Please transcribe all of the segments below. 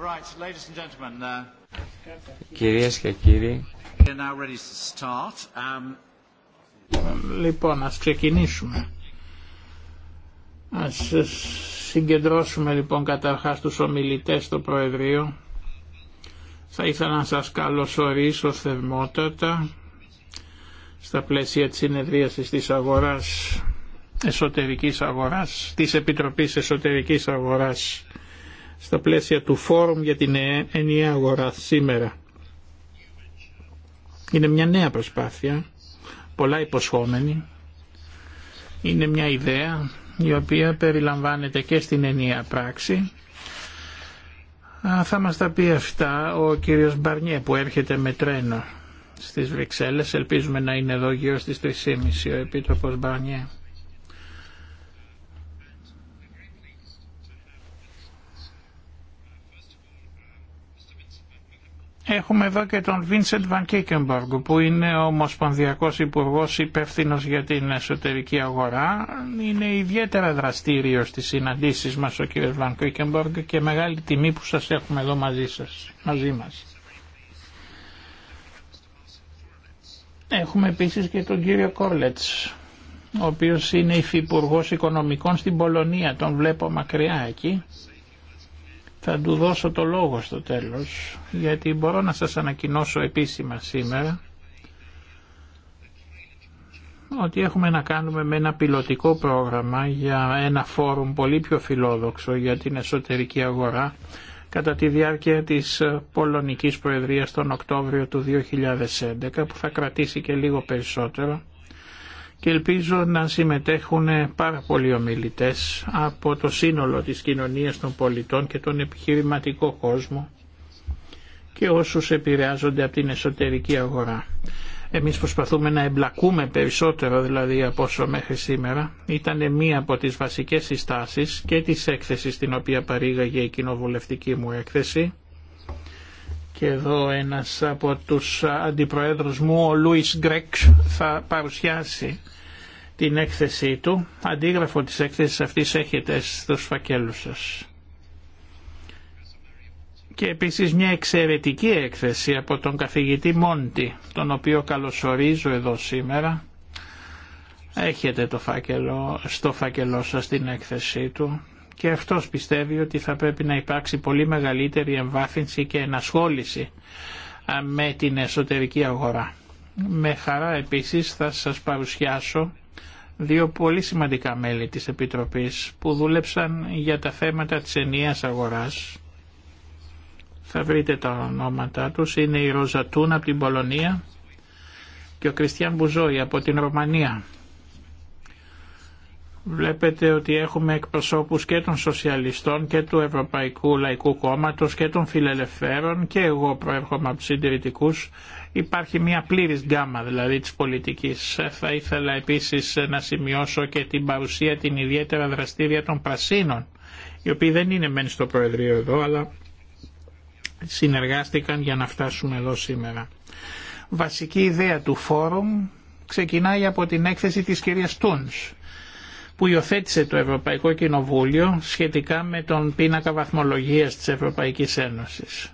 Uh, Κυρίες και κύριοι, um, λοιπόν ας ξεκινήσουμε. Ας συγκεντρώσουμε λοιπόν καταρχάς τους ομιλητές στο Προεδρείο. Θα ήθελα να σας καλωσορίσω θερμότατα στα πλαίσια της συνεδρίασης της αγοράς, εσωτερικής αγοράς, της Επιτροπής Εσωτερικής Αγοράς στα πλαίσια του Φόρουμ για την ε, ενιαία αγορά σήμερα. Είναι μια νέα προσπάθεια, πολλά υποσχόμενη. Είναι μια ιδέα η οποία περιλαμβάνεται και στην ενιαία πράξη. Θα μας τα πει αυτά ο κύριος Μπαρνιέ που έρχεται με τρένο στις Βρυξέλλες. Ελπίζουμε να είναι εδώ γύρω στις 3.30 ο Επίτροπος Μπαρνιέ. Έχουμε εδώ και τον Βίνσεντ Βαν Κίκεμποργκ που είναι ο Ομοσπονδιακός Υπουργός υπεύθυνο για την εσωτερική αγορά. Είναι ιδιαίτερα δραστήριος στις συναντήσεις μας ο κύριος Βαν Κίκεμποργκ και μεγάλη τιμή που σας έχουμε εδώ μαζί, σας, μαζί μας. Έχουμε επίσης και τον κύριο Κόρλετς, ο οποίος είναι υφυπουργός οικονομικών στην Πολωνία. Τον βλέπω μακριά εκεί θα του δώσω το λόγο στο τέλος, γιατί μπορώ να σας ανακοινώσω επίσημα σήμερα ότι έχουμε να κάνουμε με ένα πιλωτικό πρόγραμμα για ένα φόρουμ πολύ πιο φιλόδοξο για την εσωτερική αγορά κατά τη διάρκεια της Πολωνικής Προεδρίας τον Οκτώβριο του 2011 που θα κρατήσει και λίγο περισσότερο και ελπίζω να συμμετέχουν πάρα πολλοί ομιλητές από το σύνολο της κοινωνίας των πολιτών και τον επιχειρηματικό κόσμο και όσους επηρεάζονται από την εσωτερική αγορά. Εμείς προσπαθούμε να εμπλακούμε περισσότερο δηλαδή από όσο μέχρι σήμερα. Ήταν μία από τις βασικές συστάσεις και της έκθεσης την οποία παρήγαγε η κοινοβουλευτική μου έκθεση. Και εδώ ένας από τους αντιπροέδρους μου, ο Λούις Γκρέκ, θα παρουσιάσει την έκθεσή του. Αντίγραφο της έκθεσης αυτής έχετε στους φακέλους σας. Και επίσης μια εξαιρετική έκθεση από τον καθηγητή Μόντι, τον οποίο καλωσορίζω εδώ σήμερα. Έχετε το φάκελο, στο φάκελό σας την έκθεσή του και αυτός πιστεύει ότι θα πρέπει να υπάρξει πολύ μεγαλύτερη εμβάθυνση και ενασχόληση με την εσωτερική αγορά. Με χαρά επίσης θα σας παρουσιάσω δύο πολύ σημαντικά μέλη της Επιτροπής που δούλεψαν για τα θέματα της ενιαίας αγοράς. Θα βρείτε τα ονόματά τους. Είναι η Ροζατούν από την Πολωνία και ο Κριστιαν Μπουζόη από την Ρωμανία. Βλέπετε ότι έχουμε εκπροσώπους και των σοσιαλιστών και του Ευρωπαϊκού Λαϊκού Κόμματος και των φιλελευθέρων και εγώ προέρχομαι από τους συντηρητικούς Υπάρχει μια πλήρης γκάμα δηλαδή της πολιτικής. Θα ήθελα επίσης να σημειώσω και την παρουσία την ιδιαίτερα δραστήρια των Πρασίνων, οι οποίοι δεν είναι μένει στο Προεδρείο εδώ, αλλά συνεργάστηκαν για να φτάσουμε εδώ σήμερα. Βασική ιδέα του φόρουμ ξεκινάει από την έκθεση της κυρίας Τούνς που υιοθέτησε το Ευρωπαϊκό Κοινοβούλιο σχετικά με τον πίνακα βαθμολογίας της Ευρωπαϊκής Ένωσης.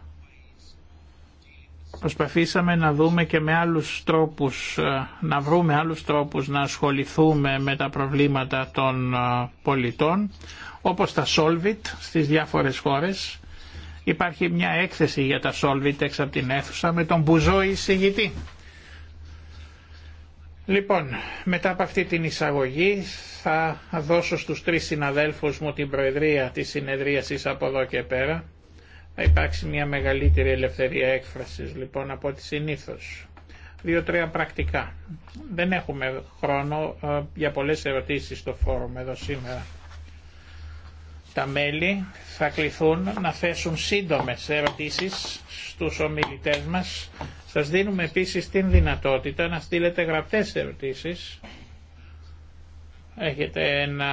Προσπαθήσαμε να δούμε και με άλλους τρόπους, ε, να βρούμε άλλους τρόπους να ασχοληθούμε με τα προβλήματα των ε, πολιτών, όπως τα Solvit στις διάφορες χώρες. Υπάρχει μια έκθεση για τα Solvit έξω από την αίθουσα με τον Μπουζό εισηγητή. Λοιπόν, μετά από αυτή την εισαγωγή θα δώσω στους τρεις συναδέλφους μου την προεδρία της συνεδρίασης από εδώ και πέρα. Θα υπάρξει μια μεγαλύτερη ελευθερία έκφρασης λοιπόν από ό,τι συνήθως. Δύο-τρία πρακτικά. Δεν έχουμε χρόνο ε, για πολλές ερωτήσεις στο φόρουμ εδώ σήμερα. Τα μέλη θα κληθούν να θέσουν σύντομες ερωτήσεις στους ομιλητές μας. Σας δίνουμε επίσης την δυνατότητα να στείλετε γραπτές ερωτήσεις Έχετε ένα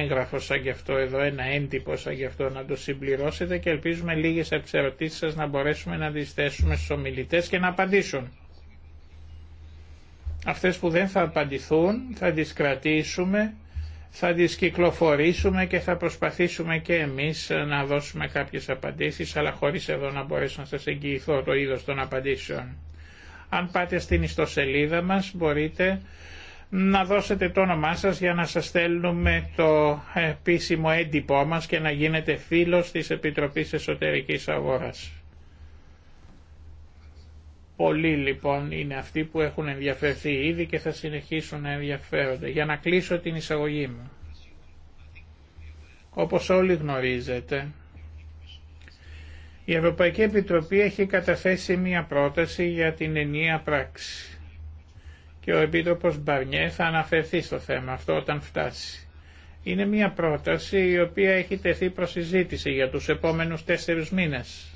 έγγραφο σαν γι' αυτό εδώ, ένα έντυπο σαν γι' αυτό να το συμπληρώσετε και ελπίζουμε λίγες από τις να μπορέσουμε να τις θέσουμε στους ομιλητές και να απαντήσουν. Αυτές που δεν θα απαντηθούν θα τις κρατήσουμε, θα τις κυκλοφορήσουμε και θα προσπαθήσουμε και εμείς να δώσουμε κάποιες απαντήσεις, αλλά χωρίς εδώ να μπορέσω να σας εγγυηθώ το είδος των απαντήσεων. Αν πάτε στην ιστοσελίδα μας μπορείτε να δώσετε το όνομά σας για να σας στέλνουμε το επίσημο έντυπό μας και να γίνετε φίλος της Επιτροπής Εσωτερικής Αγοράς. Πολλοί λοιπόν είναι αυτοί που έχουν ενδιαφερθεί ήδη και θα συνεχίσουν να ενδιαφέρονται. Για να κλείσω την εισαγωγή μου. Όπως όλοι γνωρίζετε, η Ευρωπαϊκή Επιτροπή έχει καταθέσει μία πρόταση για την ενία πράξη και ο Επίτροπος Μπαρνιέ θα αναφερθεί στο θέμα αυτό όταν φτάσει. Είναι μια πρόταση η οποία έχει τεθεί προσυζήτηση για τους επόμενους τέσσερις μήνες.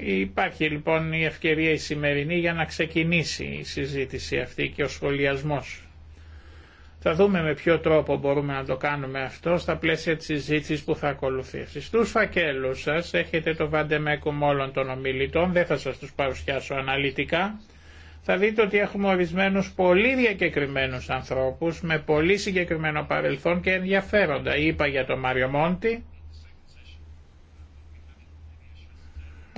Υπάρχει λοιπόν η ευκαιρία η σημερινή για να ξεκινήσει η συζήτηση αυτή και ο σχολιασμός. Θα δούμε με ποιο τρόπο μπορούμε να το κάνουμε αυτό στα πλαίσια της συζήτησης που θα ακολουθήσει. Στους φακέλους σας έχετε το βαντεμέκουμ όλων των ομιλητών, δεν θα σας τους παρουσιάσω αναλυτικά θα δείτε ότι έχουμε ορισμένου πολύ διακεκριμένους ανθρώπους με πολύ συγκεκριμένο παρελθόν και ενδιαφέροντα. Είπα για τον Μάριο Μόντι,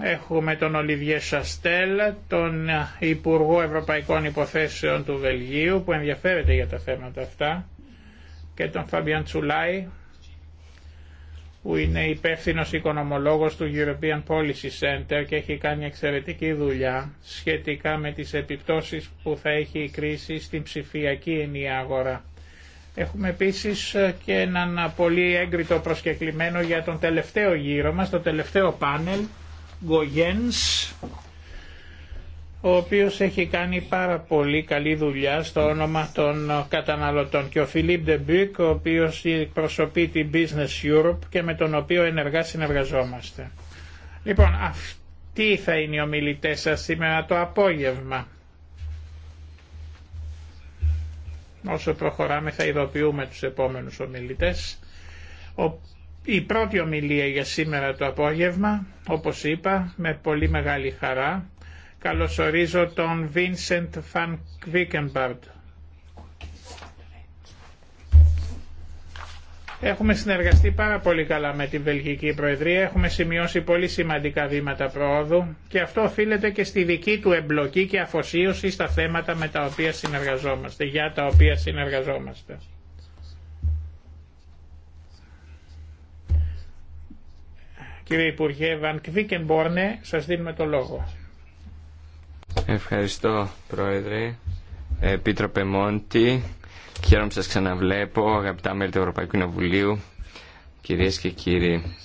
έχουμε τον Ολιβιέ Σαστέλ, τον Υπουργό Ευρωπαϊκών Υποθέσεων του Βελγίου που ενδιαφέρεται για τα θέματα αυτά και τον Φαμπιαν Τσουλάι που είναι υπεύθυνο οικονομολόγος του European Policy Center και έχει κάνει εξαιρετική δουλειά σχετικά με τις επιπτώσεις που θα έχει η κρίση στην ψηφιακή ενιαία αγορά. Έχουμε επίσης και έναν πολύ έγκριτο προσκεκλημένο για τον τελευταίο γύρο μας, το τελευταίο πάνελ, Γκογέν ο οποίος έχει κάνει πάρα πολύ καλή δουλειά στο όνομα των καταναλωτών και ο Φιλίπ Ντεμπίκ, ο οποίος προσωπεί την Business Europe και με τον οποίο ενεργά συνεργαζόμαστε. Λοιπόν, αυτοί θα είναι οι ομιλητές σήμερα το απόγευμα. Όσο προχωράμε θα ειδοποιούμε τους επόμενους ομιλητές. Η πρώτη ομιλία για σήμερα το απόγευμα, όπως είπα, με πολύ μεγάλη χαρά, Καλωσορίζω τον Βίνσεντ Φαν Κβίκεμπαρντ. Έχουμε συνεργαστεί πάρα πολύ καλά με την Βελγική Προεδρία, έχουμε σημειώσει πολύ σημαντικά βήματα προόδου και αυτό οφείλεται και στη δική του εμπλοκή και αφοσίωση στα θέματα με τα οποία συνεργαζόμαστε, για τα οποία συνεργαζόμαστε. Κύριε Υπουργέ Βαν Κβίκεμπόρνε, σας δίνουμε το λόγο. Ευχαριστώ, Πρόεδρε. Επίτροπε Μόντι, χαίρομαι που σας ξαναβλέπω, αγαπητά μέλη του Ευρωπαϊκού Κοινοβουλίου, κυρίες και κύριοι.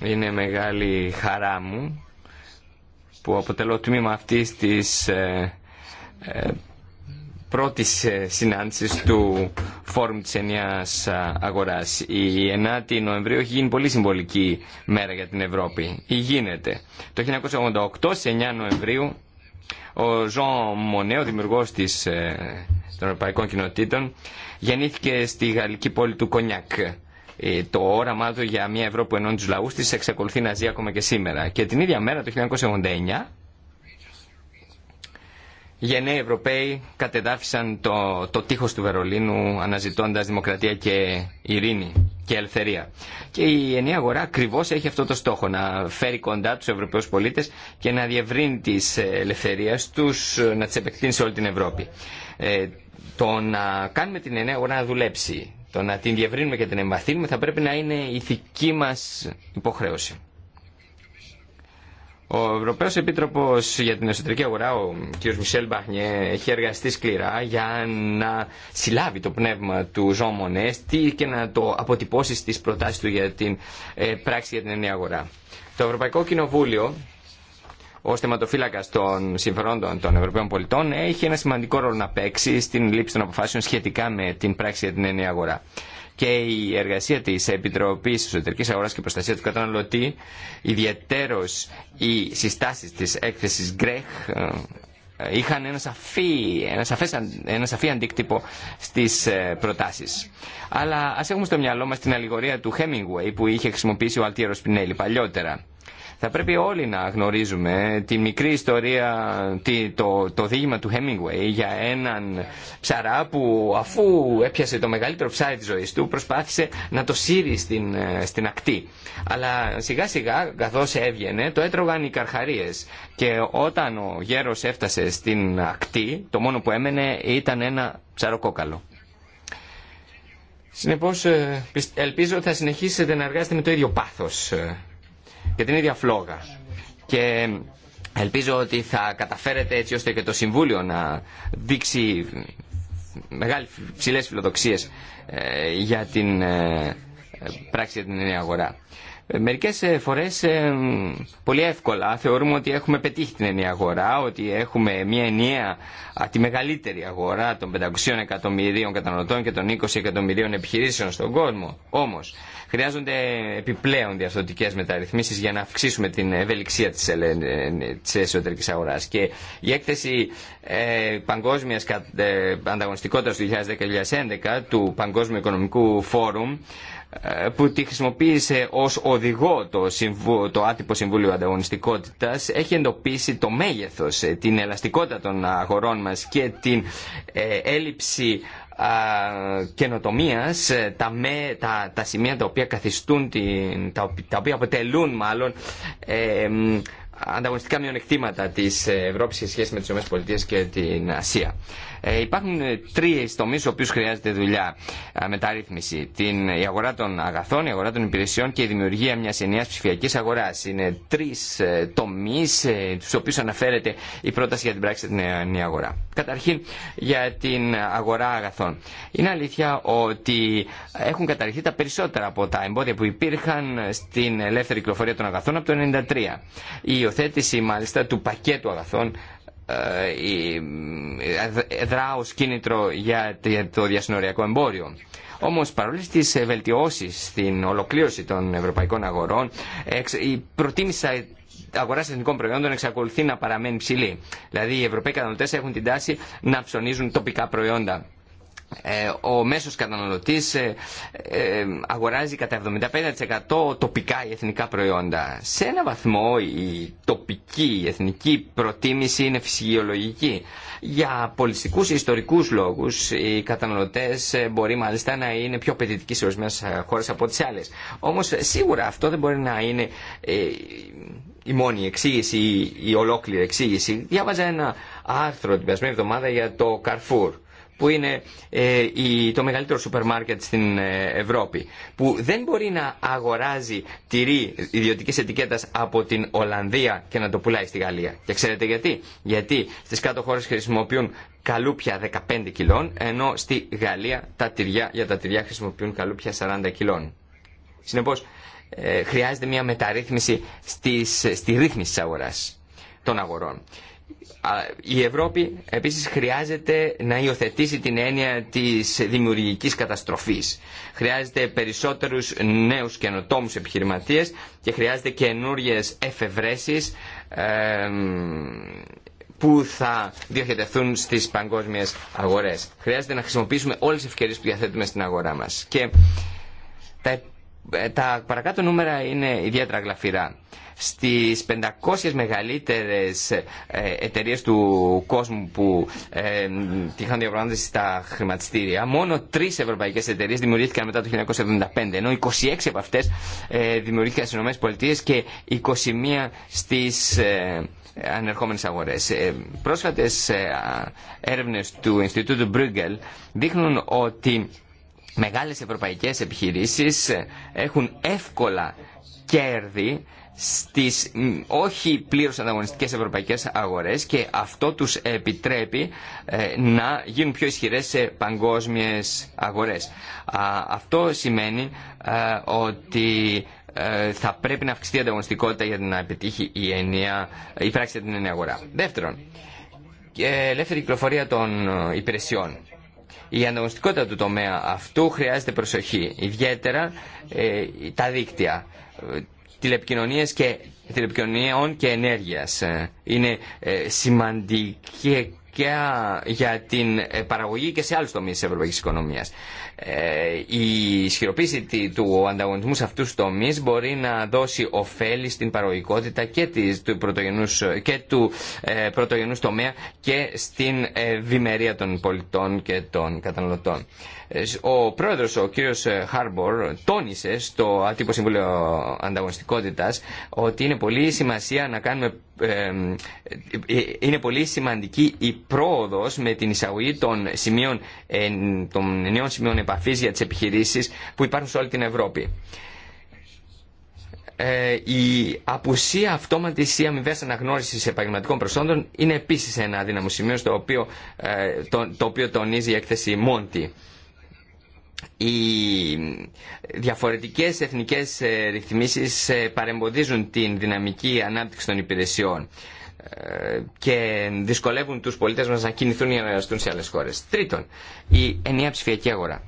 Είναι μεγάλη χαρά μου που αποτελώ τμήμα αυτής της ε, ε, πρώτης ε, συνάντηση του Φόρουμ της Ενιά ε, Αγοράς. Η 9η Νοεμβρίου έχει γίνει πολύ συμβολική μέρα για την Ευρώπη. Ή γίνεται. Το 1988, στις 9 Νοεμβρίου, ο Ζων Μονέ, ο δημιουργός της, ε, των Ευρωπαϊκών Κοινοτήτων, γεννήθηκε στη γαλλική πόλη του Κονιάκ. Το όραμά του για μια Ευρώπη ενώνει του λαού τη εξακολουθεί να ζει ακόμα και σήμερα. Και την ίδια μέρα, το 1989, γενναίοι Ευρωπαίοι κατεδάφισαν το, το τείχος του Βερολίνου αναζητώντας δημοκρατία και ειρήνη και ελευθερία. Και η ενιαία αγορά ακριβώ έχει αυτό το στόχο, να φέρει κοντά τους Ευρωπαίους πολίτες και να διευρύνει τις ελευθερίες τους, να τις επεκτείνει σε όλη την Ευρώπη. Ε, το να κάνουμε την ενιαία αγορά να δουλέψει, το να την διευρύνουμε και την εμβαθύνουμε θα πρέπει να είναι ηθική μας υποχρέωση. Ο Ευρωπαίος Επίτροπος για την Εσωτερική Αγορά, ο κ. Μισελ Μπαχνιέ, έχει εργαστεί σκληρά για να συλλάβει το πνεύμα του Ζων και να το αποτυπώσει στις προτάσεις του για την ε, πράξη για την ενιαία αγορά. Το Ευρωπαϊκό Κοινοβούλιο ω θεματοφύλακα των συμφερόντων των Ευρωπαίων πολιτών, έχει ένα σημαντικό ρόλο να παίξει στην λήψη των αποφάσεων σχετικά με την πράξη για την ενιαία αγορά και η εργασία της Επιτροπής Εσωτερικής Αγοράς και Προστασία του Καταναλωτή, ιδιαίτερω οι συστάσεις της έκθεσης Γκρέχ, ε, είχαν ένα σαφή, ένα, σαφές, ένα σαφή αντίκτυπο στις ε, προτάσεις. Αλλά ας έχουμε στο μυαλό μας την αλληγορία του Hemingway που είχε χρησιμοποιήσει ο Αλτιέρο Πινέλη παλιότερα. Θα πρέπει όλοι να γνωρίζουμε τη μικρή ιστορία, το, το δίγημα του Hemingway για έναν ψαρά που αφού έπιασε το μεγαλύτερο ψάρι της ζωής του προσπάθησε να το σύρει στην, ε, στην ακτή. Αλλά σιγά σιγά καθώς έβγαινε το έτρωγαν οι καρχαρίες και όταν ο γέρος έφτασε στην ακτή το μόνο που έμενε ήταν ένα ψαροκόκαλο. Συνεπώς ε, ελπίζω ότι θα συνεχίσετε να εργάζεστε με το ίδιο πάθος ε, και την ίδια φλόγα. Και ελπίζω ότι θα καταφέρετε έτσι ώστε και το Συμβούλιο να δείξει μεγάλες ψηλές φιλοδοξίες ε, για την ε, πράξη για την νέα αγορά. Ε, μερικές ε, φορές ε, πολύ εύκολα θεωρούμε ότι έχουμε πετύχει την ενιαία αγορά, ότι έχουμε μια ενιαία, τη μεγαλύτερη αγορά των 500 εκατομμυρίων καταναλωτών και των 20 εκατομμυρίων επιχειρήσεων στον κόσμο. Όμως χρειάζονται επιπλέον διαστοτικές μεταρρυθμίσεις για να αυξήσουμε την ευελιξία της, της αγορά. αγοράς. Και η έκθεση ε, παγκόσμιας ανταγωνιστικότητας του 2010-2011 του Παγκόσμιου Οικονομικού Φόρουμ ε, που τη χρησιμοποίησε ως οδηγό το, συμβου... το άτυπο Συμβούλιο Ανταγωνιστικότητας έχει εντοπίσει το μέγεθος, ε, την ελαστικότητα των αγορών μας και την ε, έλλειψη καινοτομίας, τα, τα, σημεία τα οποία καθιστούν, την, τα, οποία αποτελούν μάλλον ε, ανταγωνιστικά μειονεκτήματα της Ευρώπης σε σχέση με τις ΗΠΑ και την Ασία. Ε, υπάρχουν ε, τρει τομεί στου οποίου χρειάζεται δουλειά μεταρρύθμιση. Την, η αγορά των αγαθών, η αγορά των υπηρεσιών και η δημιουργία μια ενιαία ψηφιακή αγορά. Είναι τρει ε, τομεί στου οποίου αναφέρεται η πρόταση για την πράξη την ενιαία αγορά. Καταρχήν για την αγορά αγαθών. Είναι αλήθεια ότι έχουν καταργηθεί τα περισσότερα από τα εμπόδια που υπήρχαν στην ελεύθερη κυκλοφορία των αγαθών από το 1993. Η υιοθέτηση μάλιστα του πακέτου αγαθών ε, ε, δρά κίνητρο για το διασυνοριακό εμπόριο. Όμω παρόλε τις βελτιώσει, στην ολοκλήρωση των ευρωπαϊκών αγορών, η προτίμηση αγορά εθνικών προϊόντων εξακολουθεί να παραμένει ψηλή. Δηλαδή οι Ευρωπαίοι καταναλωτέ έχουν την τάση να ψωνίζουν τοπικά προϊόντα. Ε, ο μέσος καταναλωτής ε, ε, αγοράζει κατά 75% τοπικά ή εθνικά προϊόντα. Σε ένα βαθμό η τοπική, η εθνική προτίμηση είναι φυσιολογική. Για πολιτιστικούς ή ιστορικούς λόγους οι καταναλωτές μπορεί μάλιστα να είναι πιο απαιτητικοί σε ορισμένες χώρες από τις άλλες. Όμως σίγουρα αυτό δεν μπορεί να είναι η μόνη εξήγηση ή η εθνικη προτιμηση ειναι φυσιολογικη για πολιτιστικου η ιστορικους εξήγηση. απαιτητικοι σε ορισμενε χώρε απο τις αλλες ομως ένα άρθρο την περασμένη εβδομάδα για το Carrefour που είναι ε, το μεγαλύτερο σούπερ μάρκετ στην ε, Ευρώπη, που δεν μπορεί να αγοράζει τυρί ιδιωτική ετικέτα από την Ολλανδία και να το πουλάει στη Γαλλία. Και ξέρετε γιατί. Γιατί στι κάτω χώρε χρησιμοποιούν καλούπια 15 κιλών, ενώ στη Γαλλία τα τυριά, για τα τυριά χρησιμοποιούν καλούπια 40 κιλών. Συνεπώ, ε, χρειάζεται μια μεταρρύθμιση στη ρύθμιση της αγοράς των αγορών. Η Ευρώπη επίσης χρειάζεται να υιοθετήσει την έννοια της δημιουργικής καταστροφής. Χρειάζεται περισσότερους νέους καινοτόμους επιχειρηματίες και χρειάζεται καινούριε εφευρέσεις που θα διοχετευθούν στις παγκόσμιες αγορές. Χρειάζεται να χρησιμοποιήσουμε όλες τις ευκαιρίες που διαθέτουμε στην αγορά μας. Και τα, ε, τα παρακάτω νούμερα είναι ιδιαίτερα γλαφυρά στις 500 μεγαλύτερες ε, εταιρείες του κόσμου που ε, είχαν διαπραγματεύσει στα χρηματιστήρια, μόνο τρεις ευρωπαϊκές εταιρείες δημιουργήθηκαν μετά το 1975, ενώ 26 από αυτές ε, δημιουργήθηκαν στις ΗΠΑ και 21 στις ε, ανερχόμενες αγορές. Ε, πρόσφατες ε, έρευνες του Ινστιτούτου Μπρούγκελ δείχνουν ότι μεγάλες ευρωπαϊκές επιχειρήσεις έχουν εύκολα κέρδη στις όχι πλήρως ανταγωνιστικές ευρωπαϊκές αγορές και αυτό τους επιτρέπει ε, να γίνουν πιο ισχυρές σε παγκόσμιες αγορές. Αυτό σημαίνει ε, ότι ε, θα πρέπει να αυξηθεί η ανταγωνιστικότητα για να επιτύχει η, η πράξη για την ενιαία αγορά. Δεύτερον, ελεύθερη κυκλοφορία των υπηρεσιών. Η ανταγωνιστικότητα του τομέα αυτού χρειάζεται προσοχή, ιδιαίτερα τα δίκτυα τηλεπικοινωνίες και τηλεπικοινωνιών και ενέργειας. Ε, είναι ε, σημαντική και για την ε, παραγωγή και σε άλλους τομείς της ευρωπαϊκής οικονομίας. Η ισχυροποίηση του ανταγωνισμού σε αυτούς τους τομείς μπορεί να δώσει ωφέλη στην παραγωγικότητα και, του, πρωτογενούς, και του πρωτογενούς τομέα και στην ευημερία των πολιτών και των καταναλωτών. Ε, ο πρόεδρος, ο κύριος ε, Χάρμπορ, τόνισε στο τύπο Συμβούλιο Ανταγωνιστικότητας ότι είναι πολύ σημασία να κάνουμε ε, είναι πολύ σημαντική η πρόοδος με την εισαγωγή των, σημείων, των νέων σημείων επαφής για τις επιχειρήσεις που υπάρχουν σε όλη την Ευρώπη. η απουσία αυτόματης ή αμοιβέ αναγνώριση επαγγελματικών προσόντων είναι επίση ένα αδύναμο σημείο το, το οποίο τονίζει η έκθεση Μόντι οι διαφορετικές εθνικές ε, ρυθμίσεις ε, παρεμποδίζουν την δυναμική ανάπτυξη των υπηρεσιών ε, και δυσκολεύουν τους πολίτες μας να κινηθούν για να εργαστούν σε άλλες χώρες. Τρίτον, η ενιαία ψηφιακή αγορά.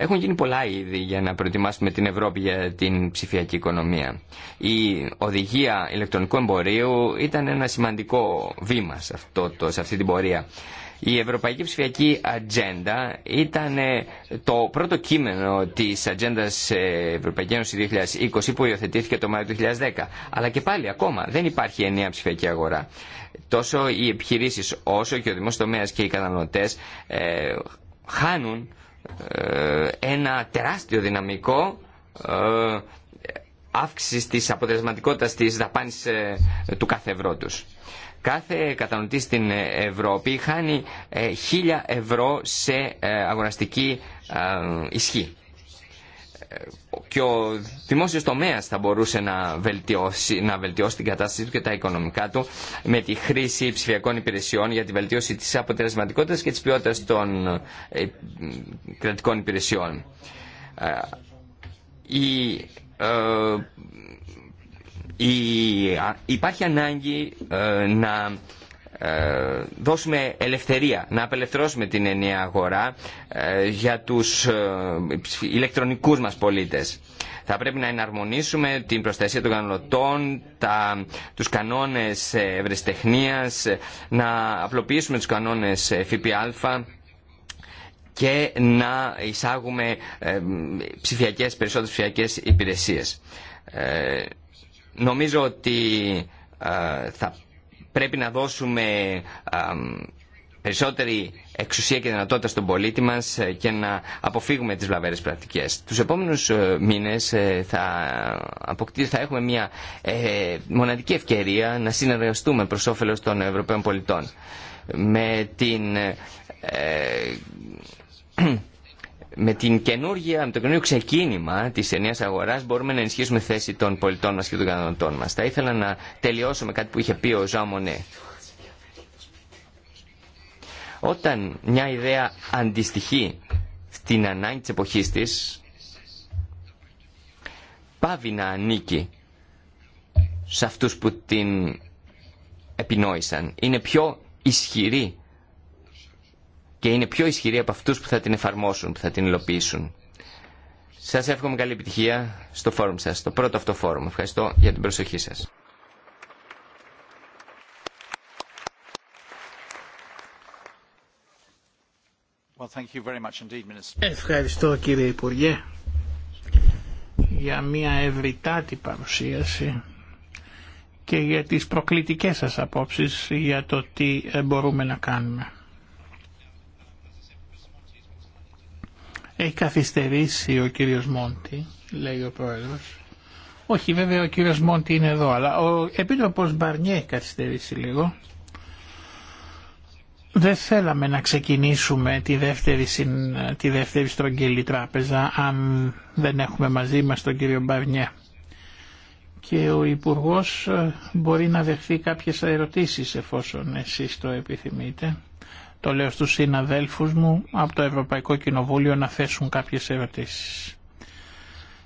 Έχουν γίνει πολλά ήδη για να προετοιμάσουμε την Ευρώπη για την ψηφιακή οικονομία. Η οδηγία ηλεκτρονικού εμπορίου ήταν ένα σημαντικό βήμα αυτό σε αυτή την πορεία. Η Ευρωπαϊκή Ψηφιακή Ατζέντα ήταν το πρώτο κείμενο της Ατζέντα Ευρωπαϊκή Ένωση 2020 που υιοθετήθηκε το Μάιο του 2010. Αλλά και πάλι ακόμα δεν υπάρχει ενιαία ψηφιακή αγορά. Τόσο οι επιχειρήσει όσο και ο δημόσιο τομέα και οι καταναλωτέ ε, χάνουν ε, ένα τεράστιο δυναμικό ε, αύξηση της αποτελεσματικότητας της δαπάνης ε, του κάθε ευρώ τους. Κάθε κατανοητή στην Ευρώπη χάνει ε, χίλια ευρώ σε ε, αγοραστική ε, ισχύ. Και ο δημόσιος τομέας θα μπορούσε να βελτιώσει, να βελτιώσει την κατάσταση του και τα οικονομικά του με τη χρήση ψηφιακών υπηρεσιών για τη βελτίωση της αποτελεσματικότητας και της ποιότητας των κρατικών υπηρεσιών. Η υπάρχει ανάγκη ε, να ε, δώσουμε ελευθερία, να απελευθερώσουμε την ενιαία αγορά ε, για τους ηλεκτρονικούς μας πολίτες. Θα πρέπει να εναρμονίσουμε την προστασία των καταναλωτών, τα, τους κανόνες ευρεσιτεχνίας, να απλοποιήσουμε τους κανόνες ΦΠΑ και να εισάγουμε ψηφιακές, περισσότερες ψηφιακές υπηρεσίες. Νομίζω ότι θα πρέπει να δώσουμε περισσότερη εξουσία και δυνατότητα στον πολίτη μας ε, και να αποφύγουμε τις βλαβέρες πρακτικές. Τους επόμενους ε, μήνες ε, θα, θα έχουμε μια μοναδική ευκαιρία να συνεργαστούμε προς όφελος των Ευρωπαίων πολιτών. Με την με, την καινούργια, με το καινούργιο ξεκίνημα τη ενιαία αγορά μπορούμε να ενισχύσουμε θέση των πολιτών μα και των καταναλωτών μα. Θα ήθελα να τελειώσω με κάτι που είχε πει ο Ζάμονε. Όταν μια ιδέα αντιστοιχεί στην ανάγκη της εποχής της, πάβει να ανήκει σε αυτούς που την επινόησαν. Είναι πιο ισχυρή και είναι πιο ισχυρή από αυτούς που θα την εφαρμόσουν, που θα την υλοποιήσουν. Σας εύχομαι καλή επιτυχία στο φόρουμ σας, το πρώτο αυτό φόρουμ. Ευχαριστώ για την προσοχή σας. Ευχαριστώ κύριε Υπουργέ για μια ευρυτάτη παρουσίαση και για τις προκλητικές σας απόψεις για το τι μπορούμε να κάνουμε. Έχει καθυστερήσει ο κύριος Μόντι, λέει ο πρόεδρος. Όχι βέβαια ο κύριος Μόντι είναι εδώ, αλλά ο επίτροπος Μπαρνιέ έχει καθυστερήσει λίγο. Δεν θέλαμε να ξεκινήσουμε τη δεύτερη, τη δεύτερη στρογγυλή τράπεζα αν δεν έχουμε μαζί μας τον κύριο Μπαρνιέ. Και ο Υπουργός ε, μπορεί να δεχθεί κάποιες ερωτήσεις εφόσον εσείς το επιθυμείτε. Το λέω στους συναδέλφους μου από το Ευρωπαϊκό Κοινοβούλιο να θέσουν κάποιες ερωτήσεις.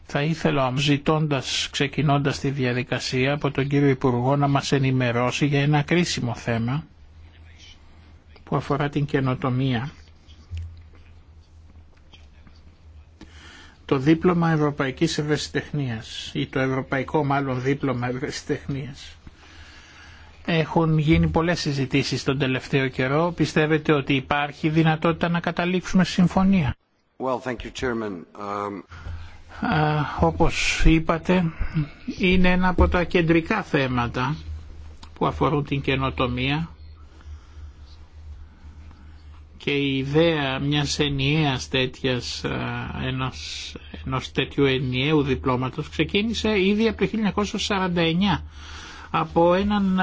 Θα ήθελα, ζητώντας, ξεκινώντας τη διαδικασία από τον κύριο Υπουργό να μας ενημερώσει για ένα κρίσιμο θέμα που αφορά την καινοτομία. Το δίπλωμα Ευρωπαϊκής Ευαισθητεχνίας ή το Ευρωπαϊκό μάλλον δίπλωμα Ευαισθητεχνίας έχουν γίνει πολλές συζητήσεις τον τελευταίο καιρό. Πιστεύετε ότι υπάρχει δυνατότητα να καταλήξουμε συμφωνία. Well, thank you, um, όπως είπατε, είναι ένα από τα κεντρικά θέματα που αφορούν την καινοτομία και η ιδέα μιας ενιαίας τέτοιας, ενός, ενός τέτοιου ενιαίου διπλώματος ξεκίνησε ήδη από το 1949 από έναν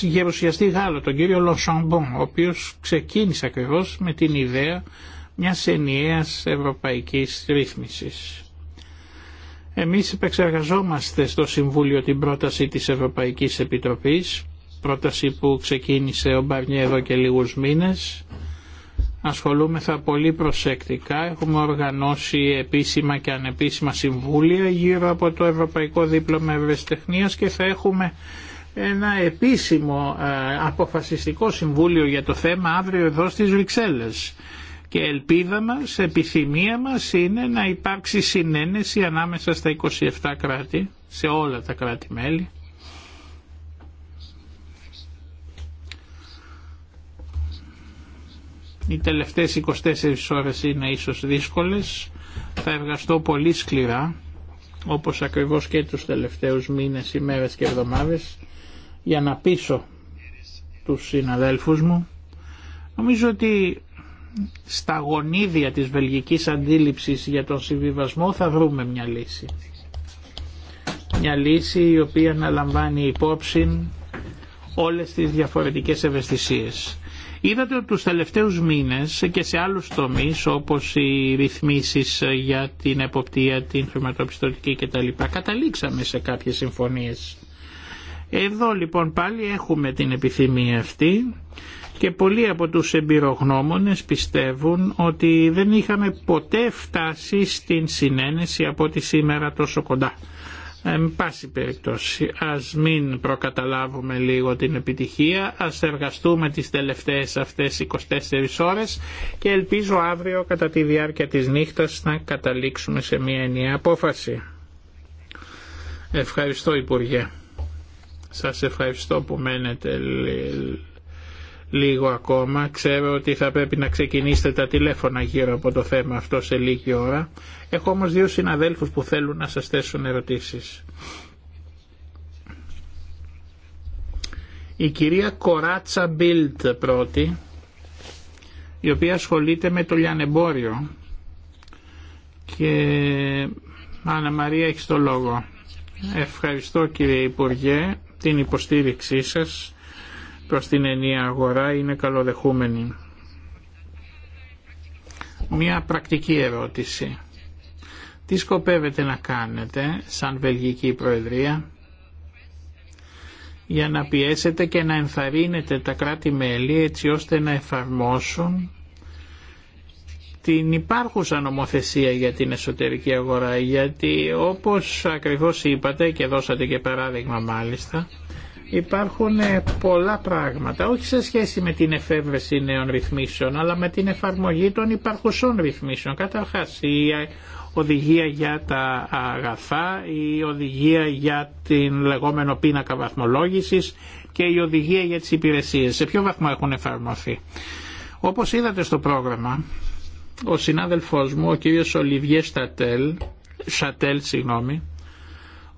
γερουσιαστή Γάλλο, τον κύριο Λοσσαμπον, ο οποίος ξεκίνησε ακριβώ με την ιδέα μιας ενιαίας ευρωπαϊκής ρύθμισης. Εμείς επεξεργαζόμαστε στο Συμβούλιο την πρόταση της Ευρωπαϊκής Επιτροπής, πρόταση που ξεκίνησε ο Μπαρνιέ εδώ και λίγους μήνες, ασχολούμεθα πολύ προσεκτικά. Έχουμε οργανώσει επίσημα και ανεπίσημα συμβούλια γύρω από το Ευρωπαϊκό Δίπλωμα Ευαισθητεχνίας και θα έχουμε ένα επίσημο ε, αποφασιστικό συμβούλιο για το θέμα αύριο εδώ στις Βρυξέλλες. Και ελπίδα μας, επιθυμία μας είναι να υπάρξει συνένεση ανάμεσα στα 27 κράτη, σε όλα τα κράτη-μέλη, Οι τελευταίες 24 ώρες είναι ίσως δύσκολες. Θα εργαστώ πολύ σκληρά, όπως ακριβώς και τους τελευταίους μήνες, ημέρες και εβδομάδες, για να πείσω τους συναδέλφους μου. Νομίζω ότι στα γονίδια της βελγικής αντίληψης για τον συμβιβασμό θα βρούμε μια λύση. Μια λύση η οποία να λαμβάνει υπόψη όλες τις διαφορετικές ευαισθησίες. Είδατε ότι τους τελευταίους μήνες και σε άλλους τομείς όπως οι ρυθμίσεις για την εποπτεία, την χρηματοπιστωτική κτλ. Καταλήξαμε σε κάποιες συμφωνίες. Εδώ λοιπόν πάλι έχουμε την επιθυμία αυτή και πολλοί από τους εμπειρογνώμονες πιστεύουν ότι δεν είχαμε ποτέ φτάσει στην συνένεση από τη σήμερα τόσο κοντά. Εν πάση περιπτώσει, ας μην προκαταλάβουμε λίγο την επιτυχία, ας εργαστούμε τις τελευταίες αυτές 24 ώρες και ελπίζω αύριο κατά τη διάρκεια της νύχτας να καταλήξουμε σε μια ενιαία απόφαση. Ευχαριστώ Υπουργέ. Σας ευχαριστώ που μένετε λίγο ακόμα. Ξέρω ότι θα πρέπει να ξεκινήσετε τα τηλέφωνα γύρω από το θέμα αυτό σε λίγη ώρα. Έχω όμως δύο συναδέλφους που θέλουν να σας θέσουν ερωτήσεις. Η κυρία Κοράτσα Μπίλτ πρώτη, η οποία ασχολείται με το λιανεμπόριο και Άννα Μαρία έχει το λόγο. Ευχαριστώ κύριε Υπουργέ την υποστήριξή σας προς την ενιαία αγορά είναι καλοδεχούμενη. Μία πρακτική ερώτηση. Τι σκοπεύετε να κάνετε σαν Βελγική Προεδρία για να πιέσετε και να ενθαρρύνετε τα κράτη-μέλη έτσι ώστε να εφαρμόσουν την υπάρχουσα νομοθεσία για την εσωτερική αγορά γιατί όπως ακριβώς είπατε και δώσατε και παράδειγμα μάλιστα Υπάρχουν ε, πολλά πράγματα, όχι σε σχέση με την εφεύρεση νέων ρυθμίσεων, αλλά με την εφαρμογή των υπαρχουσών ρυθμίσεων. Καταρχά, η ε, οδηγία για τα αγαθά, η οδηγία για την λεγόμενο πίνακα βαθμολόγησης και η οδηγία για τις υπηρεσίες. Σε ποιο βαθμό έχουν εφαρμοθεί. Όπως είδατε στο πρόγραμμα, ο συνάδελφός μου, ο κύριος Ολιβιέ Σατέλ, Σατέλ συγγνώμη,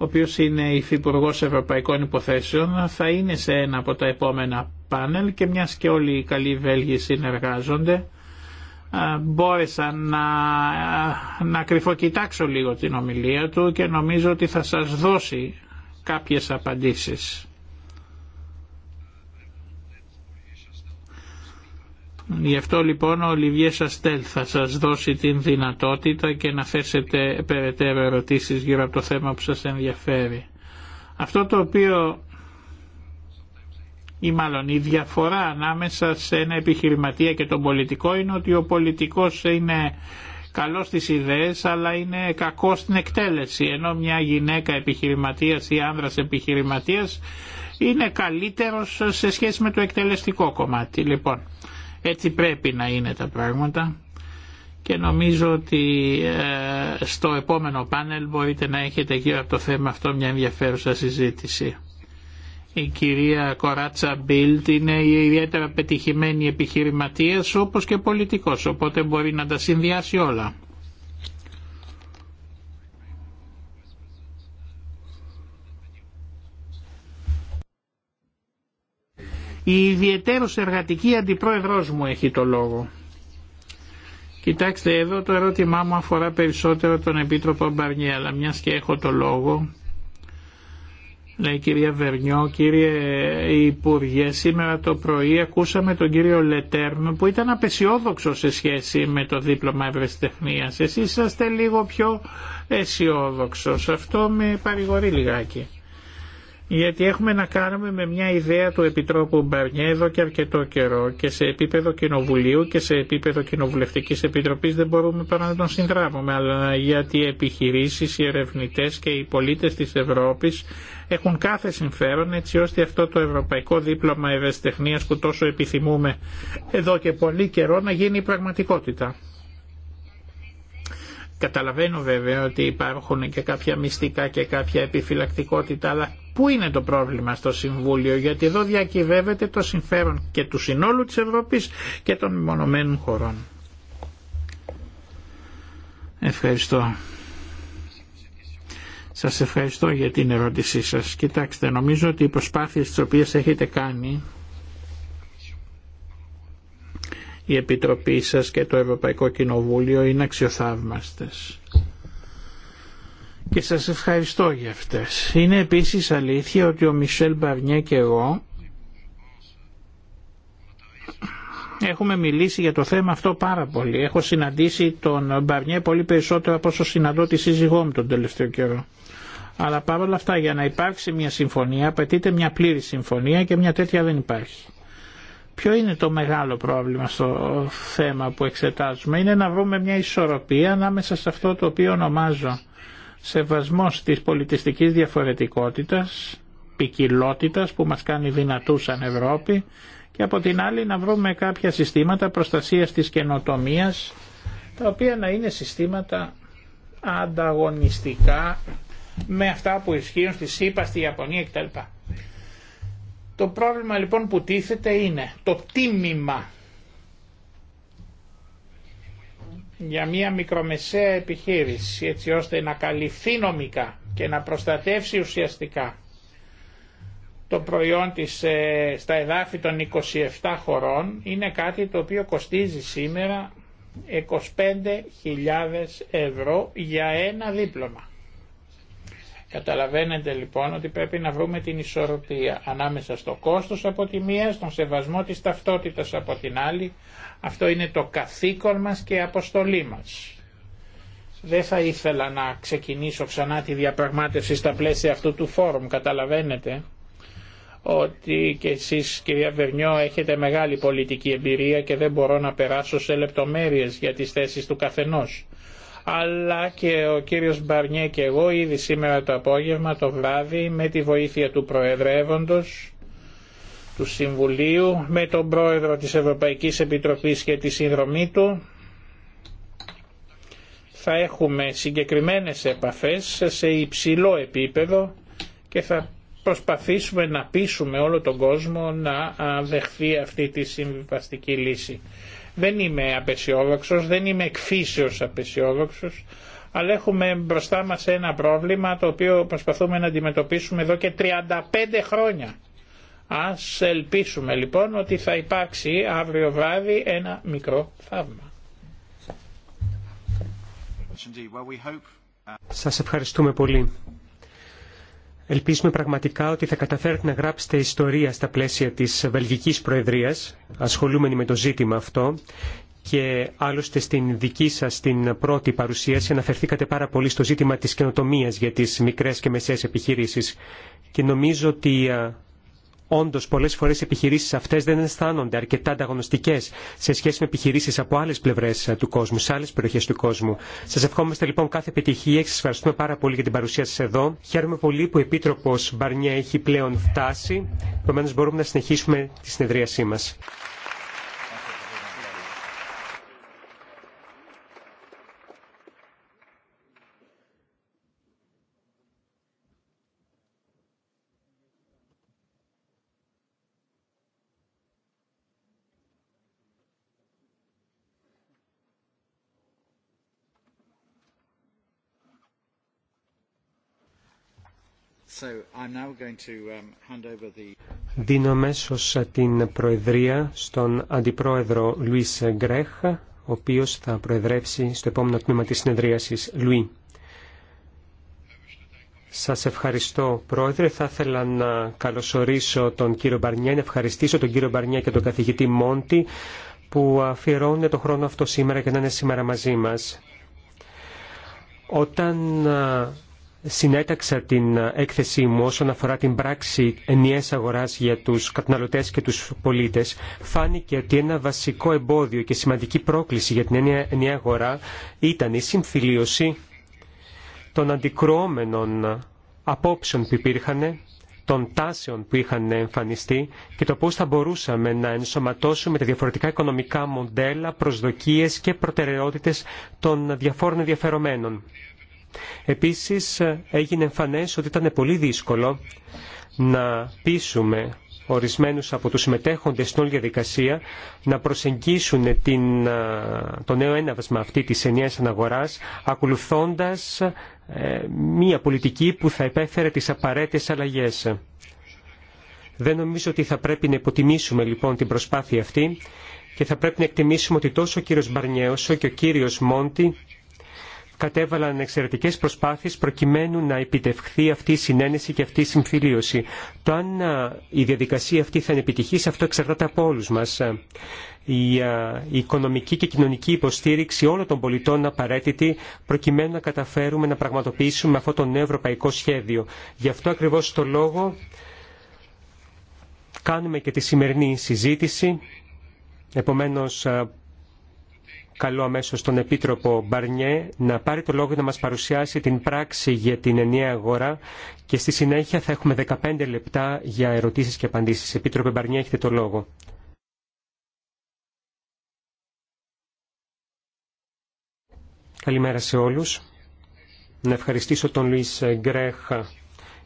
ο οποίος είναι υφυπουργός Ευρωπαϊκών Υποθέσεων, θα είναι σε ένα από τα επόμενα πάνελ και μια και όλοι οι καλοί Βέλγοι συνεργάζονται, μπόρεσα να, να κρυφοκοιτάξω λίγο την ομιλία του και νομίζω ότι θα σας δώσει κάποιες απαντήσεις. Γι' αυτό λοιπόν ο Λιβιέ Σαστέλ θα σας δώσει την δυνατότητα και να θέσετε περαιτέρω ερωτήσεις γύρω από το θέμα που σας ενδιαφέρει. Αυτό το οποίο ή μάλλον η διαφορά ανάμεσα σε ένα επιχειρηματία και τον πολιτικό είναι ότι ο πολιτικός είναι καλός στις ιδέες αλλά είναι κακός στην εκτέλεση ενώ μια γυναίκα επιχειρηματίας ή άνδρας επιχειρηματίας είναι καλύτερος σε σχέση με το εκτελεστικό κομμάτι. Λοιπόν, έτσι πρέπει να είναι τα πράγματα και νομίζω ότι ε, στο επόμενο πάνελ μπορείτε να έχετε γύρω από το θέμα αυτό μια ενδιαφέρουσα συζήτηση. Η κυρία Κοράτσα Μπίλτ είναι ιδιαίτερα πετυχημένη επιχειρηματίας όπως και πολιτικός, οπότε μπορεί να τα συνδυάσει όλα. Η ιδιαιτέρως εργατική αντιπρόεδρός μου έχει το λόγο. Κοιτάξτε εδώ το ερώτημά μου αφορά περισσότερο τον Επίτροπο Μπαρνιέ, αλλά μιας και έχω το λόγο, λέει κυρία Βερνιό, κύριε Υπουργέ, σήμερα το πρωί ακούσαμε τον κύριο Λετέρνο που ήταν απεσιόδοξο σε σχέση με το δίπλωμα ευρεσιτεχνία. Εσείς είσαστε λίγο πιο αισιόδοξο. Αυτό με παρηγορεί λιγάκι γιατί έχουμε να κάνουμε με μια ιδέα του Επιτρόπου Μπαρνιέ εδώ και αρκετό καιρό και σε επίπεδο κοινοβουλίου και σε επίπεδο κοινοβουλευτική επιτροπής δεν μπορούμε παρά να τον συνδράμουμε αλλά γιατί οι επιχειρήσεις, οι ερευνητέ και οι πολίτες της Ευρώπης έχουν κάθε συμφέρον έτσι ώστε αυτό το ευρωπαϊκό δίπλωμα ευαισθητεχνίας που τόσο επιθυμούμε εδώ και πολύ καιρό να γίνει πραγματικότητα. Καταλαβαίνω βέβαια ότι υπάρχουν και κάποια μυστικά και κάποια επιφυλακτικότητα, αλλά πού είναι το πρόβλημα στο Συμβούλιο, γιατί εδώ διακυβεύεται το συμφέρον και του συνόλου της Ευρώπης και των μονομένων χωρών. Ευχαριστώ. Σας ευχαριστώ για την ερώτησή σας. Κοιτάξτε, νομίζω ότι οι προσπάθειες τις οποίες έχετε κάνει η Επιτροπή σας και το Ευρωπαϊκό Κοινοβούλιο είναι αξιοθαύμαστες. Και σας ευχαριστώ για αυτές. Είναι επίσης αλήθεια ότι ο Μισελ Μπαρνιέ και εγώ έχουμε μιλήσει για το θέμα αυτό πάρα πολύ. Έχω συναντήσει τον Μπαρνιέ πολύ περισσότερο από όσο συναντώ τη σύζυγό μου τον τελευταίο καιρό. Αλλά παρόλα αυτά για να υπάρξει μια συμφωνία απαιτείται μια πλήρη συμφωνία και μια τέτοια δεν υπάρχει. Ποιο είναι το μεγάλο πρόβλημα στο θέμα που εξετάζουμε. Είναι να βρούμε μια ισορροπία ανάμεσα σε αυτό το οποίο ονομάζω σεβασμός της πολιτιστικής διαφορετικότητας, ποικιλότητα που μας κάνει δυνατούς σαν Ευρώπη και από την άλλη να βρούμε κάποια συστήματα προστασίας της καινοτομίας τα οποία να είναι συστήματα ανταγωνιστικά με αυτά που ισχύουν στη ΣΥΠΑ, στη Ιαπωνία κτλ. Το πρόβλημα λοιπόν που τίθεται είναι το τίμημα για μια μικρομεσαία επιχείρηση έτσι ώστε να καλυφθεί νομικά και να προστατεύσει ουσιαστικά το προϊόν της ε, στα εδάφη των 27 χωρών είναι κάτι το οποίο κοστίζει σήμερα 25.000 ευρώ για ένα δίπλωμα. Καταλαβαίνετε λοιπόν ότι πρέπει να βρούμε την ισορροπία ανάμεσα στο κόστος από τη μία, στον σεβασμό της ταυτότητας από την άλλη. Αυτό είναι το καθήκον μας και η αποστολή μας. Δεν θα ήθελα να ξεκινήσω ξανά τη διαπραγμάτευση στα πλαίσια αυτού του φόρουμ, καταλαβαίνετε ότι και εσείς κυρία Βερνιό έχετε μεγάλη πολιτική εμπειρία και δεν μπορώ να περάσω σε λεπτομέρειες για τις θέσεις του καθενός αλλά και ο κύριος Μπαρνιέ και εγώ ήδη σήμερα το απόγευμα το βράδυ με τη βοήθεια του Προεδρεύοντος του Συμβουλίου με τον Πρόεδρο της Ευρωπαϊκής Επιτροπής και τη συνδρομή του θα έχουμε συγκεκριμένες επαφές σε υψηλό επίπεδο και θα προσπαθήσουμε να πείσουμε όλο τον κόσμο να δεχθεί αυτή τη συμβιβαστική λύση. Δεν είμαι απεσιόδοξο, δεν είμαι εκφύσεω απεσιόδοξο, αλλά έχουμε μπροστά μας ένα πρόβλημα το οποίο προσπαθούμε να αντιμετωπίσουμε εδώ και 35 χρόνια. Ας ελπίσουμε λοιπόν ότι θα υπάρξει αύριο βράδυ ένα μικρό θαύμα. Σας ευχαριστούμε πολύ. Ελπίζουμε πραγματικά ότι θα καταφέρετε να γράψετε ιστορία στα πλαίσια της Βελγικής Προεδρίας, ασχολούμενοι με το ζήτημα αυτό, και άλλωστε στην δική σας την πρώτη παρουσίαση αναφερθήκατε πάρα πολύ στο ζήτημα της καινοτομίας για τις μικρές και μεσαίες επιχειρήσεις και νομίζω ότι Όντω, πολλέ φορέ οι επιχειρήσει αυτέ δεν αισθάνονται αρκετά ανταγωνιστικέ σε σχέση με επιχειρήσει από άλλε πλευρέ ε, του κόσμου, σε άλλε περιοχέ του κόσμου. Σα ευχόμαστε λοιπόν κάθε επιτυχία και σα ευχαριστούμε πάρα πολύ για την παρουσία σα εδώ. Χαίρομαι πολύ που ο Επίτροπο Μπαρνιέ έχει πλέον φτάσει. Επομένω, μπορούμε να συνεχίσουμε τη συνεδρίασή μα. Um, Δίνω αμέσω την Προεδρία στον Αντιπρόεδρο Λουίς Γκρέχ, ο οποίος θα προεδρεύσει στο επόμενο τμήμα τη συνεδρίαση Λουί. Σα ευχαριστώ Πρόεδρε. Θα ήθελα να καλωσορίσω τον κύριο Μπαρνιά, να ευχαριστήσω τον κύριο Μπαρνιά και τον καθηγητή Μόντι που αφιερώνουν το χρόνο αυτό σήμερα και να είναι σήμερα μαζί μα. Όταν συνέταξα την έκθεσή μου όσον αφορά την πράξη ενιαίας αγοράς για τους καταναλωτές και τους πολίτες, φάνηκε ότι ένα βασικό εμπόδιο και σημαντική πρόκληση για την ενιαία αγορά ήταν η συμφιλίωση των αντικρουόμενων απόψεων που υπήρχαν, των τάσεων που είχαν εμφανιστεί και το πώς θα μπορούσαμε να ενσωματώσουμε τα διαφορετικά οικονομικά μοντέλα, προσδοκίες και προτεραιότητες των διαφόρων ενδιαφερομένων. Επίσης έγινε εμφανές ότι ήταν πολύ δύσκολο να πείσουμε ορισμένους από τους συμμετέχοντες στην όλη διαδικασία να προσεγγίσουν την, το νέο έναυσμα αυτή της ενιαίας αναγοράς ακολουθώντας ε, μία πολιτική που θα επέφερε τις απαραίτητες αλλαγές. Δεν νομίζω ότι θα πρέπει να υποτιμήσουμε λοιπόν την προσπάθεια αυτή και θα πρέπει να εκτιμήσουμε ότι τόσο ο κύριος Μπαρνιέ και ο κύριος Μόντι κατέβαλαν εξαιρετικές προσπάθειες προκειμένου να επιτευχθεί αυτή η συνένεση και αυτή η συμφιλίωση. Το αν η διαδικασία αυτή θα είναι επιτυχής, αυτό εξαρτάται από όλους μας. Η, οικονομική και κοινωνική υποστήριξη όλων των πολιτών είναι απαραίτητη προκειμένου να καταφέρουμε να πραγματοποιήσουμε αυτό το νέο ευρωπαϊκό σχέδιο. Γι' αυτό ακριβώς το λόγο κάνουμε και τη σημερινή συζήτηση. Επομένως, Καλώ αμέσω τον Επίτροπο Μπαρνιέ να πάρει το λόγο να μας παρουσιάσει την πράξη για την ενιαία αγορά και στη συνέχεια θα έχουμε 15 λεπτά για ερωτήσεις και απαντήσεις. Επίτροπε Μπαρνιέ, έχετε το λόγο. Καλημέρα σε όλους. Να ευχαριστήσω τον Λουίς Γκρέχα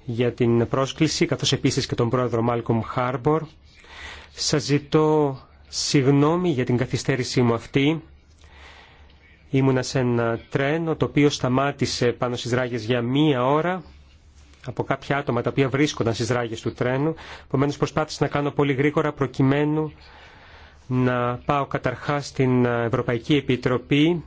για την πρόσκληση, καθώς επίσης και τον πρόεδρο Μάλκομ Χάρμπορ. Σας ζητώ συγγνώμη για την καθυστέρησή μου αυτή. Ήμουνα σε ένα τρένο το οποίο σταμάτησε πάνω στις ράγες για μία ώρα από κάποια άτομα τα οποία βρίσκονταν στις ράγες του τρένου. Επομένω προσπάθησα να κάνω πολύ γρήγορα προκειμένου να πάω καταρχάς στην Ευρωπαϊκή Επιτροπή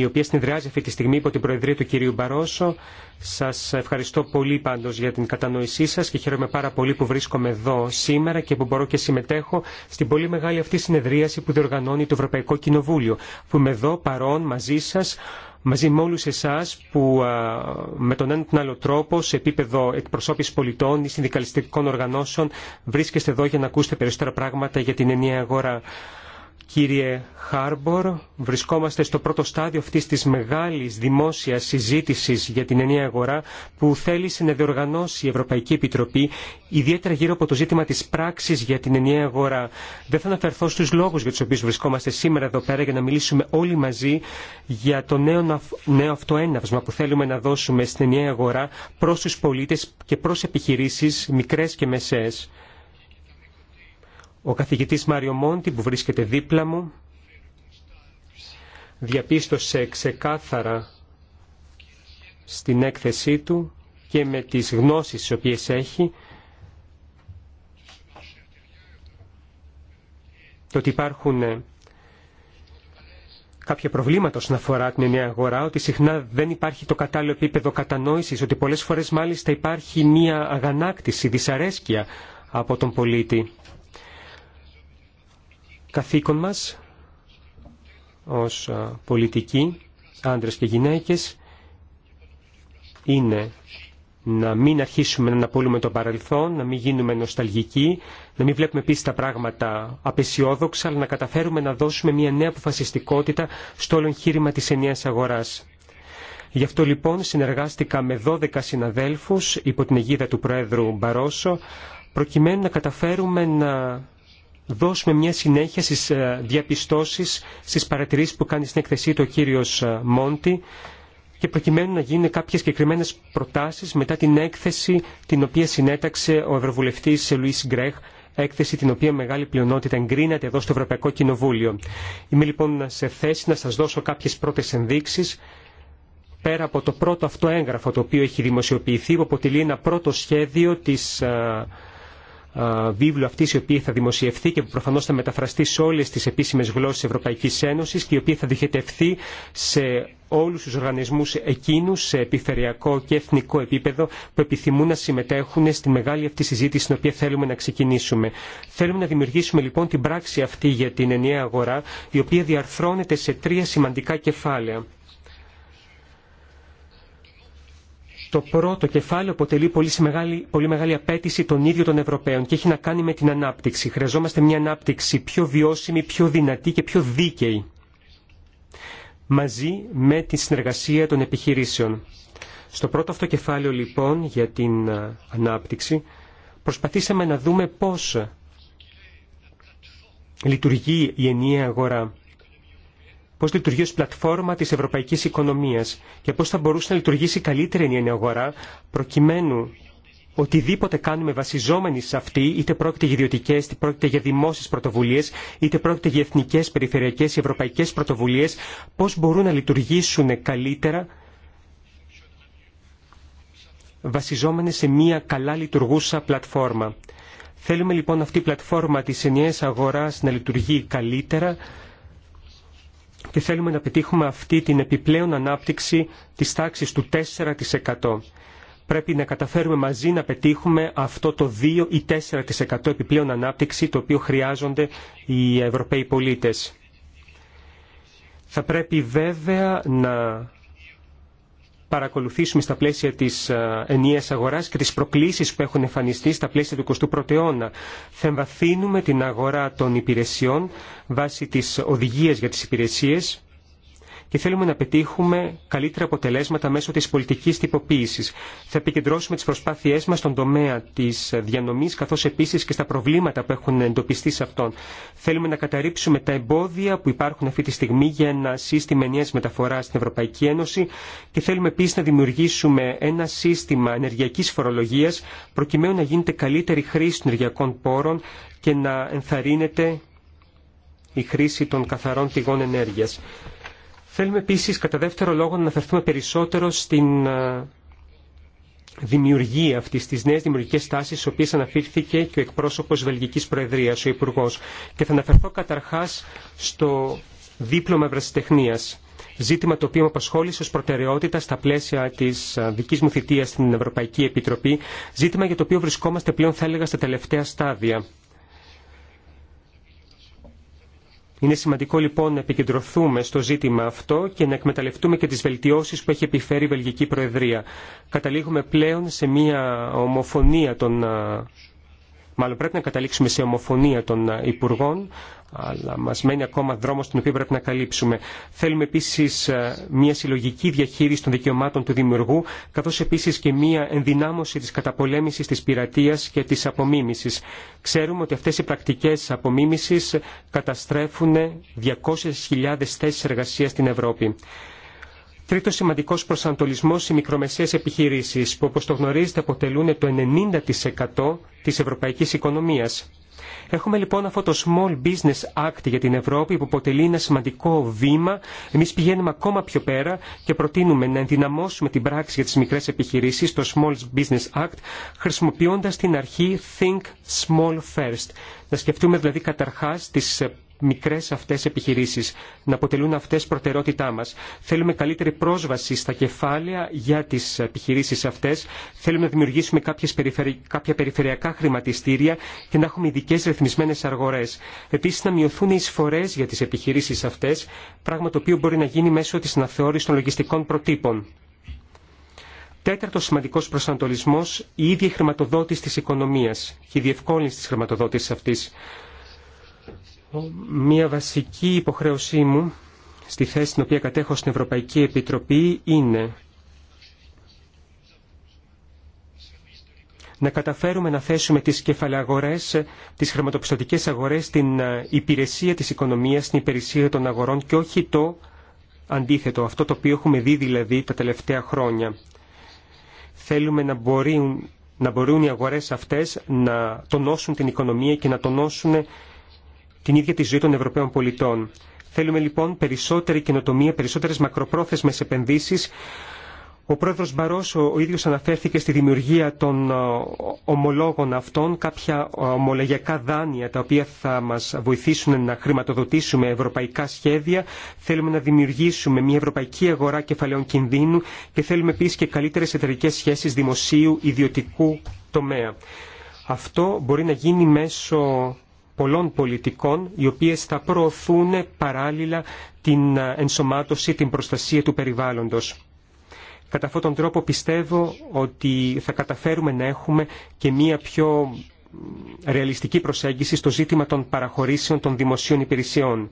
η οποία συνδυάζει αυτή τη στιγμή υπό την Προεδρία του κυρίου Μπαρόσο. Σα ευχαριστώ πολύ πάντω για την κατανόησή σα και χαίρομαι πάρα πολύ που βρίσκομαι εδώ σήμερα και που μπορώ και συμμετέχω στην πολύ μεγάλη αυτή συνεδρίαση που διοργανώνει το Ευρωπαϊκό Κοινοβούλιο, που είμαι εδώ παρόν μαζί σα, μαζί με όλους εσάς που με τον έναν τον άλλο τρόπο σε επίπεδο εκπροσώπηση πολιτών ή συνδικαλιστικών οργανώσεων βρίσκεστε εδώ για να ακούσετε περισσότερα πράγματα για την ενιαία αγορά. Κύριε Χάρμπορ, βρισκόμαστε στο πρώτο στάδιο αυτής της μεγάλης δημόσιας συζήτησης για την ενιαία αγορά που θέλησε να διοργανώσει η Ευρωπαϊκή Επιτροπή, ιδιαίτερα γύρω από το ζήτημα της πράξης για την ενιαία αγορά. Δεν θα αναφερθώ στους λόγους για τους οποίους βρισκόμαστε σήμερα εδώ πέρα για να μιλήσουμε όλοι μαζί για το νέο, νέο αυτό έναυσμα που θέλουμε να δώσουμε στην ενιαία αγορά προς τους πολίτες και προς επιχειρήσεις μικρές και μεσαίες. Ο καθηγητής Μάριο Μόντι που βρίσκεται δίπλα μου διαπίστωσε ξεκάθαρα στην έκθεσή του και με τις γνώσεις τις οποίες έχει το ότι υπάρχουν ε, κάποια προβλήματα όσον αφορά την ενιαία αγορά, ότι συχνά δεν υπάρχει το κατάλληλο επίπεδο κατανόησης, ότι πολλές φορές μάλιστα υπάρχει μία αγανάκτηση, δυσαρέσκεια από τον πολίτη καθήκον μας ως πολιτικοί, άντρες και γυναίκες, είναι να μην αρχίσουμε να αναπολούμε το παρελθόν, να μην γίνουμε νοσταλγικοί, να μην βλέπουμε επίση τα πράγματα απεσιόδοξα, αλλά να καταφέρουμε να δώσουμε μια νέα αποφασιστικότητα στο όλο εγχείρημα τη ενιαία αγορά. Γι' αυτό λοιπόν συνεργάστηκα με 12 συναδέλφους υπό την αιγίδα του Προέδρου Μπαρόσο, προκειμένου να καταφέρουμε να δώσουμε μια συνέχεια στις ε, διαπιστώσεις, στις παρατηρήσεις που κάνει στην εκθεσή του ο κύριος ε, Μόντι και προκειμένου να γίνουν κάποιες συγκεκριμένε προτάσεις μετά την έκθεση την οποία συνέταξε ο Ευρωβουλευτής Λουίς Γκρέχ έκθεση την οποία μεγάλη πλειονότητα εγκρίνεται εδώ στο Ευρωπαϊκό Κοινοβούλιο. Είμαι λοιπόν σε θέση να σας δώσω κάποιες πρώτες ενδείξεις πέρα από το πρώτο αυτό έγγραφο το οποίο έχει δημοσιοποιηθεί που αποτελεί ένα πρώτο σχέδιο της ε, ε, βίβλου αυτή η οποία θα δημοσιευθεί και που προφανώ θα μεταφραστεί σε όλε τι επίσημε γλώσσε Ευρωπαϊκή Ένωση και η οποία θα διοχετευθεί σε όλους τους οργανισμούς εκείνους σε επιφερειακό και εθνικό επίπεδο που επιθυμούν να συμμετέχουν στη μεγάλη αυτή συζήτηση στην οποία θέλουμε να ξεκινήσουμε. Θέλουμε να δημιουργήσουμε λοιπόν την πράξη αυτή για την ενιαία αγορά η οποία διαρθρώνεται σε τρία σημαντικά κεφάλαια. Το πρώτο κεφάλαιο αποτελεί πολύ μεγάλη, πολύ μεγάλη απέτηση των ίδιων των Ευρωπαίων και έχει να κάνει με την ανάπτυξη. Χρειαζόμαστε μια ανάπτυξη πιο βιώσιμη, πιο δυνατή και πιο δίκαιη μαζί με τη συνεργασία των επιχειρήσεων. Στο πρώτο αυτό κεφάλαιο λοιπόν για την ε, ανάπτυξη προσπαθήσαμε να δούμε πώς λειτουργεί η ενιαία αγορά πώς λειτουργεί ως πλατφόρμα της ευρωπαϊκής οικονομίας και πώς θα μπορούσε να λειτουργήσει καλύτερα η νέα αγορά προκειμένου οτιδήποτε κάνουμε βασιζόμενοι σε αυτή, είτε πρόκειται για ιδιωτικέ, είτε πρόκειται για δημόσιε πρωτοβουλίε, είτε πρόκειται για εθνικέ, περιφερειακέ ή ευρωπαϊκέ πρωτοβουλίε, πώ μπορούν να λειτουργήσουν καλύτερα βασιζόμενε σε μια καλά λειτουργούσα πλατφόρμα. Θέλουμε λοιπόν αυτή η πλατφόρμα τη ενιαίας αγορά να λειτουργεί καλύτερα και θέλουμε να πετύχουμε αυτή την επιπλέον ανάπτυξη της τάξης του 4%. Πρέπει να καταφέρουμε μαζί να πετύχουμε αυτό το 2 ή 4% επιπλέον ανάπτυξη το οποίο χρειάζονται οι Ευρωπαίοι πολίτες. Θα πρέπει βέβαια να παρακολουθήσουμε στα πλαίσια της ε, ενιαίας αγοράς και τις προκλήσεις που έχουν εμφανιστεί στα πλαίσια του 21ου αιώνα. Θα εμβαθύνουμε την αγορά των υπηρεσιών βάσει της οδηγίας για τις υπηρεσίες και θέλουμε να πετύχουμε καλύτερα αποτελέσματα μέσω της πολιτικής τυποποίησης. Θα επικεντρώσουμε τις προσπάθειές μας στον τομέα της διανομής καθώς επίσης και στα προβλήματα που έχουν εντοπιστεί σε αυτόν. Θέλουμε να καταρρύψουμε τα εμπόδια που υπάρχουν αυτή τη στιγμή για ένα σύστημα ενιαίας μεταφοράς στην Ευρωπαϊκή Ένωση και θέλουμε επίσης να δημιουργήσουμε ένα σύστημα ενεργειακής φορολογίας προκειμένου να γίνεται καλύτερη χρήση των ενεργειακών πόρων και να ενθαρρύνεται η χρήση των καθαρών πηγών ενέργειας. Θέλουμε επίσης κατά δεύτερο λόγο να αναφερθούμε περισσότερο στην ε, δημιουργία αυτής της νέας δημιουργικής τάσης, στις οποίες αναφέρθηκε και ο εκπρόσωπος Βελγικής Προεδρίας, ο Υπουργός. Και θα αναφερθώ καταρχάς στο δίπλωμα ευρεσιτεχνία. ζήτημα το οποίο με απασχόλησε ω προτεραιότητα στα πλαίσια της ε, δικής μου θητείας στην Ευρωπαϊκή Επιτροπή, ζήτημα για το οποίο βρισκόμαστε πλέον, θα έλεγα, στα τελευταία στάδια. Είναι σημαντικό λοιπόν να επικεντρωθούμε στο ζήτημα αυτό και να εκμεταλλευτούμε και τις βελτιώσεις που έχει επιφέρει η Βελγική Προεδρία. Καταλήγουμε πλέον σε μια ομοφωνία των Μάλλον πρέπει να καταλήξουμε σε ομοφωνία των ε, Υπουργών, αλλά μας μένει ακόμα δρόμος τον οποίο πρέπει να καλύψουμε. Θέλουμε επίσης ε, μια συλλογική διαχείριση των δικαιωμάτων του δημιουργού, καθώ επίσης και μια ενδυνάμωση τη καταπολέμησης της πειρατεία και της απομίμησης. Ξέρουμε ότι αυτές οι πρακτικέ απομίμησης καταστρέφουν 200.000 θέσει εργασία στην Ευρώπη. Τρίτο σημαντικό προσανατολισμό οι μικρομεσαίες επιχειρήσει, που όπω το γνωρίζετε αποτελούν το 90% τη ευρωπαϊκή οικονομία. Έχουμε λοιπόν αυτό το Small Business Act για την Ευρώπη που αποτελεί ένα σημαντικό βήμα. Εμείς πηγαίνουμε ακόμα πιο πέρα και προτείνουμε να ενδυναμώσουμε την πράξη για τις μικρές επιχειρήσεις, το Small Business Act, χρησιμοποιώντας την αρχή Think Small First. Να σκεφτούμε δηλαδή καταρχάς τις μικρές αυτές επιχειρήσεις, να αποτελούν αυτές προτεραιότητά μας. Θέλουμε καλύτερη πρόσβαση στα κεφάλαια για τις επιχειρήσεις αυτές. Θέλουμε να δημιουργήσουμε κάποια περιφερειακά χρηματιστήρια και να έχουμε ειδικέ ρυθμισμένες αγορές. Επίσης να μειωθούν οι εισφορές για τις επιχειρήσεις αυτές, πράγμα το οποίο μπορεί να γίνει μέσω της αναθεώρησης των λογιστικών προτύπων. Τέταρτο σημαντικό προσανατολισμό, η ίδια η χρηματοδότηση τη οικονομία και η διευκόλυνση τη χρηματοδότηση αυτή. Μία βασική υποχρέωσή μου στη θέση την οποία κατέχω στην Ευρωπαϊκή Επιτροπή είναι να καταφέρουμε να θέσουμε τις κεφαλαγορές, τις χρηματοπιστωτικές αγορές στην ε, υπηρεσία της οικονομίας, στην υπηρεσία των αγορών και όχι το αντίθετο, αυτό το οποίο έχουμε δει δηλαδή τα τελευταία χρόνια. Θέλουμε να μπορούν, να μπορούν οι αγορές αυτές να τονώσουν την οικονομία και να τονώσουν την ίδια τη ζωή των Ευρωπαίων πολιτών. Θέλουμε λοιπόν περισσότερη καινοτομία, περισσότερε μακροπρόθεσμε επενδύσει. Ο πρόεδρος Μπαρόσο ο ίδιος αναφέρθηκε στη δημιουργία των ε, ομολόγων αυτών, κάποια ε, ομολογιακά δάνεια τα οποία θα μας βοηθήσουν να χρηματοδοτήσουμε ευρωπαϊκά σχέδια. Θέλουμε να δημιουργήσουμε μια ευρωπαϊκή αγορά κεφαλαίων κινδύνου και θέλουμε επίσης και καλύτερες εταιρικές σχέσεις δημοσίου ιδιωτικού τομέα. Αυτό μπορεί να γίνει μέσω πολλών πολιτικών οι οποίες θα προωθούν παράλληλα την ε, ενσωμάτωση, την προστασία του περιβάλλοντος. Κατά αυτόν τον τρόπο πιστεύω ότι θα καταφέρουμε να έχουμε και μία πιο ρεαλιστική προσέγγιση στο ζήτημα των παραχωρήσεων των δημοσίων υπηρεσιών.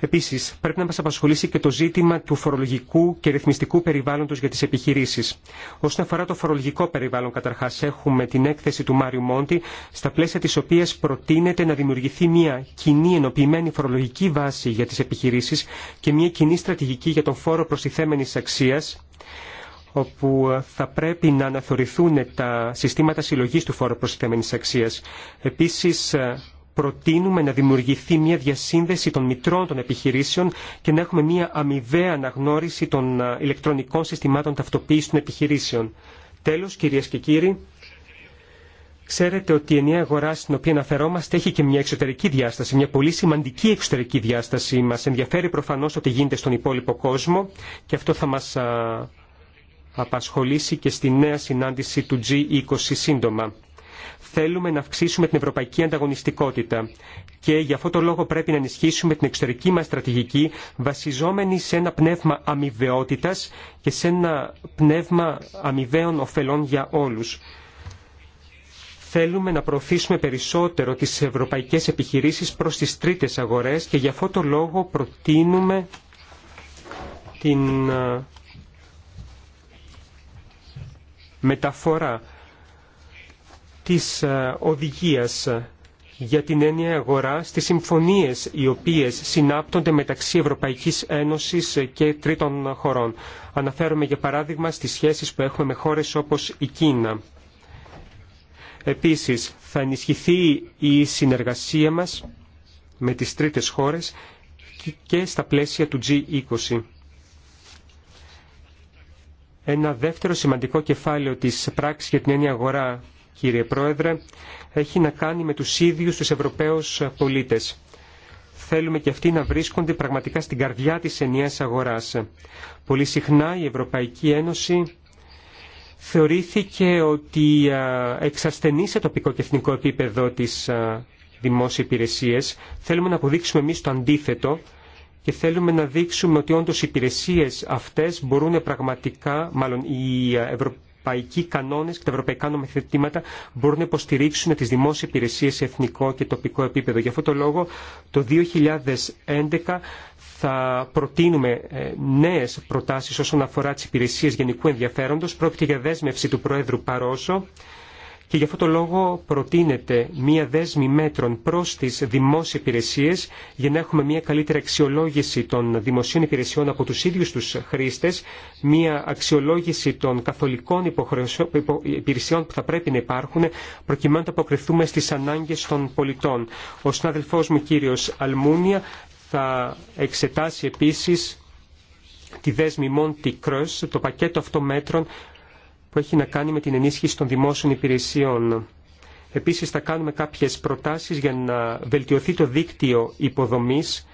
Επίση, πρέπει να μα απασχολήσει και το ζήτημα του φορολογικού και ρυθμιστικού περιβάλλοντο για τι επιχειρήσει. Όσον αφορά το φορολογικό περιβάλλον, καταρχά, έχουμε την έκθεση του Μάριου Μόντι, στα πλαίσια τη οποία προτείνεται να δημιουργηθεί μια κοινή ενοποιημένη φορολογική βάση για τι επιχειρήσει και μια κοινή στρατηγική για τον φόρο προστιθέμενη αξία όπου θα πρέπει να αναθεωρηθούν τα συστήματα συλλογής του φόρου προστιθέμενης αξίας. Επίσης, προτείνουμε να δημιουργηθεί μια διασύνδεση των μητρών των επιχειρήσεων και να έχουμε μια αμοιβαία αναγνώριση των ε, ηλεκτρονικών συστημάτων ταυτοποίησης των επιχειρήσεων. Τέλος, κυρίες και κύριοι, Ξέρετε ότι η ενιαία αγορά στην οποία αναφερόμαστε έχει και μια εξωτερική διάσταση, μια πολύ σημαντική εξωτερική διάσταση. Μας ενδιαφέρει προφανώς ότι γίνεται στον υπόλοιπο κόσμο και αυτό θα μας ε, απασχολήσει και στη νέα συνάντηση του G20 σύντομα θέλουμε να αυξήσουμε την ευρωπαϊκή ανταγωνιστικότητα και γι' αυτό το λόγο πρέπει να ενισχύσουμε την εξωτερική μας στρατηγική βασιζόμενη σε ένα πνεύμα αμοιβαιότητας και σε ένα πνεύμα αμοιβαίων ωφελών για όλους. Θέλουμε να προωθήσουμε περισσότερο τις ευρωπαϊκές επιχειρήσεις προς τις τρίτες αγορές και γι' αυτό το λόγο προτείνουμε την ε, μεταφορά της ε, οδηγίας για την έννοια αγορά στις συμφωνίες οι οποίες συνάπτονται μεταξύ Ευρωπαϊκής Ένωσης και τρίτων χωρών. Αναφέρομαι για παράδειγμα στις σχέσεις που έχουμε με χώρες όπως η Κίνα. Επίσης, θα ενισχυθεί η συνεργασία μας με τις τρίτες χώρες και στα πλαίσια του G20. Ένα δεύτερο σημαντικό κεφάλαιο της πράξης για την έννοια αγορά κύριε Πρόεδρε, έχει να κάνει με τους ίδιους τους Ευρωπαίους πολίτες. Θέλουμε και αυτοί να βρίσκονται πραγματικά στην καρδιά της ενιαίας αγοράς. Πολύ συχνά η Ευρωπαϊκή Ένωση θεωρήθηκε ότι εξασθενεί σε τοπικό και εθνικό επίπεδο τις δημόσιες υπηρεσίες. Θέλουμε να αποδείξουμε εμείς το αντίθετο και θέλουμε να δείξουμε ότι όντως οι υπηρεσίες αυτές μπορούν πραγματικά, μάλλον οι, Ευρω ευρωπαϊκοί κανόνε και τα ευρωπαϊκά νομοθετήματα μπορούν να υποστηρίξουν τι δημόσιε υπηρεσίε σε εθνικό και τοπικό επίπεδο. Γι' αυτό το λόγο το 2011 θα προτείνουμε ε, νέε προτάσει όσον αφορά τι υπηρεσίε γενικού ενδιαφέροντο. Πρόκειται για δέσμευση του Προέδρου Παρόσο και γι' αυτό το λόγο προτείνεται μία δέσμη μέτρων προς τις δημόσιες υπηρεσίες για να έχουμε μία καλύτερη αξιολόγηση των δημοσίων υπηρεσιών από τους ίδιους τους χρήστες, μία αξιολόγηση των καθολικών υπηρεσιών που θα πρέπει να υπάρχουν προκειμένου να αποκριθούμε στις ανάγκες των πολιτών. Ο συνάδελφός μου κύριος Αλμούνια θα εξετάσει επίσης τη δέσμη Monty Cross, το πακέτο αυτό μέτρων που έχει να κάνει με την ενίσχυση των δημόσιων υπηρεσιών. Επίσης θα κάνουμε κάποιες προτάσεις για να βελτιωθεί το δίκτυο υποδομής.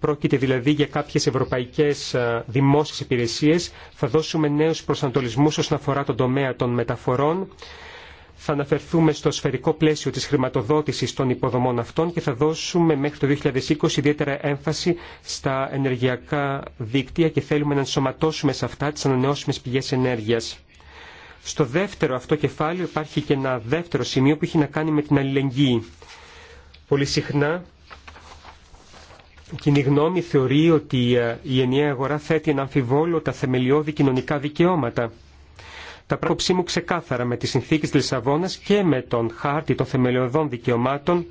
Πρόκειται δηλαδή για κάποιες ευρωπαϊκές δημόσιες υπηρεσίες. Θα δώσουμε νέους προσανατολισμούς όσον αφορά τον τομέα των μεταφορών. Θα αναφερθούμε στο σφαιρικό πλαίσιο της χρηματοδότησης των υποδομών αυτών και θα δώσουμε μέχρι το 2020 ιδιαίτερα έμφαση στα ενεργειακά δίκτυα και θέλουμε να ενσωματώσουμε σε αυτά τις ανανεώσιμες πηγές ενέργειας. Στο δεύτερο αυτό κεφάλαιο υπάρχει και ένα δεύτερο σημείο που έχει να κάνει με την αλληλεγγύη. Πολύ συχνά η κοινή γνώμη θεωρεί ότι ε, η ενιαία αγορά θέτει ένα αμφιβόλο τα θεμελιώδη κοινωνικά δικαιώματα. Τα πρόψή μου ξεκάθαρα με τις συνθήκες της Λισαβόνας και με τον χάρτη των θεμελιωδών δικαιωμάτων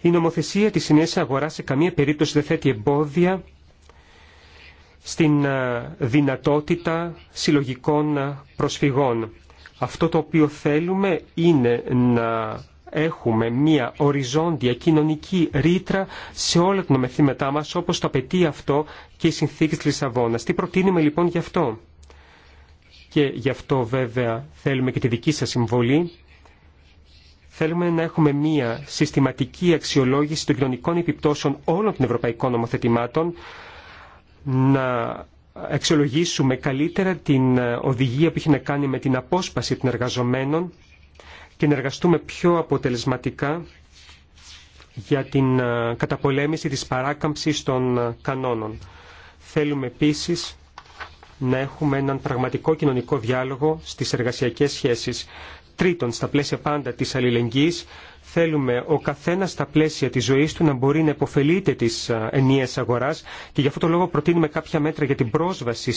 η νομοθεσία της ενιαίας αγοράς σε καμία περίπτωση δεν θέτει εμπόδια στην ε, δυνατότητα συλλογικών ε, προσφυγών. Αυτό το οποίο θέλουμε είναι να έχουμε μια οριζόντια κοινωνική ρήτρα σε όλα τα νομεθήμετά μας όπως το απαιτεί αυτό και η συνθήκη της Λισαβόνας. Τι προτείνουμε λοιπόν γι' αυτό. Και γι' αυτό βέβαια θέλουμε και τη δική σας συμβολή. Θέλουμε να έχουμε μία συστηματική αξιολόγηση των κοινωνικών επιπτώσεων όλων των ευρωπαϊκών νομοθετημάτων να αξιολογήσουμε καλύτερα την ε, οδηγία που έχει να κάνει με την απόσπαση των εργαζομένων και να εργαστούμε πιο αποτελεσματικά για την ε, καταπολέμηση της παράκαμψης των ε, κανόνων. Θέλουμε επίσης να έχουμε έναν πραγματικό κοινωνικό διάλογο στις εργασιακές σχέσεις. Τρίτον, στα πλαίσια πάντα της αλληλεγγύης, Θέλουμε ο καθένα στα πλαίσια τη ζωή του να μπορεί να υποφελείται τη ενιαία αγορά και γι' αυτό το λόγο προτείνουμε κάποια μέτρα για την πρόσβαση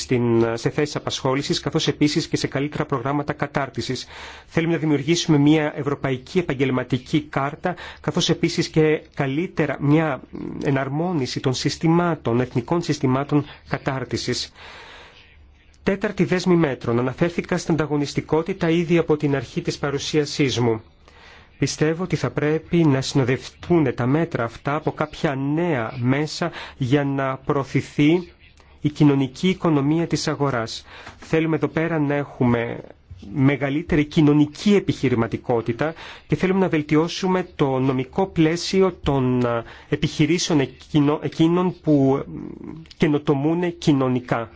σε θέσει απασχόληση καθώ επίση και σε καλύτερα προγράμματα κατάρτιση. Θέλουμε να δημιουργήσουμε μια ευρωπαϊκή επαγγελματική κάρτα καθώ επίση και καλύτερα μια εναρμόνιση των συστημάτων, εθνικών συστημάτων κατάρτιση. Τέταρτη δέσμη μέτρων. Αναφέρθηκα στην ανταγωνιστικότητα ήδη από την αρχή τη παρουσίασή μου. Πιστεύω ότι θα πρέπει να συνοδευτούν τα μέτρα αυτά από κάποια νέα μέσα για να προωθηθεί η κοινωνική οικονομία της αγοράς. Θέλουμε εδώ πέρα να έχουμε μεγαλύτερη κοινωνική επιχειρηματικότητα και θέλουμε να βελτιώσουμε το νομικό πλαίσιο των επιχειρήσεων εκείνων που καινοτομούν κοινωνικά.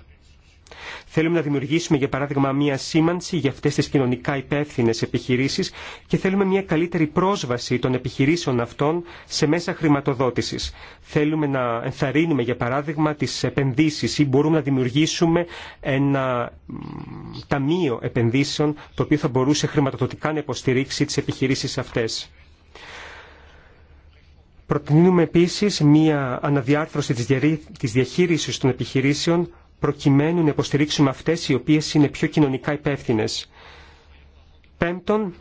Θέλουμε να δημιουργήσουμε, για παράδειγμα, μία σήμανση για αυτές τις κοινωνικά υπεύθυνε επιχειρήσεις και θέλουμε μία καλύτερη πρόσβαση των επιχειρήσεων αυτών σε μέσα χρηματοδότησης. Θέλουμε να ενθαρρύνουμε, για παράδειγμα, τις επενδύσεις ή μπορούμε να δημιουργήσουμε ένα ταμείο επενδύσεων το οποίο θα μπορούσε χρηματοδοτικά να υποστηρίξει τις επιχειρήσεις αυτές. Προτείνουμε επίσης μία αναδιάρθρωση της διαχείρισης των επιχειρήσεων προκειμένου να υποστηρίξουμε αυτές οι οποίες είναι πιο κοινωνικά υπεύθυνες. Πέμπτον,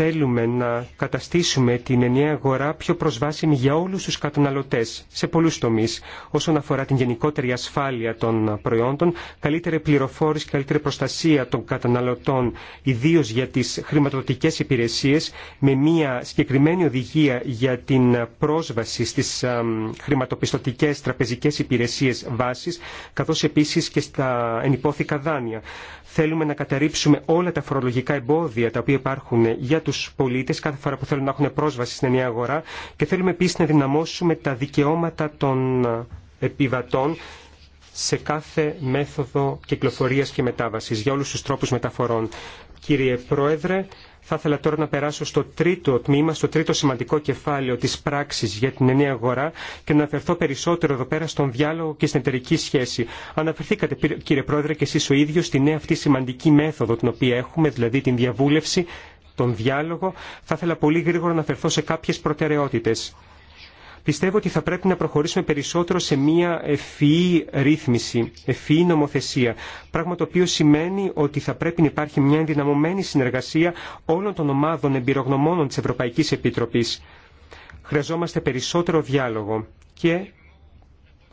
θέλουμε να καταστήσουμε την ενιαία αγορά πιο προσβάσιμη για όλους τους καταναλωτές σε πολλούς τομείς. Όσον αφορά την γενικότερη ασφάλεια των προϊόντων, καλύτερη πληροφόρηση, και καλύτερη προστασία των καταναλωτών, ιδίως για τις χρηματοδοτικές υπηρεσίες, με μια συγκεκριμένη οδηγία για την πρόσβαση στις χρηματοπιστωτικές τραπεζικές υπηρεσίες βάσης, καθώς επίσης και στα ενυπόθηκα δάνεια. Θέλουμε να καταρρύψουμε όλα τα φορολογικά εμπόδια τα οποία υπάρχουν για του πολίτε κάθε φορά που θέλουν να έχουν πρόσβαση στην ενιαία αγορά και θέλουμε επίση να δυναμώσουμε τα δικαιώματα των επιβατών σε κάθε μέθοδο κυκλοφορία και μετάβαση για όλου του τρόπου μεταφορών. Κύριε Πρόεδρε, θα ήθελα τώρα να περάσω στο τρίτο τμήμα, στο τρίτο σημαντικό κεφάλαιο της πράξης για την ενιαία αγορά και να αναφερθώ περισσότερο εδώ πέρα στον διάλογο και στην εταιρική σχέση. Αναφερθήκατε κύριε Πρόεδρε και εσεί ο ίδιος στη νέα αυτή σημαντική μέθοδο την οποία έχουμε, δηλαδή την διαβούλευση τον διάλογο, θα ήθελα πολύ γρήγορα να αφαιρθώ σε κάποιες προτεραιότητες. Πιστεύω ότι θα πρέπει να προχωρήσουμε περισσότερο σε μια ευφυή ρύθμιση, ευφυή νομοθεσία. Πράγμα το οποίο σημαίνει ότι θα πρέπει να υπάρχει μια ενδυναμωμένη συνεργασία όλων των ομάδων εμπειρογνωμόνων της Ευρωπαϊκής Επιτροπής. Χρειαζόμαστε περισσότερο διάλογο και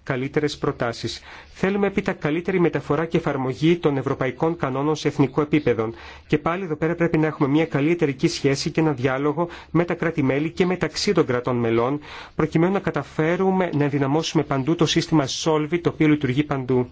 καλύτερε προτάσει. Θέλουμε έπειτα καλύτερη μεταφορά και εφαρμογή των ευρωπαϊκών κανόνων σε εθνικό επίπεδο. Και πάλι εδώ πέρα πρέπει να έχουμε μια καλή εταιρική σχέση και ένα διάλογο με τα κράτη-μέλη και μεταξύ των κρατών μελών, προκειμένου να καταφέρουμε να ενδυναμώσουμε παντού το σύστημα Solvit, το οποίο λειτουργεί παντού.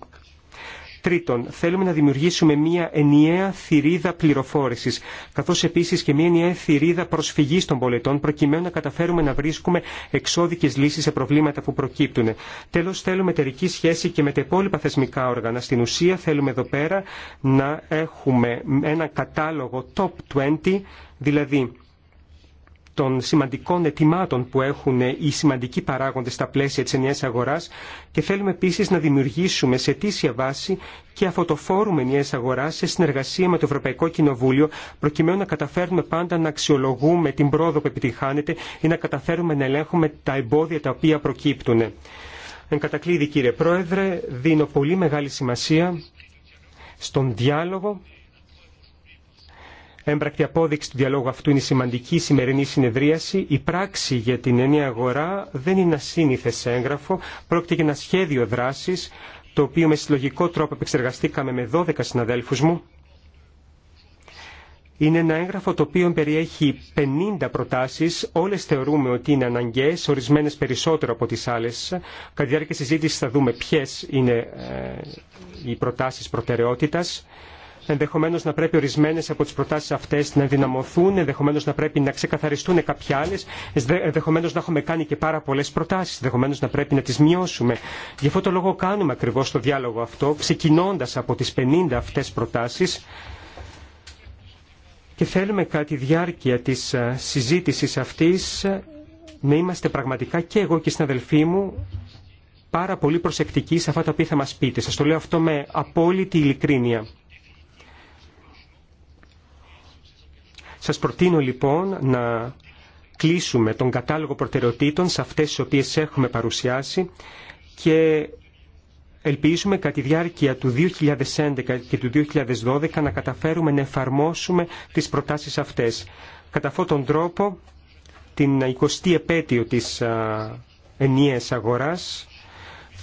Τρίτον, θέλουμε να δημιουργήσουμε μια ενιαία θηρίδα πληροφόρηση, καθώ επίση και μια ενιαία θηρίδα προσφυγή των πολιτών, προκειμένου να καταφέρουμε να βρίσκουμε εξώδικε λύσει σε προβλήματα που προκύπτουν. Τέλο, θέλουμε εταιρική σχέση και με τα υπόλοιπα θεσμικά όργανα. Στην ουσία, θέλουμε εδώ πέρα να έχουμε ένα κατάλογο top 20, δηλαδή των σημαντικών ετοιμάτων που έχουν οι σημαντικοί παράγοντες στα πλαίσια της ενιαίας αγοράς και θέλουμε επίσης να δημιουργήσουμε σε αιτήσια βάση και αυτό το φόρουμ αγοράς σε συνεργασία με το Ευρωπαϊκό Κοινοβούλιο προκειμένου να καταφέρουμε πάντα να αξιολογούμε την πρόοδο που επιτυχάνεται ή να καταφέρουμε να ελέγχουμε τα εμπόδια τα οποία προκύπτουν. Εν κατακλείδη κύριε Πρόεδρε, δίνω πολύ μεγάλη σημασία στον διάλογο Έμπρακτη απόδειξη του διαλόγου αυτού είναι η σημαντική σημερινή συνεδρίαση. Η πράξη για την ενιαία αγορά δεν είναι ασύνηθε έγγραφο. Πρόκειται για ένα σχέδιο δράση, το οποίο με συλλογικό τρόπο επεξεργαστήκαμε με 12 συναδέλφου μου. Είναι ένα έγγραφο το οποίο περιέχει 50 προτάσει. Όλε θεωρούμε ότι είναι αναγκαίες, ορισμένε περισσότερο από τι άλλε, Κατά τη διάρκεια συζήτηση θα δούμε ποιε είναι ε, οι προτάσει προτεραιότητα ενδεχομένω να πρέπει ορισμένε από τι προτάσει αυτέ να ενδυναμωθούν, ενδεχομένω να πρέπει να ξεκαθαριστούν κάποιε άλλε, ενδεχομένω να έχουμε κάνει και πάρα πολλέ προτάσει, ενδεχομένω να πρέπει να τι μειώσουμε. Γι' αυτό το λόγο κάνουμε ακριβώ το διάλογο αυτό, ξεκινώντα από τι 50 αυτέ προτάσει και θέλουμε κατά τη διάρκεια τη ε, συζήτηση αυτή ε, να είμαστε πραγματικά και εγώ και οι συναδελφοί μου πάρα πολύ προσεκτικοί σε αυτά τα οποία θα μα πείτε. Σας το λέω αυτό με απόλυτη ειλικρίνεια. Σας προτείνω λοιπόν να κλείσουμε τον κατάλογο προτεραιοτήτων σε αυτές τις οποίες έχουμε παρουσιάσει και ελπίζουμε κατά τη διάρκεια του 2011 και του 2012 να καταφέρουμε να εφαρμόσουμε τις προτάσεις αυτές. Κατά αυτόν τον τρόπο, την 20η επέτειο της ενιαίας αγοράς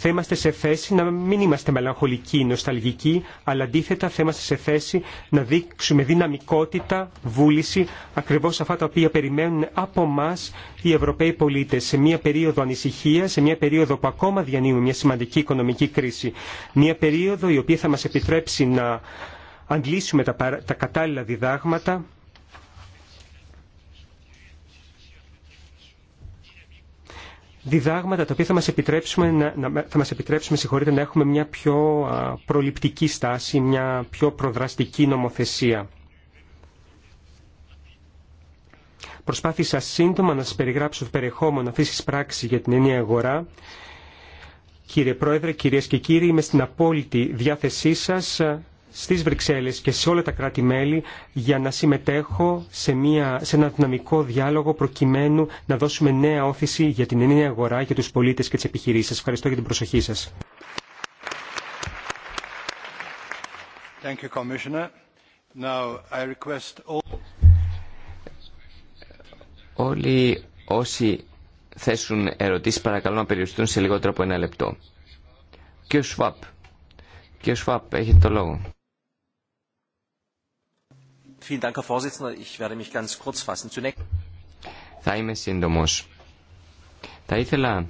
θα είμαστε σε θέση να μην είμαστε μελαγχολικοί, νοσταλγικοί, αλλά αντίθετα θα είμαστε σε θέση να δείξουμε δυναμικότητα, βούληση, ακριβώς αυτά τα οποία περιμένουν από εμά οι Ευρωπαίοι πολίτες σε μια περίοδο ανησυχία, σε μια περίοδο που ακόμα διανύουμε μια σημαντική οικονομική κρίση. Μια περίοδο η οποία θα μας επιτρέψει να αντλήσουμε τα κατάλληλα διδάγματα διδάγματα τα οποία θα μας επιτρέψουμε, να, να, θα μας επιτρέψουμε συγχωρείτε, να έχουμε μια πιο προληπτική στάση, μια πιο προδραστική νομοθεσία. Προσπάθησα σύντομα να σας περιγράψω το περιεχόμενο αυτής της πράξης για την ενιαία αγορά. Κύριε Πρόεδρε, κυρίες και κύριοι, είμαι στην απόλυτη διάθεσή σας στις Βρυξέλλες και σε όλα τα κράτη-μέλη για να συμμετέχω σε, μια, σε ένα δυναμικό διάλογο προκειμένου να δώσουμε νέα όθηση για την ενιαία αγορά για τους πολίτες και τις επιχειρήσεις. Σας ευχαριστώ για την προσοχή σας. Όλοι όσοι θέσουν ερωτήσεις παρακαλώ να περιοριστούν σε λιγότερο από ένα λεπτό. Και Σφάπ. Κύριε Σφάπ, έχετε το λόγο. Θα είμαι σύντομος. Θα ήθελα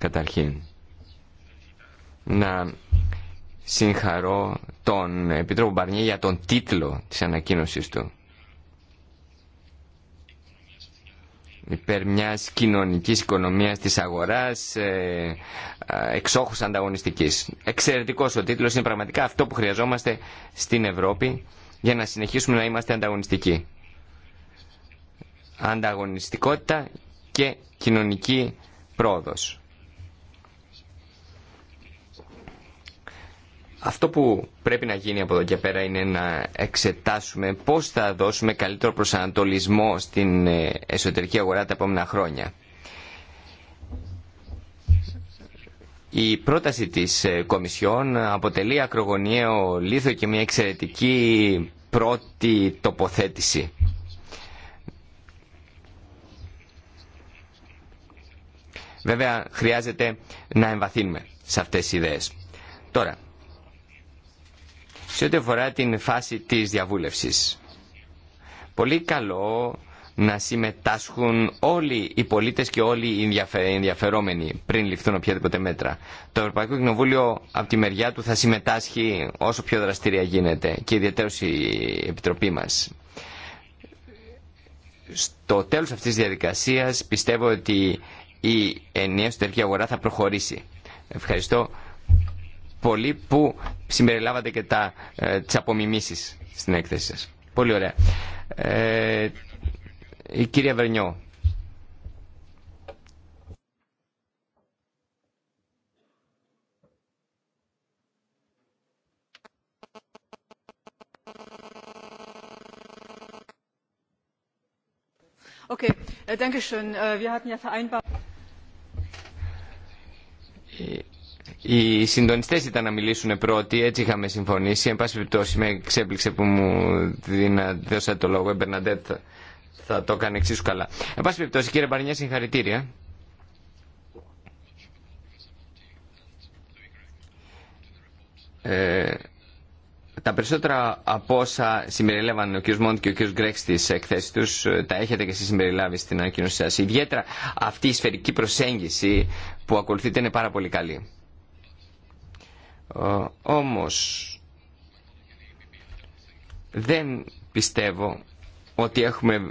καταρχήν να συγχαρώ τον Επιτρόπο Μπαρνιέ για τον τίτλο της ανακοίνωσης του. υπέρ μιας κοινωνικής οικονομίας της αγοράς εξόχου ε, εξόχους ανταγωνιστικής. Εξαιρετικός ο τίτλος, είναι πραγματικά αυτό που χρειαζόμαστε στην Ευρώπη για να συνεχίσουμε να είμαστε ανταγωνιστικοί. Ανταγωνιστικότητα και κοινωνική πρόοδος. Αυτό που πρέπει να γίνει από εδώ και πέρα είναι να εξετάσουμε πώς θα δώσουμε καλύτερο προσανατολισμό στην ε, εσωτερική αγορά τα επόμενα χρόνια. Η πρόταση της ε, Κομισιόν αποτελεί ακρογωνιαίο λίθο και μια εξαιρετική πρώτη τοποθέτηση. Βέβαια χρειάζεται να εμβαθύνουμε σε αυτές τις ιδέες. Τώρα, σε ό,τι αφορά την φάση της διαβούλευσης. Πολύ καλό να συμμετάσχουν όλοι οι πολίτες και όλοι οι ενδιαφερόμενοι πριν ληφθούν οποιαδήποτε μέτρα. Το Ευρωπαϊκό Κοινοβούλιο από τη μεριά του θα συμμετάσχει όσο πιο δραστηρία γίνεται και ιδιαίτερως η Επιτροπή μας. Στο τέλος αυτής της διαδικασίας πιστεύω ότι η ενιαία εσωτερική αγορά θα προχωρήσει. Ευχαριστώ πολύ που συμπεριλάβατε και τα, ε, στην έκθεση σας. Πολύ ωραία. Ε, η κυρία Βερνιό. Οι συντονιστέ ήταν να μιλήσουν πρώτοι, έτσι είχαμε συμφωνήσει. Εν πάση περιπτώσει, με ξέπληξε που μου δώσατε το λόγο, Εμπερναντέτ, θα το κάνει εξίσου καλά. Εν πάση περιπτώσει, κύριε Μπαρνιέ, συγχαρητήρια. Ε, τα περισσότερα από όσα συμπεριλέβαν ο κ. Μόντ και ο κ. Γκρέξ στι εκθέσει του, ε, τα έχετε και εσεί συμπεριλάβει στην ανακοίνωσή σα. Ιδιαίτερα αυτή η σφαιρική προσέγγιση που ακολουθείτε είναι πάρα πολύ καλή. Όμω, δεν πιστεύω ότι έχουμε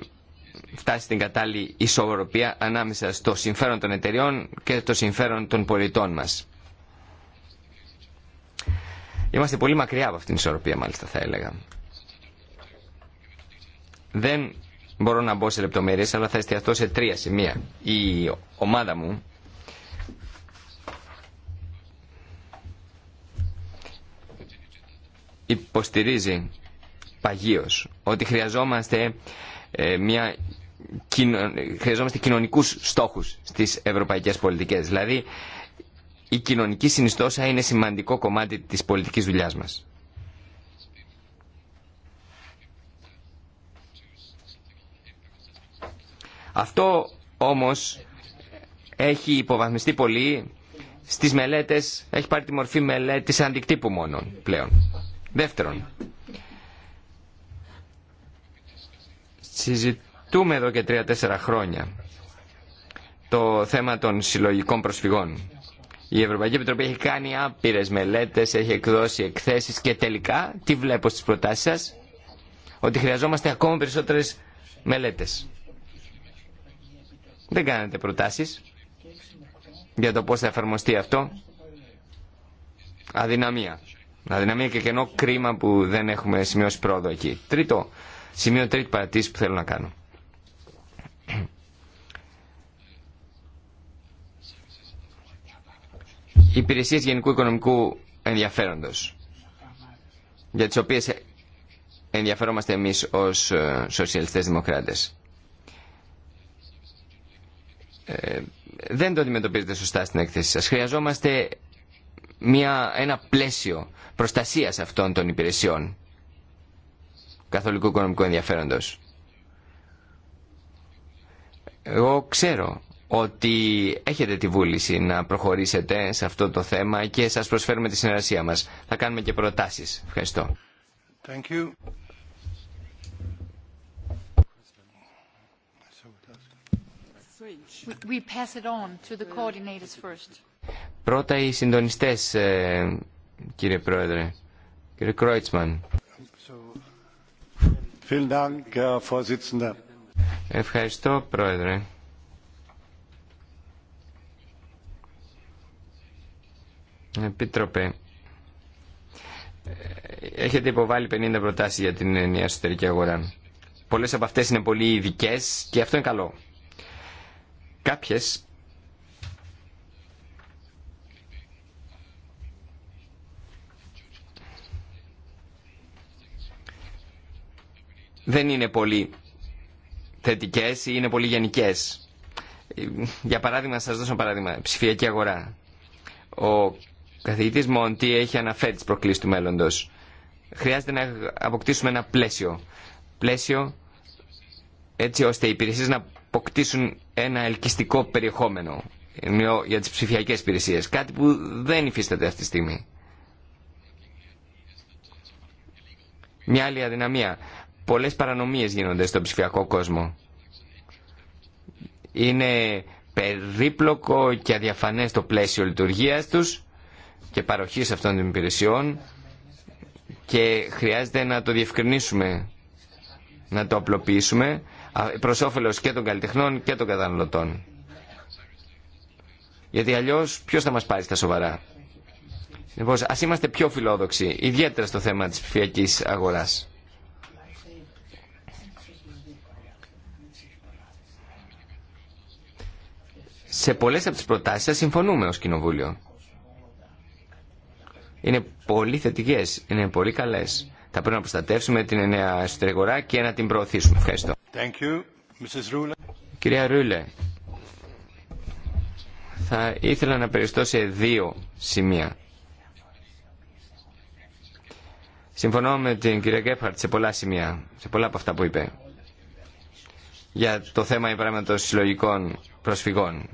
φτάσει στην κατάλληλη ισορροπία ανάμεσα στο συμφέρον των εταιριών και το συμφέρον των πολιτών μας. Είμαστε πολύ μακριά από αυτήν την ισορροπία μάλιστα θα έλεγα. Δεν μπορώ να μπω σε λεπτομέρειες αλλά θα εστιαστώ σε τρία σημεία. Η ομάδα μου υποστηρίζει παγίως ότι χρειαζόμαστε ε, μια χρειαζόμαστε κοινωνικούς στόχους στις ευρωπαϊκές πολιτικές. Δηλαδή, η κοινωνική συνιστόσα είναι σημαντικό κομμάτι της πολιτικής δουλειάς μας. Αυτό όμως έχει υποβαθμιστεί πολύ στις μελέτες, έχει πάρει τη μορφή μελέτης αντικτύπου μόνο πλέον. Δεύτερον, συζητούμε εδώ και τρία-τέσσερα χρόνια το θέμα των συλλογικών προσφυγών. Η Ευρωπαϊκή Επιτροπή έχει κάνει άπειρε μελέτε, έχει εκδώσει εκθέσει και τελικά τι βλέπω στι προτάσει σα, ότι χρειαζόμαστε ακόμα περισσότερε μελέτε. Δεν κάνετε προτάσει για το πώ θα εφαρμοστεί αυτό. Αδυναμία. Αδυναμία και κενό κρίμα που δεν έχουμε σημειώσει πρόοδο εκεί. Τρίτο, σημείο τρίτη παρατήρηση που θέλω να κάνω. Υπηρεσίες γενικού οικονομικού ενδιαφέροντος, για τις οποίες ενδιαφερόμαστε εμείς ως ε, σοσιαλιστές δημοκράτες. Ε, δεν το αντιμετωπίζετε σωστά στην εκθέση σας. Χρειαζόμαστε μια, ένα πλαίσιο προστασίας αυτών των υπηρεσιών καθολικού οικονομικού ενδιαφέροντος. Εγώ ξέρω ότι έχετε τη βούληση να προχωρήσετε σε αυτό το θέμα και σας προσφέρουμε τη συνεργασία μας. Θα κάνουμε και προτάσεις. Ευχαριστώ. Thank you. We pass it on to the coordinators first. Πρώτα οι συντονιστές, ε, κύριε Πρόεδρε. Κύριε Κρόιτσμαν. Ευχαριστώ, Πρόεδρε. Επίτροπε, έχετε υποβάλει 50 προτάσεις για την ενιαία εσωτερική αγορά. Πολλές από αυτές είναι πολύ ειδικέ και αυτό είναι καλό. Κάποιες δεν είναι πολύ θετικές ή είναι πολύ γενικέ. Για παράδειγμα, σα σας δώσω ένα παράδειγμα, ψηφιακή αγορά. Ο καθηγητής Μοντή έχει αναφέρει τις προκλήσεις του μέλλοντος. Χρειάζεται να αποκτήσουμε ένα πλαίσιο. Πλαίσιο έτσι ώστε οι υπηρεσίες να αποκτήσουν ένα ελκυστικό περιεχόμενο για τις ψηφιακές υπηρεσίες. Κάτι που δεν υφίσταται αυτή τη στιγμή. Μια άλλη αδυναμία πολλές παρανομίες γίνονται στον ψηφιακό κόσμο. Είναι περίπλοκο και αδιαφανές το πλαίσιο λειτουργίας τους και παροχής αυτών των υπηρεσιών και χρειάζεται να το διευκρινίσουμε, να το απλοποιήσουμε προς όφελος και των καλλιτεχνών και των καταναλωτών. Γιατί αλλιώς ποιος θα μας πάρει στα σοβαρά. Λοιπόν, ας είμαστε πιο φιλόδοξοι, ιδιαίτερα στο θέμα της ψηφιακής αγοράς. Σε πολλές από τις προτάσεις σας συμφωνούμε ως Κοινοβούλιο. Είναι πολύ θετικές, είναι πολύ καλές. Θα πρέπει να προστατεύσουμε την νέα εσωτερικορά και να την προωθήσουμε. Ευχαριστώ. Thank you. Mrs. Κυρία Ρούλε, θα ήθελα να περιστώ σε δύο σημεία. Συμφωνώ με την κυρία Γκέφαρτ σε πολλά σημεία, σε πολλά από αυτά που είπε για το θέμα υπράγματος συλλογικών προσφυγών.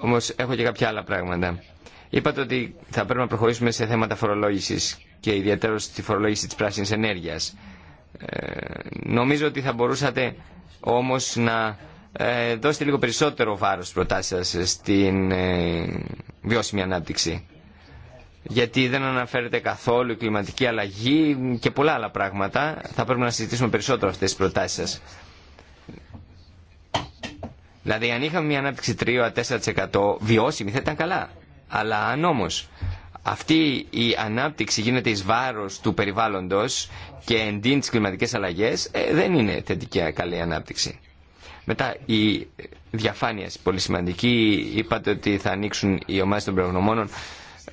Όμω, έχω και κάποια άλλα πράγματα. Είπατε ότι θα πρέπει να προχωρήσουμε σε θέματα φορολόγηση και ιδιαίτερα στη φορολόγηση της πράσινης ενέργειας. Ε, νομίζω ότι θα μπορούσατε όμως να ε, δώσετε λίγο περισσότερο βάρος στις προτάσεις σα στην ε, βιώσιμη ανάπτυξη. Γιατί δεν αναφέρεται καθόλου η κλιματική αλλαγή και πολλά άλλα πράγματα. Θα πρέπει να συζητήσουμε περισσότερο αυτέ τι προτάσει σα. Δηλαδή αν είχαμε μια ανάπτυξη 3-4% βιώσιμη θα ήταν καλά. Αλλά αν όμω αυτή η ανάπτυξη γίνεται εις βάρος του περιβάλλοντος και εντείνει τις κλιματικές αλλαγές, ε, δεν είναι θετική ε, καλή ανάπτυξη. Μετά η διαφάνεια, πολύ σημαντική, είπατε ότι θα ανοίξουν οι ομάδες των προγνωμόνων.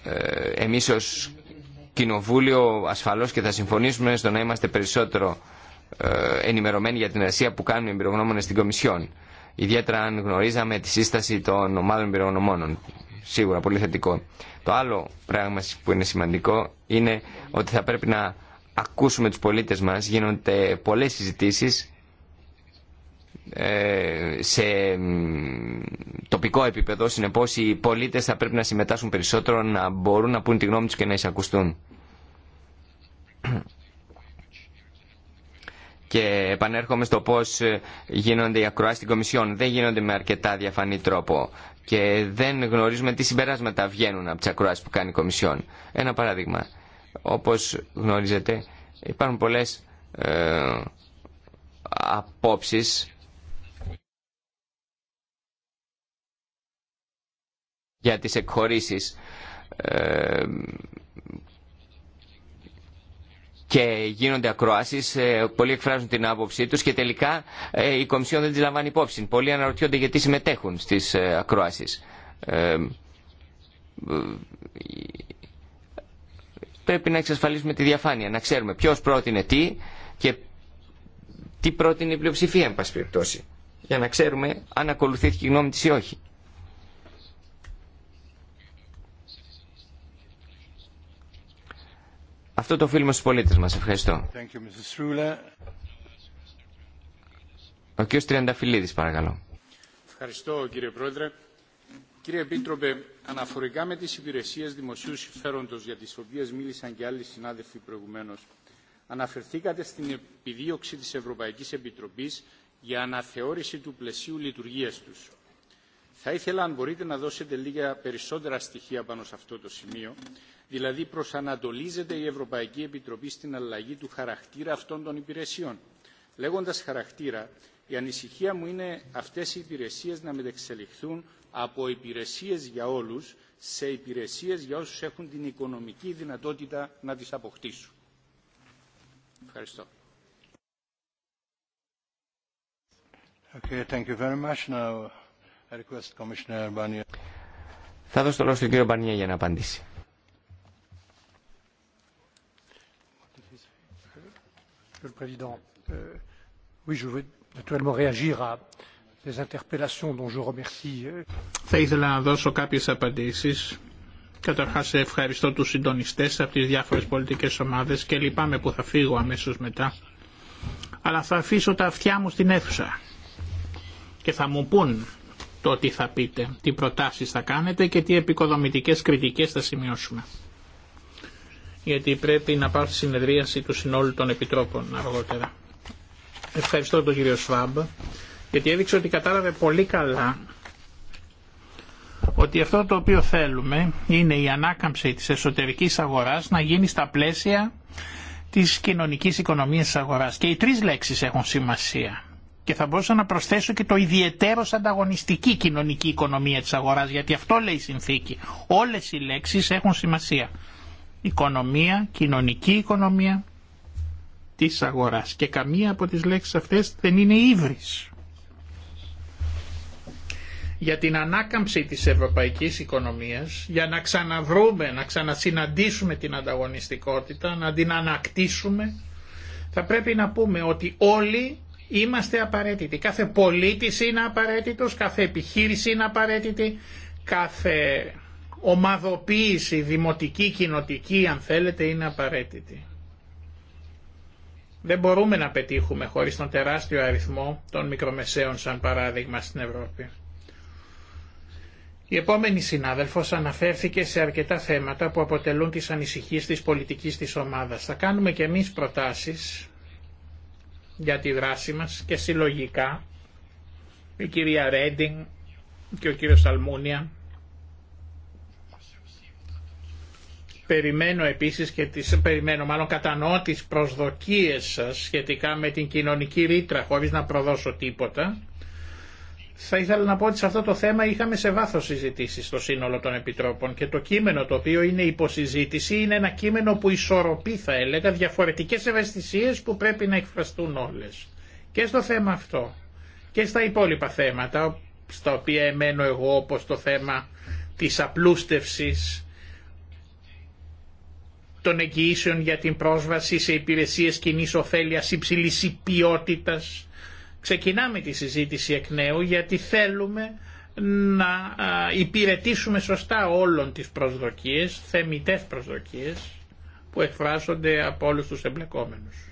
Ε, εμείς ως κοινοβούλιο ασφαλώς και θα συμφωνήσουμε στο να είμαστε περισσότερο ε, ενημερωμένοι για την εργασία που κάνουν οι προγνωμόνες στην Κομισιόν ιδιαίτερα αν γνωρίζαμε τη σύσταση των ομάδων πυρογνωμόνων. Σίγουρα πολύ θετικό. Το άλλο πράγμα που είναι σημαντικό είναι ότι θα πρέπει να ακούσουμε τους πολίτες μας. Γίνονται πολλές συζητήσεις ε, σε τοπικό επίπεδο. Συνεπώς οι πολίτες θα πρέπει να συμμετάσχουν περισσότερο, να μπορούν να πούν τη γνώμη τους και να εισακουστούν. Και επανέρχομαι στο πώς γίνονται οι ακροάσεις στην Κομισιόν. Δεν γίνονται με αρκετά διαφανή τρόπο και δεν γνωρίζουμε τι συμπεράσματα βγαίνουν από τις ακροάσεις που κάνει η Κομισιόν. Ένα παράδειγμα. Όπως γνωρίζετε υπάρχουν πολλές ε, απόψεις για τις εκχωρήσεις ε, και γίνονται ακροάσει, ε, πολλοί εκφράζουν την άποψή του και τελικά ε, η Κομισιόν δεν τι λαμβάνει υπόψη. Πολλοί αναρωτιόνται γιατί συμμετέχουν στι ε, ακροάσει. Πρέπει να εξασφαλίσουμε τη διαφάνεια, να ξέρουμε ποιο πρότεινε τι και τι πρότεινε η πλειοψηφία, εν περιπτώσει, για να ξέρουμε αν ακολουθήθηκε η γνώμη τη ή όχι. Αυτό το οφείλουμε στους πολίτες μας. Ευχαριστώ. Ο κ. Τριανταφυλλίδης, παρακαλώ. Ευχαριστώ, κύριε Πρόεδρε. Κύριε Επίτροπε, αναφορικά με τις υπηρεσίες δημοσίου συμφέροντος για τις οποίες μίλησαν και άλλοι συνάδελφοι προηγουμένως, αναφερθήκατε στην επιδίωξη της Ευρωπαϊκής Επιτροπής για αναθεώρηση του πλαισίου λειτουργίας τους. Θα ήθελα, αν μπορείτε, να δώσετε λίγα περισσότερα στοιχεία πάνω σε αυτό το σημείο, δηλαδή προσανατολίζεται η Ευρωπαϊκή Επιτροπή στην αλλαγή του χαρακτήρα αυτών των υπηρεσιών. Λέγοντας χαρακτήρα, η ανησυχία μου είναι αυτές οι υπηρεσίες να μετεξελιχθούν από υπηρεσίες για όλους σε υπηρεσίες για όσους έχουν την οικονομική δυνατότητα να τις αποκτήσουν. Ευχαριστώ. Θα δώσω το λόγο στον κύριο Μπανιέ για να απαντήσει. Θα ήθελα να δώσω κάποιες απαντήσεις. Καταρχάς ευχαριστώ τους συντονιστές από τις διάφορες πολιτικές ομάδες και λυπάμαι που θα φύγω αμέσως μετά. Αλλά θα αφήσω τα αυτιά μου στην αίθουσα και θα μου πούν το τι θα πείτε, τι προτάσεις θα κάνετε και τι επικοδομητικές κριτικές θα σημειώσουμε γιατί πρέπει να πάω στη συνεδρίαση του συνόλου των επιτρόπων αργότερα. Ευχαριστώ τον κύριο Σφάμπ, γιατί έδειξε ότι κατάλαβε πολύ καλά ότι αυτό το οποίο θέλουμε είναι η ανάκαμψη της εσωτερικής αγοράς να γίνει στα πλαίσια της κοινωνικής οικονομίας της αγοράς. Και οι τρεις λέξεις έχουν σημασία. Και θα μπορούσα να προσθέσω και το ιδιαίτερο ανταγωνιστική κοινωνική οικονομία της αγοράς, γιατί αυτό λέει η συνθήκη. Όλες οι λέξεις έχουν σημασία οικονομία, κοινωνική οικονομία της αγοράς και καμία από τις λέξεις αυτές δεν είναι ύβρις. Για την ανάκαμψη της ευρωπαϊκής οικονομίας, για να ξαναβρούμε, να ξανασυναντήσουμε την ανταγωνιστικότητα, να την ανακτήσουμε, θα πρέπει να πούμε ότι όλοι είμαστε απαραίτητοι. Κάθε πολίτης είναι απαραίτητος, κάθε επιχείρηση είναι απαραίτητη, κάθε ομαδοποίηση δημοτική, κοινοτική αν θέλετε είναι απαραίτητη. Δεν μπορούμε να πετύχουμε χωρίς τον τεράστιο αριθμό των μικρομεσαίων σαν παράδειγμα στην Ευρώπη. Η επόμενη συνάδελφος αναφέρθηκε σε αρκετά θέματα που αποτελούν τις ανησυχίες της πολιτικής της ομάδας. Θα κάνουμε και εμείς προτάσεις για τη δράση μας και συλλογικά η κυρία Ρέντινγκ και ο κύριος Σαλμούνια. Περιμένω επίσης και τις, περιμένω μάλλον κατανοώ τις προσδοκίες σας σχετικά με την κοινωνική ρήτρα χωρίς να προδώσω τίποτα. Θα ήθελα να πω ότι σε αυτό το θέμα είχαμε σε βάθος συζητήσει στο σύνολο των Επιτρόπων και το κείμενο το οποίο είναι υποσυζήτηση είναι ένα κείμενο που ισορροπεί θα έλεγα διαφορετικές ευαισθησίες που πρέπει να εκφραστούν όλες. Και στο θέμα αυτό και στα υπόλοιπα θέματα στα οποία εμένω εγώ όπως το θέμα της απλούστευσης των εγγυήσεων για την πρόσβαση σε υπηρεσίες κοινή ωφέλεια υψηλή ποιότητα. Ξεκινάμε τη συζήτηση εκ νέου γιατί θέλουμε να υπηρετήσουμε σωστά όλων τις προσδοκίες, θεμητές προσδοκίες που εκφράζονται από όλους τους εμπλεκόμενους.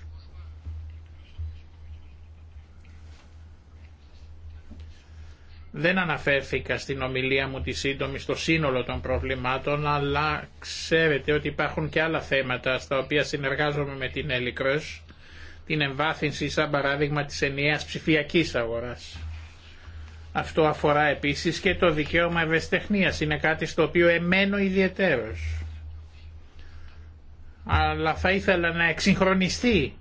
Δεν αναφέρθηκα στην ομιλία μου τη σύντομη στο σύνολο των προβλημάτων, αλλά ξέρετε ότι υπάρχουν και άλλα θέματα στα οποία συνεργάζομαι με την Ελικρός, την εμβάθυνση σαν παράδειγμα της ενιαίας ψηφιακής αγοράς. Αυτό αφορά επίσης και το δικαίωμα ευαισθητεχνίας, είναι κάτι στο οποίο εμένω ιδιαιτέρως. Αλλά θα ήθελα να εξυγχρονιστεί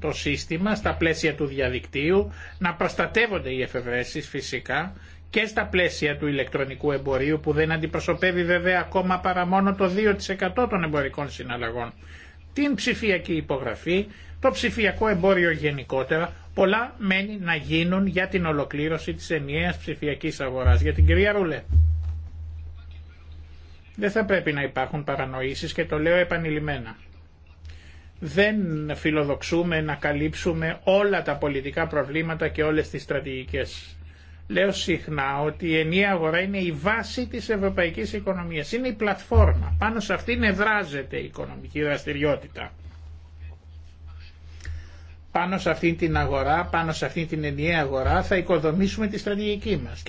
το σύστημα στα πλαίσια του διαδικτύου, να προστατεύονται οι εφευρέσεις φυσικά και στα πλαίσια του ηλεκτρονικού εμπορίου που δεν αντιπροσωπεύει βέβαια ακόμα παρά μόνο το 2% των εμπορικών συναλλαγών. Την ψηφιακή υπογραφή, το ψηφιακό εμπόριο γενικότερα, πολλά μένει να γίνουν για την ολοκλήρωση της ενιαίας ψηφιακής αγοράς. Για την κυρία Ρουλέ. Δεν θα πρέπει να υπάρχουν παρανοήσεις και το λέω επανειλημμένα δεν φιλοδοξούμε να καλύψουμε όλα τα πολιτικά προβλήματα και όλες τις στρατηγικές. Λέω συχνά ότι η ενιαία αγορά είναι η βάση της ευρωπαϊκής οικονομίας, είναι η πλατφόρμα. Πάνω σε αυτήν εδράζεται η οικονομική δραστηριότητα. Πάνω σε αυτήν την αγορά, πάνω σε αυτήν την ενιαία αγορά θα οικοδομήσουμε τη στρατηγική μας.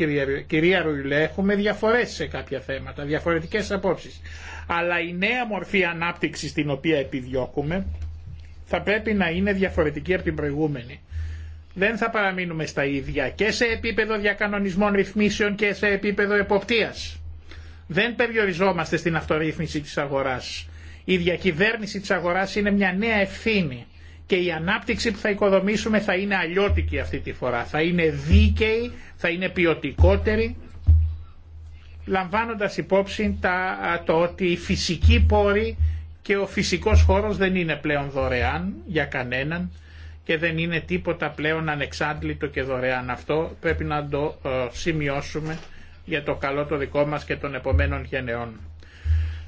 Κυρία ρουλέ, έχουμε διαφορές σε κάποια θέματα, διαφορετικές απόψεις. Αλλά η νέα μορφή ανάπτυξης την οποία επιδιώκουμε θα πρέπει να είναι διαφορετική από την προηγούμενη. Δεν θα παραμείνουμε στα ίδια και σε επίπεδο διακανονισμών ρυθμίσεων και σε επίπεδο εποπτείας. Δεν περιοριζόμαστε στην αυτορύθμιση της αγοράς. Η διακυβέρνηση της αγοράς είναι μια νέα ευθύνη και η ανάπτυξη που θα οικοδομήσουμε θα είναι αλλιώτικη αυτή τη φορά. Θα είναι δίκαιη, θα είναι ποιοτικότερη, λαμβάνοντας υπόψη το ότι οι φυσικοί πόροι και ο φυσικός χώρος δεν είναι πλέον δωρεάν για κανέναν και δεν είναι τίποτα πλέον ανεξάντλητο και δωρεάν. Αυτό πρέπει να το ε, σημειώσουμε για το καλό το δικό μας και των επομένων γενεών.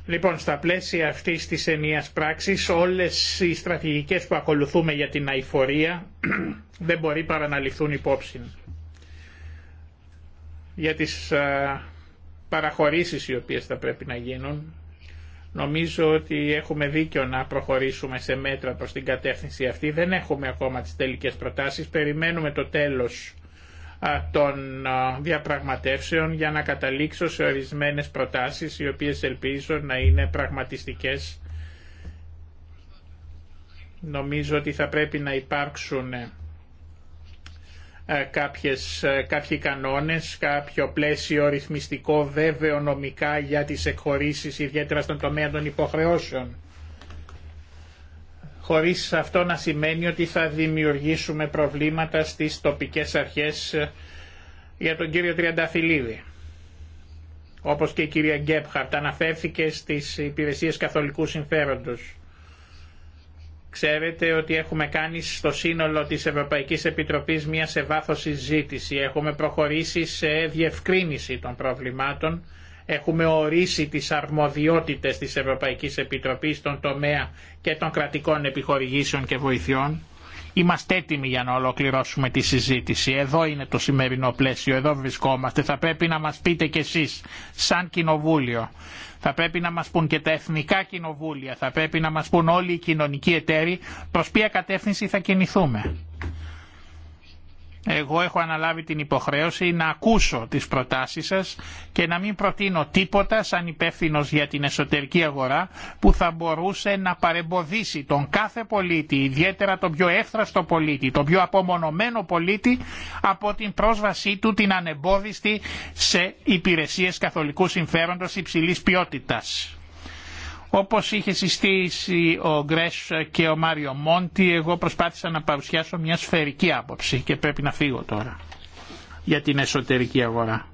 Λοιπόν, στα πλαίσια αυτή της ενίας πράξης, όλες οι στρατηγικές που ακολουθούμε για την αηφορία δεν μπορεί παρά να ληφθούν υπόψη. Για τις ε, παραχωρήσεις οι οποίες θα πρέπει να γίνουν, Νομίζω ότι έχουμε δίκιο να προχωρήσουμε σε μέτρα προς την κατεύθυνση αυτή. Δεν έχουμε ακόμα τις τελικές προτάσεις. Περιμένουμε το τέλος των διαπραγματεύσεων για να καταλήξω σε ορισμένες προτάσεις οι οποίες ελπίζω να είναι πραγματιστικές. Νομίζω ότι θα πρέπει να υπάρξουν ε, κάποιες, ε, κάποιοι κανόνες, κάποιο πλαίσιο ρυθμιστικό βέβαιο νομικά για τις εκχωρήσεις ιδιαίτερα στον τομέα των υποχρεώσεων χωρίς αυτό να σημαίνει ότι θα δημιουργήσουμε προβλήματα στις τοπικές αρχές ε, για τον κύριο Τριανταφυλλίδη. Όπως και η κυρία Γκέπχαρτ αναφέρθηκε στις υπηρεσίες καθολικού συμφέροντος. Ξέρετε ότι έχουμε κάνει στο σύνολο της Ευρωπαϊκής Επιτροπής μια σε βάθος συζήτηση. Έχουμε προχωρήσει σε διευκρίνηση των προβλημάτων. Έχουμε ορίσει τις αρμοδιότητες της Ευρωπαϊκής Επιτροπής στον τομέα και των κρατικών επιχορηγήσεων και βοηθειών. Είμαστε έτοιμοι για να ολοκληρώσουμε τη συζήτηση. Εδώ είναι το σημερινό πλαίσιο, εδώ βρισκόμαστε. Θα πρέπει να μας πείτε κι εσείς, σαν κοινοβούλιο, θα πρέπει να μας πούν και τα εθνικά κοινοβούλια, θα πρέπει να μας πούν όλοι οι κοινωνικοί εταίροι προς ποια κατεύθυνση θα κινηθούμε. Εγώ έχω αναλάβει την υποχρέωση να ακούσω τις προτάσεις σας και να μην προτείνω τίποτα σαν υπεύθυνο για την εσωτερική αγορά που θα μπορούσε να παρεμποδίσει τον κάθε πολίτη, ιδιαίτερα τον πιο εύθραστο πολίτη, τον πιο απομονωμένο πολίτη από την πρόσβασή του την ανεμπόδιστη σε υπηρεσίες καθολικού συμφέροντος υψηλής ποιότητας. Όπως είχε συστήσει ο Γκρέσ και ο Μάριο Μόντι, εγώ προσπάθησα να παρουσιάσω μια σφαιρική άποψη και πρέπει να φύγω τώρα για την εσωτερική αγορά.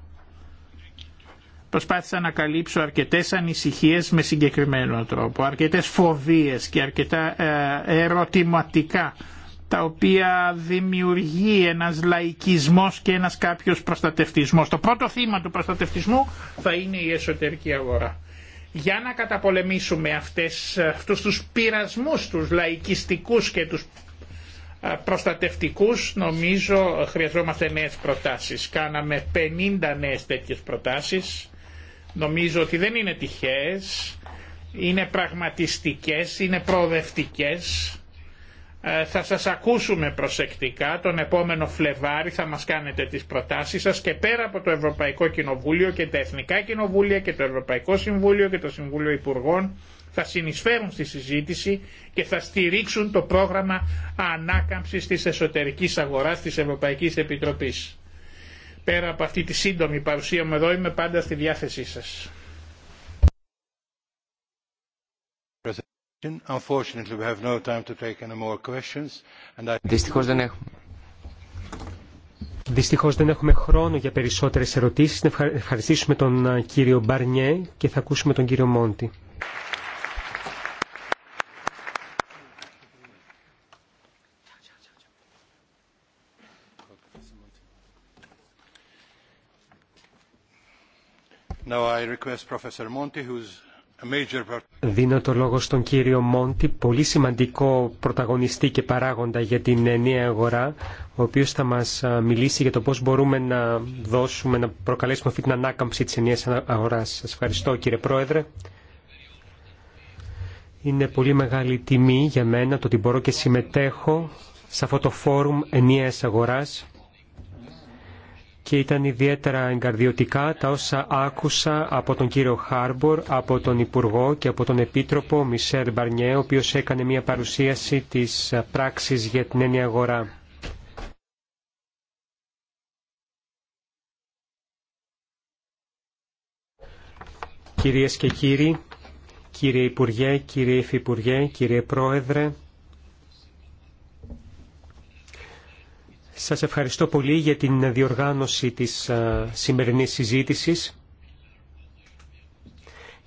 Προσπάθησα να καλύψω αρκετές ανησυχίες με συγκεκριμένο τρόπο, αρκετές φοβίες και αρκετά ε, ερωτηματικά τα οποία δημιουργεί ένας λαϊκισμός και ένας κάποιος προστατευτισμός. Το πρώτο θύμα του προστατευτισμού θα είναι η εσωτερική αγορά για να καταπολεμήσουμε αυτές, αυτούς τους πειρασμούς τους λαϊκιστικούς και τους προστατευτικούς νομίζω χρειαζόμαστε νέες προτάσεις. Κάναμε 50 νέες τέτοιες προτάσεις. Νομίζω ότι δεν είναι τυχαίες, είναι πραγματιστικές, είναι προοδευτικές ε, θα σας ακούσουμε προσεκτικά τον επόμενο Φλεβάρι θα μας κάνετε τις προτάσεις σας και πέρα από το Ευρωπαϊκό Κοινοβούλιο και τα Εθνικά Κοινοβούλια και το Ευρωπαϊκό Συμβούλιο και το Συμβούλιο Υπουργών θα συνεισφέρουν στη συζήτηση και θα στηρίξουν το πρόγραμμα ανάκαμψης της εσωτερικής αγοράς της Ευρωπαϊκής Επιτροπής. Πέρα από αυτή τη σύντομη παρουσία μου εδώ είμαι πάντα στη διάθεσή σας. Δυστυχώς δεν έχουμε. χρόνο για περισσότερες ερωτήσεις. Να ευχαριστήσουμε τον κύριο Μπαρνιέ και θα ακούσουμε τον κύριο Μόντι. Now I request Professor Monti, who's Δίνω το λόγο στον κύριο Μόντι, πολύ σημαντικό πρωταγωνιστή και παράγοντα για την ενιαία αγορά, ο οποίος θα μας μιλήσει για το πώς μπορούμε να δώσουμε, να προκαλέσουμε αυτή την ανάκαμψη της ενιαίας αγοράς. Σας ευχαριστώ κύριε Πρόεδρε. Είναι πολύ μεγάλη τιμή για μένα το ότι μπορώ και συμμετέχω σε αυτό το φόρουμ ενιαίας αγοράς και ήταν ιδιαίτερα εγκαρδιωτικά τα όσα άκουσα από τον κύριο Χάρμπορ, από τον Υπουργό και από τον Επίτροπο Μισελ Μπαρνιέ, ο οποίος έκανε μια παρουσίαση της πράξης για την έννοια αγορά. Κυρίες και κύριοι, κύριε Υπουργέ, κύριε Υφυπουργέ, κύριε Πρόεδρε, Σας ευχαριστώ πολύ για την διοργάνωση της ε, σημερινής συζήτησης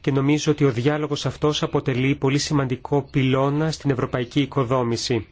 και νομίζω ότι ο διάλογος αυτός αποτελεί πολύ σημαντικό πυλώνα στην ευρωπαϊκή οικοδόμηση.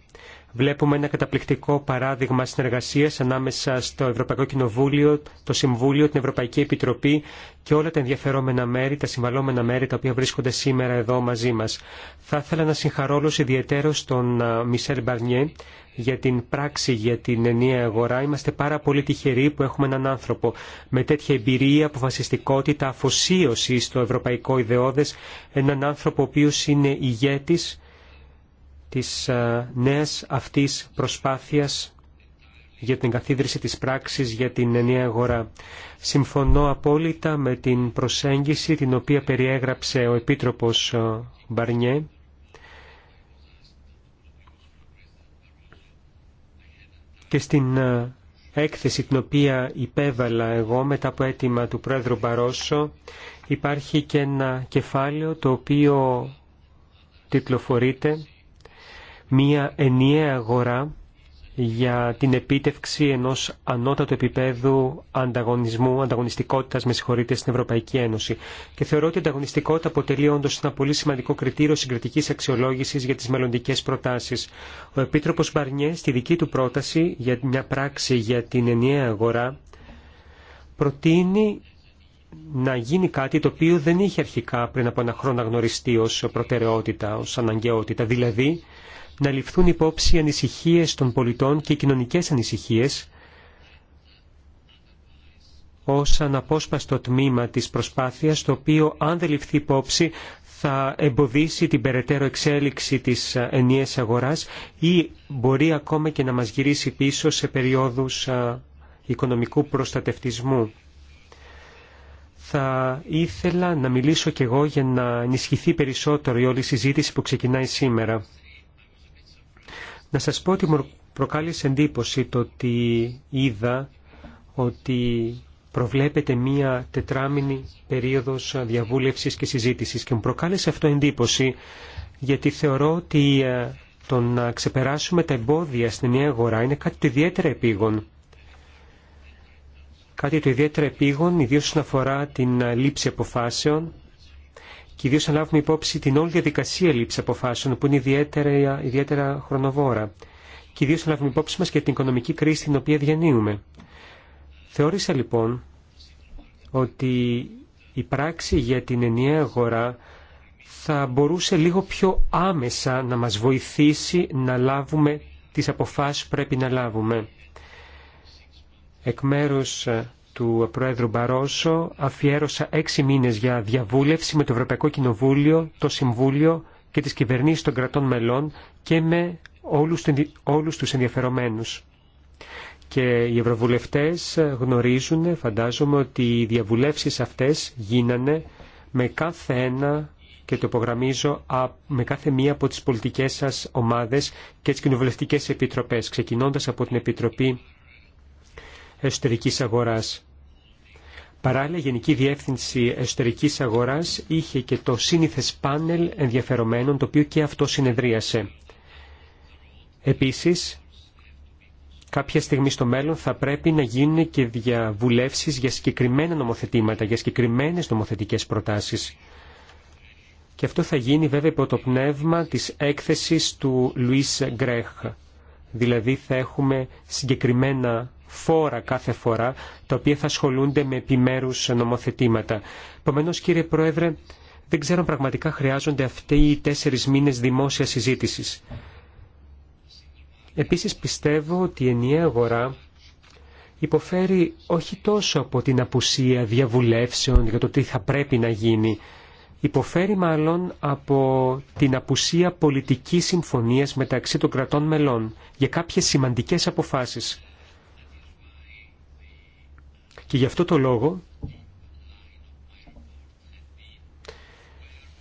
Βλέπουμε ένα καταπληκτικό παράδειγμα συνεργασίας ανάμεσα στο Ευρωπαϊκό Κοινοβούλιο, το Συμβούλιο, την Ευρωπαϊκή Επιτροπή και όλα τα ενδιαφερόμενα μέρη, τα συμβαλόμενα μέρη τα οποία βρίσκονται σήμερα εδώ μαζί μας. Θα ήθελα να συγχαρώ όλους ιδιαίτερος τον ε, Μισελ Μπαρνιέ για την πράξη για την ενιαία αγορά. Είμαστε πάρα πολύ τυχεροί που έχουμε έναν άνθρωπο με τέτοια εμπειρία, αποφασιστικότητα, αφοσίωση στο ευρωπαϊκό ιδεώδες, έναν άνθρωπο ο οποίος είναι ηγέτης της νέας αυτής προσπάθειας για την καθίδρυση της πράξης για την ενιαία αγορά. Συμφωνώ απόλυτα με την προσέγγιση την οποία περιέγραψε ο Επίτροπος Μπαρνιέ και στην ε, έκθεση την οποία υπέβαλα εγώ μετά από αίτημα του Πρόεδρου Μπαρόσο υπάρχει και ένα κεφάλαιο το οποίο τυπλοφορείται μία ενιαία αγορά για την επίτευξη ενός ανώτατου επίπεδου ανταγωνισμού, ανταγωνιστικότητας, με συγχωρείτε, στην Ευρωπαϊκή Ένωση. Και θεωρώ ότι η ανταγωνιστικότητα αποτελεί όντω ένα πολύ σημαντικό κριτήριο συγκριτική αξιολόγηση για τι μελλοντικέ προτάσει. Ο Επίτροπος Μπαρνιέ στη δική του πρόταση για μια πράξη για την ενιαία αγορά προτείνει να γίνει κάτι το οποίο δεν είχε αρχικά πριν από ένα χρόνο γνωριστεί ως προτεραιότητα, ως αναγκαιότητα. Δηλαδή, να ληφθούν υπόψη οι ανησυχίες των πολιτών και οι κοινωνικές ανησυχίες ως αναπόσπαστο τμήμα της προσπάθειας, το οποίο αν δεν ληφθεί υπόψη θα εμποδίσει την περαιτέρω εξέλιξη της ενιαίας αγοράς ή μπορεί ακόμα και να μας γυρίσει πίσω σε περιόδους οικονομικού προστατευτισμού. Θα ήθελα να μιλήσω κι εγώ για να ενισχυθεί περισσότερο η όλη συζήτηση που ξεκινάει σήμερα. Να σας πω ότι μου προκάλεσε εντύπωση το ότι είδα ότι προβλέπεται μία τετράμινη περίοδος διαβούλευσης και συζήτησης και μου προκάλεσε αυτό εντύπωση γιατί θεωρώ ότι ε, το να ξεπεράσουμε τα εμπόδια στην νέα αγορά είναι κάτι το ιδιαίτερα επίγον. Κάτι το ιδιαίτερα επίγον, ιδίως όσον αφορά την ε, λήψη αποφάσεων και ιδίω να λάβουμε υπόψη την όλη διαδικασία λήψη αποφάσεων που είναι ιδιαίτερα, ιδιαίτερα χρονοβόρα και ιδίω να λάβουμε υπόψη μας και την οικονομική κρίση την οποία διανύουμε. Θεώρησα λοιπόν ότι η πράξη για την ενιαία αγορά θα μπορούσε λίγο πιο άμεσα να μας βοηθήσει να λάβουμε τις αποφάσεις που πρέπει να λάβουμε. Εκ μέρους ε, του Πρόεδρου Μπαρόσο αφιέρωσα έξι μήνες για διαβούλευση με το Ευρωπαϊκό Κοινοβούλιο, το Συμβούλιο και τις κυβερνήσεις των κρατών μελών και με όλους, του τους ενδιαφερομένους. Και οι ευρωβουλευτές γνωρίζουν, φαντάζομαι, ότι οι διαβουλεύσεις αυτές γίνανε με κάθε ένα και το υπογραμμίζω με κάθε μία από τις πολιτικές σας ομάδες και τις κοινοβουλευτικές επιτροπές, ξεκινώντας από την Επιτροπή εσωτερικής αγοράς. Παράλληλα, η Γενική Διεύθυνση Εσωτερικής Αγοράς είχε και το σύνηθες πάνελ ενδιαφερομένων, το οποίο και αυτό συνεδρίασε. Επίσης, κάποια στιγμή στο μέλλον θα πρέπει να γίνουν και διαβουλεύσεις για συγκεκριμένα νομοθετήματα, για συγκεκριμένες νομοθετικές προτάσεις. Και αυτό θα γίνει βέβαια υπό το πνεύμα της έκθεσης του Λουίς Γκρέχ. Δηλαδή θα έχουμε συγκεκριμένα φόρα κάθε φορά, τα οποία θα ασχολούνται με επιμέρους νομοθετήματα. Επομένω, κύριε Πρόεδρε, δεν ξέρω πραγματικά χρειάζονται αυτοί οι τέσσερις μήνες δημόσια συζήτησης. Επίσης πιστεύω ότι η ενιαία αγορά υποφέρει όχι τόσο από την απουσία διαβουλεύσεων για το τι θα πρέπει να γίνει, υποφέρει μάλλον από την απουσία πολιτικής συμφωνίας μεταξύ των κρατών μελών για κάποιες σημαντικές αποφάσεις. Και γι' αυτό το λόγο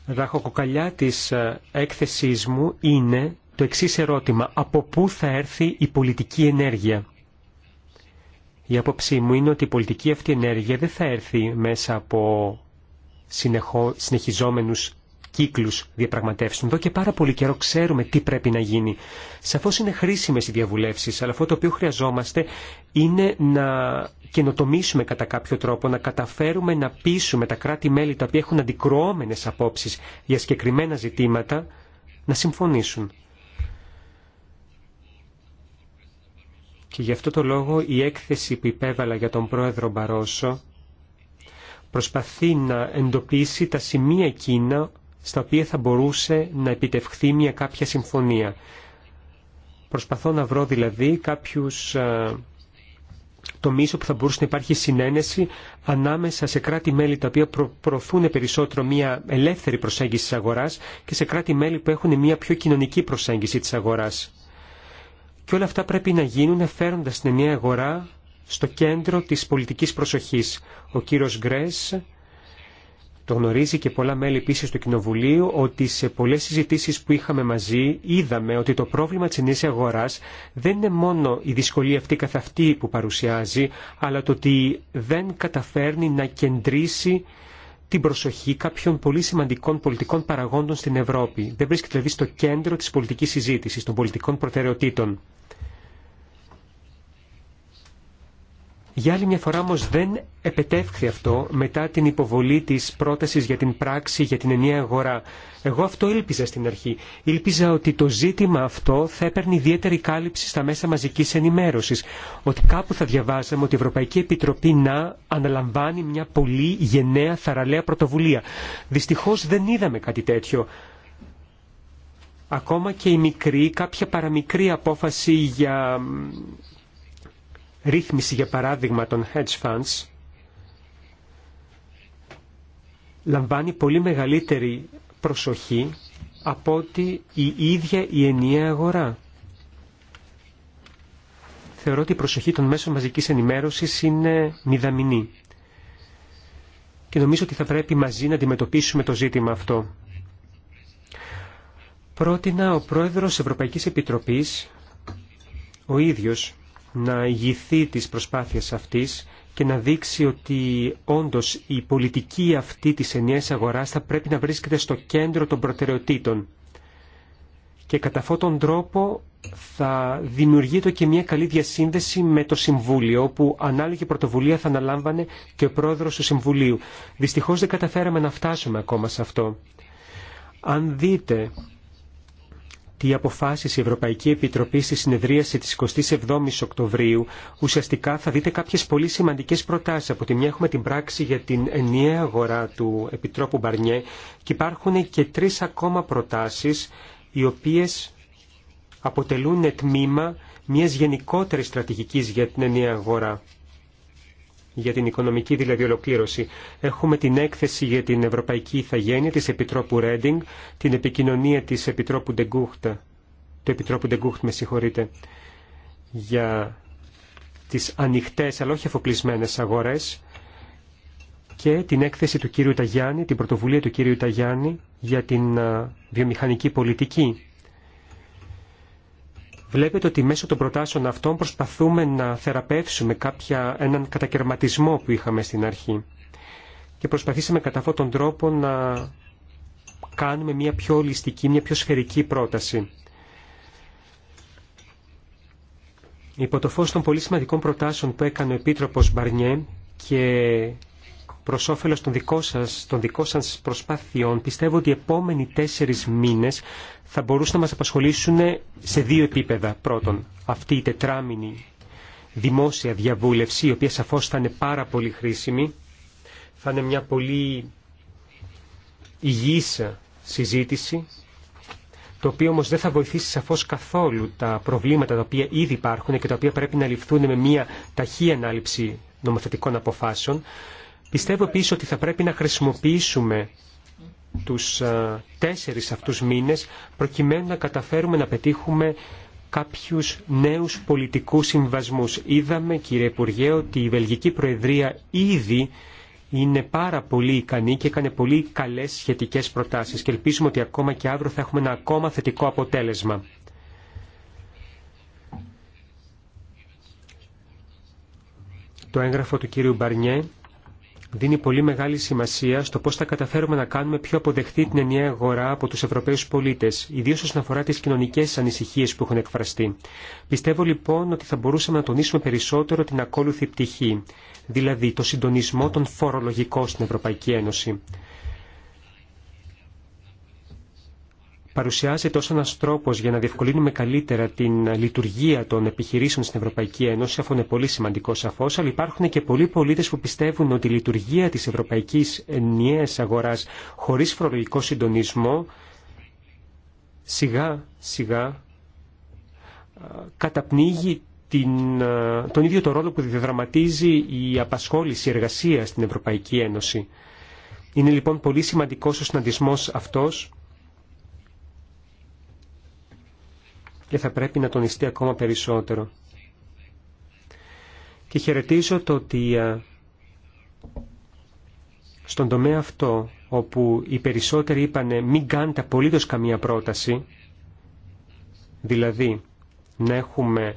δαχοκοκαλιά της ε, έκθεσής μου είναι το εξής ερώτημα. Από πού θα έρθει η πολιτική ενέργεια. Η άποψή μου είναι ότι η πολιτική αυτή ενέργεια δεν θα έρθει μέσα από συνεχιζόμενους κύκλους διαπραγματεύσεων. Εδώ και πάρα πολύ καιρό ξέρουμε τι πρέπει να γίνει. Σαφώς είναι χρήσιμες οι διαβουλεύσεις, αλλά αυτό το οποίο χρειαζόμαστε είναι να καινοτομήσουμε κατά κάποιο τρόπο, να καταφέρουμε να πείσουμε τα κράτη-μέλη τα οποία έχουν αντικρουόμενες απόψεις για συγκεκριμένα ζητήματα να συμφωνήσουν. Και γι' αυτό το λόγο η έκθεση που υπέβαλα για τον πρόεδρο Μπαρόσο προσπαθεί να εντοπίσει τα σημεία εκείνα στα οποία θα μπορούσε να επιτευχθεί μια κάποια συμφωνία. Προσπαθώ να βρω δηλαδή κάποιους ε, τομεί όπου θα μπορούσε να υπάρχει συνένεση ανάμεσα σε κράτη-μέλη τα οποία προωθούν περισσότερο μια ελεύθερη προσέγγιση της αγοράς και σε κράτη-μέλη που έχουν μια πιο κοινωνική προσέγγιση της αγοράς. Και όλα αυτά πρέπει να γίνουν φέροντας την νέα αγορά στο κέντρο της πολιτικής προσοχής. Ο κύριος Γκρές το γνωρίζει και πολλά μέλη επίση του Κοινοβουλίου ότι σε πολλέ συζητήσει που είχαμε μαζί είδαμε ότι το πρόβλημα τη ενίσχυση αγορά δεν είναι μόνο η δυσκολία αυτή καθ' αυτή που παρουσιάζει, αλλά το ότι δεν καταφέρνει να κεντρήσει την προσοχή κάποιων πολύ σημαντικών πολιτικών παραγόντων στην Ευρώπη. Δεν βρίσκεται δηλαδή στο κέντρο τη πολιτική συζήτηση, των πολιτικών προτεραιοτήτων. Για άλλη μια φορά όμω δεν επετεύχθη αυτό μετά την υποβολή τη πρόταση για την πράξη για την ενιαία αγορά. Εγώ αυτό ήλπιζα στην αρχή. Ήλπιζα ότι το ζήτημα αυτό θα έπαιρνε ιδιαίτερη κάλυψη στα μέσα μαζική ενημέρωση. Ότι κάπου θα διαβάζαμε ότι η Ευρωπαϊκή Επιτροπή να αναλαμβάνει μια πολύ γενναία θαραλέα πρωτοβουλία. Δυστυχώ δεν είδαμε κάτι τέτοιο ακόμα και η μικρή, κάποια παραμικρή απόφαση για ρύθμιση για παράδειγμα των hedge funds λαμβάνει πολύ μεγαλύτερη προσοχή από ότι η ίδια η ενιαία αγορά. Θεωρώ ότι η προσοχή των μέσων μαζικής ενημέρωσης είναι μηδαμινή. Και νομίζω ότι θα πρέπει μαζί να αντιμετωπίσουμε το ζήτημα αυτό. Πρότεινα ο πρόεδρος Ευρωπαϊκής Επιτροπής, ο ίδιος, να ηγηθεί της προσπάθειας αυτής και να δείξει ότι όντως η πολιτική αυτή της ενιαίας αγοράς θα πρέπει να βρίσκεται στο κέντρο των προτεραιοτήτων. Και κατά αυτόν τον τρόπο θα δημιουργείται και μια καλή διασύνδεση με το Συμβούλιο, όπου ανάλογη πρωτοβουλία θα αναλάμβανε και ο πρόεδρος του Συμβουλίου. Δυστυχώς δεν καταφέραμε να φτάσουμε ακόμα σε αυτό. Αν δείτε τι αποφάσεις η Ευρωπαϊκή Επιτροπή στη συνεδρίαση της 27ης Οκτωβρίου, ουσιαστικά θα δείτε κάποιες πολύ σημαντικές προτάσεις. Από τη μια έχουμε την πράξη για την ενιαία αγορά του Επιτρόπου Μπαρνιέ και υπάρχουν και τρεις ακόμα προτάσεις οι οποίες αποτελούν τμήμα μιας γενικότερης στρατηγικής για την ενιαία αγορά για την οικονομική δηλαδή ολοκλήρωση. Έχουμε την έκθεση για την Ευρωπαϊκή Ιθαγένεια της Επιτρόπου Ρέντινγκ, την επικοινωνία της Επιτρόπου Ντεγκούχτα του Επιτρόπου με για τις ανοιχτές αλλά όχι αφοπλισμένες αγορές και την έκθεση του κύριου Ταγιάννη, την πρωτοβουλία του κύριου Ταγιάννη για την βιομηχανική πολιτική. Βλέπετε ότι μέσω των προτάσεων αυτών προσπαθούμε να θεραπεύσουμε κάποια, έναν κατακαιρματισμό που είχαμε στην αρχή και προσπαθήσαμε κατά αυτόν τον τρόπο να κάνουμε μια πιο ολιστική, μια πιο σφαιρική πρόταση. Υπό το φως των πολύ σημαντικών προτάσεων που έκανε ο Επίτροπος Μπαρνιέ και προ όφελο των δικών σα προσπάθειών, πιστεύω ότι οι επόμενοι τέσσερι μήνε θα μπορούσαν να μα απασχολήσουν σε δύο επίπεδα. Πρώτον, αυτή η τετράμινη δημόσια διαβούλευση, η οποία σαφώ θα είναι πάρα πολύ χρήσιμη. Θα είναι μια πολύ υγιής συζήτηση, το οποίο όμως δεν θα βοηθήσει σαφώς καθόλου τα προβλήματα τα οποία ήδη υπάρχουν και τα οποία πρέπει να ληφθούν με μια ταχύ ανάληψη νομοθετικών αποφάσεων. Πιστεύω επίση ότι θα πρέπει να χρησιμοποιήσουμε τους τέσσερις αυτούς μήνες προκειμένου να καταφέρουμε να πετύχουμε κάποιους νέους πολιτικούς συμβασμούς. Είδαμε, κύριε Υπουργέ, ότι η Βελγική Προεδρία ήδη είναι πάρα πολύ ικανή και έκανε πολύ καλές σχετικές προτάσεις και ελπίζουμε ότι ακόμα και αύριο θα έχουμε ένα ακόμα θετικό αποτέλεσμα. Το έγγραφο του κύριου Μπαρνιέ δίνει πολύ μεγάλη σημασία στο πώ θα καταφέρουμε να κάνουμε πιο αποδεκτή την ενιαία αγορά από τους Ευρωπαίους πολίτες, ιδίως όσον αφορά τι κοινωνικές ανησυχίε που έχουν εκφραστεί. Πιστεύω λοιπόν ότι θα μπορούσαμε να τονίσουμε περισσότερο την ακόλουθη πτυχή, δηλαδή το συντονισμό των φορολογικών στην Ευρωπαϊκή Ένωση. παρουσιάζεται ως ένας τρόπος για να διευκολύνουμε καλύτερα την λειτουργία των επιχειρήσεων στην Ευρωπαϊκή Ένωση, αφού είναι πολύ σημαντικό σαφώς, αλλά υπάρχουν και πολλοί πολίτες που πιστεύουν ότι η λειτουργία της Ευρωπαϊκής Ενιαίας Αγοράς χωρίς φορολογικό συντονισμό σιγά σιγά καταπνίγει την, τον ίδιο το ρόλο που διδραματίζει η απασχόληση εργασία στην Ευρωπαϊκή Ένωση. Είναι λοιπόν πολύ σημαντικός ο συναντισμός αυτός και θα πρέπει να τονιστεί ακόμα περισσότερο. Και χαιρετίζω το ότι στον τομέα αυτό, όπου οι περισσότεροι είπανε μην κάνετε απολύτως καμία πρόταση, δηλαδή να έχουμε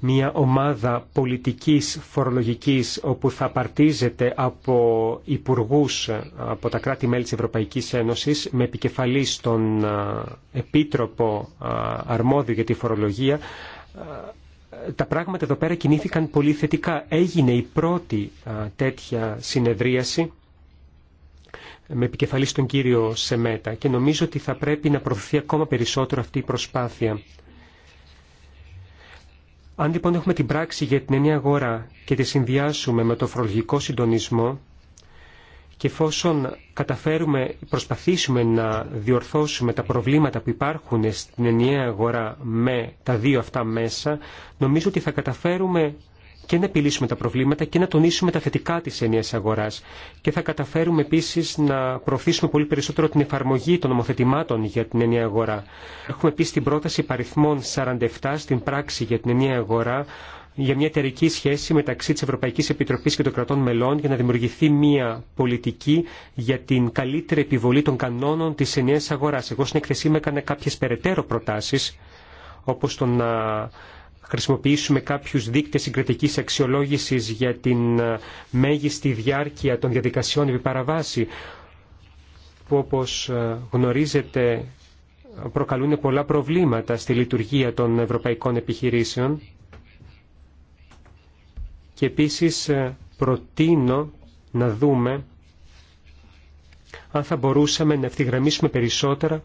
μια ομάδα πολιτικής φορολογικής όπου θα απαρτίζεται από υπουργούς από τα κράτη-μέλη της Ευρωπαϊκής Ένωσης με επικεφαλή στον Επίτροπο Αρμόδιο για τη Φορολογία τα πράγματα εδώ πέρα κινήθηκαν πολύ θετικά. Έγινε η πρώτη τέτοια συνεδρίαση με επικεφαλή στον κύριο Σεμέτα και νομίζω ότι θα πρέπει να προωθεί ακόμα περισσότερο αυτή η προσπάθεια. Αν λοιπόν έχουμε την πράξη για την ενιαία αγορά και τη συνδυάσουμε με το φορολογικό συντονισμό και εφόσον καταφέρουμε, προσπαθήσουμε να διορθώσουμε τα προβλήματα που υπάρχουν στην ενιαία αγορά με τα δύο αυτά μέσα, νομίζω ότι θα καταφέρουμε και να επιλύσουμε τα προβλήματα και να τονίσουμε τα θετικά της ενιαίας αγοράς. Και θα καταφέρουμε επίσης να προωθήσουμε πολύ περισσότερο την εφαρμογή των νομοθετημάτων για την ενιαία αγορά. Έχουμε επίσης την πρόταση παριθμών 47 στην πράξη για την ενιαία αγορά για μια εταιρική σχέση μεταξύ της Ευρωπαϊκής Επιτροπής και των κρατών μελών για να δημιουργηθεί μια πολιτική για την καλύτερη επιβολή των κανόνων της ενιαίας αγοράς. Εγώ στην εκθεσή μου έκανα κάποιες περαιτέρω προτάσεις όπως το να χρησιμοποιήσουμε κάποιους δείκτες συγκριτικής αξιολόγησης για την ε, μέγιστη διάρκεια των διαδικασιών επί παραβάση, που όπως ε, γνωρίζετε προκαλούν πολλά προβλήματα στη λειτουργία των ευρωπαϊκών επιχειρήσεων. Και επίσης ε, προτείνω να δούμε αν θα μπορούσαμε να ευθυγραμμίσουμε περισσότερα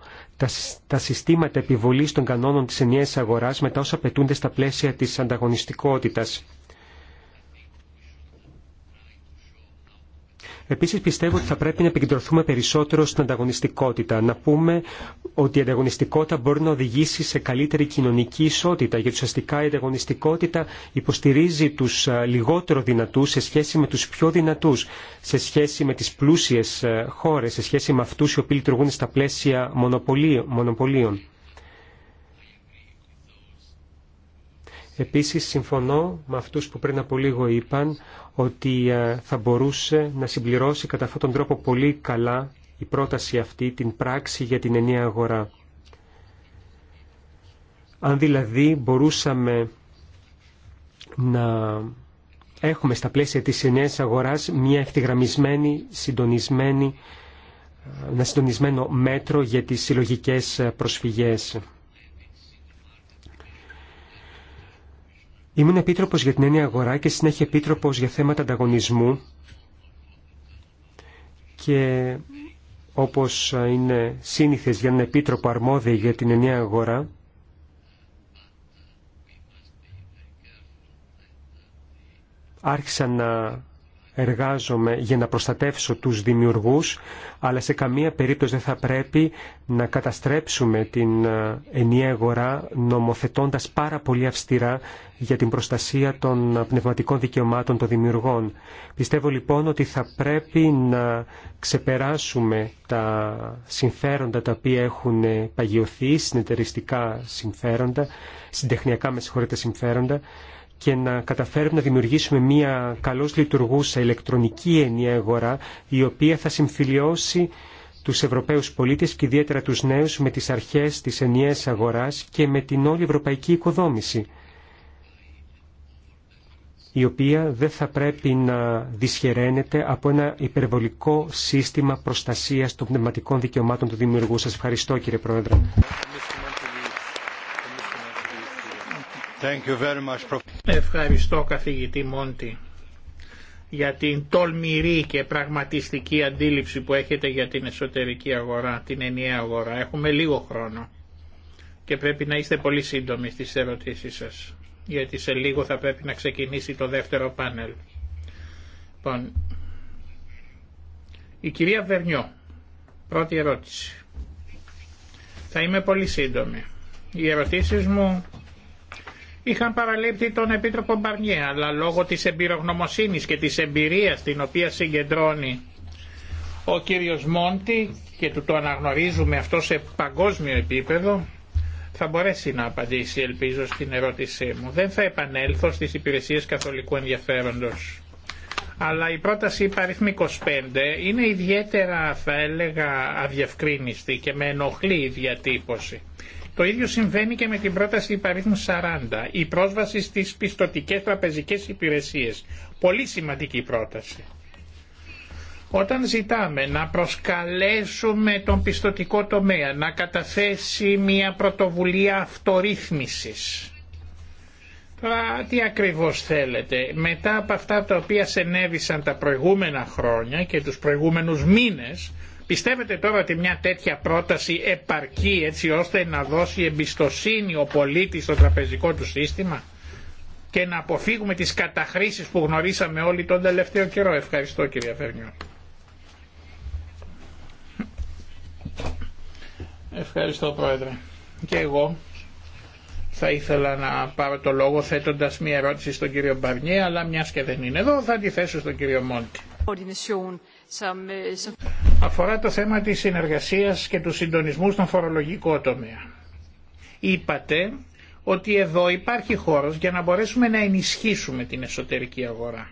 τα, συστήματα επιβολής των κανόνων της ενιαίας αγοράς με τα όσα απαιτούνται στα πλαίσια της ανταγωνιστικότητας. Επίσης πιστεύω ότι θα πρέπει να επικεντρωθούμε περισσότερο στην ανταγωνιστικότητα. Να πούμε ότι η ανταγωνιστικότητα μπορεί να οδηγήσει σε καλύτερη κοινωνική ισότητα, γιατί ουσιαστικά η ανταγωνιστικότητα υποστηρίζει τους λιγότερο δυνατούς σε σχέση με τους πιο δυνατούς, σε σχέση με τις πλούσιε χώρε, σε σχέση με αυτού οι οποίοι λειτουργούν στα πλαίσια μονοπωλίων. Επίσης συμφωνώ με αυτούς που πριν από λίγο είπαν ότι ε, θα μπορούσε να συμπληρώσει κατά αυτόν τον τρόπο πολύ καλά η πρόταση αυτή, την πράξη για την ενιαία αγορά. Αν δηλαδή μπορούσαμε να έχουμε στα πλαίσια της ενιαίας αγοράς μια ευθυγραμμισμένη, συντονισμένη, ε, ένα συντονισμένο μέτρο για τις συλλογικές ε, προσφυγές. Ήμουν επίτροπος για την έννοια αγορά και συνέχεια επίτροπος για θέματα ανταγωνισμού και όπως είναι σύνηθες για έναν επίτροπο αρμόδιο για την ενιαία αγορά, άρχισα να εργάζομαι για να προστατεύσω τους δημιουργούς, αλλά σε καμία περίπτωση δεν θα πρέπει να καταστρέψουμε την ε, ενιαία αγορά νομοθετώντας πάρα πολύ αυστηρά για την προστασία των πνευματικών δικαιωμάτων των δημιουργών. Πιστεύω λοιπόν ότι θα πρέπει να ξεπεράσουμε τα συμφέροντα τα οποία έχουν παγιωθεί, συνεταιριστικά συμφέροντα, συντεχνιακά με συγχωρείτε συμφέροντα, και να καταφέρουμε να δημιουργήσουμε μια καλώς λειτουργούσα ηλεκτρονική ενιαία αγορά η οποία θα συμφιλιώσει τους Ευρωπαίους πολίτες και ιδιαίτερα τους νέους με τις αρχές της ενιαίας αγοράς και με την όλη ευρωπαϊκή οικοδόμηση η οποία δεν θα πρέπει να δυσχεραίνεται από ένα υπερβολικό σύστημα προστασίας των πνευματικών δικαιωμάτων του δημιουργού. Σας ευχαριστώ κύριε Πρόεδρε. Ευχαριστώ καθηγητή Μόντι για την τολμηρή και πραγματιστική αντίληψη που έχετε για την εσωτερική αγορά, την ενιαία αγορά. Έχουμε λίγο χρόνο και πρέπει να είστε πολύ σύντομοι στις ερωτήσεις σας, γιατί σε λίγο θα πρέπει να ξεκινήσει το δεύτερο πάνελ. Λοιπόν, η κυρία Βερνιό, πρώτη ερώτηση. Θα είμαι πολύ σύντομη. Οι ερωτήσεις μου είχαν παραλείπει τον Επίτροπο Μπαρνιέ, αλλά λόγω της εμπειρογνωμοσύνης και της εμπειρίας την οποία συγκεντρώνει ο κύριος Μόντι και του το αναγνωρίζουμε αυτό σε παγκόσμιο επίπεδο θα μπορέσει να απαντήσει ελπίζω στην ερώτησή μου. Δεν θα επανέλθω στις υπηρεσίες καθολικού ενδιαφέροντος. Αλλά η πρόταση υπαριθμή 25 είναι ιδιαίτερα θα έλεγα αδιαυκρίνηστη και με ενοχλεί η διατύπωση. Το ίδιο συμβαίνει και με την πρόταση υπαρήθμου 40, η πρόσβαση στις πιστοτικές τραπεζικές υπηρεσίες. Πολύ σημαντική πρόταση. Όταν ζητάμε να προσκαλέσουμε τον πιστοτικό τομέα να καταθέσει μια πρωτοβουλία αυτορύθμισης, Τώρα τι ακριβώς θέλετε. Μετά από αυτά τα οποία συνέβησαν τα προηγούμενα χρόνια και τους προηγούμενους μήνες Πιστεύετε τώρα ότι μια τέτοια πρόταση επαρκεί έτσι ώστε να δώσει εμπιστοσύνη ο πολίτης στο τραπεζικό του σύστημα και να αποφύγουμε τις καταχρήσεις που γνωρίσαμε όλοι τον τελευταίο καιρό. Ευχαριστώ κύριε Φερνιό. Ευχαριστώ Πρόεδρε. Και εγώ θα ήθελα να πάρω το λόγο θέτοντας μία ερώτηση στον κύριο Μπαρνιέ, αλλά μιας και δεν είναι εδώ θα τη θέσω στον κύριο Μόντι. Uh, αφορά το θέμα της συνεργασίας και του συντονισμού στον φορολογικό τομέα. Είπατε ότι εδώ υπάρχει χώρος για να μπορέσουμε να ενισχύσουμε την εσωτερική αγορά.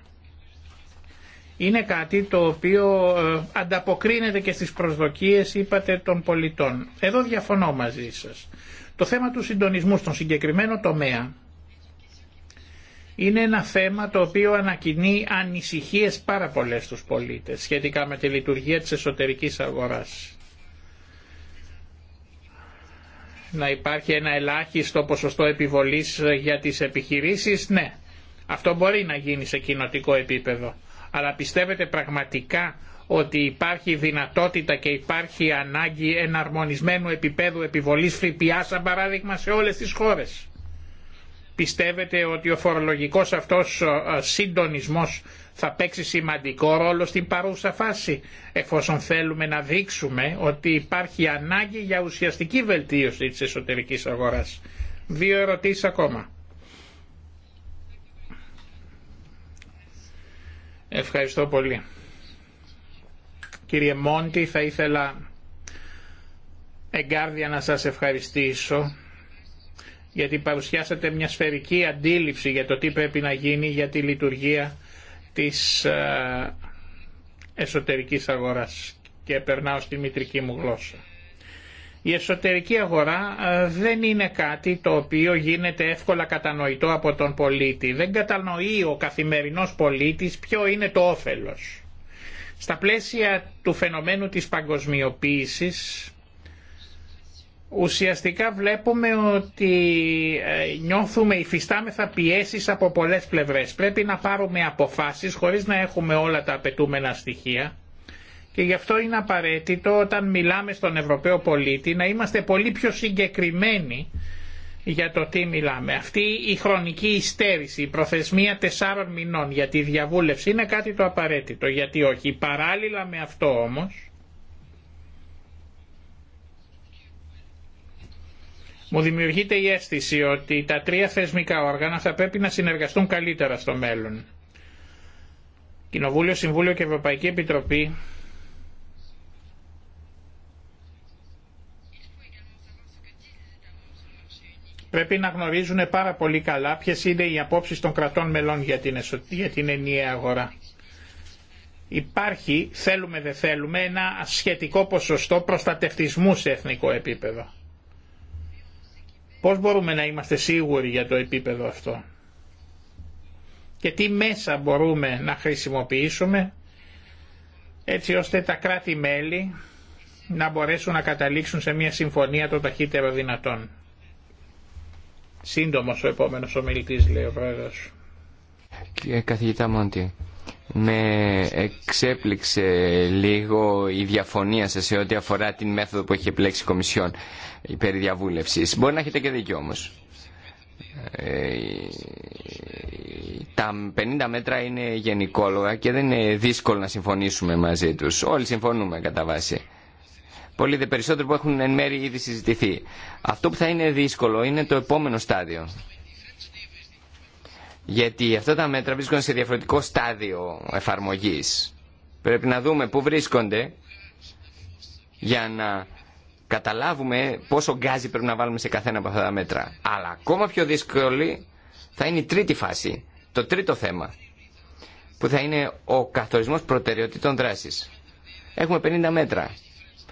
Είναι κάτι το οποίο ε, ανταποκρίνεται και στις προσδοκίες, είπατε, των πολιτών. Εδώ διαφωνώ μαζί σας. Το θέμα του συντονισμού στον συγκεκριμένο τομέα είναι ένα θέμα το οποίο ανακοινεί ανησυχίες πάρα πολλές στους πολίτες σχετικά με τη λειτουργία της εσωτερικής αγοράς. Να υπάρχει ένα ελάχιστο ποσοστό επιβολής για τις επιχειρήσεις, ναι. Αυτό μπορεί να γίνει σε κοινοτικό επίπεδο. Αλλά πιστεύετε πραγματικά ότι υπάρχει δυνατότητα και υπάρχει ανάγκη εναρμονισμένου επίπεδου επιβολής ΦΠΑ σαν παράδειγμα σε όλες τις χώρες. Πιστεύετε ότι ο φορολογικός αυτός συντονισμός θα παίξει σημαντικό ρόλο στην παρούσα φάση, εφόσον θέλουμε να δείξουμε ότι υπάρχει ανάγκη για ουσιαστική βελτίωση της εσωτερικής αγοράς. Δύο ερωτήσεις ακόμα. Ευχαριστώ πολύ. Κύριε Μόντι, θα ήθελα εγκάρδια να σας ευχαριστήσω γιατί παρουσιάσατε μια σφαιρική αντίληψη για το τι πρέπει να γίνει για τη λειτουργία της ε, εσωτερικής αγοράς και περνάω στη μητρική μου γλώσσα. Η εσωτερική αγορά ε, δεν είναι κάτι το οποίο γίνεται εύκολα κατανοητό από τον πολίτη. Δεν κατανοεί ο καθημερινός πολίτης ποιο είναι το όφελος. Στα πλαίσια του φαινομένου της παγκοσμιοποίησης ουσιαστικά βλέπουμε ότι ε, νιώθουμε υφιστάμεθα πιέσεις από πολλές πλευρές. Πρέπει να πάρουμε αποφάσεις χωρίς να έχουμε όλα τα απαιτούμενα στοιχεία και γι' αυτό είναι απαραίτητο όταν μιλάμε στον Ευρωπαίο πολίτη να είμαστε πολύ πιο συγκεκριμένοι για το τι μιλάμε. Αυτή η χρονική υστέρηση, η προθεσμία τεσσάρων μηνών για τη διαβούλευση είναι κάτι το απαραίτητο. Γιατί όχι. Παράλληλα με αυτό όμως Μου δημιουργείται η αίσθηση ότι τα τρία θεσμικά όργανα θα πρέπει να συνεργαστούν καλύτερα στο μέλλον. Κοινοβούλιο, Συμβούλιο και Ευρωπαϊκή Επιτροπή πρέπει να γνωρίζουν πάρα πολύ καλά ποιες είναι οι απόψεις των κρατών μελών για την, εσω... για την ενιαία αγορά. Υπάρχει, θέλουμε δεν θέλουμε, ένα σχετικό ποσοστό προστατευτισμού σε εθνικό επίπεδο. Πώς μπορούμε να είμαστε σίγουροι για το επίπεδο αυτό και τι μέσα μπορούμε να χρησιμοποιήσουμε έτσι ώστε τα κράτη-μέλη να μπορέσουν να καταλήξουν σε μια συμφωνία το ταχύτερο δυνατόν. Σύντομος ο επόμενος ομιλητής λέει ο πρόεδρος. Κύριε καθηγητά Μόντι, με εξέπληξε λίγο η διαφωνία σας σε ό,τι αφορά την μέθοδο που έχει επιλέξει η Κομισιόν υπέρ διαβούλευσης. Μπορεί να έχετε και δίκιο όμως. Ε, τα 50 μέτρα είναι γενικόλογα και δεν είναι δύσκολο να συμφωνήσουμε μαζί τους. Όλοι συμφωνούμε κατά βάση. Πολλοί δε περισσότερο που έχουν εν μέρει ήδη συζητηθεί. Αυτό που θα είναι δύσκολο είναι το επόμενο στάδιο. Γιατί αυτά τα μέτρα βρίσκονται σε διαφορετικό στάδιο εφαρμογής. Πρέπει να δούμε πού βρίσκονται για να καταλάβουμε πόσο γκάζι πρέπει να βάλουμε σε καθένα από αυτά τα μέτρα. Αλλά ακόμα πιο δύσκολη θα είναι η τρίτη φάση, το τρίτο θέμα, που θα είναι ο καθορισμός προτεραιοτήτων δράση. Έχουμε 50 μέτρα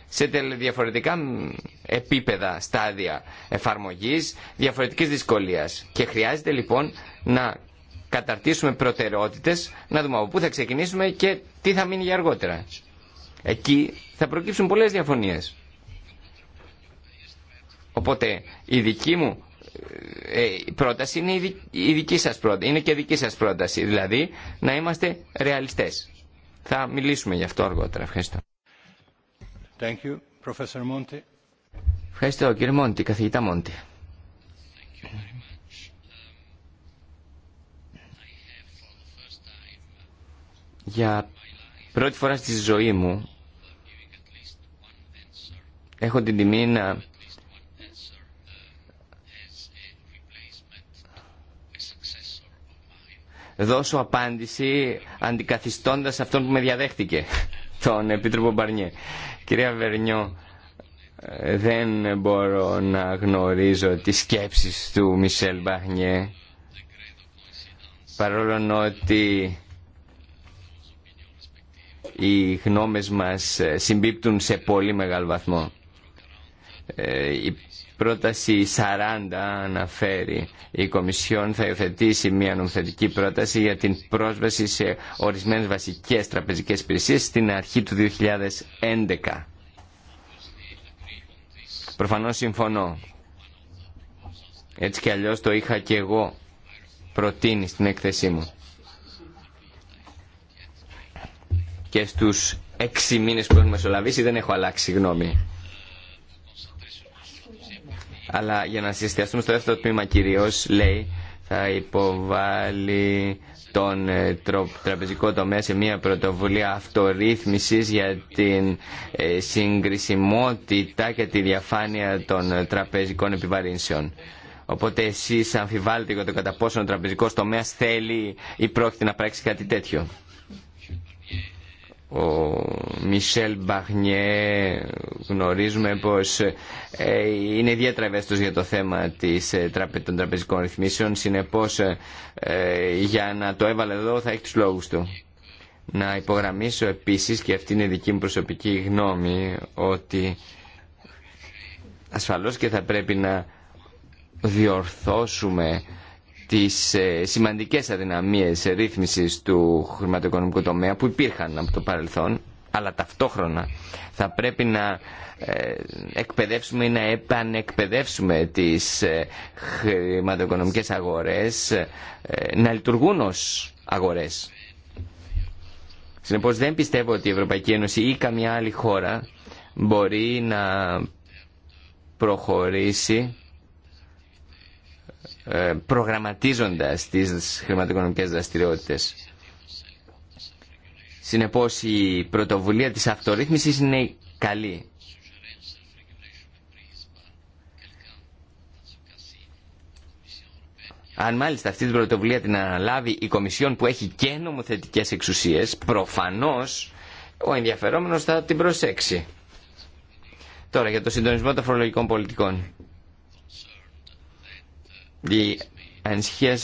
σε διαφορετικά επίπεδα, στάδια εφαρμογής, διαφορετικής δυσκολίας. Και χρειάζεται λοιπόν να καταρτήσουμε προτεραιότητες, να δούμε από πού θα ξεκινήσουμε και τι θα μείνει για αργότερα. Εκεί θα προκύψουν πολλές διαφωνίες. Οπότε η δική μου ε, ε, πρόταση είναι η δική σας πρόταση, είναι και δική σας πρόταση, δηλαδή να είμαστε ρεαλιστές. Θα μιλήσουμε γι' αυτό αργότερα. Ευχαριστώ. Ευχαριστώ κύριε Μόντι, καθηγητά Μόντι. Για πρώτη φορά στη ζωή μου έχω την τιμή να δώσω απάντηση αντικαθιστώντας αυτόν που με διαδέχτηκε, τον Επίτροπο Μπαρνιέ. Κυρία Βερνιό, ε, δεν μπορώ να γνωρίζω τις σκέψεις του Μισελ Μπαρνιέ, παρόλο ότι οι γνώμες μας ε, συμπίπτουν σε πολύ μεγάλο βαθμό. Ε, πρόταση 40 αναφέρει η Κομισιόν θα υιοθετήσει μια νομοθετική πρόταση για την πρόσβαση σε ορισμένες βασικές τραπεζικές υπηρεσίες στην αρχή του 2011. Προφανώς συμφωνώ. Έτσι κι αλλιώς το είχα και εγώ προτείνει στην έκθεσή μου. Και στους έξι μήνες που έχουμε μεσολαβήσει δεν έχω αλλάξει γνώμη. Αλλά για να συστιαστούμε στο δεύτερο τμήμα κυρίω, λέει, θα υποβάλει τον ε, τραπεζικό τομέα σε μια πρωτοβουλία αυτορύθμισης για την ε, συγκρισιμότητα και τη διαφάνεια των ε, τραπεζικών επιβαρύνσεων. Οπότε εσείς αμφιβάλλετε για το κατά πόσο ο τραπεζικός τομέας θέλει ή πρόκειται να πράξει κάτι τέτοιο ο Μισελ Μπαχνιέ γνωρίζουμε πως ε, είναι ιδιαίτερα ευαίσθητος για το θέμα της, ε, των τραπεζικών ρυθμίσεων συνεπώς ε, για να το έβαλε εδώ θα έχει τους λόγους του να υπογραμμίσω επίσης και αυτή είναι δική μου προσωπική γνώμη ότι ασφαλώς και θα πρέπει να διορθώσουμε τις ε, σημαντικές αδυναμίες ρύθμισης του χρηματοοικονομικού τομέα που υπήρχαν από το παρελθόν αλλά ταυτόχρονα θα πρέπει να ε, εκπαιδεύσουμε ή να επανεκπαιδεύσουμε τις ε, χρηματοοικονομικές αγορές να λειτουργούν ως αγορές. Συνεπώς δεν πιστεύω ότι η Ευρωπαϊκή Ένωση ή καμιά άλλη χώρα μπορεί να προχωρήσει ε, προγραμματίζοντας τις χρηματοοικονομικές δραστηριότητες. Συνεπώς η πρωτοβουλία της αυτορύθμισης είναι καλή. Αν μάλιστα αυτή την πρωτοβουλία την αναλάβει η Κομισιόν που έχει και νομοθετικές εξουσίες, προφανώς ο ενδιαφερόμενος θα την προσέξει. Τώρα για το συντονισμό των φορολογικών πολιτικών. Η ανησυχία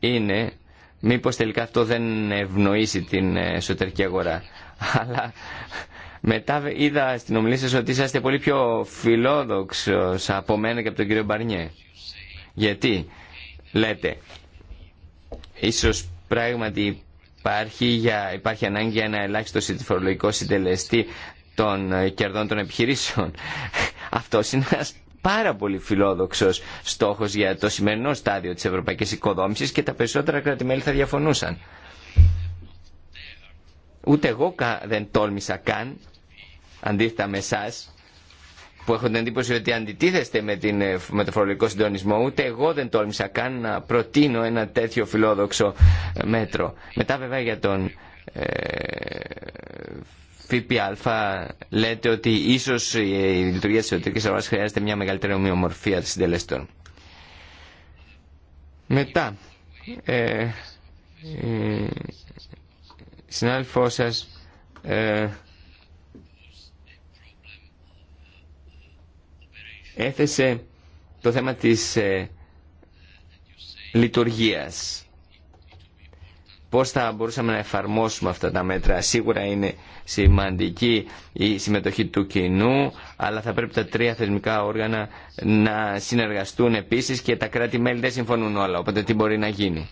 είναι μήπως τελικά αυτό δεν ευνοήσει την εσωτερική αγορά. Αλλά μετά είδα στην ομιλία σας ότι είσαστε πολύ πιο φιλόδοξος από μένα και από τον κύριο Μπαρνιέ. Γιατί λέτε, ίσως πράγματι υπάρχει, για, υπάρχει ανάγκη για ένα ελάχιστο φορολογικό συντελεστή των κερδών των επιχειρήσεων. Αυτό είναι ένας πάρα πολύ φιλόδοξο στόχο για το σημερινό στάδιο τη Ευρωπαϊκή οικοδόμησης και τα περισσότερα κράτη-μέλη θα διαφωνούσαν. Ούτε εγώ δεν τόλμησα καν, αντίθετα με εσά, που έχω την εντύπωση ότι αντιτίθεστε με, την, ε, με το φορολογικό συντονισμό, ούτε εγώ δεν τόλμησα καν να προτείνω ένα τέτοιο φιλόδοξο ε, μέτρο. Μετά βέβαια για τον ε, ΦΠΑ λέτε ότι ίσως η λειτουργία της ιδιωτικής αγοράς χρειάζεται μια μεγαλύτερη ομοιομορφία της συντελεστών. Μετά, ε, η συνάδελφό σας ε, έθεσε το θέμα της ε, λειτουργίας πώς θα μπορούσαμε να εφαρμόσουμε αυτά τα μέτρα. Σίγουρα είναι σημαντική η συμμετοχή του κοινού, αλλά θα πρέπει τα τρία θεσμικά όργανα να συνεργαστούν επίσης και τα κράτη-μέλη δεν συμφωνούν όλα, οπότε τι μπορεί να γίνει.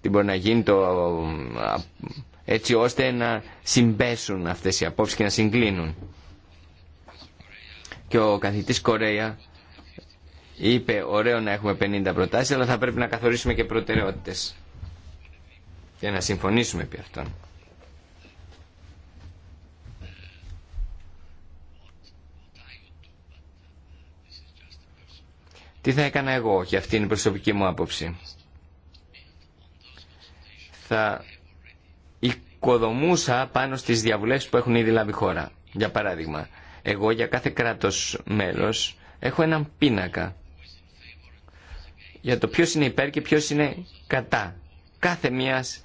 Τι μπορεί να γίνει το, έτσι ώστε να συμπέσουν αυτές οι απόψεις και να συγκλίνουν. Και ο καθηγητής Κορέα είπε ωραίο να έχουμε 50 προτάσεις αλλά θα πρέπει να καθορίσουμε και προτεραιότητες και να συμφωνήσουμε επί αυτών. Τι θα έκανα εγώ και αυτή είναι η προσωπική μου άποψη. Θα οικοδομούσα πάνω στις διαβουλεύσεις που έχουν ήδη λάβει χώρα. Για παράδειγμα, εγώ για κάθε κράτος μέλος έχω έναν πίνακα για το ποιος είναι υπέρ και ποιος είναι κατά κάθε μιας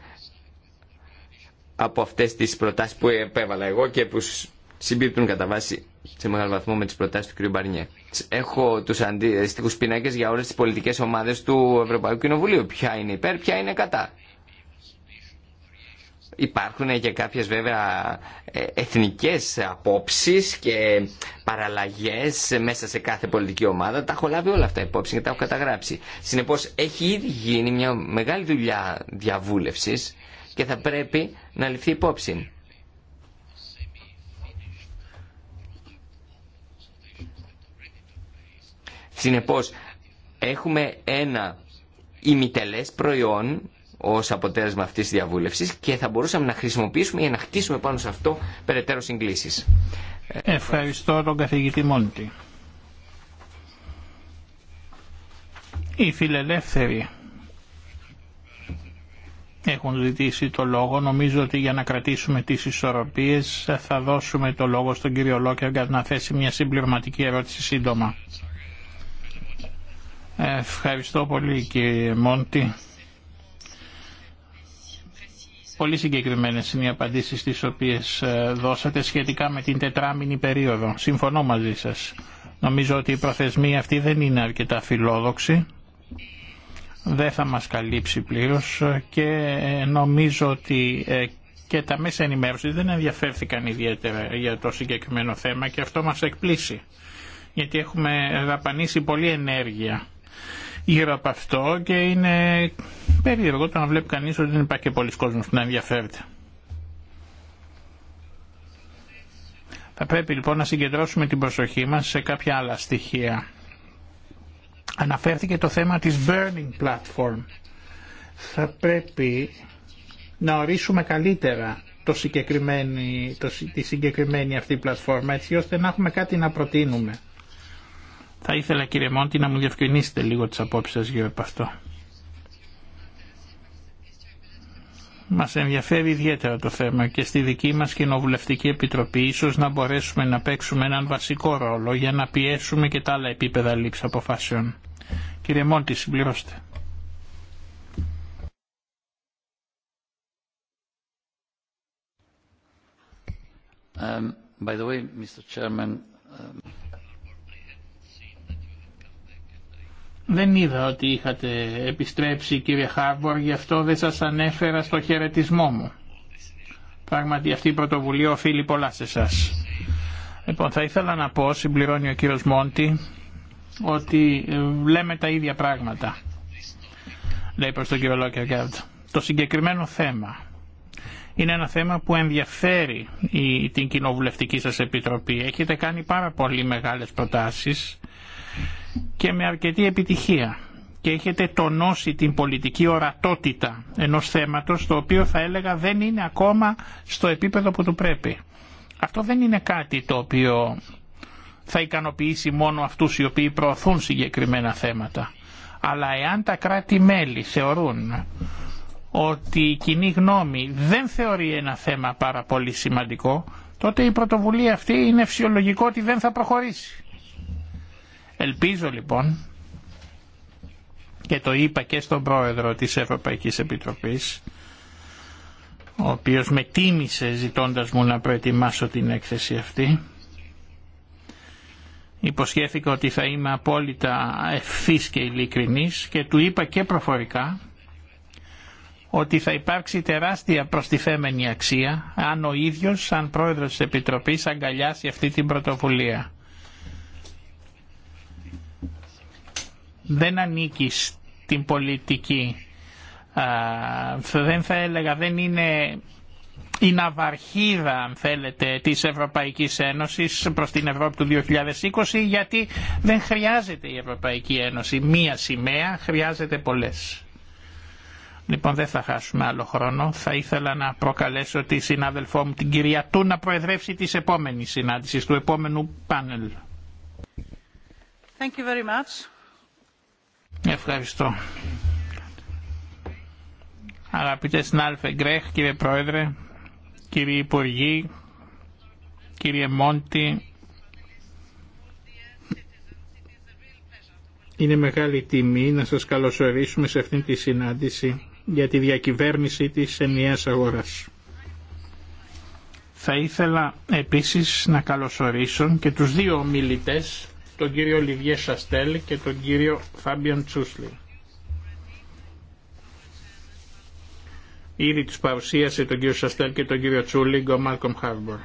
από αυτέ τι προτάσει που επέβαλα εγώ και που συμπίπτουν κατά βάση σε μεγάλο βαθμό με τι προτάσει του κ. Μπαρνιέ. Έχω του αντίστοιχου πίνακε για όλε τι πολιτικέ ομάδε του Ευρωπαϊκού Κοινοβουλίου. Ποια είναι υπέρ, ποια είναι κατά. Υπάρχουν και κάποιες βέβαια ε, εθνικές απόψεις και παραλλαγές μέσα σε κάθε πολιτική ομάδα. Τα έχω λάβει όλα αυτά υπόψη και τα έχω καταγράψει. Συνεπώς έχει ήδη γίνει μια μεγάλη δουλειά διαβούλευσης και θα πρέπει να ληφθεί υπόψη. Συνεπώς, έχουμε ένα ημιτελές προϊόν ως αποτέλεσμα αυτής της διαβούλευσης και θα μπορούσαμε να χρησιμοποιήσουμε για να χτίσουμε πάνω σε αυτό περαιτέρω συγκλήσεις. Ευχαριστώ τον καθηγητή Μόντι. Οι φιλελεύθεροι έχουν ζητήσει το λόγο. Νομίζω ότι για να κρατήσουμε τις ισορροπίες θα δώσουμε το λόγο στον κύριο για να θέσει μια συμπληρωματική ερώτηση σύντομα. Ευχαριστώ πολύ κύριε Μόντι. Πολύ συγκεκριμένε είναι οι απαντήσει τι οποίες ε, δώσατε σχετικά με την τετράμινη περίοδο. Συμφωνώ μαζί σας. Νομίζω ότι η προθεσμία αυτή δεν είναι αρκετά φιλόδοξη δεν θα μας καλύψει πλήρως και ε, νομίζω ότι ε, και τα μέσα ενημέρωση δεν ενδιαφέρθηκαν ιδιαίτερα για το συγκεκριμένο θέμα και αυτό μας εκπλήσει γιατί έχουμε δαπανίσει πολλή ενέργεια γύρω από αυτό και είναι περίεργο το να βλέπει κανείς ότι δεν υπάρχει και πολλοί κόσμος που να ενδιαφέρεται. Θα πρέπει λοιπόν να συγκεντρώσουμε την προσοχή μας σε κάποια άλλα στοιχεία Αναφέρθηκε το θέμα της Burning Platform. Θα πρέπει να ορίσουμε καλύτερα το συγκεκριμένη, το, τη συγκεκριμένη αυτή πλατφόρμα έτσι ώστε να έχουμε κάτι να προτείνουμε. Θα ήθελα κύριε Μόντι να μου διευκρινίσετε λίγο τις απόψεις σας γύρω από αυτό. Μας ενδιαφέρει ιδιαίτερα το θέμα και στη δική μας Κοινοβουλευτική Επιτροπή ίσως να μπορέσουμε να παίξουμε έναν βασικό ρόλο για να πιέσουμε και τα άλλα επίπεδα λήψη αποφάσεων. Κύριε Μόντι, συμπληρώστε. Um, by the way, Mr. Chairman, uh, Δεν είδα ότι είχατε επιστρέψει κύριε Χάρμπορ, γι' αυτό δεν σας ανέφερα στο χαιρετισμό μου. Πράγματι αυτή η πρωτοβουλία οφείλει πολλά σε εσά. Λοιπόν, θα ήθελα να πω, συμπληρώνει ο κύριος Μόντι, ότι ε, λέμε τα ίδια πράγματα. Λέει προς τον κύριο Λόκεργκάρτ. Το συγκεκριμένο θέμα είναι ένα θέμα που ενδιαφέρει την κοινοβουλευτική σας επιτροπή. Έχετε κάνει πάρα πολύ μεγάλες προτάσεις και με αρκετή επιτυχία και έχετε τονώσει την πολιτική ορατότητα ενός θέματος το οποίο θα έλεγα δεν είναι ακόμα στο επίπεδο που του πρέπει. Αυτό δεν είναι κάτι το οποίο θα ικανοποιήσει μόνο αυτούς οι οποίοι προωθούν συγκεκριμένα θέματα. Αλλά εάν τα κράτη-μέλη θεωρούν ότι η κοινή γνώμη δεν θεωρεί ένα θέμα πάρα πολύ σημαντικό, τότε η πρωτοβουλία αυτή είναι φυσιολογικό ότι δεν θα προχωρήσει. Ελπίζω λοιπόν και το είπα και στον πρόεδρο της Ευρωπαϊκής Επιτροπής ο οποίος με τίμησε ζητώντας μου να προετοιμάσω την έκθεση αυτή υποσχέθηκα ότι θα είμαι απόλυτα ευθύς και ειλικρινής και του είπα και προφορικά ότι θα υπάρξει τεράστια προστιθέμενη αξία αν ο ίδιος σαν πρόεδρος της Επιτροπής αγκαλιάσει αυτή την πρωτοβουλία. δεν ανήκει στην πολιτική. Δεν θα έλεγα, δεν είναι η ναυαρχίδα αν θέλετε της Ευρωπαϊκής Ένωσης προς την Ευρώπη του 2020 γιατί δεν χρειάζεται η Ευρωπαϊκή Ένωση μία σημαία, χρειάζεται πολλές. Λοιπόν δεν θα χάσουμε άλλο χρόνο. Θα ήθελα να προκαλέσω τη συνάδελφό μου την κυρία Τού να προεδρεύσει της επόμενης συνάντησης, του να προεδρευσει τη επόμενη συνάντηση του επομενου πανελ Ευχαριστώ. Αγαπητέ συνάδελφε Γκρέχ, κύριε Πρόεδρε, κύριοι Υπουργοί, κύριε Μόντι, είναι μεγάλη τιμή να σας καλωσορίσουμε σε αυτήν τη συνάντηση για τη διακυβέρνηση της ενιαίας αγοράς. Θα ήθελα επίσης να καλωσορίσω και τους δύο ομιλητές τον κύριο Λιβιέ Σαστέλ και τον κύριο Φάμπιον Τσούσλι. Ήδη τους παρουσίασε τον κύριο Σαστέλ και τον κύριο Τσούλιγκ ο Μάλκομ Χάρμπορ.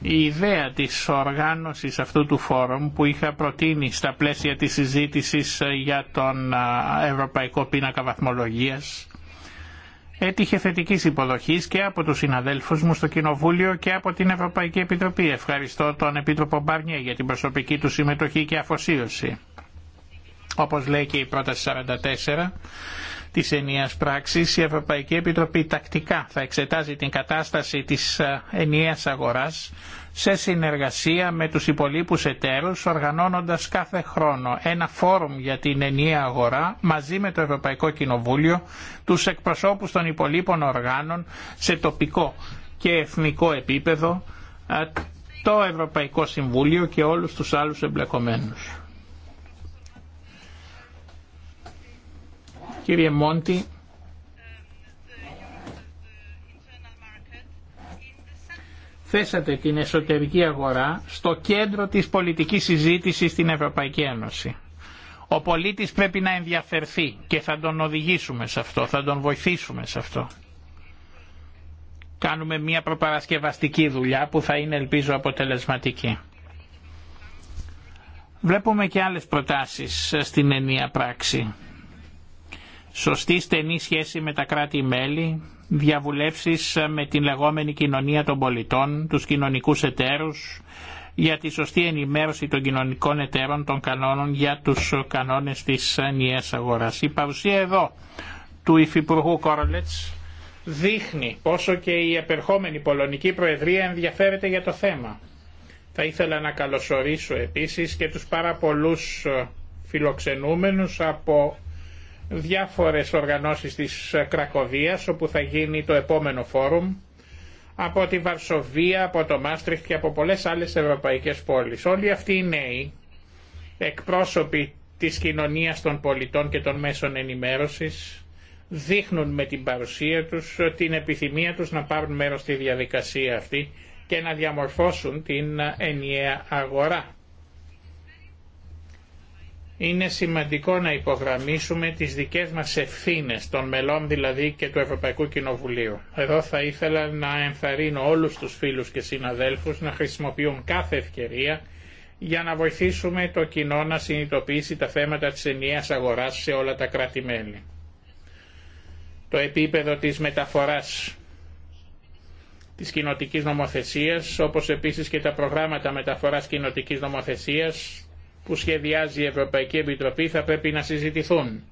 Η ιδέα της οργάνωσης αυτού του φόρουμ που είχα προτείνει στα πλαίσια της συζήτησης ε, για τον ε, Ευρωπαϊκό Πίνακα Βαθμολογίας έτυχε θετική υποδοχή και από του συναδέλφου μου στο Κοινοβούλιο και από την Ευρωπαϊκή Επιτροπή. Ευχαριστώ τον Επίτροπο Μπαρνιέ για την προσωπική του συμμετοχή και αφοσίωση. Όπως λέει και η πρόταση 44 της ενιαίας πράξης, η Ευρωπαϊκή Επιτροπή τακτικά θα εξετάζει την κατάσταση της ε, ενιαίας αγοράς σε συνεργασία με τους υπολείπους εταίρους οργανώνοντας κάθε χρόνο ένα φόρουμ για την ενιαία αγορά μαζί με το Ευρωπαϊκό Κοινοβούλιο, τους εκπροσώπους των υπολείπων οργάνων σε τοπικό και εθνικό επίπεδο, το Ευρωπαϊκό Συμβούλιο και όλους τους άλλους εμπλεκομένους. Κύριε Μόντι, θέσατε την εσωτερική αγορά στο κέντρο της πολιτικής συζήτησης στην Ευρωπαϊκή Ένωση. Ο πολίτης πρέπει να ενδιαφερθεί και θα τον οδηγήσουμε σε αυτό, θα τον βοηθήσουμε σε αυτό. Κάνουμε μια προπαρασκευαστική δουλειά που θα είναι ελπίζω αποτελεσματική. Βλέπουμε και άλλες προτάσεις στην ενία πράξη. Σωστή στενή σχέση με τα κράτη-μέλη, διαβουλεύσεις με την λεγόμενη κοινωνία των πολιτών, τους κοινωνικούς εταίρους, για τη σωστή ενημέρωση των κοινωνικών εταίρων των κανόνων για τους κανόνες της νέας αγοράς. Η παρουσία εδώ του Υφυπουργού Κόρολετς δείχνει πόσο και η επερχόμενη Πολωνική Προεδρία ενδιαφέρεται για το θέμα. Θα ήθελα να καλωσορίσω επίσης και τους πάρα πολλούς φιλοξενούμενους από διάφορες οργανώσεις της Κρακοβίας όπου θα γίνει το επόμενο φόρουμ από τη Βαρσοβία, από το Μάστριχτ και από πολλές άλλες ευρωπαϊκές πόλεις. Όλοι αυτοί οι νέοι εκπρόσωποι της κοινωνίας των πολιτών και των μέσων ενημέρωσης δείχνουν με την παρουσία τους την επιθυμία τους να πάρουν μέρος στη διαδικασία αυτή και να διαμορφώσουν την ενιαία αγορά είναι σημαντικό να υπογραμμίσουμε τις δικές μας ευθύνες των μελών δηλαδή και του Ευρωπαϊκού Κοινοβουλίου. Εδώ θα ήθελα να ενθαρρύνω όλους τους φίλους και συναδέλφους να χρησιμοποιούν κάθε ευκαιρία για να βοηθήσουμε το κοινό να συνειδητοποιήσει τα θέματα της ενιαίας αγοράς σε όλα τα κράτη-μέλη. Το επίπεδο της μεταφοράς της κοινοτικής νομοθεσίας, όπως επίσης και τα προγράμματα μεταφοράς κοινοτικής νομοθεσίας, που σχεδιάζει η Ευρωπαϊκή Επιτροπή θα πρέπει να συζητηθούν.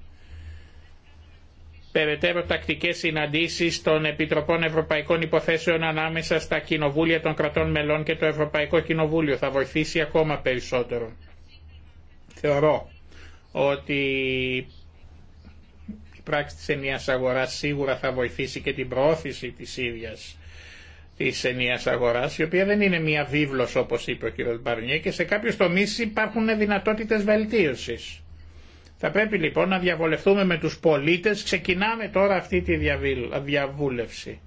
Περαιτέρω τακτικές συναντήσεις των Επιτροπών Ευρωπαϊκών Υποθέσεων ανάμεσα στα κοινοβούλια των κρατών μελών και το Ευρωπαϊκό Κοινοβούλιο θα βοηθήσει ακόμα περισσότερο. Θεωρώ ότι η πράξη της ενίας αγοράς σίγουρα θα βοηθήσει και την προώθηση της ίδιας τη ενία αγορά, η οποία δεν είναι μία βίβλος όπως είπε ο κ. Μπαρνιέ και σε κάποιου τομεί υπάρχουν δυνατότητες βελτίωσης. Θα πρέπει λοιπόν να διαβολευτούμε με τους πολίτες, ξεκινάμε τώρα αυτή τη διαβούλευση.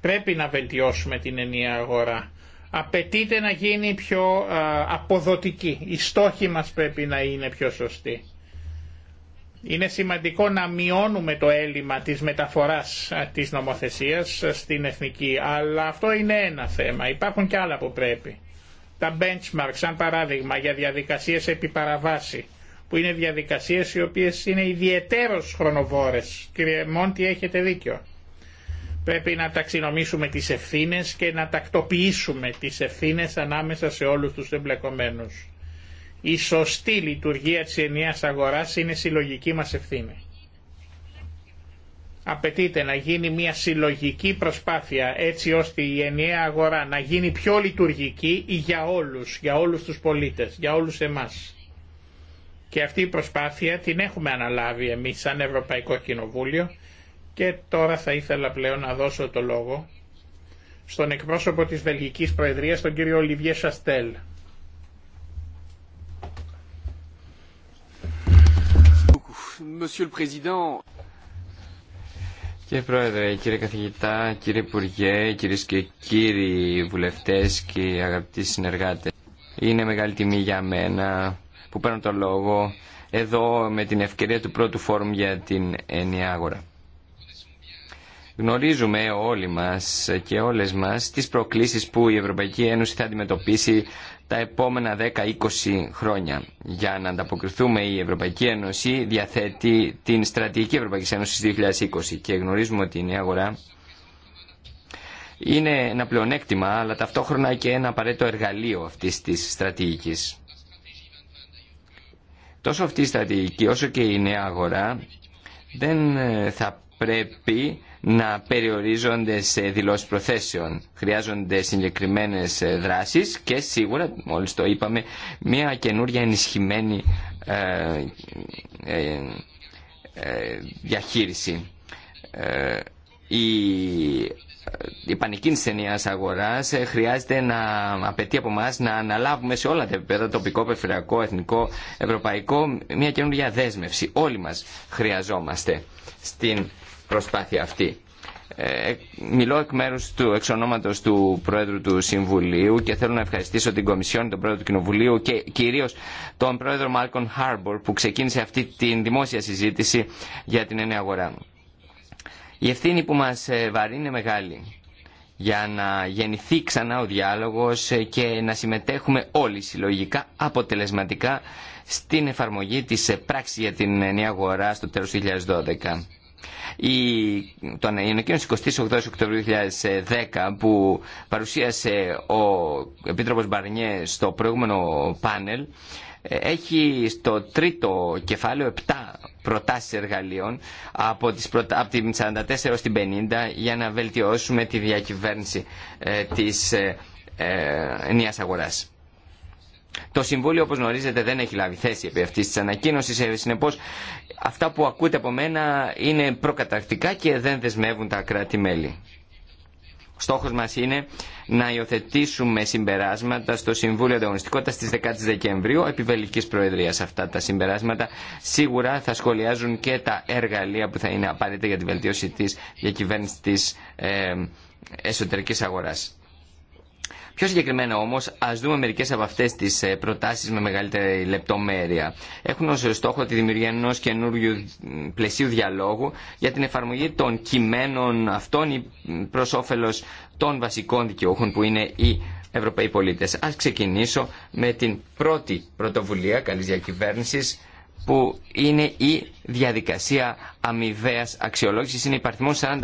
Πρέπει να βελτιώσουμε την ενία αγορά. Απαιτείται να γίνει πιο αποδοτική. η στόχοι μας πρέπει να είναι πιο σωστοί. Είναι σημαντικό να μειώνουμε το έλλειμμα της μεταφοράς της νομοθεσίας στην εθνική, αλλά αυτό είναι ένα θέμα. Υπάρχουν και άλλα που πρέπει. Τα benchmarks, σαν παράδειγμα, για διαδικασίες επί παραβάση, που είναι διαδικασίες οι οποίες είναι ιδιαιτέρως χρονοβόρες. Κύριε Μόντι, έχετε δίκιο. Πρέπει να ταξινομήσουμε τις ευθύνες και να τακτοποιήσουμε τις ευθύνες ανάμεσα σε όλους τους εμπλεκομένους η σωστή λειτουργία της ενιαίας αγοράς είναι συλλογική μας ευθύνη. Απαιτείται να γίνει μια συλλογική προσπάθεια έτσι ώστε η ενιαία αγορά να γίνει πιο λειτουργική για όλους, για όλους τους πολίτες, για όλους εμάς. Και αυτή η προσπάθεια την έχουμε αναλάβει εμείς σαν Ευρωπαϊκό Κοινοβούλιο και τώρα θα ήθελα πλέον να δώσω το λόγο στον εκπρόσωπο της Βελγικής Προεδρίας, τον κύριο Ολιβιέ Σαστέλ. Κύριε Πρόεδρε, κύριε Καθηγητά, κύριε Υπουργέ, κυρίε και κύριοι βουλευτές και αγαπητοί συνεργάτες, είναι μεγάλη τιμή για μένα που παίρνω το λόγο εδώ με την ευκαιρία του πρώτου φόρουμ για την ενιαία αγορά. Γνωρίζουμε όλοι μας και όλες μας τις προκλήσεις που η Ευρωπαϊκή Ένωση θα αντιμετωπίσει τα επόμενα 10-20 χρόνια. Για να ανταποκριθούμε η Ευρωπαϊκή Ένωση διαθέτει την στρατηγική Ευρωπαϊκή Ένωση 2020 και γνωρίζουμε ότι η νέα αγορά είναι ένα πλεονέκτημα αλλά ταυτόχρονα και ένα απαραίτητο εργαλείο αυτής της στρατηγικής. Τόσο αυτή η στρατηγική όσο και η νέα αγορά δεν ε, θα πρέπει να περιορίζονται σε δηλώσει προθέσεων. Χρειάζονται συγκεκριμένες ε, δράσεις και σίγουρα, μόλι το είπαμε, μια καινούρια ενισχυμένη ε, ε, ε διαχείριση. η, η πανική της αγοράς χρειάζεται να απαιτεί από εμά να αναλάβουμε σε όλα τα επίπεδα, τοπικό, περιφερειακό, εθνικό, ευρωπαϊκό, μια καινούργια δέσμευση. Όλοι μας χρειαζόμαστε στην προσπάθεια αυτή. Ε, μιλώ εκ μέρους του εξ του Πρόεδρου του Συμβουλίου και θέλω να ευχαριστήσω την Κομισιόν, τον Πρόεδρο του Κοινοβουλίου και κυρίω τον Πρόεδρο Μάλκον Χάρμπορ που ξεκίνησε αυτή την δημόσια συζήτηση για την νέα αγορά. Η ευθύνη που μας ε, βαρύνει είναι μεγάλη για να γεννηθεί ξανά ο διάλογος ε, και να συμμετέχουμε όλοι συλλογικά αποτελεσματικά στην εφαρμογή της ε, πράξης για την νέα αγορά στο τέλο του 2012. Η, τον ανακοίνωση 28 Οκτωβρίου 2010 που παρουσίασε ο Επίτροπος Μπαρνιέ στο προηγούμενο πάνελ ε, έχει στο τρίτο κεφάλαιο 7 προτάσεις εργαλείων από, τις, από την 44 έως την 50 για να βελτιώσουμε τη διακυβέρνηση ε, της ε, ε νέας αγοράς. Το Συμβούλιο, όπω γνωρίζετε, δεν έχει λάβει θέση επί αυτής της ανακοίνωση. Ε, Συνεπώ, αυτά που ακούτε από μένα είναι προκαταρκτικά και δεν δεσμεύουν τα κράτη-μέλη. στόχο μα είναι να υιοθετήσουμε συμπεράσματα στο Συμβούλιο Ανταγωνιστικότητα στις 10 Δεκεμβρίου επί Βελική Προεδρία. Αυτά τα συμπεράσματα σίγουρα θα σχολιάζουν και τα εργαλεία που θα είναι απαραίτητα για τη βελτίωση της διακυβέρνησης της ε, εσωτερική αγορά. Πιο συγκεκριμένα όμως, ας δούμε μερικέ από αυτέ τι ε, προτάσεις με μεγαλύτερη λεπτομέρεια. Έχουν ως στόχο τη δημιουργία ενό καινούριου πλαισίου διαλόγου για την εφαρμογή των κειμένων αυτών προ όφελο των βασικών δικαιούχων που είναι οι Ευρωπαίοι πολίτε. Ας ξεκινήσω με την πρώτη πρωτοβουλία καλή διακυβέρνηση που είναι η διαδικασία αμοιβαία αξιολόγηση. Είναι παρθμό 44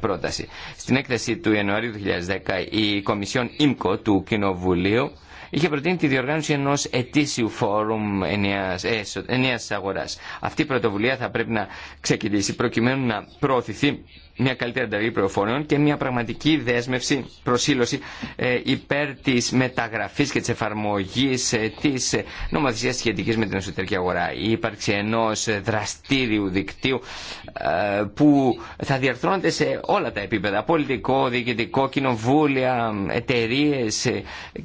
πρόταση. Στην έκθεση του Ιανουαρίου 2010, η Κομισιόν ΙΜΚΟ του Κοινοβουλίου είχε προτείνει τη διοργάνωση ενό ετήσιου φόρουμ ενιαία ε, αγορά. Αυτή η πρωτοβουλία θα πρέπει να ξεκινήσει προκειμένου να προωθηθεί μια καλύτερη ανταλλαγή πληροφοριών και μια πραγματική δέσμευση, προσήλωση ε, υπέρ τη μεταγραφή και τη εφαρμογή ε, τη ε, νομοθεσία σχετική με την εσωτερική αγορά. Η ύπαρξη ενό δραστήριου δικτύου που θα διαρθρώνεται σε όλα τα επίπεδα. Πολιτικό, διοικητικό, κοινοβούλια, εταιρείε,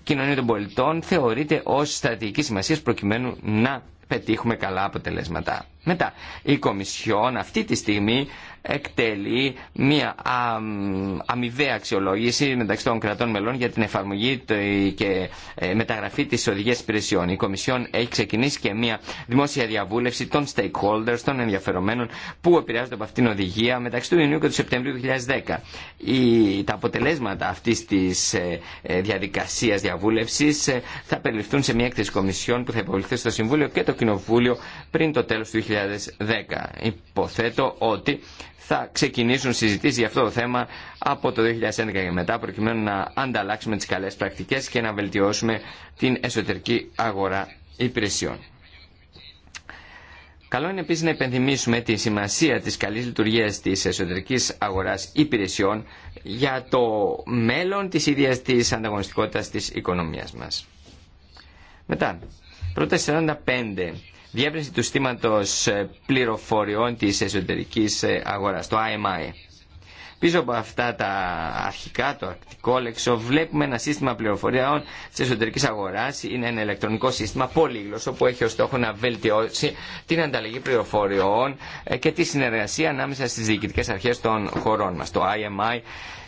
κοινωνία των πολιτών θεωρείται ω στρατηγική σημασία προκειμένου να πετύχουμε καλά αποτελέσματα. Μετά, η Κομισιόν αυτή τη στιγμή εκτελεί μια αμοιβαία αξιολόγηση μεταξύ των κρατών μελών για την εφαρμογή και ε, μεταγραφή της οδηγίας υπηρεσιών. Η Κομισιόν έχει ξεκινήσει και μια δημόσια διαβούλευση των stakeholders, των ενδιαφερομένων που επηρεάζονται από αυτήν την οδηγία μεταξύ του Ιουνίου και του Σεπτεμβρίου 2010. Η, τα αποτελέσματα αυτής της ε, ε, διαδικασίας διαβούλευσης θα περιληφθούν σε μια έκθεση Κομισιόν που θα υποβληθεί στο Συμβούλιο και το Κοινοβούλιο πριν το τέλος του 2010. Υποθέτω ότι θα ξεκινήσουν συζητήσεις για αυτό το θέμα από το 2011 και μετά προκειμένου να ανταλλάξουμε τις καλές πρακτικές και να βελτιώσουμε την εσωτερική αγορά υπηρεσιών. Καλό είναι επίσης να υπενθυμίσουμε τη σημασία της καλής λειτουργίας της εσωτερικής αγοράς υπηρεσιών για το μέλλον της ίδιας της ανταγωνιστικότητας της οικονομίας μας. Μετά, πρώτα 45 διεύρυνση του συστήματος ε, πληροφοριών της εσωτερικής ε, αγοράς, το IMI. Πίσω από αυτά τα αρχικά, το αρκτικό λεξο, βλέπουμε ένα σύστημα πληροφοριών τη εσωτερική αγορά. Είναι ένα ηλεκτρονικό σύστημα πολύγλωσσο που έχει ως στόχο να βελτιώσει την ανταλλαγή πληροφοριών ε, και τη συνεργασία ανάμεσα στι διοικητικέ αρχέ των χωρών μα. Το IMI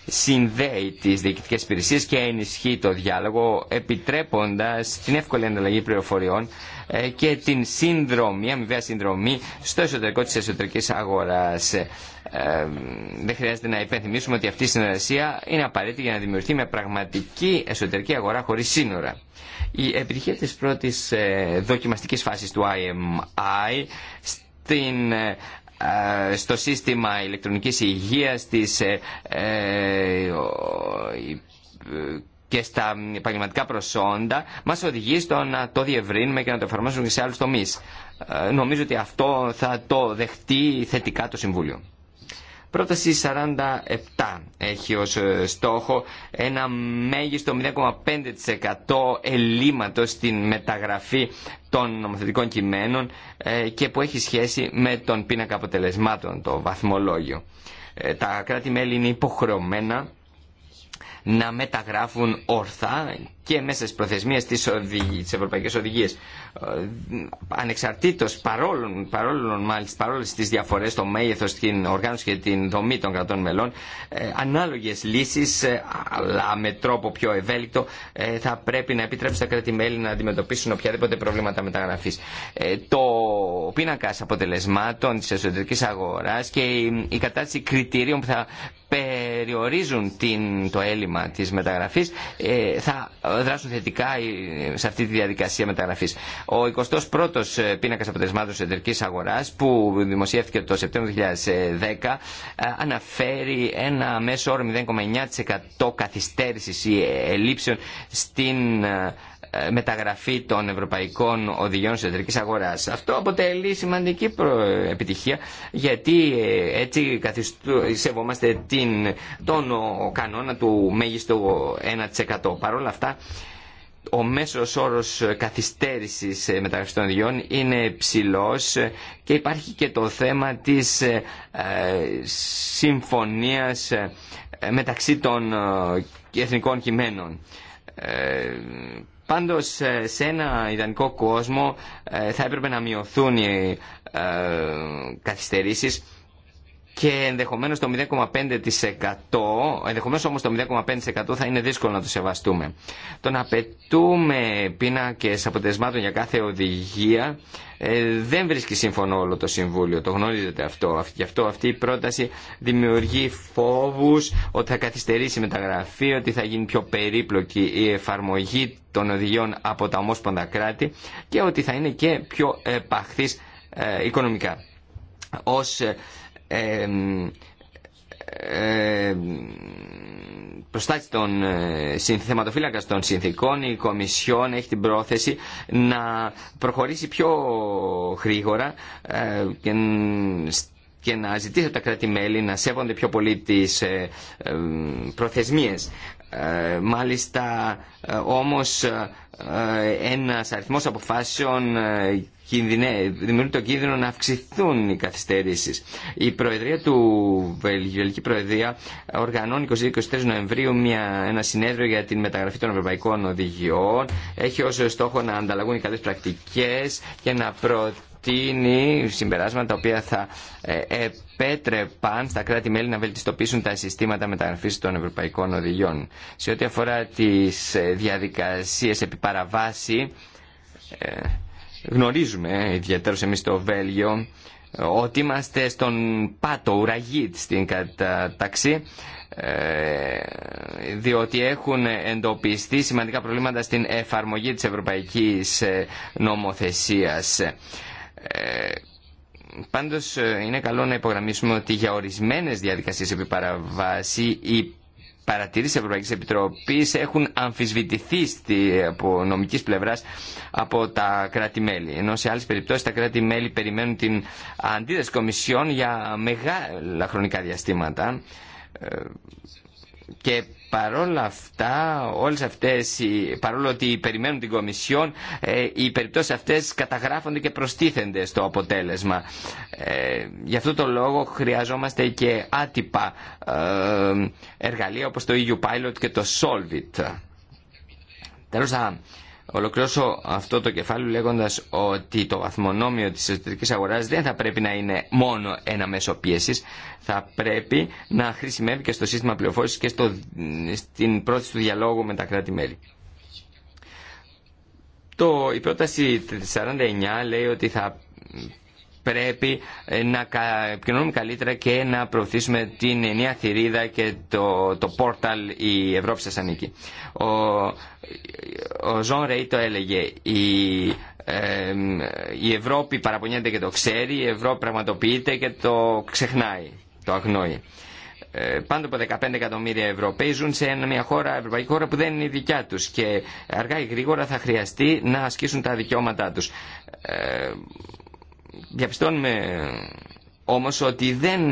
συνδέει τις διοικητικές υπηρεσίες και ενισχύει το διάλογο επιτρέποντας την εύκολη ανταλλαγή πληροφοριών ε, και την συνδρομή, αμοιβαία συνδρομή στο εσωτερικό της εσωτερικής αγοράς. Ε, δεν χρειάζεται να υπενθυμίσουμε ότι αυτή η συνεργασία είναι απαραίτητη για να δημιουργηθεί μια πραγματική εσωτερική αγορά χωρίς σύνορα. Η επιτυχία της πρώτης ε, δοκιμαστικής φάσης του IMI στην ε, στο σύστημα ηλεκτρονικής υγείας της, ε, ε, και στα επαγγελματικά προσόντα μας οδηγεί στο να το διευρύνουμε και να το εφαρμόσουμε σε άλλους τομείς. Νομίζω ότι αυτό θα το δεχτεί θετικά το Συμβούλιο. Πρόταση 47 έχει ως ε, στόχο ένα μέγιστο 0,5% ελλείμματος στην μεταγραφή των νομοθετικών κειμένων ε, και που έχει σχέση με τον πίνακα αποτελεσμάτων, το βαθμολόγιο. Ε, τα κράτη-μέλη είναι υποχρεωμένα να μεταγράφουν ορθά και μέσα στις προθεσμίες της, οδηγίας, της Ευρωπαϊκής Οδηγίας ε, ανεξαρτήτως παρόλων, παρόλων μάλιστα, παρόλες τις διαφορές στο μέγεθο την οργάνωση και την δομή των κρατών μελών ε, ανάλογες λύσεις ε, αλλά με τρόπο πιο ευέλικτο θα πρέπει να επιτρέψει στα κράτη-μέλη να αντιμετωπίσουν οποιαδήποτε προβλήματα μεταγραφής. Το πίνακα αποτελεσμάτων της εσωτερικής αγοράς και η κατάσταση κριτηρίων που θα περιορίζουν την, το έλλειμμα της μεταγραφής θα δράσουν θετικά σε αυτή τη διαδικασία μεταγραφής. Ο 21ος ε, πίνακας αποτελεσμάτων εταιρική αγορά που δημοσιεύτηκε το Σεπτέμβριο 2010 ε, αναφέρει ένα μέσο όρο 0,9% καθυστέρησης ή ε, ελλείψεων στην μεταγραφή των ευρωπαϊκών οδηγιών εταιρικής αγοράς. Αυτό αποτελεί σημαντική επιτυχία γιατί ε, έτσι σεβόμαστε την, τον κανόνα του μέγιστο 1%. Παρ' όλα αυτά ο μέσος όρος καθυστέρησης ε, μεταγραφής των οδηγιών είναι ψηλός και υπάρχει και το θέμα της ε, συμφωνίας μεταξύ των εθνικών κειμένων Πάντω ε, σε ένα ιδανικό κόσμο ε, θα έπρεπε να μειωθούν οι ε, καθυστερήσει και ενδεχομένω το 0,5% ενδεχομένως όμως το 0,5% θα είναι δύσκολο να το σεβαστούμε. Το να απαιτούμε πίνακες αποτελεσμάτων για κάθε οδηγία ε, δεν βρίσκει σύμφωνο όλο το Συμβούλιο, το γνωρίζετε αυτό. Γι' αυτό αυτή η πρόταση δημιουργεί φόβους ότι θα καθυστερήσει η μεταγραφή, ότι θα γίνει πιο περίπλοκη η εφαρμογή των οδηγιών από τα ομόσπονδα κράτη και ότι θα είναι και πιο επαχθής ε, οικονομικά. Ως προστάτη των ε, θεματοφύλακας των συνθήκων η Κομισιόν έχει την πρόθεση να προχωρήσει πιο γρήγορα ε, και να ζητήσει τα κράτη-μέλη να σέβονται πιο πολύ τις ε, προθεσμίες ε, μάλιστα ε, όμως ε, ένας αριθμός αποφάσεων δημιουργεί το κίνδυνο να αυξηθούν οι καθυστερήσεις. Η Προεδρία του Βελγική Προεδρία οργανώνει 22-23 Νοεμβρίου μια, ένα συνέδριο για την μεταγραφή των ευρωπαϊκών οδηγιών. Έχει ως στόχο να ανταλλαγούν οι καλές πρακτικές και να προτείνει συμπεράσματα τα οποία θα επέτρεπαν στα κράτη-μέλη να βελτιστοποιήσουν τα συστήματα μεταγραφής των ευρωπαϊκών οδηγιών. Σε ό,τι αφορά τις ε, διαδικασίες επί παραβάση, ε, γνωρίζουμε, ιδιαίτερα εμεί στο Βέλγιο, ε, ότι είμαστε στον πάτο ουραγίτ στην καταταξή διότι έχουν εντοπιστεί σημαντικά προβλήματα στην εφαρμογή της ευρωπαϊκής νομοθεσίας. Πάντω ε, είναι καλό να υπογραμμίσουμε ότι για ορισμένε διαδικασίε επί παραβάση οι παρατηρήσει της Ευρωπαϊκής Επιτροπής έχουν αμφισβητηθεί στη, από νομικής πλευράς από τα κράτη-μέλη. Ενώ σε άλλε περιπτώσει τα κράτη-μέλη περιμένουν την αντίδραση κομισιών για μεγάλα χρονικά διαστήματα ε, και παρόλα αυτά, όλες αυτές, παρόλο ότι περιμένουν την Κομισιόν, ε, οι περιπτώσεις αυτές καταγράφονται και προστίθενται στο αποτέλεσμα. Ε, γι' αυτό το λόγο χρειαζόμαστε και άτυπα ε, εργαλεία όπως το EU Pilot και το Solvit. Τέλος θα ολοκληρώσω αυτό το κεφάλαιο λέγοντας ότι το βαθμονόμιο της εσωτερικής αγοράς δεν θα πρέπει να είναι μόνο ένα μέσο πίεσης, θα πρέπει να χρησιμεύει και στο σύστημα πληροφόρησης και στο, στην πρόθεση του διαλόγου με τα κράτη-μέλη. Το, η πρόταση 49 λέει ότι θα πρέπει ε, να επικοινωνούμε καλύτερα και να προωθήσουμε την ενιαία θηρίδα και το, το πόρταλ «Η Ευρώπη σας ανήκει». Ο, ο Ζων Ρέι το έλεγε η, «Η Ευρώπη παραπονιέται και το ξέρει, η Ευρώπη πραγματοποιείται και το ξεχνάει, το αγνόει». Ε, από 15 εκατομμύρια Ευρωπαίοι ζουν σε μια χώρα, ευρωπαϊκή χώρα που δεν είναι η δικιά τους και αργά ή γρήγορα θα χρειαστεί να ασκήσουν τα δικαιώματά τους. Ε, Διαπιστώνουμε όμως ότι δεν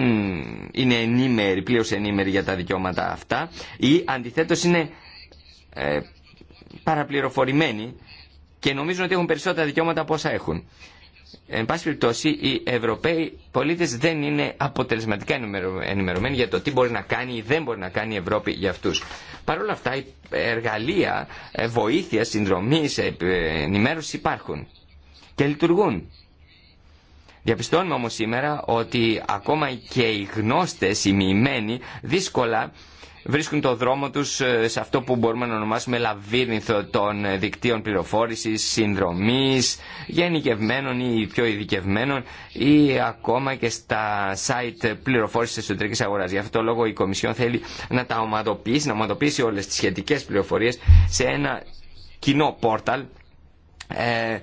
είναι ενήμεροι, πλήρως ενήμεροι για τα δικαιώματα αυτά ή αντιθέτως είναι ε, παραπληροφορημένοι και νομίζουν ότι έχουν περισσότερα δικαιώματα από όσα έχουν. Εν πάση περιπτώσει, οι Ευρωπαίοι πολίτες δεν είναι αποτελεσματικά ενημερωμένοι για το τι μπορεί να κάνει ή δεν μπορεί να κάνει η Ευρώπη για αυτούς. Παρ' όλα αυτά, εργαλεία ε, βοήθεια, συνδρομη ε, ενημέρωση υπάρχουν και λειτουργούν. Διαπιστώνουμε όμως σήμερα ότι ακόμα και οι γνώστες, οι μοιημένοι, δύσκολα βρίσκουν το δρόμο τους ε, σε αυτό που μπορούμε να ονομάσουμε λαβύρινθο των δικτύων πληροφόρησης, συνδρομής, γενικευμένων ή πιο ειδικευμένων ή ακόμα και στα site πληροφόρησης εσωτερικής αγοράς. Γι' αυτό το λόγο η Κομισιόν θέλει να τα ομαδοποιήσει, να ομαδοποιήσει όλες τις σχετικές πληροφορίες σε ένα κοινό πόρταλ ε, ε,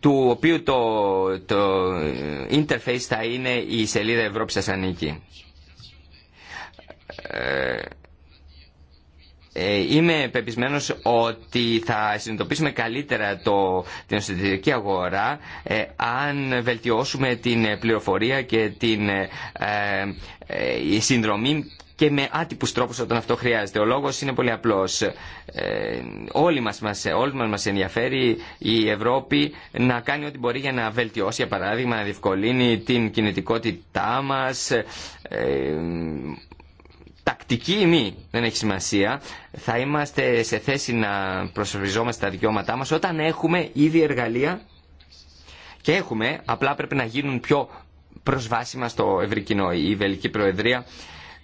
του οποίου το, το ε, interface θα είναι η σελίδα Ευρώπη σας ανήκει. Ε, ε, είμαι πεπισμένος ότι θα συνειδητοποιήσουμε καλύτερα το, την ουσιαστική αγορά αν βελτιώσουμε την πληροφορία και την ε, συνδρομή και με άτυπους τρόπου όταν αυτό χρειάζεται. Ο λόγο είναι πολύ απλός. Ε, όλοι μας, μας, μας, μας ενδιαφέρει η Ευρώπη να κάνει ό,τι μπορεί για να βελτιώσει, για παράδειγμα, να διευκολύνει την κινητικότητά μας, ε, τακτική ή μη, δεν έχει σημασία, θα είμαστε σε θέση να προσωριζόμαστε τα δικαιώματά μας όταν έχουμε ήδη εργαλεία και έχουμε, απλά πρέπει να γίνουν πιο προσβάσιμα στο ευρύ Η Βελική Προεδρία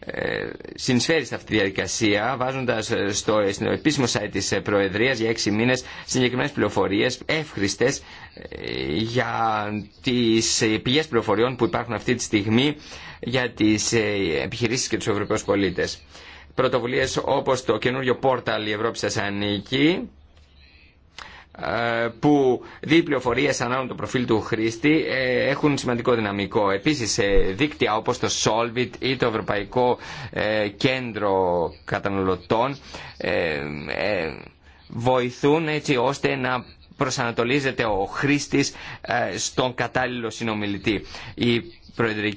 ε, συνεισφέρει σε αυτή τη διαδικασία βάζοντα ε, στο, ε, επίσημο site της Προεδρίας για έξι μήνες Συγκεκριμένε πληροφορίε, εύχριστε για τις πηγέ πληροφοριών που υπάρχουν αυτή τη στιγμή για τις επιχειρήσεις και του ευρωπαίους πολίτες. Πρωτοβουλίες όπω το καινούριο πόρταλ «Η Ευρώπη σα ανήκει» που δει πληροφορίε ανάλογα το προφίλ του χρήστη ε, έχουν σημαντικό δυναμικό. Επίση, δίκτυα όπω το Solvit ή το Ευρωπαϊκό ε, Κέντρο Καταναλωτών ε, βοηθούν έτσι ώστε να προσανατολίζεται ο χρήστη στον κατάλληλο συνομιλητή. Η,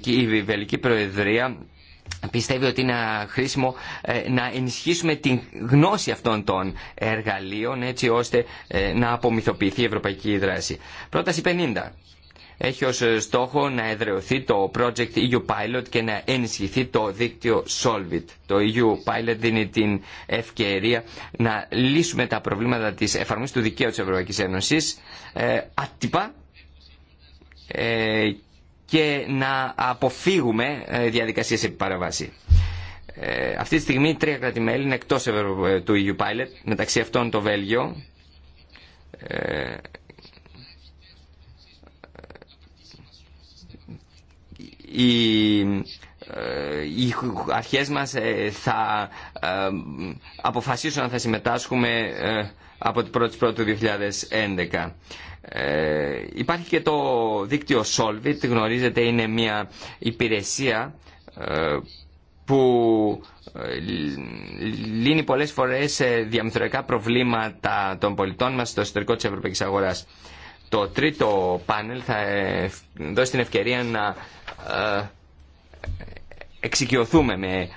η Βελική Προεδρία πιστεύει ότι είναι χρήσιμο ε, να ενισχύσουμε την γνώση αυτών των εργαλείων έτσι ώστε ε, να απομυθοποιηθεί η ευρωπαϊκή δράση. Πρόταση 50 έχει ως ε, στόχο να εδρεωθεί το Project EU Pilot και να ενισχυθεί το δίκτυο Solvit. Το EU Pilot δίνει την ευκαιρία να λύσουμε τα προβλήματα της εφαρμογής του δικαίου της Ευρωπαϊκής Ένωσης άτυπα και να αποφύγουμε ε, διαδικασίες επί παραβάση. Ε, αυτή τη στιγμή τρία κρατημέλη είναι εκτός ε, του EU Pilot, μεταξύ αυτών το Βέλγιο, οι οι αρχές μας θα αποφασίσουν αν θα συμμετάσχουμε από την 1η Πρώτη του 2011. Ε, υπάρχει και το δίκτυο Solvit, γνωρίζετε είναι μια υπηρεσία ε, που ε, λύνει πολλές φορές διαμεθοριακά προβλήματα των πολιτών μας στο εσωτερικό της ευρωπαϊκής αγοράς. Το τρίτο πάνελ θα δώσει την ευκαιρία να εξοικειωθούμε με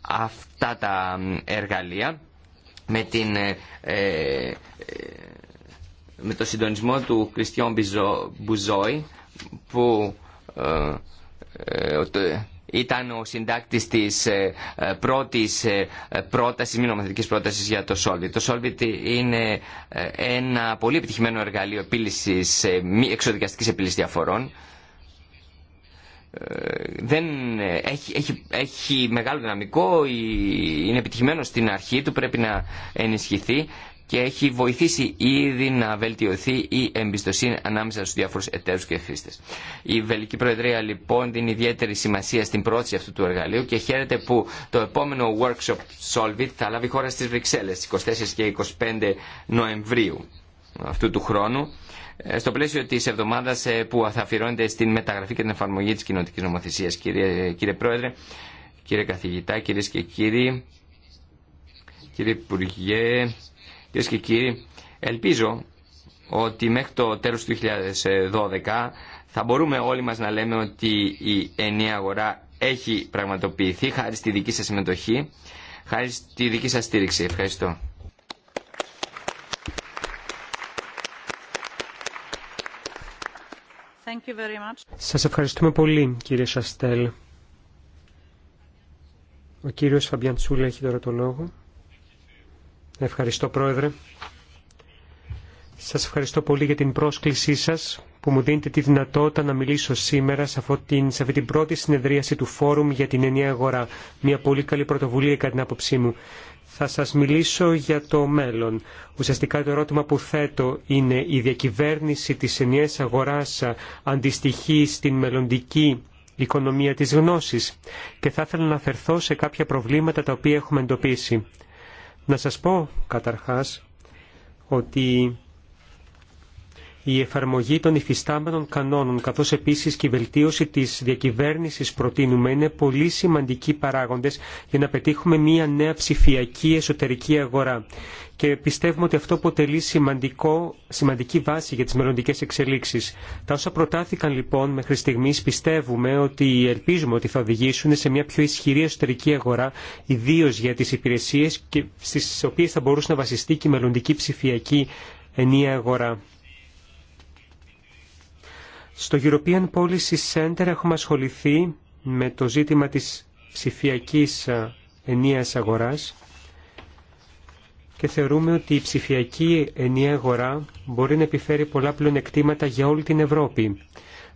αυτά τα εργαλεία, με την με το συντονισμό του Κριστιαν Μπουζόη που ε, ε, ήταν ο συντάκτης της ε, πρώτης πρότασης, μη νομοθετικής πρότασης για το Solvit. Το Solvit είναι ένα πολύ επιτυχημένο εργαλείο επίλυσης, μη εξοδικαστικής επίλυσης διαφορών. Δεν, έχει, έχει, έχει μεγάλο δυναμικό, είναι επιτυχημένο στην αρχή του, πρέπει να ενισχυθεί και έχει βοηθήσει ήδη να βελτιωθεί η εμπιστοσύνη ανάμεσα στους διάφορους εταίρους και χρήστες. Η Βελική Προεδρία λοιπόν δίνει ιδιαίτερη σημασία στην πρόθεση αυτού του εργαλείου και χαίρεται που το επόμενο workshop Solvit θα λάβει χώρα στις Βρυξέλλες 24 και 25 Νοεμβρίου αυτού του χρόνου ε, στο πλαίσιο της εβδομάδας ε, που θα αφιερώνεται στην μεταγραφή και την εφαρμογή της κοινωτικής νομοθεσίας. Κύριε, κύριε Πρόεδρε, κύριε Καθηγητά, κύριε και κύριοι, κύριε Υπουργέ, Κυρίε και κύριοι, ελπίζω ότι μέχρι το τέλος του 2012 θα μπορούμε όλοι μας να λέμε ότι η ενιαία αγορά έχει πραγματοποιηθεί χάρη στη δική σας συμμετοχή, χάρη στη δική σας στήριξη. Ευχαριστώ. Thank Σας ευχαριστούμε πολύ κύριε Σαστέλ. Ο κύριος Φαμπιαντσούλα έχει τώρα το λόγο. Ευχαριστώ Πρόεδρε. Σας ευχαριστώ πολύ για την πρόσκλησή σας που μου δίνετε τη δυνατότητα να μιλήσω σήμερα σε αυτή την πρώτη συνεδρίαση του Φόρουμ για την Ενιαία Αγορά. Μια πολύ καλή πρωτοβουλία κατά την άποψή μου. Θα σας μιλήσω για το μέλλον. Ουσιαστικά το ερώτημα που θέτω είναι η διακυβέρνηση της ενιαίας αγοράς αντιστοιχεί στην μελλοντική οικονομία της γνώσης και θα ήθελα να αφαιρθώ σε κάποια προβλήματα τα οποία έχουμε εντοπίσει. Να σας πω καταρχάς ότι η εφαρμογή των υφιστάμενων κανόνων καθώς επίσης και η βελτίωση της διακυβέρνησης προτείνουμε είναι πολύ σημαντικοί παράγοντες για να πετύχουμε μια νέα ψηφιακή εσωτερική αγορά και πιστεύουμε ότι αυτό αποτελεί σημαντικό, σημαντική βάση για τις μελλοντικέ εξελίξεις. Τα όσα προτάθηκαν λοιπόν μέχρι στιγμής πιστεύουμε ότι ελπίζουμε ότι θα οδηγήσουν σε μια πιο ισχυρή εσωτερική αγορά, ιδίω για τις υπηρεσίες και στις οποίες θα μπορούσε να βασιστεί και η μελλοντική ψηφιακή ενία αγορά. Στο European Policy Center έχουμε ασχοληθεί με το ζήτημα της ψηφιακής ε, ενίας αγοράς και θεωρούμε ότι η ψηφιακή ενία αγορά μπορεί να επιφέρει πολλά πλεονεκτήματα για όλη την Ευρώπη.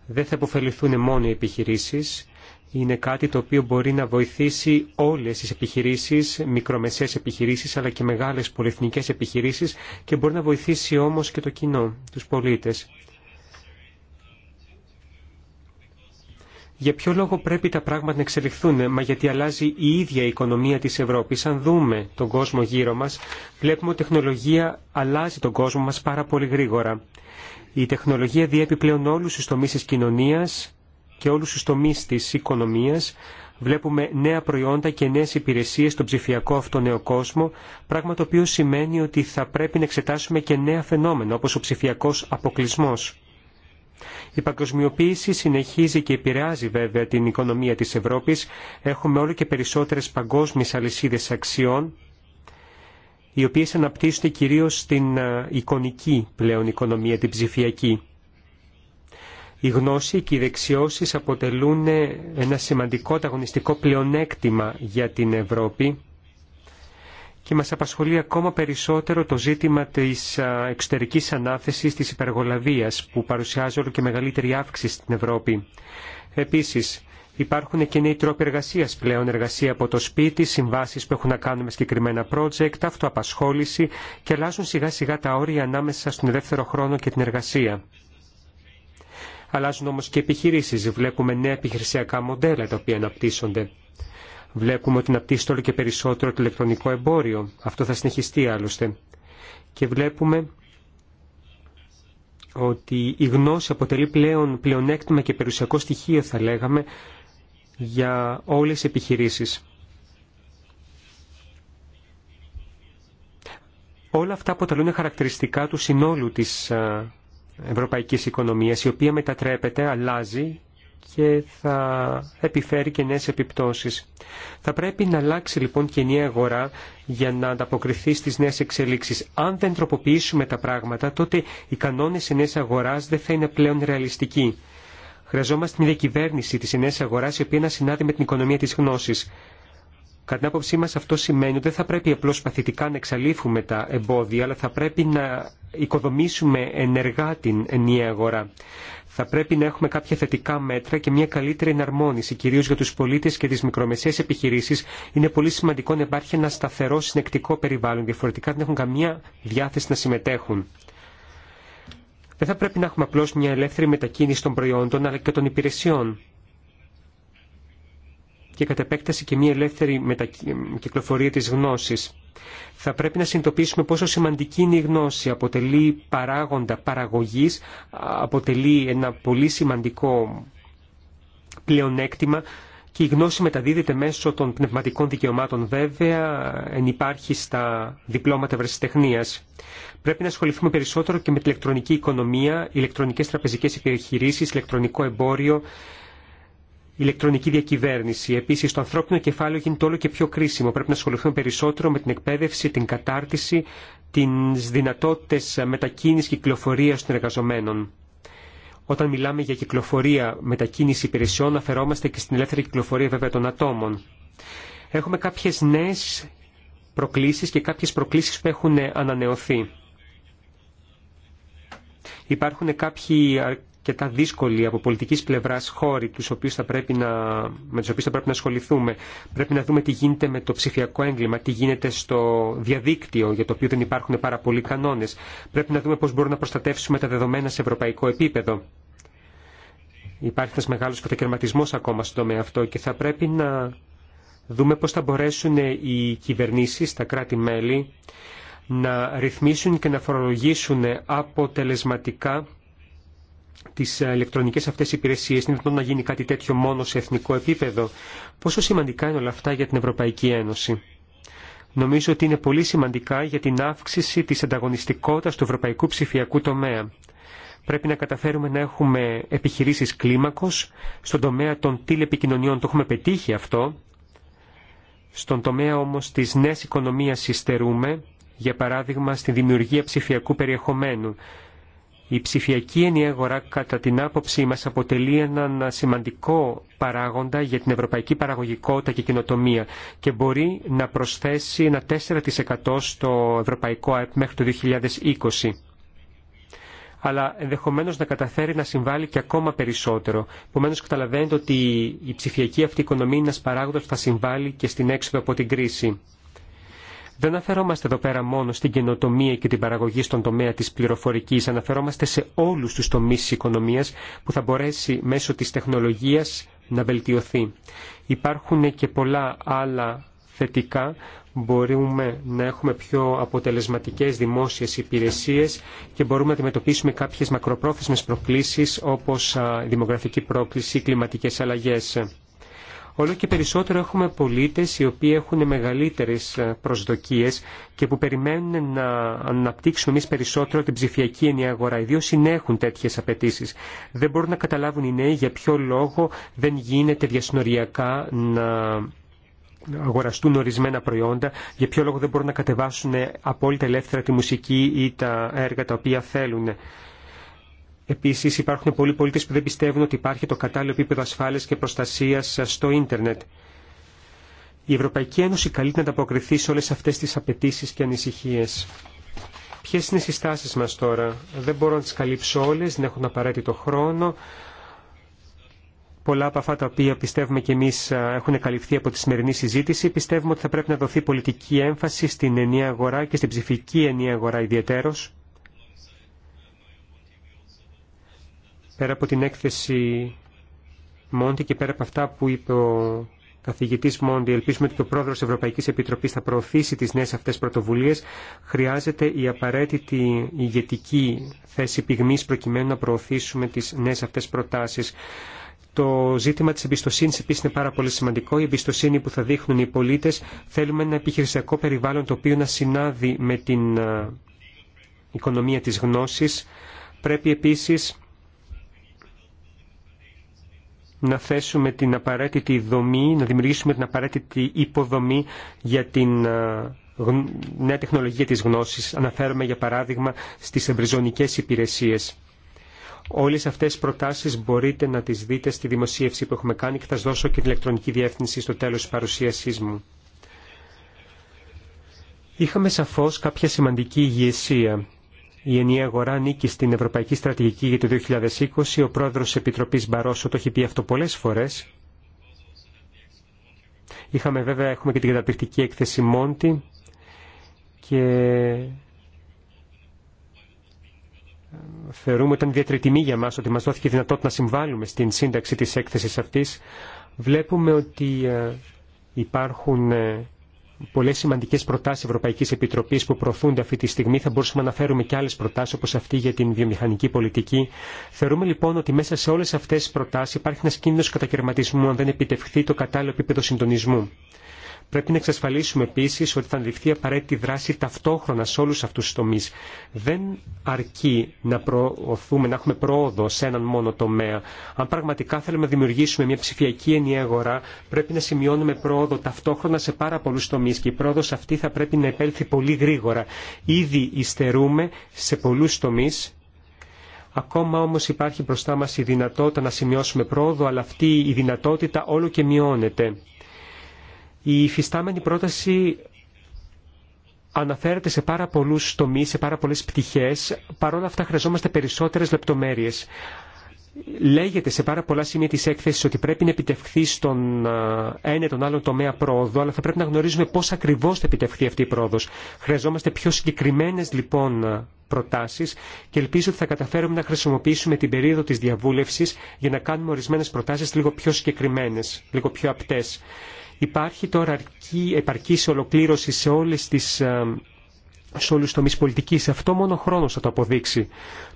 Δεν θα αποφεληθούν μόνο οι επιχειρήσεις, είναι κάτι το οποίο μπορεί να βοηθήσει όλες τις επιχειρήσεις, μικρομεσαίες επιχειρήσεις αλλά και μεγάλες πολυεθνικές επιχειρήσεις και μπορεί να βοηθήσει όμως και το κοινό, τους πολίτες. για ποιο λόγο πρέπει τα πράγματα να εξελιχθούν, μα γιατί αλλάζει η ίδια η οικονομία της Ευρώπης. Αν δούμε τον κόσμο γύρω μας, βλέπουμε ότι η τεχνολογία αλλάζει τον κόσμο μας πάρα πολύ γρήγορα. Η τεχνολογία διέπει πλέον όλους τους τομείς της κοινωνίας και όλους τους τομείς της οικονομίας. Βλέπουμε νέα προϊόντα και νέες υπηρεσίες στον ψηφιακό αυτό νέο κόσμο, πράγμα το οποίο σημαίνει ότι θα πρέπει να εξετάσουμε και νέα φαινόμενα, όπως ο ψηφιακός αποκλεισμός. Η παγκοσμιοποίηση συνεχίζει και επηρεάζει βέβαια την οικονομία της Ευρώπης. Έχουμε όλο και περισσότερες παγκόσμιες αλυσίδες αξιών, οι οποίες αναπτύσσονται κυρίως στην ε, εικονική πλέον οικονομία, την ψηφιακή. Η γνώση και οι δεξιώσεις αποτελούν ε, ένα σημαντικό ταγωνιστικό πλεονέκτημα για την Ευρώπη και μας απασχολεί ακόμα περισσότερο το ζήτημα της εξωτερικής ανάθεσης της υπεργολαβίας που παρουσιάζει όλο και μεγαλύτερη αύξηση στην Ευρώπη. Επίσης, Υπάρχουν και νέοι τρόποι εργασία πλέον, εργασία από το σπίτι, συμβάσει που έχουν να κάνουν με συγκεκριμένα project, αυτοαπασχόληση και αλλάζουν σιγά σιγά τα όρια ανάμεσα στον δεύτερο χρόνο και την εργασία. Αλλάζουν όμω και επιχειρήσει. Βλέπουμε νέα επιχειρησιακά μοντέλα τα οποία αναπτύσσονται. Βλέπουμε ότι αναπτύσσεται όλο και περισσότερο το ηλεκτρονικό εμπόριο. Αυτό θα συνεχιστεί άλλωστε. Και βλέπουμε ότι η γνώση αποτελεί πλέον πλεονέκτημα και περιουσιακό στοιχείο, θα λέγαμε, για όλες τις επιχειρήσεις. Όλα αυτά αποτελούν χαρακτηριστικά του συνόλου της ε, ευρωπαϊκής οικονομίας, η οποία μετατρέπεται, αλλάζει και θα επιφέρει και νέες επιπτώσεις. Θα πρέπει να αλλάξει λοιπόν και η νέα αγορά για να ανταποκριθεί στις νέες εξελίξεις. Αν δεν τροποποιήσουμε τα πράγματα, τότε οι κανόνες της νέας αγοράς δεν θα είναι πλέον ρεαλιστικοί. Χρειαζόμαστε μια κυβέρνηση της νέας αγοράς, η οποία να συνάδει με την οικονομία της γνώσης. Κατά την άποψή μα αυτό σημαίνει ότι δεν θα πρέπει απλώ παθητικά να εξαλείφουμε τα εμπόδια, αλλά θα πρέπει να οικοδομήσουμε ενεργά την ενιαία αγορά. Θα πρέπει να έχουμε κάποια θετικά μέτρα και μια καλύτερη εναρμόνιση, κυρίω για του πολίτε και τι μικρομεσαίε επιχειρήσει. Είναι πολύ σημαντικό να υπάρχει ένα σταθερό συνεκτικό περιβάλλον. Διαφορετικά δεν έχουν καμία διάθεση να συμμετέχουν. Δεν θα πρέπει να έχουμε απλώ μια ελεύθερη μετακίνηση των προϊόντων αλλά και των υπηρεσιών και κατ' επέκταση και μια ελεύθερη μετα... κυκλοφορία της γνώσης. Θα πρέπει να συνειδητοποιήσουμε πόσο σημαντική είναι η γνώση. Αποτελεί παράγοντα παραγωγής, αποτελεί ένα πολύ σημαντικό πλεονέκτημα και η γνώση μεταδίδεται μέσω των πνευματικών δικαιωμάτων βέβαια, εν υπάρχει στα διπλώματα ευρεσιτεχνίας. Πρέπει να ασχοληθούμε περισσότερο και με την ηλεκτρονική οικονομία, ηλεκτρονικές τραπεζικές επιχειρήσεις, ηλεκτρονικό εμπόριο, ηλεκτρονική διακυβέρνηση. Επίση, το ανθρώπινο κεφάλαιο γίνεται όλο και πιο κρίσιμο. Πρέπει να ασχοληθούμε περισσότερο με την εκπαίδευση, την κατάρτιση, τι δυνατότητε μετακίνηση και κυκλοφορία των εργαζομένων. Όταν μιλάμε για κυκλοφορία, μετακίνηση υπηρεσιών, αφαιρόμαστε και στην ελεύθερη κυκλοφορία βέβαια των ατόμων. Έχουμε κάποιε νέε προκλήσει και κάποιε προκλήσει που έχουν ανανεωθεί. Υπάρχουν κάποιοι τα δύσκολοι από πολιτικής πλευράς χώροι τους οποίους θα πρέπει να, με του οποίου θα πρέπει να ασχοληθούμε. Πρέπει να δούμε τι γίνεται με το ψηφιακό έγκλημα, τι γίνεται στο διαδίκτυο για το οποίο δεν υπάρχουν πάρα πολλοί κανόνες. Πρέπει να δούμε πώς μπορούμε να προστατεύσουμε τα δεδομένα σε ευρωπαϊκό επίπεδο. Υπάρχει ένας μεγάλος κατακαιρματισμός ακόμα στον τομέα αυτό και θα πρέπει να δούμε πώς θα μπορέσουν οι κυβερνήσεις, τα κράτη-μέλη, να ρυθμίσουν και να φορολογήσουν αποτελεσματικά τις ηλεκτρονικές αυτές υπηρεσίες. Είναι δυνατόν να γίνει κάτι τέτοιο μόνο σε εθνικό επίπεδο. Πόσο σημαντικά είναι όλα αυτά για την Ευρωπαϊκή Ένωση. Νομίζω ότι είναι πολύ σημαντικά για την αύξηση της ανταγωνιστικότητας του ευρωπαϊκού ψηφιακού τομέα. Πρέπει να καταφέρουμε να έχουμε επιχειρήσεις κλίμακος στον τομέα των τηλεπικοινωνιών. Το έχουμε πετύχει αυτό. Στον τομέα όμως της νέας οικονομία υστερούμε, για παράδειγμα στη δημιουργία ψηφιακού περιεχομένου. Η ψηφιακή ενιαία κατά την άποψή μας αποτελεί έναν σημαντικό παράγοντα για την ευρωπαϊκή παραγωγικότητα και κοινοτομία και μπορεί να προσθέσει ένα 4% στο ευρωπαϊκό ΑΕΠ μέχρι το 2020 αλλά ενδεχομένω να καταφέρει να συμβάλλει και ακόμα περισσότερο. Επομένω, καταλαβαίνετε ότι η ψηφιακή αυτή οικονομία είναι ένα παράγοντα που θα συμβάλλει και στην έξοδο από την κρίση. Δεν αναφερόμαστε εδώ πέρα μόνο στην καινοτομία και την παραγωγή στον τομέα της πληροφορικής, αναφερόμαστε σε όλους τους τομείς της οικονομίας που θα μπορέσει μέσω της τεχνολογίας να βελτιωθεί. Υπάρχουν και πολλά άλλα θετικά μπορούμε να έχουμε πιο αποτελεσματικές δημόσιες υπηρεσίες και μπορούμε να αντιμετωπίσουμε κάποιες μακροπρόθεσμες προκλήσεις όπως η δημογραφική πρόκληση, ή κλιματικές αλλαγές. Όλο και περισσότερο έχουμε πολίτες οι οποίοι έχουν μεγαλύτερες ε, προσδοκίες και που περιμένουν να αναπτύξουμε εμείς περισσότερο την ψηφιακή ενιαία αγορά. Ιδίω οι νέοι έχουν τέτοιες απαιτήσεις. Δεν μπορούν να καταλάβουν οι νέοι για ποιο λόγο δεν γίνεται διασυνοριακά να αγοραστούν ορισμένα προϊόντα, για ποιο λόγο δεν μπορούν να κατεβάσουν απόλυτα ελεύθερα τη μουσική ή τα έργα τα οποία θέλουν. Επίση, υπάρχουν πολλοί πολίτε που δεν πιστεύουν ότι υπάρχει το κατάλληλο επίπεδο ασφάλεια και προστασία στο ίντερνετ. Η Ευρωπαϊκή Ένωση καλείται να ανταποκριθεί σε όλε αυτέ τι απαιτήσει και ανησυχίε. Ποιε είναι οι συστάσει μα τώρα, Δεν μπορώ να τι καλύψω όλε, δεν έχουν απαραίτητο χρόνο. Πολλά από αυτά τα οποία πιστεύουμε και εμεί έχουν καλυφθεί από τη σημερινή συζήτηση. Πιστεύουμε ότι θα πρέπει να δοθεί πολιτική έμφαση στην ενιαία αγορά και στην ψηφική ενιαία αγορά ιδιαίτερω. Πέρα από την έκθεση Μόντι και πέρα από αυτά που είπε ο καθηγητή Μόντι, ελπίζουμε ότι ο πρόεδρο Ευρωπαϊκή Επιτροπή θα προωθήσει τι νέε αυτέ πρωτοβουλίε. Χρειάζεται η απαραίτητη ηγετική θέση πυγμή προκειμένου να προωθήσουμε τι νέε αυτέ προτάσει. Το ζήτημα τη εμπιστοσύνη επίση είναι πάρα πολύ σημαντικό. Η εμπιστοσύνη που θα δείχνουν οι πολίτε. Θέλουμε ένα επιχειρησιακό περιβάλλον το οποίο να συνάδει με την ε, οικονομία της γνώσης. Πρέπει επίσης να θέσουμε την απαραίτητη δομή, να δημιουργήσουμε την απαραίτητη υποδομή για την ε, νέα τεχνολογία της γνώσης. Αναφέρομαι για παράδειγμα στις εμπριζονικές υπηρεσίες. Όλες αυτές τις προτάσεις μπορείτε να τις δείτε στη δημοσίευση που έχουμε κάνει και θα σας δώσω και την ηλεκτρονική διεύθυνση στο τέλος της παρουσίασής μου. Είχαμε σαφώς κάποια σημαντική ηγεσία η ενιαία αγορά νίκη στην Ευρωπαϊκή Στρατηγική για το 2020. Ο πρόεδρος της Επιτροπής Μπαρόσο το έχει πει αυτό πολλές φορές. Είχαμε βέβαια, έχουμε και την καταπληκτική έκθεση Μόντι και θεωρούμε ότι ήταν ιδιαίτερη τιμή για μας ότι μας δόθηκε δυνατότητα να συμβάλλουμε στην σύνταξη της έκθεσης αυτής. Βλέπουμε ότι ε, υπάρχουν ε, πολλέ σημαντικέ προτάσει Ευρωπαϊκή Επιτροπή που προωθούνται αυτή τη στιγμή. Θα μπορούσαμε να αναφέρουμε και άλλε προτάσει όπω αυτή για την βιομηχανική πολιτική. Θεωρούμε λοιπόν ότι μέσα σε όλε αυτέ τι προτάσει υπάρχει ένα κίνδυνο κατακαιρματισμού αν δεν επιτευχθεί το κατάλληλο επίπεδο συντονισμού. Πρέπει να εξασφαλίσουμε επίση ότι θα ληφθεί απαραίτητη δράση ταυτόχρονα σε όλου αυτού του τομεί. Δεν αρκεί να προωθούμε, να έχουμε πρόοδο σε έναν μόνο τομέα. Αν πραγματικά θέλουμε να δημιουργήσουμε μια ψηφιακή ενιαία αγορά, πρέπει να σημειώνουμε πρόοδο ταυτόχρονα σε πάρα πολλού τομεί και η πρόοδο αυτή θα πρέπει να επέλθει πολύ γρήγορα. Ήδη υστερούμε σε πολλού τομεί Ακόμα όμω υπάρχει μπροστά μα η δυνατότητα να σημειώσουμε πρόοδο, αλλά αυτή η δυνατότητα όλο και μειώνεται. Η υφιστάμενη πρόταση αναφέρεται σε πάρα πολλού τομεί, σε πάρα πολλέ πτυχέ. Παρ' αυτά χρειαζόμαστε περισσότερε λεπτομέρειε. Λέγεται σε πάρα πολλά σημεία τη έκθεση ότι πρέπει να επιτευχθεί στον ένα ή τον άλλον τομέα πρόοδο, αλλά θα πρέπει να γνωρίζουμε πώ ακριβώ θα επιτευχθεί αυτή η πρόοδο. Χρειαζόμαστε πιο συγκεκριμένε λοιπόν προτάσει και ελπίζω ότι θα καταφέρουμε να χρησιμοποιήσουμε την περίοδο τη διαβούλευση για να κάνουμε ορισμένε προτάσει λίγο πιο συγκεκριμένε, λίγο πιο απτέ. Υπάρχει τώρα αρκή, ολοκλήρωση σε όλες τις ε, σε όλου του τομεί πολιτική. Αυτό μόνο ο χρόνο θα το αποδείξει.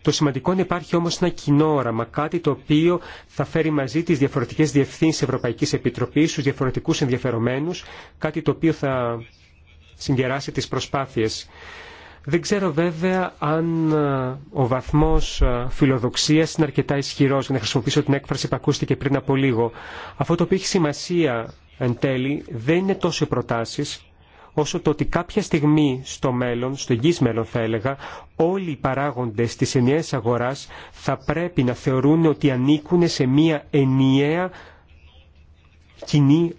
Το σημαντικό είναι υπάρχει όμως ένα κοινό όραμα, κάτι το οποίο θα φέρει μαζί τι διαφορετικέ διευθύνσει Ευρωπαϊκής Επιτροπή, του διαφορετικού ενδιαφερομένους, κάτι το οποίο θα συγκεράσει τις προσπάθειες. Δεν ξέρω βέβαια αν ε, ο βαθμός ε, φιλοδοξίας είναι αρκετά ισχυρός. για να χρησιμοποιήσω την έκφραση που ακούστηκε πριν από λίγο. Αυτό το οποίο έχει σημασία εν τέλει δεν είναι τόσο οι προτάσεις όσο το ότι κάποια στιγμή στο μέλλον, στο γης μέλλον θα έλεγα, όλοι οι παράγοντες της ενιαίας αγοράς θα πρέπει να θεωρούν ότι ανήκουν σε μία ενιαία κοινή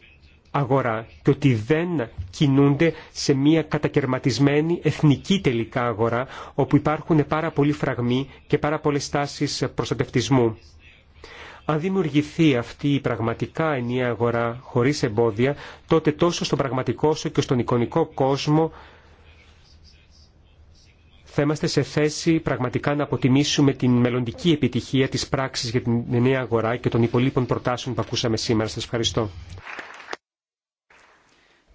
αγορά και ότι δεν κινούνται σε μια κατακαιρματισμένη εθνική τελικά αγορά όπου υπάρχουν πάρα πολλοί φραγμοί και πάρα πολλές τάσεις προστατευτισμού. Αν δημιουργηθεί αυτή η πραγματικά ενιαία αγορά χωρίς εμπόδια, τότε τόσο στον πραγματικό όσο και στον εικονικό κόσμο θα είμαστε σε θέση πραγματικά να αποτιμήσουμε την μελλοντική επιτυχία της πράξης για την ενιαία αγορά και των υπολείπων προτάσεων που ακούσαμε σήμερα. Σας ευχαριστώ.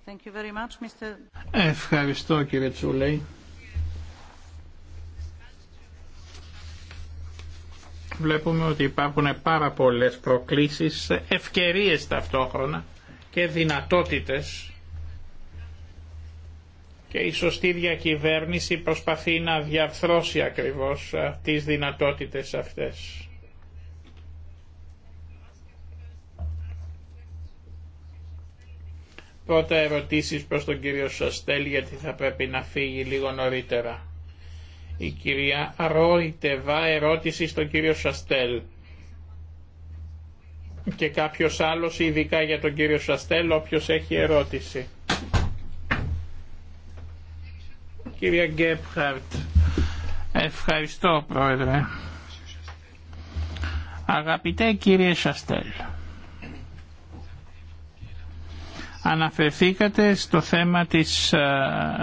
Thank you very much, Mr. Ευχαριστώ κύριε Τσούλεϊ. βλέπουμε ότι υπάρχουν πάρα πολλές προκλήσεις, ευκαιρίες ταυτόχρονα και δυνατότητες και η σωστή διακυβέρνηση προσπαθεί να διαρθρώσει ακριβώς ε, τις δυνατότητες αυτές. Πρώτα ερωτήσεις προς τον κύριο Σαστέλ γιατί θα πρέπει να φύγει λίγο νωρίτερα. Η κυρία Ρόιτεβα ερώτηση στον κύριο Σαστέλ και κάποιος άλλος ειδικά για τον κύριο Σαστέλ όποιος έχει ερώτηση. κύριε Γκέπχαρτ, ευχαριστώ πρόεδρε. Αγαπητέ κύριε Σαστέλ, Αναφερθήκατε στο θέμα της ε,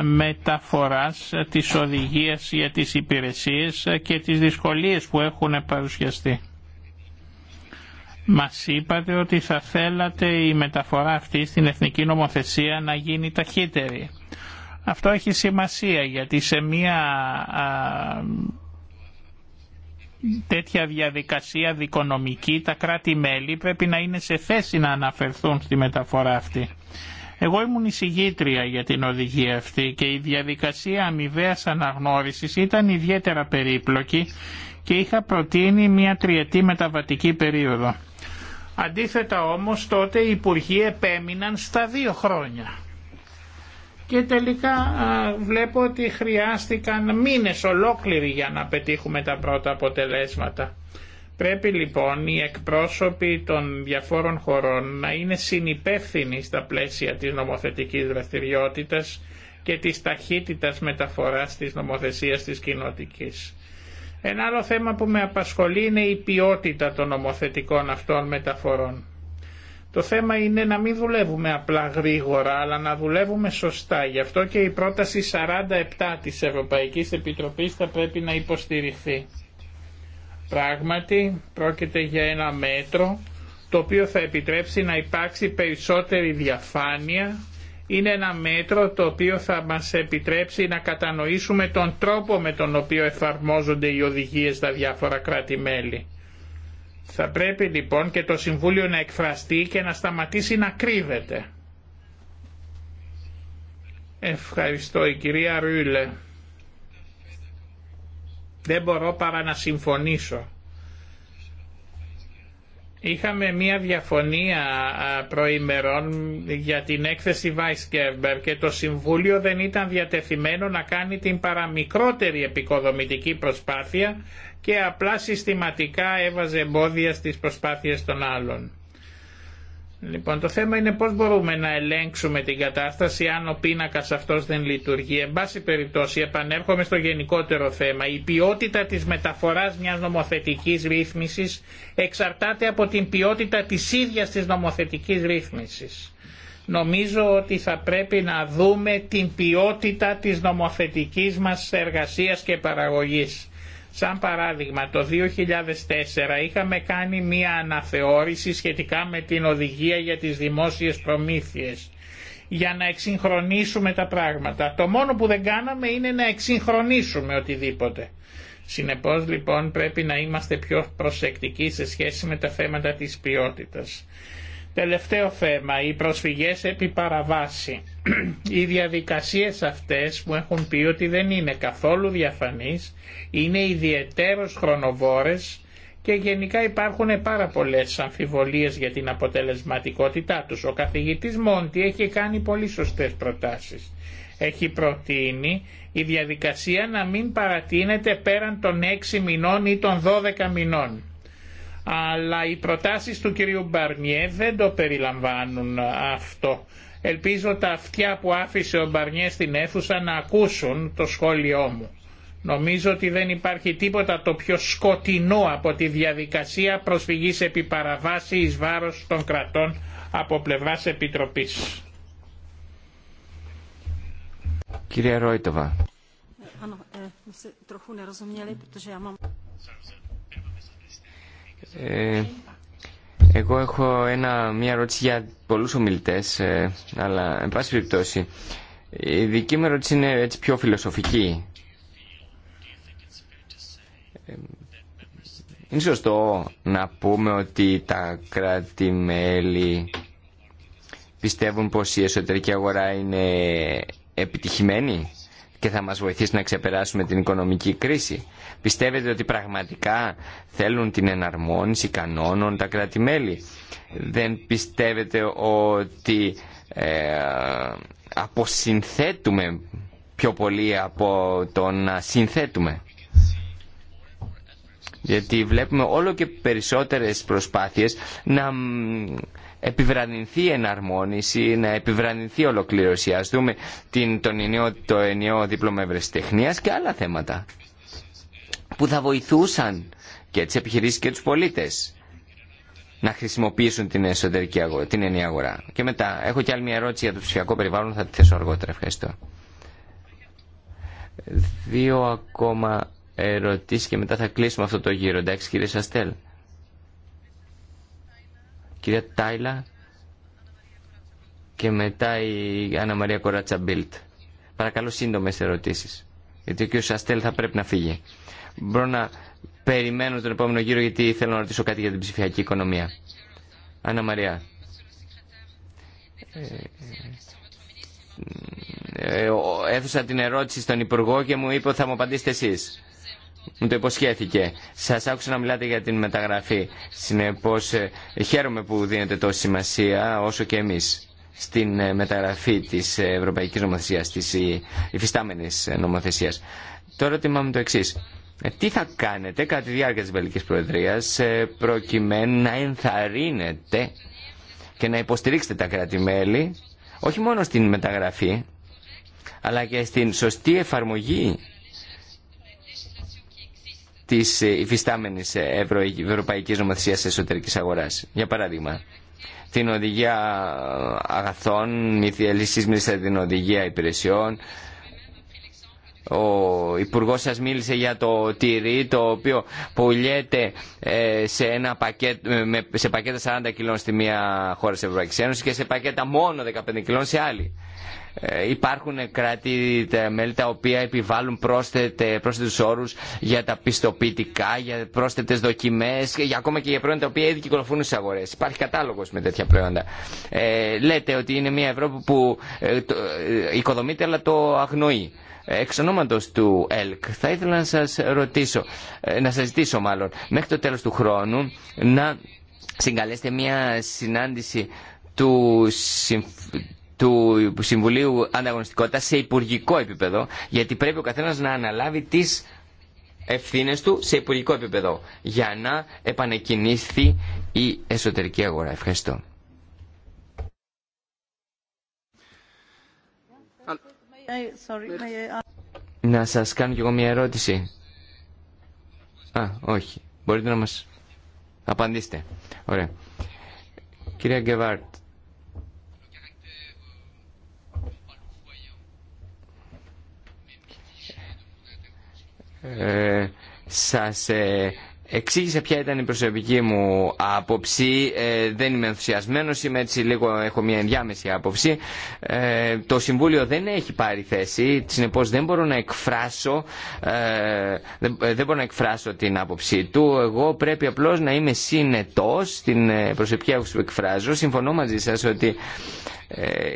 μεταφοράς ε, της οδηγίας για τις υπηρεσίες ε, και τις δυσκολίες που έχουν παρουσιαστεί. Μας είπατε ότι θα θέλατε η μεταφορά αυτή στην εθνική νομοθεσία να γίνει ταχύτερη. Αυτό έχει σημασία γιατί σε μια τέτοια διαδικασία δικονομική τα κράτη-μέλη πρέπει να είναι σε θέση να αναφερθούν στη μεταφορά αυτή. Εγώ ήμουν εισηγήτρια για την οδηγία αυτή και η διαδικασία αμοιβαία αναγνώρισης ήταν ιδιαίτερα περίπλοκη και είχα προτείνει μια τριετή μεταβατική περίοδο. Αντίθετα όμως τότε οι υπουργοί επέμειναν στα δύο χρόνια. Και τελικά βλέπω ότι χρειάστηκαν μήνες ολόκληροι για να πετύχουμε τα πρώτα αποτελέσματα. Πρέπει λοιπόν οι εκπρόσωποι των διαφόρων χωρών να είναι συνυπεύθυνοι στα πλαίσια της νομοθετικής δραστηριότητας και της ταχύτητας μεταφοράς της νομοθεσίας της κοινοτικής. Ένα άλλο θέμα που με απασχολεί είναι η ποιότητα των νομοθετικών αυτών μεταφορών. Το θέμα είναι να μην δουλεύουμε απλά γρήγορα, αλλά να δουλεύουμε σωστά. Γι' αυτό και η πρόταση 47 της Ευρωπαϊκής Επιτροπής θα πρέπει να υποστηριχθεί. Πράγματι πρόκειται για ένα μέτρο το οποίο θα επιτρέψει να υπάρξει περισσότερη διαφάνεια. Είναι ένα μέτρο το οποίο θα μας επιτρέψει να κατανοήσουμε τον τρόπο με τον οποίο εφαρμόζονται οι οδηγίες στα διάφορα κράτη-μέλη. Θα πρέπει λοιπόν και το Συμβούλιο να εκφραστεί και να σταματήσει να κρύβεται. Ευχαριστώ η κυρία Ρούλε. Δεν μπορώ παρά να συμφωνήσω. Είχαμε μία διαφωνία προημερών για την έκθεση Βάισκερμπερ και το Συμβούλιο δεν ήταν διατεθειμένο να κάνει την παραμικρότερη επικοδομητική προσπάθεια και απλά συστηματικά έβαζε εμπόδια στις προσπάθειες των άλλων. Λοιπόν, το θέμα είναι πώς μπορούμε να ελέγξουμε την κατάσταση αν ο πίνακας αυτός δεν λειτουργεί. Εν πάση περιπτώσει, επανέρχομαι στο γενικότερο θέμα. Η ποιότητα της μεταφοράς μιας νομοθετικής ρύθμισης εξαρτάται από την ποιότητα της ίδιας της νομοθετικής ρύθμισης. Νομίζω ότι θα πρέπει να δούμε την ποιότητα της νομοθετικής μας εργασίας και παραγωγής Σαν παράδειγμα το 2004 είχαμε κάνει μία αναθεώρηση σχετικά με την οδηγία για τις δημόσιες προμήθειες για να εξυγχρονίσουμε τα πράγματα. Το μόνο που δεν κάναμε είναι να εξυγχρονίσουμε οτιδήποτε. Συνεπώς λοιπόν πρέπει να είμαστε πιο προσεκτικοί σε σχέση με τα θέματα της ποιότητας. Τελευταίο θέμα, οι προσφυγές επί παραβάση. Οι διαδικασίες αυτές που έχουν πει ότι δεν είναι καθόλου διαφανείς, είναι ιδιαιτέρως χρονοβόρες και γενικά υπάρχουν πάρα πολλές αμφιβολίες για την αποτελεσματικότητά τους. Ο καθηγητής Μόντι έχει κάνει πολύ σωστές προτάσεις. Έχει προτείνει η διαδικασία να μην παρατείνεται πέραν των 6 μηνών ή των 12 μηνών. Αλλά οι προτάσεις του κυρίου Μπαρνιέ δεν το περιλαμβάνουν αυτό. Ελπίζω τα αυτιά που άφησε ο Μπαρνιέ στην αίθουσα να ακούσουν το σχόλιο μου. Νομίζω ότι δεν υπάρχει τίποτα το πιο σκοτεινό από τη διαδικασία προσφυγής επί παραβάση εις βάρος των κρατών από πλευράς Επιτροπής. Ρόιτοβα. Ε, εγώ έχω ένα, μια ερώτηση για πολλούς ομιλητές, ε, αλλά εν πάση περιπτώσει. Η δική μου ερώτηση είναι έτσι πιο φιλοσοφική. Ε, είναι σωστό να πούμε ότι τα κράτη-μέλη πιστεύουν πως η εσωτερική αγορά είναι επιτυχημένη και θα μας βοηθήσει να ξεπεράσουμε την οικονομική κρίση. Πιστεύετε ότι πραγματικά θέλουν την εναρμόνιση κανόνων τα κράτη-μέλη. Δεν πιστεύετε ότι ε, αποσυνθέτουμε πιο πολύ από το να συνθέτουμε. Γιατί βλέπουμε όλο και περισσότερες προσπάθειες να επιβραδυνθεί εναρμόνιση, να επιβραδυνθεί ολοκλήρωση. Ας δούμε την, τον το ενιαίο δίπλωμα ευρεσιτεχνίας και άλλα θέματα που θα βοηθούσαν και τις επιχειρήσει και τους πολίτες να χρησιμοποιήσουν την εσωτερική αγορά, την ενιαία αγορά. Και μετά, έχω και άλλη μια ερώτηση για το ψηφιακό περιβάλλον, θα τη θέσω αργότερα. Ευχαριστώ. Δύο ακόμα ερωτήσεις και μετά θα κλείσουμε αυτό το γύρο. Εντάξει κύριε Σαστέλ κυρία Τάιλα και μετά η Άννα Μαρία Κοράτσα Μπίλτ. Παρακαλώ σύντομε ερωτήσει. Γιατί ο κ. Σαστέλ θα πρέπει να φύγει. Μπορώ να περιμένω τον επόμενο γύρο γιατί θέλω να ρωτήσω κάτι για την ψηφιακή οικονομία. Άννα Μαρία. την ερώτηση στον Υπουργό και μου είπε ότι θα μου απαντήσετε εσείς. Μου το υποσχέθηκε. Σας άκουσα να μιλάτε για την μεταγραφή. Συνεπώς ε, χαίρομαι που δίνετε τόση σημασία όσο και εμείς στην ε, μεταγραφή της ε, Ευρωπαϊκής Νομοθεσίας, της υφιστάμενης νομοθεσίας. Το ερώτημά μου το εξής. Τι θα κάνετε κατά τη διάρκεια της Βελικής Προεδρίας προκειμένου να ενθαρρύνετε και να υποστηρίξετε τα κράτη-μέλη όχι μόνο στην μεταγραφή αλλά και στην σωστή εφαρμογή Τη υφιστάμενη Ευρωπαϊκή Νομοθεσία Εσωτερική Αγορά. Για παράδειγμα, την οδηγία αγαθών, λύσεις μίλησε την οδηγία υπηρεσιών. Ο υπουργό σα μίλησε για το τυρί το οποίο πουλιέται ε, σε, ένα πακέτ, ε, σε πακέτα 40 κιλών στη μία χώρα τη Ευρωπαϊκή Ένωση και σε πακέτα μόνο 15 κιλών σε άλλη. Ε, υπάρχουν κράτη μέλη τα οποία επιβάλλουν πρόσθετε, πρόσθετους όρους για τα πιστοποιητικά, για πρόσθετες δοκιμές, για, ακόμα και για προϊόντα τα οποία ήδη κυκλοφορούν στις αγορές. Υπάρχει κατάλογος με τέτοια προϊόντα. Ε, λέτε ότι είναι μια Ευρώπη που ε, ε, οικοδομείται αλλά το αγνοεί. Εξ ονόματος του ΕΛΚ θα ήθελα να σας ρωτήσω, να σας ζητήσω μάλλον, μέχρι το τέλος του χρόνου να συγκαλέσετε μια συνάντηση του, του Συμβουλίου Ανταγωνιστικότητα σε υπουργικό επίπεδο, γιατί πρέπει ο καθένας να αναλάβει τις ευθύνες του σε υπουργικό επίπεδο για να επανεκκινήσει η εσωτερική αγορά. Ευχαριστώ. Να σας κάνω κι εγώ μια ερώτηση. Α, όχι. Μπορείτε να μας απαντήσετε. Ωραία. Κυρία Γκεβάρτ, ε, σας ε, ποια ήταν η προσωπική μου άποψη. Ε, δεν είμαι ενθουσιασμένος, είμαι έτσι λίγο, έχω μια ενδιάμεση άποψη. Ε, το Συμβούλιο δεν έχει πάρει θέση, συνεπώς δεν μπορώ να εκφράσω, ε, δεν, μπορώ να εκφράσω την άποψή του. Εγώ πρέπει απλώς να είμαι συνετός στην προσωπική άποψη που εκφράζω. Συμφωνώ μαζί σας ότι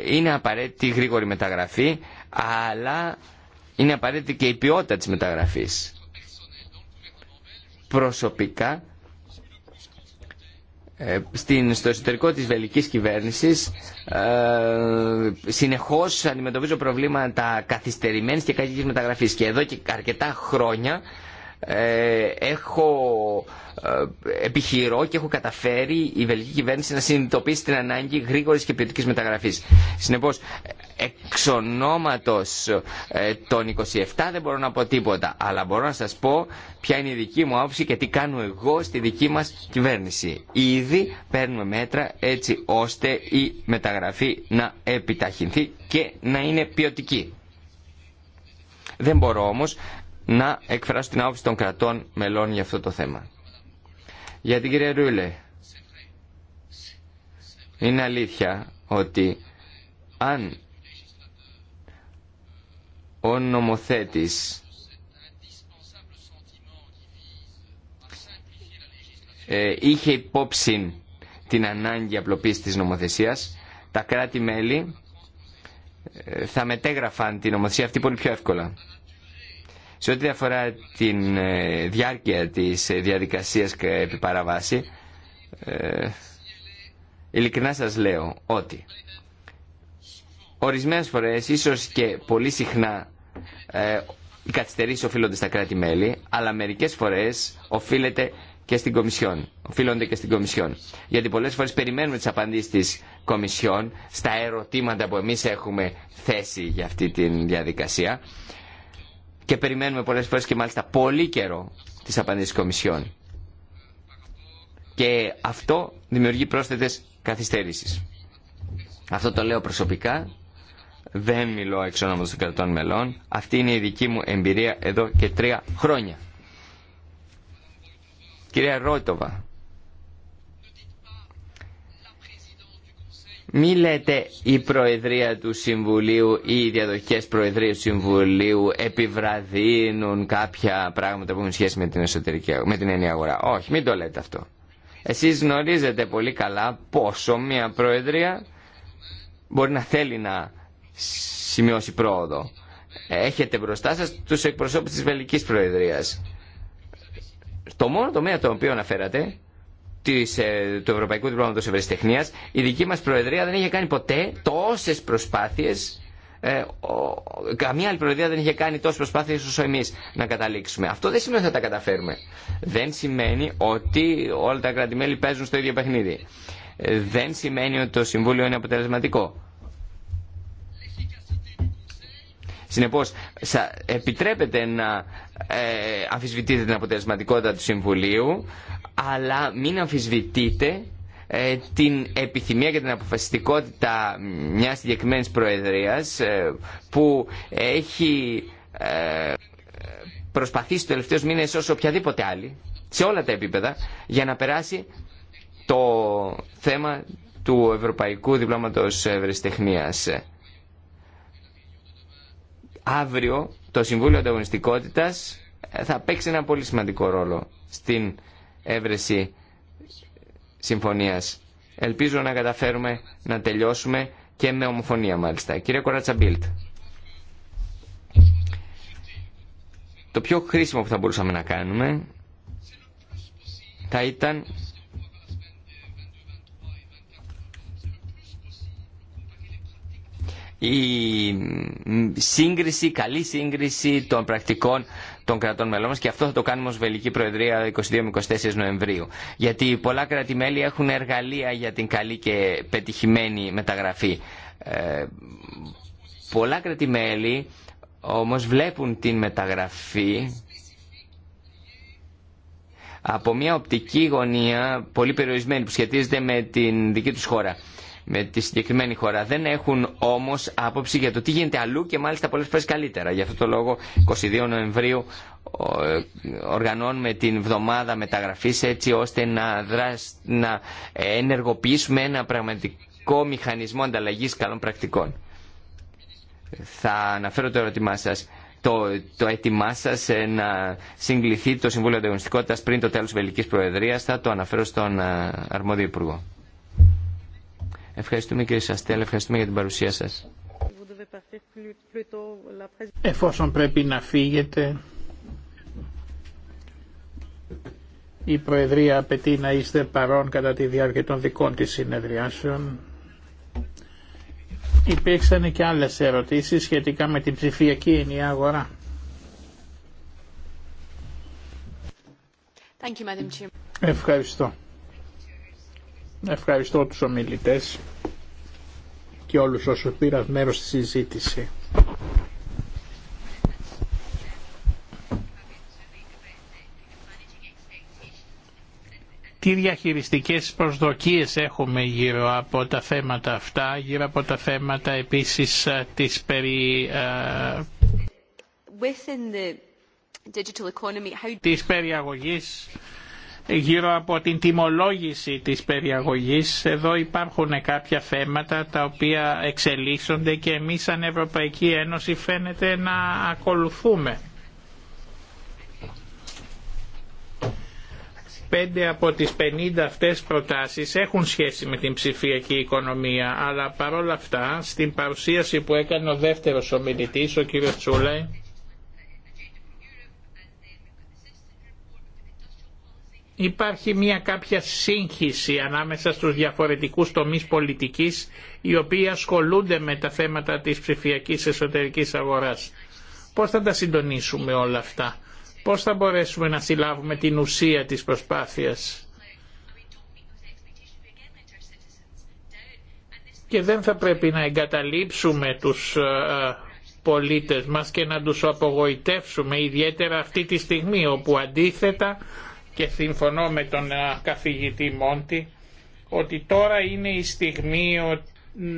είναι απαραίτητη γρήγορη μεταγραφή, αλλά είναι απαραίτητη και η ποιότητα της μεταγραφής. Προσωπικά, ε, στο εσωτερικό της βελικής κυβέρνησης ε, συνεχώς αντιμετωπίζω προβλήματα καθυστερημένης και κακής μεταγραφής και εδώ και αρκετά χρόνια ε, έχω ε, επιχειρώ και έχω καταφέρει η βελγική κυβέρνηση να συνειδητοποιήσει την ανάγκη γρήγορης και ποιοτική μεταγραφής. Συνεπώς, εξ ονόματος ε, των 27 δεν μπορώ να πω τίποτα, αλλά μπορώ να σας πω ποια είναι η δική μου άποψη και τι κάνω εγώ στη δική μας κυβέρνηση. Ήδη παίρνουμε μέτρα έτσι ώστε η μεταγραφή να επιταχυνθεί και να είναι ποιοτική. Δεν μπορώ όμως να εκφράσω την άποψη των κρατών μελών για αυτό το θέμα. Για την κυρία Ρούλε, είναι αλήθεια ότι αν ο νομοθέτης ε, είχε υπόψη την ανάγκη απλοποίησης της νομοθεσίας, τα κράτη-μέλη ε, θα μετέγραφαν την νομοθεσία αυτή πολύ πιο εύκολα. Σε ό,τι αφορά τη ε, διάρκεια της ε, διαδικασίας και επί παραβάση, ε, ειλικρινά σας λέω ότι ορισμένες φορές, ίσως και πολύ συχνά, ε, οι καθυστερήσει οφείλονται στα κράτη-μέλη, αλλά μερικές φορές οφείλεται και στην Κομισιόν. Οφείλονται και στην Κομισιόν. Γιατί πολλές φορές περιμένουμε τις απαντήσεις της Κομισιόν στα ερωτήματα που εμείς έχουμε θέσει για αυτή τη διαδικασία και περιμένουμε πολλές φορές και μάλιστα πολύ καιρό τις απαντήσεις κομισιών. Και αυτό δημιουργεί πρόσθετες καθυστέρησεις. Αυτό το λέω προσωπικά, δεν μιλώ εξ ονόματος των κρατών μελών. Αυτή είναι η δική μου εμπειρία εδώ και τρία χρόνια. Κυρία Ρόιτοβα, Μη λέτε η Προεδρία του Συμβουλίου ή οι διαδοχές Προεδρίες του Συμβουλίου επιβραδύνουν κάποια πράγματα που έχουν σχέση με την, εσωτερική, με την αγορά. Όχι, μην το λέτε αυτό. Εσείς γνωρίζετε πολύ καλά πόσο μια Προεδρία μπορεί να θέλει να σημειώσει πρόοδο. Έχετε μπροστά σας τους εκπροσώπους της Βελικής Προεδρίας. Το μόνο τομέα το οποίο αναφέρατε της, ε, του Ευρωπαϊκού Διπλώματος Ευρεσιτεχνίας η δική μας Προεδρία δεν είχε κάνει ποτέ τόσες προσπάθειες ε, ο, καμία άλλη προεδρία δεν είχε κάνει τόσε προσπάθειες όσο εμεί να καταλήξουμε. Αυτό δεν σημαίνει ότι θα τα καταφέρουμε. Δεν σημαίνει ότι όλα τα κράτη-μέλη παίζουν στο ίδιο παιχνίδι. Ε, δεν σημαίνει ότι το Συμβούλιο είναι αποτελεσματικό. Συνεπώς, επιτρέπεται να ε, αμφισβητείτε την αποτελεσματικότητα του Συμβουλίου, αλλά μην αμφισβητείτε ε, την επιθυμία και την αποφασιστικότητα μιας συγκεκριμένη Προεδρίας ε, που έχει ε, προσπαθήσει του τελευταίου μήνες όσο οποιαδήποτε άλλη, σε όλα τα επίπεδα, για να περάσει το θέμα του Ευρωπαϊκού Διπλώματος Ευρεσιτεχνίας. Αύριο το Συμβούλιο Ανταγωνιστικότητας ε, θα παίξει ένα πολύ σημαντικό ρόλο στην έβρεση συμφωνίας. Ελπίζω να καταφέρουμε να τελειώσουμε και με ομοφωνία μάλιστα. Κύριε Κοράτσα το πιο χρήσιμο που θα μπορούσαμε να κάνουμε θα ήταν η σύγκριση, καλή σύγκριση των πρακτικών των κρατών μελών μας και αυτό θα το κάνουμε ως Βελική Προεδρία 22-24 Νοεμβρίου. Γιατί πολλά κράτη-μέλη έχουν εργαλεία για την καλή και πετυχημένη μεταγραφή. Ε, πολλά κράτη-μέλη όμως βλέπουν την μεταγραφή από μια οπτική γωνία πολύ περιορισμένη που σχετίζεται με την δική τους χώρα με τη συγκεκριμένη χώρα. Δεν έχουν όμω άποψη για το τι γίνεται αλλού και μάλιστα πολλέ φορέ καλύτερα. Γι' αυτό το λόγο 22 Νοεμβρίου ε, οργανώνουμε την βδομάδα μεταγραφή έτσι ώστε να, δρασ... να ενεργοποιήσουμε ένα πραγματικό μηχανισμό ανταλλαγή καλών πρακτικών. Θα αναφέρω το ερώτημά σα το, το έτοιμά σα ε, να συγκληθεί το Συμβούλιο Ανταγωνιστικότητα πριν το τέλο τη Βελική Προεδρία. Θα το αναφέρω στον ε, αρμόδιο Υπουργό. Ευχαριστούμε κύριε Σαστέλ, ευχαριστούμε για την παρουσία σας. Εφόσον πρέπει να φύγετε, η Προεδρία απαιτεί να είστε παρόν κατά τη διάρκεια των δικών της συνεδριάσεων. Υπήρξαν και άλλες ερωτήσεις σχετικά με την ψηφιακή ενιαία αγορά. Ευχαριστώ. Ευχαριστώ τους ομιλητές και όλους όσους πήραν μέρος στη συζήτηση. Τι διαχειριστικές προσδοκίες έχουμε γύρω από τα θέματα αυτά, γύρω από τα θέματα επίσης ε, της περί ε, της περιαγωγής γύρω από την τιμολόγηση της περιαγωγής εδώ υπάρχουν κάποια θέματα τα οποία εξελίσσονται και εμείς σαν Ευρωπαϊκή Ένωση φαίνεται να ακολουθούμε. Πέντε από τις 50 αυτές προτάσεις έχουν σχέση με την ψηφιακή οικονομία, αλλά παρόλα αυτά στην παρουσίαση που έκανε ο δεύτερος ομιλητής, ο κύριος Τσούλαϊ, Υπάρχει μια κάποια σύγχυση ανάμεσα στους διαφορετικούς τομείς πολιτικής οι οποίοι ασχολούνται με τα θέματα της ψηφιακής εσωτερικής αγοράς. Πώς θα τα συντονίσουμε όλα αυτά. Πώς θα μπορέσουμε να συλλάβουμε την ουσία της προσπάθειας. Και δεν θα πρέπει να εγκαταλείψουμε τους ε, πολίτες μας και να τους απογοητεύσουμε ιδιαίτερα αυτή τη στιγμή όπου αντίθετα και συμφωνώ με τον καθηγητή Μόντι ότι τώρα είναι η στιγμή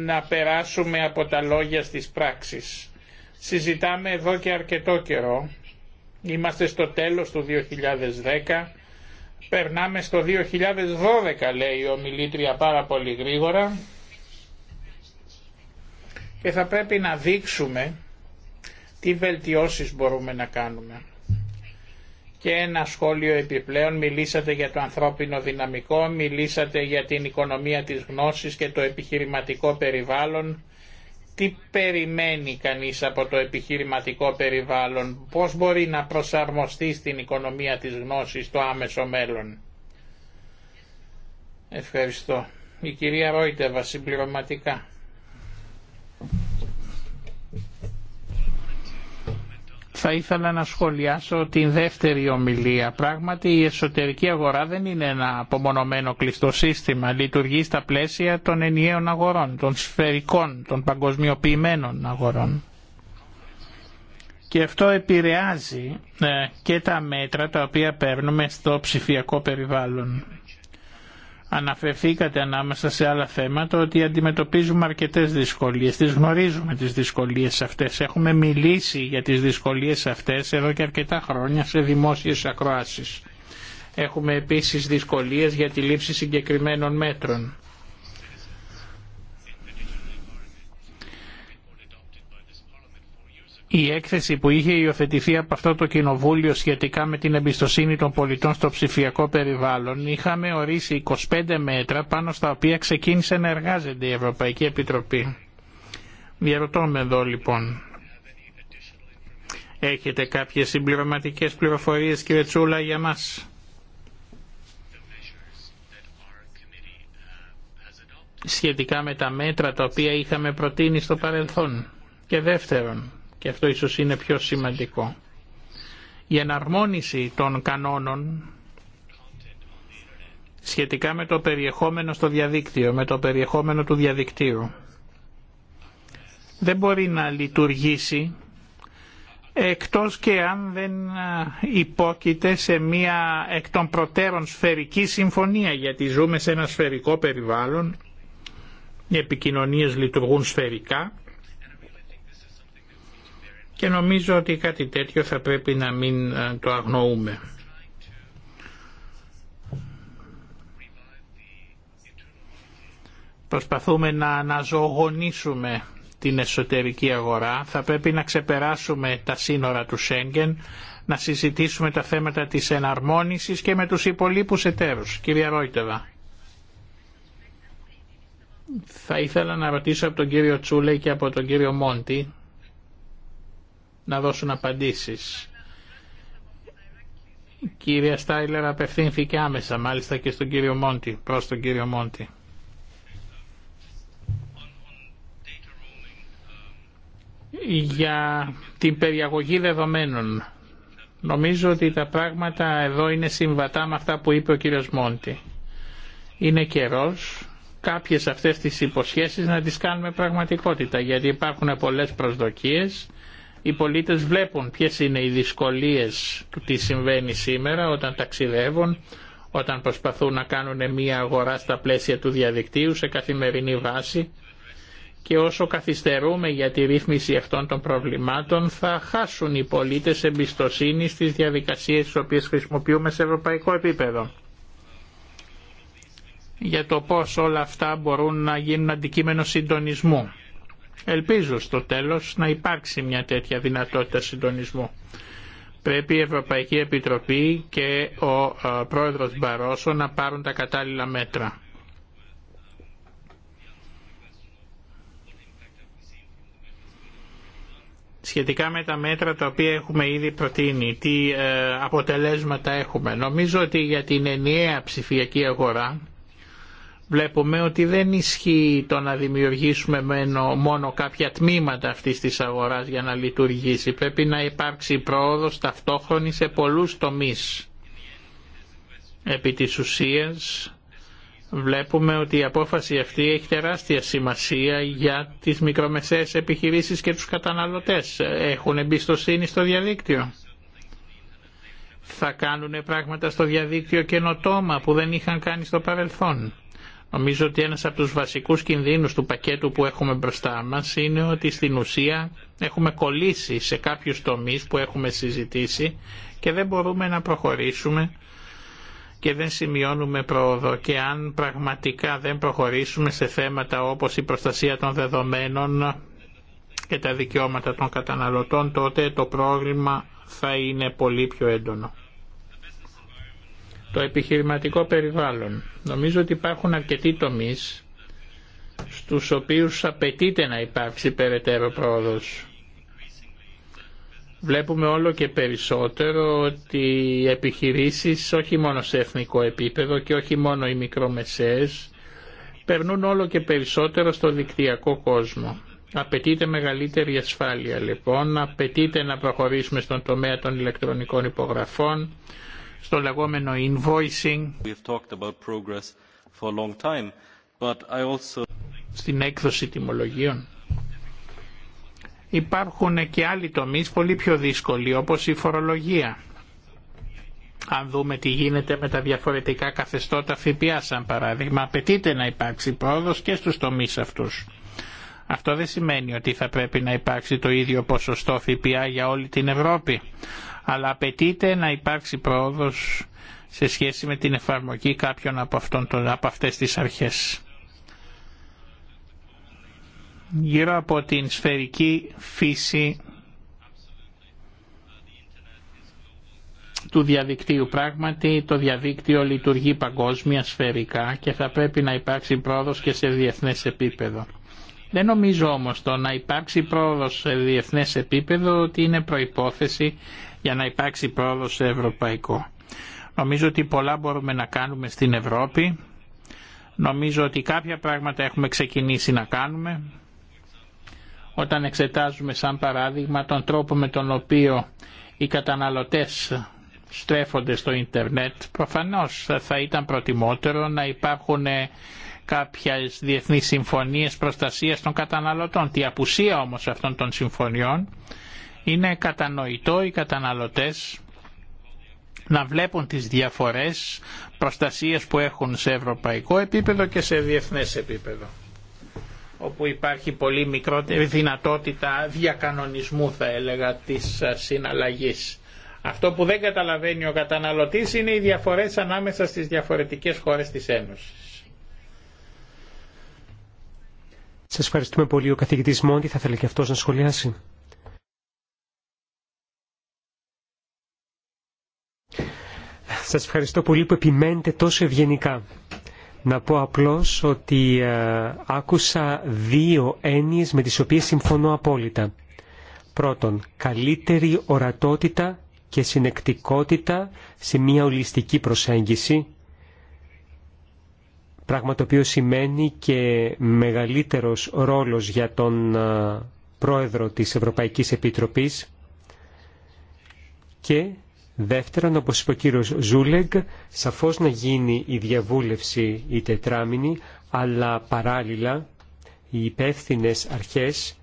να περάσουμε από τα λόγια στις πράξεις. Συζητάμε εδώ και αρκετό καιρό. Είμαστε στο τέλος του 2010. Περνάμε στο 2012 λέει η ομιλήτρια πάρα πολύ γρήγορα και θα πρέπει να δείξουμε τι βελτιώσεις μπορούμε να κάνουμε. Και ένα σχόλιο επιπλέον, μιλήσατε για το ανθρώπινο δυναμικό, μιλήσατε για την οικονομία της γνώσης και το επιχειρηματικό περιβάλλον. Τι περιμένει κανείς από το επιχειρηματικό περιβάλλον, πώς μπορεί να προσαρμοστεί στην οικονομία της γνώσης το άμεσο μέλλον. Ευχαριστώ. Η κυρία Ρόιτεβα συμπληρωματικά. θα ήθελα να σχολιάσω την δεύτερη ομιλία. Πράγματι η εσωτερική αγορά δεν είναι ένα απομονωμένο κλειστό σύστημα. Λειτουργεί στα πλαίσια των ενιαίων αγορών, των σφαιρικών, των παγκοσμιοποιημένων αγορών. Και αυτό επηρεάζει ε, και τα μέτρα τα οποία παίρνουμε στο ψηφιακό περιβάλλον αναφερθήκατε ανάμεσα σε άλλα θέματα ότι αντιμετωπίζουμε αρκετές δυσκολίες. Τις γνωρίζουμε τις δυσκολίες αυτές. Έχουμε μιλήσει για τις δυσκολίες αυτές εδώ και αρκετά χρόνια σε δημόσιες ακροάσεις. Έχουμε επίσης δυσκολίες για τη λήψη συγκεκριμένων μέτρων. η έκθεση που είχε υιοθετηθεί από αυτό το κοινοβούλιο σχετικά με την εμπιστοσύνη των πολιτών στο ψηφιακό περιβάλλον είχαμε ορίσει 25 μέτρα πάνω στα οποία ξεκίνησε να εργάζεται η Ευρωπαϊκή Επιτροπή. Διαρωτώ με εδώ λοιπόν. Έχετε κάποιες συμπληρωματικές πληροφορίες κύριε Τσούλα για μας. σχετικά με τα μέτρα τα οποία είχαμε προτείνει στο παρελθόν. Και δεύτερον, και αυτό ίσως είναι πιο σημαντικό. Η εναρμόνιση των κανόνων σχετικά με το περιεχόμενο στο διαδίκτυο, με το περιεχόμενο του διαδικτύου. Δεν μπορεί να λειτουργήσει εκτός και αν δεν υπόκειται σε μία εκ των προτέρων σφαιρική συμφωνία γιατί ζούμε σε ένα σφαιρικό περιβάλλον, οι επικοινωνίες λειτουργούν σφαιρικά και νομίζω ότι κάτι τέτοιο θα πρέπει να μην ε, το αγνοούμε. Προσπαθούμε να αναζωογονήσουμε την εσωτερική αγορά, θα πρέπει να ξεπεράσουμε τα σύνορα του Σέγγεν, να συζητήσουμε τα θέματα της εναρμόνισης και με τους υπολείπους εταίρους. Κύριε Ρόιτεβα. Θα ήθελα να ρωτήσω από τον κύριο Τσούλε και από τον κύριο Μόντι να δώσουν απαντήσεις. Η κυρία Στάιλερ απευθύνθηκε άμεσα μάλιστα και στον κύριο Μόντι, προς τον κύριο Μόντι. Για την περιαγωγή δεδομένων. Νομίζω ότι τα πράγματα εδώ είναι συμβατά με αυτά που είπε ο κύριος Μόντι. Είναι καιρός κάποιες αυτές τις υποσχέσεις να τις κάνουμε πραγματικότητα γιατί υπάρχουν πολλές προσδοκίες οι πολίτες βλέπουν ποιες είναι οι δυσκολίες του τι συμβαίνει σήμερα όταν ταξιδεύουν, όταν προσπαθούν να κάνουν μια αγορά στα πλαίσια του διαδικτύου σε καθημερινή βάση και όσο καθυστερούμε για τη ρύθμιση αυτών των προβλημάτων θα χάσουν οι πολίτες εμπιστοσύνη στις διαδικασίες τις οποίες χρησιμοποιούμε σε ευρωπαϊκό επίπεδο για το πώς όλα αυτά μπορούν να γίνουν αντικείμενο συντονισμού. Ελπίζω στο τέλος να υπάρξει μια τέτοια δυνατότητα συντονισμού. Πρέπει η Ευρωπαϊκή Επιτροπή και ο ε, πρόεδρος Μπαρόσο να πάρουν τα κατάλληλα μέτρα. σχετικά με τα μέτρα τα οποία έχουμε ήδη προτείνει, τι ε, αποτελέσματα έχουμε. Νομίζω ότι για την ενιαία ψηφιακή αγορά βλέπουμε ότι δεν ισχύει το να δημιουργήσουμε μόνο κάποια τμήματα αυτής της αγοράς για να λειτουργήσει. Πρέπει να υπάρξει πρόοδος ταυτόχρονη σε πολλούς τομείς. Επί της ουσίας βλέπουμε ότι η απόφαση αυτή έχει τεράστια σημασία για τις μικρομεσαίες επιχειρήσεις και τους καταναλωτές. Έχουν εμπιστοσύνη στο διαδίκτυο θα κάνουν πράγματα στο διαδίκτυο καινοτόμα που δεν είχαν κάνει στο παρελθόν. Νομίζω ότι ένας από τους βασικούς κινδύνους του πακέτου που έχουμε μπροστά μας είναι ότι στην ουσία έχουμε κολλήσει σε κάποιους τομείς που έχουμε συζητήσει και δεν μπορούμε να προχωρήσουμε και δεν σημειώνουμε πρόοδο και αν πραγματικά δεν προχωρήσουμε σε θέματα όπως η προστασία των δεδομένων και τα δικαιώματα των καταναλωτών τότε το πρόβλημα θα είναι πολύ πιο έντονο το επιχειρηματικό περιβάλλον. Νομίζω ότι υπάρχουν αρκετοί τομείς στους οποίους απαιτείται να υπάρξει περαιτέρω πρόοδος. Βλέπουμε όλο και περισσότερο ότι οι επιχειρήσεις όχι μόνο σε εθνικό επίπεδο και όχι μόνο οι μικρομεσαίες περνούν όλο και περισσότερο στο δικτυακό κόσμο. Απαιτείται μεγαλύτερη ασφάλεια λοιπόν, απαιτείται να προχωρήσουμε στον τομέα των ηλεκτρονικών υπογραφών, στο λεγόμενο invoicing στην έκδοση τιμολογίων. Υπάρχουν και άλλοι τομείς πολύ πιο δύσκολοι όπως η φορολογία. Αν δούμε τι γίνεται με τα διαφορετικά καθεστώτα ΦΠΑ σαν παράδειγμα, απαιτείται να υπάρξει πρόοδος και στους τομείς αυτούς. Αυτό δεν σημαίνει ότι θα πρέπει να υπάρξει το ίδιο ποσοστό ΦΠΑ για όλη την Ευρώπη αλλά απαιτείται να υπάρξει πρόοδος σε σχέση με την εφαρμογή κάποιων από, αυτών, από αυτές τις αρχές. Γύρω από την σφαιρική φύση του διαδικτύου πράγματι το διαδίκτυο λειτουργεί παγκόσμια σφαιρικά και θα πρέπει να υπάρξει πρόοδος και σε διεθνές επίπεδο. Δεν νομίζω όμως το να υπάρξει πρόοδος σε διεθνές επίπεδο ότι είναι προϋπόθεση για να υπάρξει πρόοδος σε ευρωπαϊκό. Νομίζω ότι πολλά μπορούμε να κάνουμε στην Ευρώπη. Νομίζω ότι κάποια πράγματα έχουμε ξεκινήσει να κάνουμε. Όταν εξετάζουμε σαν παράδειγμα τον τρόπο με τον οποίο οι καταναλωτές στρέφονται στο ίντερνετ, προφανώς θα ήταν προτιμότερο να υπάρχουν κάποιες διεθνείς συμφωνίες προστασίας των καταναλωτών. Τη απουσία όμως αυτών των συμφωνιών είναι κατανοητό οι καταναλωτές να βλέπουν τις διαφορές προστασίες που έχουν σε ευρωπαϊκό επίπεδο και σε διεθνές επίπεδο όπου υπάρχει πολύ μικρότερη δυνατότητα διακανονισμού θα έλεγα της συναλλαγής. Αυτό που δεν καταλαβαίνει ο καταναλωτής είναι οι διαφορές ανάμεσα στις διαφορετικές χώρες της Ένωσης. Σας ευχαριστούμε πολύ. Ο καθηγητής Μόντι θα θέλει και αυτός να σχολιάσει. Σας ευχαριστώ πολύ που επιμένετε τόσο ευγενικά. Να πω απλώς ότι ε, άκουσα δύο έννοιες με τις οποίες συμφωνώ απόλυτα. Πρώτον, καλύτερη ορατότητα και συνεκτικότητα σε μια ολιστική προσέγγιση, πράγμα το οποίο σημαίνει και μεγαλύτερος ρόλος για τον ε, πρόεδρο της Ευρωπαϊκής Επιτροπής και Δεύτερον, όπως είπε ο κύριος Ζούλεγκ, σαφώς να γίνει η διαβούλευση η τετράμινη, αλλά παράλληλα οι υπεύθυνε αρχές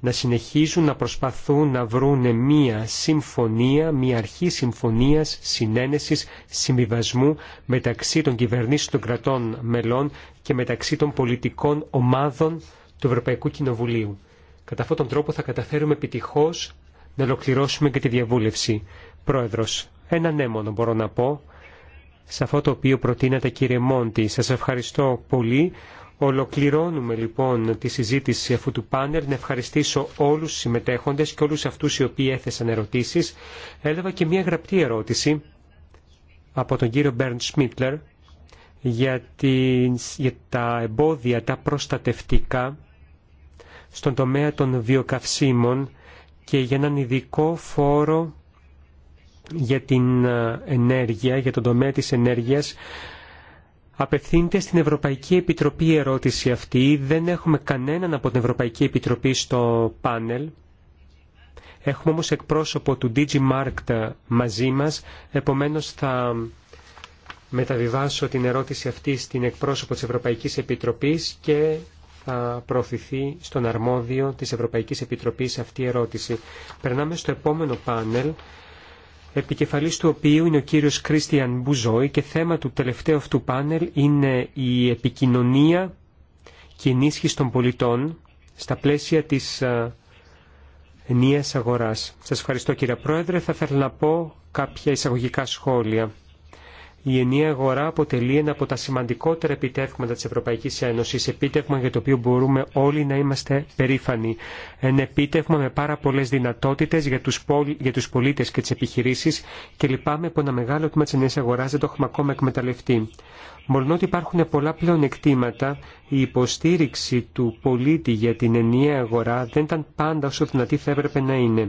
να συνεχίζουν να προσπαθούν να βρουν μία συμφωνία, μία αρχή συμφωνίας, συνένεσης, συμβιβασμού μεταξύ των κυβερνήσεων των κρατών μελών και μεταξύ των πολιτικών ομάδων του Ευρωπαϊκού Κοινοβουλίου. Κατά αυτόν τον τρόπο θα καταφέρουμε επιτυχώς να ολοκληρώσουμε και τη διαβούλευση. Πρόεδρος, ένα ναι μόνο μπορώ να πω σε αυτό το οποίο προτείνατε κύριε Μόντι. Σας ευχαριστώ πολύ. Ολοκληρώνουμε λοιπόν τη συζήτηση αυτού του πάνερ Να ευχαριστήσω όλους τους συμμετέχοντες και όλους αυτούς οι οποίοι έθεσαν ερωτήσεις. Έλαβα και μια γραπτή ερώτηση από τον κύριο Μπέρντ Σμίτλερ για, για τα εμπόδια, τα προστατευτικά στον τομέα των βιοκαυσίμων και για έναν ειδικό φόρο για την ε, ενέργεια, για τον τομέα της ενέργειας, Απευθύνεται στην Ευρωπαϊκή Επιτροπή η ερώτηση αυτή. Δεν έχουμε κανέναν από την Ευρωπαϊκή Επιτροπή στο πάνελ. Έχουμε όμως εκπρόσωπο του DigiMarkt μαζί μας. Επομένως θα μεταβιβάσω την ερώτηση αυτή στην εκπρόσωπο της Ευρωπαϊκής Επιτροπής και θα προωθηθεί στον αρμόδιο της Ευρωπαϊκής Επιτροπής αυτή η ερώτηση. Περνάμε στο επόμενο πάνελ επικεφαλής του οποίου είναι ο κύριος Κρίστιαν Μπουζόη και θέμα του τελευταίου αυτού πάνελ είναι η επικοινωνία και ενίσχυση των πολιτών στα πλαίσια της ε, ενίας αγοράς. Σας ευχαριστώ κύριε Πρόεδρε. Θα ήθελα να πω κάποια εισαγωγικά σχόλια. Η ενιαία αγορά αποτελεί ένα από τα σημαντικότερα επιτεύγματα της Ευρωπαϊκής Ένωσης, επίτευγμα για το οποίο μπορούμε όλοι να είμαστε περήφανοι. Ένα επίτευγμα με πάρα πολλές δυνατότητες για τους, πολ... πολίτες και τις επιχειρήσεις και λυπάμαι που ένα μεγάλο τμήμα της ενιαίας αγοράς δεν το έχουμε ακόμα εκμεταλλευτεί. Μόλον ότι υπάρχουν πολλά πλέον εκτήματα, η υποστήριξη του πολίτη για την ενιαία αγορά δεν ήταν πάντα όσο δυνατή θα έπρεπε να είναι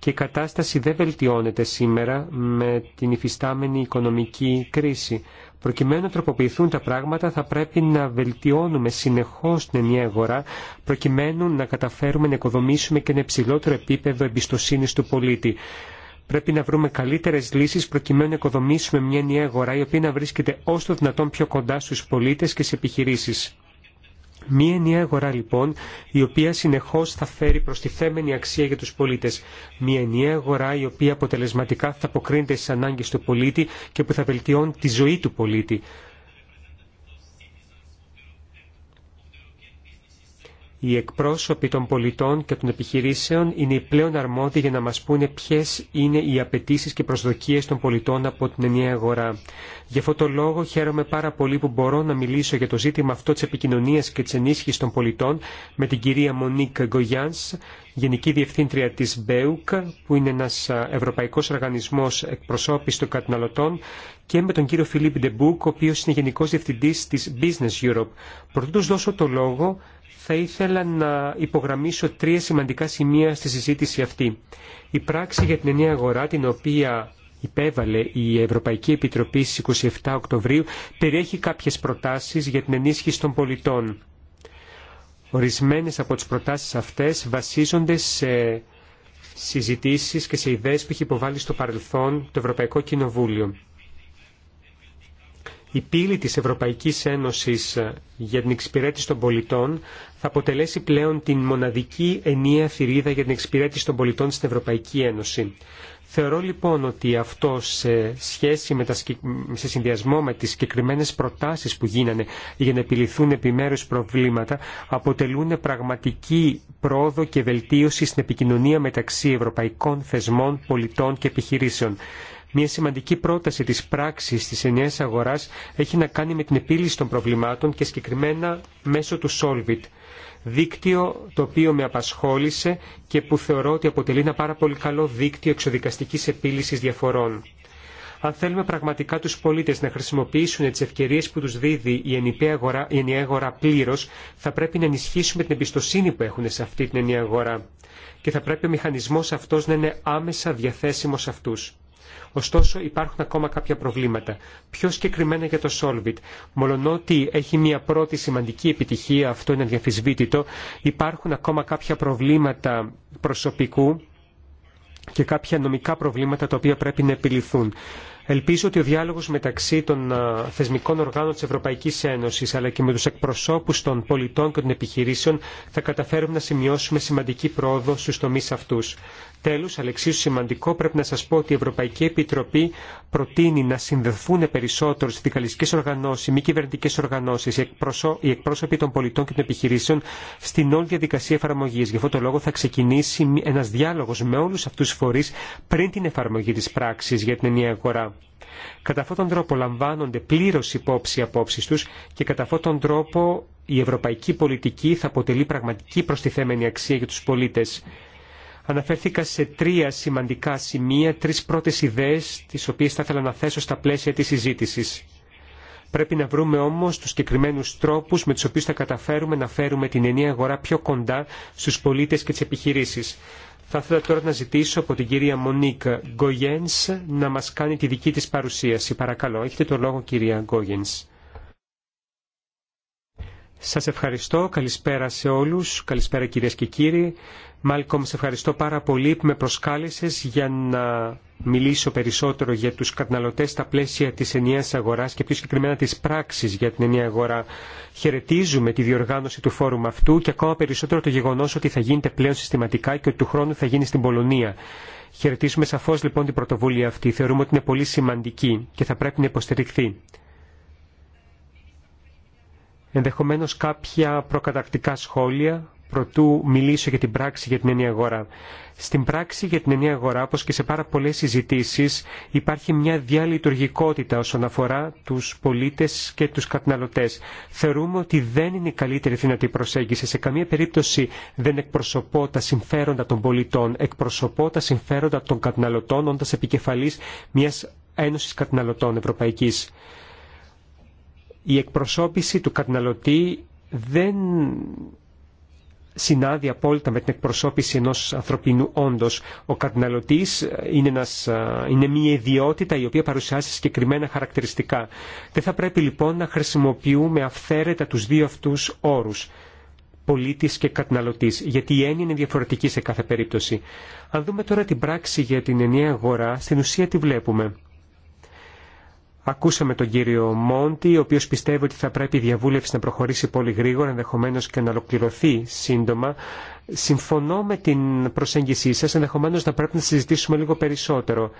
και η κατάσταση δεν βελτιώνεται σήμερα με την υφιστάμενη οικονομική κρίση. Προκειμένου να τροποποιηθούν τα πράγματα θα πρέπει να βελτιώνουμε συνεχώς την ενιαία αγορά προκειμένου να καταφέρουμε να οικοδομήσουμε και ένα υψηλότερο επίπεδο εμπιστοσύνης του πολίτη. Πρέπει να βρούμε καλύτερες λύσεις προκειμένου να οικοδομήσουμε μια ενιαία αγορά η οποία να βρίσκεται όσο δυνατόν πιο κοντά στους πολίτες και στις επιχειρήσεις. Μία ενιαία αγορά λοιπόν, η οποία συνεχώς θα φέρει τη θέμενη αξία για τους πολίτες. Μία ενιαία αγορά η οποία αποτελεσματικά θα αποκρίνεται στι ανάγκε του πολίτη και που θα βελτιώνει τη ζωή του πολίτη. Οι εκπρόσωποι των πολιτών και των επιχειρήσεων είναι οι πλέον αρμόδιοι για να μας πούνε ποιες είναι οι απαιτήσει και προσδοκίες των πολιτών από την ενιαία αγορά. Γι' αυτό το λόγο χαίρομαι πάρα πολύ που μπορώ να μιλήσω για το ζήτημα αυτό της επικοινωνίας και της ενίσχυσης των πολιτών με την κυρία Μονίκ Γκογιάνς, Γενική Διευθύντρια της ΜΠΕΟΚ, που είναι ένας ευρωπαϊκός οργανισμός εκπροσώπης των καταναλωτών, και με τον κύριο Φιλίπ Ντεμπούκ, ο οποίος είναι Γενικός Διευθυντής της Business Europe. Πρωτού δώσω το λόγο, θα ήθελα να υπογραμμίσω τρία σημαντικά σημεία στη συζήτηση αυτή. Η πράξη για την ενιαία αγορά, την οποία υπέβαλε η Ευρωπαϊκή Επιτροπή στις 27 Οκτωβρίου, περιέχει κάποιες προτάσεις για την ενίσχυση των πολιτών. Ορισμένες από τις προτάσεις αυτές βασίζονται σε συζητήσεις και σε ιδέες που έχει υποβάλει στο παρελθόν το Ευρωπαϊκό Κοινοβούλιο η πύλη της Ευρωπαϊκής Ένωσης ε, για την εξυπηρέτηση των πολιτών θα αποτελέσει πλέον την μοναδική ενιαία θηρίδα για την εξυπηρέτηση των πολιτών στην Ευρωπαϊκή Ένωση. Θεωρώ λοιπόν ότι αυτό σε, σχέση με τα, σε συνδυασμό με τις συγκεκριμένε προτάσεις που γίνανε για να επιληθούν επιμέρους προβλήματα αποτελούν πραγματική πρόοδο και βελτίωση στην επικοινωνία μεταξύ ευρωπαϊκών θεσμών, πολιτών και επιχειρήσεων. Μια σημαντική πρόταση της πράξης της ενιαίας αγοράς έχει να κάνει με την επίλυση των προβλημάτων και συγκεκριμένα μέσω του Solvit. Δίκτυο το οποίο με απασχόλησε και που θεωρώ ότι αποτελεί ένα πάρα πολύ καλό δίκτυο εξοδικαστικής επίλυσης διαφορών. Αν θέλουμε πραγματικά τους πολίτες να χρησιμοποιήσουν τις ευκαιρίες που τους δίδει η ενιαία αγορά, η ενιαία αγορά πλήρως, θα πρέπει να ενισχύσουμε την εμπιστοσύνη που έχουν σε αυτή την ενιαία αγορά. Και θα πρέπει ο μηχανισμός αυτός να είναι άμεσα διαθέσιμος αυτούς. Ωστόσο υπάρχουν ακόμα κάποια προβλήματα. Πιο συγκεκριμένα για το Solvit. Μολονότι έχει μια πρώτη σημαντική επιτυχία, αυτό είναι αδιαφυσβήτητο, υπάρχουν ακόμα κάποια προβλήματα προσωπικού και κάποια νομικά προβλήματα τα οποία πρέπει να επιληθούν. Ελπίζω ότι ο διάλογος μεταξύ των θεσμικών οργάνων της Ευρωπαϊκής Ένωσης αλλά και με τους εκπροσώπους των πολιτών και των επιχειρήσεων θα καταφέρουμε να σημειώσουμε σημαντική πρόοδο στους τομείς αυτούς. Τέλος, αλλά εξίσου σημαντικό, πρέπει να σας πω ότι η Ευρωπαϊκή Επιτροπή προτείνει να συνδεθούν περισσότερο συνδικαλιστικές οργανώσεις, μη κυβερνητικές οργανώσεις, οι εκπρόσωποι των πολιτών και των επιχειρήσεων στην όλη διαδικασία εφαρμογής. Γι' αυτό το λόγο θα ξεκινήσει ένας διάλογος με όλους αυτούς τους φορείς πριν την εφαρμογή της πράξης για την ενιαία αγορά. Κατά αυτόν τον τρόπο λαμβάνονται πλήρω υπόψη οι απόψει του και κατά αυτόν τον τρόπο η ευρωπαϊκή πολιτική θα αποτελεί πραγματική προστιθέμενη αξία για του πολίτε. Αναφέρθηκα σε τρία σημαντικά σημεία, τρεις πρώτες ιδέες, τις οποίες θα ήθελα να θέσω στα πλαίσια της συζήτησης. Πρέπει να βρούμε όμως τους συγκεκριμένου τρόπους με τους οποίους θα καταφέρουμε να φέρουμε την ενιαία αγορά πιο κοντά στους πολίτες και τις επιχειρήσεις. Θα ήθελα τώρα να ζητήσω από την κυρία Μονίκ Γκογένς να μας κάνει τη δική της παρουσίαση. Παρακαλώ, έχετε το λόγο κυρία Γκογένς. Σας ευχαριστώ. Καλησπέρα σε όλους. Καλησπέρα κυρίες και κύριοι. Μάλκομ, σε ευχαριστώ πάρα πολύ που με προσκάλεσες για να μιλήσω περισσότερο για τους καταναλωτές στα πλαίσια της ενιαίας αγοράς και πιο συγκεκριμένα της πράξης για την ενιαία αγορά. Χαιρετίζουμε τη διοργάνωση του φόρουμ αυτού και ακόμα περισσότερο το γεγονός ότι θα γίνεται πλέον συστηματικά και ότι του χρόνου θα γίνει στην Πολωνία. Χαιρετίζουμε σαφώς λοιπόν την πρωτοβουλία αυτή. Θεωρούμε ότι είναι πολύ σημαντική και θα πρέπει να υποστηριχθεί. Ενδεχομένως κάποια προκατακτικά σχόλια προτού μιλήσω για την πράξη για την ενιαία αγορά. Στην πράξη για την ενιαία αγορά, όπως και σε πάρα πολλές συζητήσει, υπάρχει μια διαλειτουργικότητα όσον αφορά τους πολίτες και τους καταναλωτές. Θεωρούμε ότι δεν είναι η καλύτερη δυνατή προσέγγιση. Σε καμία περίπτωση δεν εκπροσωπώ τα συμφέροντα των πολιτών. Εκπροσωπώ τα συμφέροντα των καταναλωτών, όντας επικεφαλής μιας Ένωσης Καταναλωτών Ευρωπαϊκής. Η εκπροσώπηση του καταναλωτή δεν συνάδει απόλυτα με την εκπροσώπηση ενός ανθρωπίνου όντως. Ο καρδιναλωτής είναι, μια ιδιότητα η οποία παρουσιάζει συγκεκριμένα χαρακτηριστικά. Δεν θα πρέπει λοιπόν να χρησιμοποιούμε αυθαίρετα τους δύο αυτούς όρους πολίτη και καταναλωτή, γιατί η έννοια είναι διαφορετική σε κάθε περίπτωση. Αν δούμε τώρα την πράξη για την ενιαία αγορά, στην ουσία τη βλέπουμε. Ακούσαμε τον κύριο Μόντι, ο οποίος πιστεύει ότι θα πρέπει η διαβούλευση να προχωρήσει πολύ γρήγορα, ενδεχομένως και να ολοκληρωθεί σύντομα. Συμφωνώ με την προσέγγισή σας, ενδεχομένως να πρέπει να συζητήσουμε λίγο περισσότερο.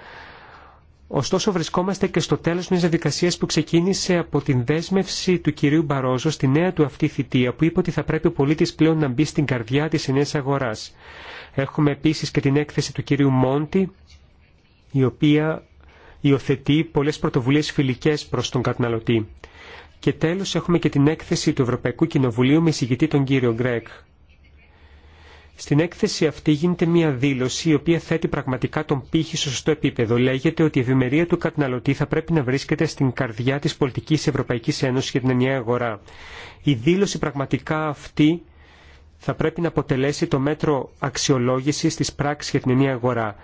Ωστόσο βρισκόμαστε και στο τέλος μιας διαδικασία που ξεκίνησε από την δέσμευση του κυρίου Μπαρόζο στη νέα του αυτή θητεία που είπε ότι θα πρέπει ο πολίτης πλέον να μπει στην καρδιά της νέας αγοράς. Έχουμε επίσης και την έκθεση του κυρίου Μόντι η οποία υιοθετεί πολλές πρωτοβουλίες φιλικές προς τον καταναλωτή. Και τέλος έχουμε και την έκθεση του Ευρωπαϊκού Κοινοβουλίου με εισηγητή τον κύριο Γκρέκ. Στην έκθεση αυτή γίνεται μια δήλωση η οποία θέτει πραγματικά τον πύχη στο σωστό επίπεδο. Λέγεται ότι η ευημερία του καταναλωτή θα πρέπει να βρίσκεται στην καρδιά της πολιτικής Ευρωπαϊκής Ένωσης για την ενιαία αγορά. Η δήλωση πραγματικά αυτή θα πρέπει να αποτελέσει το μέτρο αξιολόγηση τη πράξη για την ενιαία αγορά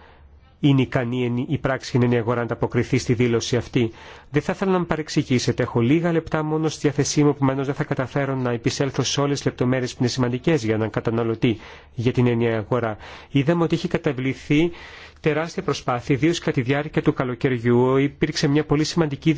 είναι ικανή η πράξη και η αγορά να ανταποκριθεί στη δήλωση αυτή. Δεν θα ήθελα να με παρεξηγήσετε. Έχω λίγα λεπτά μόνο στη διάθεσή μου, επομένω δεν θα καταφέρω να επισέλθω σε όλε τι λεπτομέρειε που είναι σημαντικέ για έναν καταναλωτή για την ενιαία αγορά. Είδαμε ότι είχε καταβληθεί τεράστια προσπάθεια, ιδίω κατά τη διάρκεια του καλοκαιριού. Υπήρξε μια πολύ σημαντική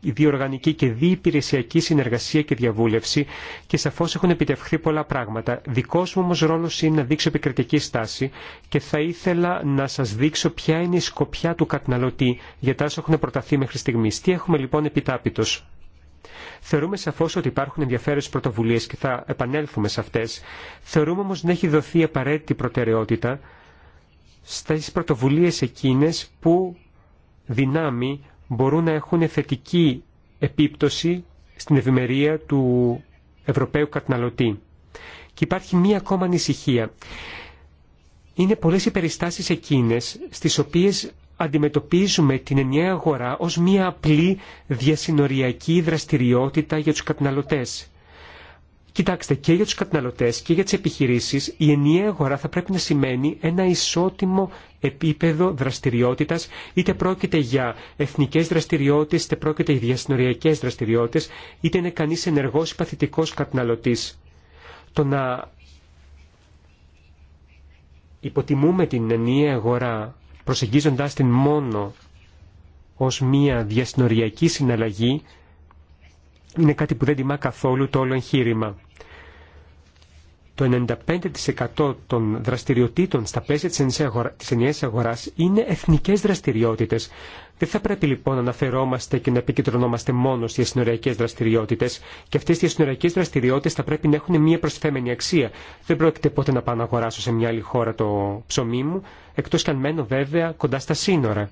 διοργανική και διυπηρεσιακή συνεργασία και διαβούλευση και σαφώ έχουν επιτευχθεί πολλά πράγματα. Δικό μου όμω ρόλο είναι να δείξω επικριτική στάση και θα ήθελα να σα δείξω ποια είναι η σκοπιά του καταναλωτή για τα έχουν προταθεί μέχρι στιγμή έχουμε λοιπόν επιτάπητο. Θεωρούμε σαφώς ότι υπάρχουν ενδιαφέρουσε πρωτοβουλίες και θα επανέλθουμε σε αυτέ. Θεωρούμε όμω να έχει δοθεί απαραίτητη προτεραιότητα στις πρωτοβουλίες εκείνες που δυνάμει μπορούν να έχουν θετική επίπτωση στην ευημερία του Ευρωπαίου καταναλωτή. Και υπάρχει μία ακόμα ανησυχία. Είναι πολλές οι περιστάσεις εκείνες στις οποίες αντιμετωπίζουμε την ενιαία αγορά ως μία απλή διασυνοριακή δραστηριότητα για τους καταναλωτές. Κοιτάξτε, και για τους καταναλωτές και για τις επιχειρήσεις η ενιαία αγορά θα πρέπει να σημαίνει ένα ισότιμο επίπεδο δραστηριότητας, είτε πρόκειται για εθνικές δραστηριότητες, είτε πρόκειται για διασυνοριακές δραστηριότητες, είτε είναι κανείς ενεργός ή παθητικός καταναλωτής. Το να υποτιμούμε την ενιαία αγορά προσεγγίζοντάς την μόνο ως μία διασυνοριακή συναλλαγή, είναι κάτι που δεν τιμά καθόλου το όλο εγχείρημα το 95% των δραστηριοτήτων στα πλαίσια της ενιαίας αγοράς είναι εθνικές δραστηριότητες. Δεν θα πρέπει λοιπόν να αναφερόμαστε και να επικεντρωνόμαστε μόνο στις συνοριακές δραστηριότητες και αυτές οι συνοριακές δραστηριότητες θα πρέπει να έχουν μια προσθέμενη αξία. Δεν πρόκειται ποτέ να πάω να αγοράσω σε μια άλλη χώρα το ψωμί μου, εκτός και αν μένω βέβαια κοντά στα σύνορα.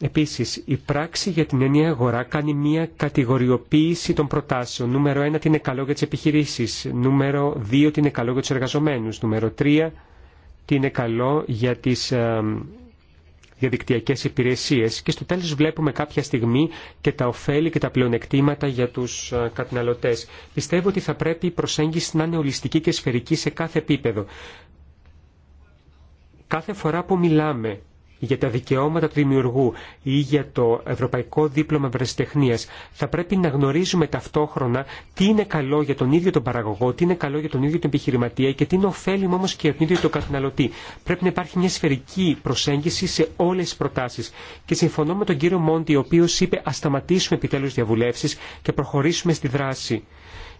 Επίσης, η πράξη για την ενιαία αγορά κάνει μια κατηγοριοποίηση των προτάσεων. Νούμερο 1 την είναι καλό για τις επιχειρήσεις, νούμερο 2 την είναι καλό για τους εργαζομένους, νούμερο 3 την είναι καλό για τις διαδικτυακές ε, υπηρεσίες και στο τέλος βλέπουμε κάποια στιγμή και τα ωφέλη και τα πλεονεκτήματα για τους ε, καταναλωτές. Πιστεύω ότι θα πρέπει η προσέγγιση να είναι ολιστική και σφαιρική σε κάθε επίπεδο. Κάθε φορά που μιλάμε για τα δικαιώματα του δημιουργού ή για το Ευρωπαϊκό Δίπλωμα Βρεσιτεχνία, θα πρέπει να γνωρίζουμε ταυτόχρονα τι είναι καλό για τον ίδιο τον παραγωγό, τι είναι καλό για τον ίδιο τον επιχειρηματία και τι είναι ωφέλιμο όμω και για τον ίδιο τον καταναλωτή. Πρέπει να υπάρχει μια σφαιρική προσέγγιση σε όλε τι προτάσει. Και συμφωνώ με τον κύριο Μόντι, ο οποίο είπε Α σταματήσουμε επιτέλου διαβουλεύσει και προχωρήσουμε στη δράση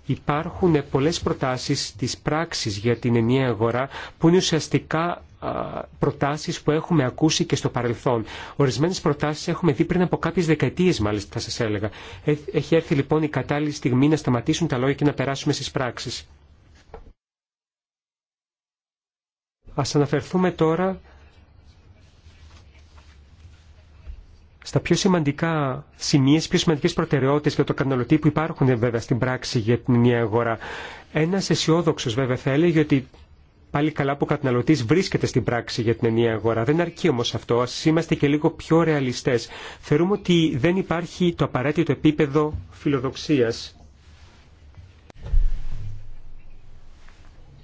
υπάρχουν πολλές προτάσεις της πράξης για την ενιαία αγορά που είναι ουσιαστικά προτάσεις που έχουμε ακούσει και στο παρελθόν. Ορισμένες προτάσεις έχουμε δει πριν από κάποιες δεκαετίες μάλιστα θα σας έλεγα. Ε, έχει έρθει λοιπόν η κατάλληλη στιγμή να σταματήσουν τα λόγια και να περάσουμε στις πράξεις. Ας αναφερθούμε τώρα στα πιο σημαντικά σημεία, στις πιο σημαντικέ προτεραιότητες για το καταναλωτή που υπάρχουν βέβαια στην πράξη για την νέα αγορά. Ένα αισιόδοξο βέβαια θα έλεγε ότι πάλι καλά που ο καταναλωτή βρίσκεται στην πράξη για την ενιαία αγορά. Δεν αρκεί όμω αυτό. Α είμαστε και λίγο πιο ρεαλιστέ. Θεωρούμε ότι δεν υπάρχει το απαραίτητο επίπεδο φιλοδοξία.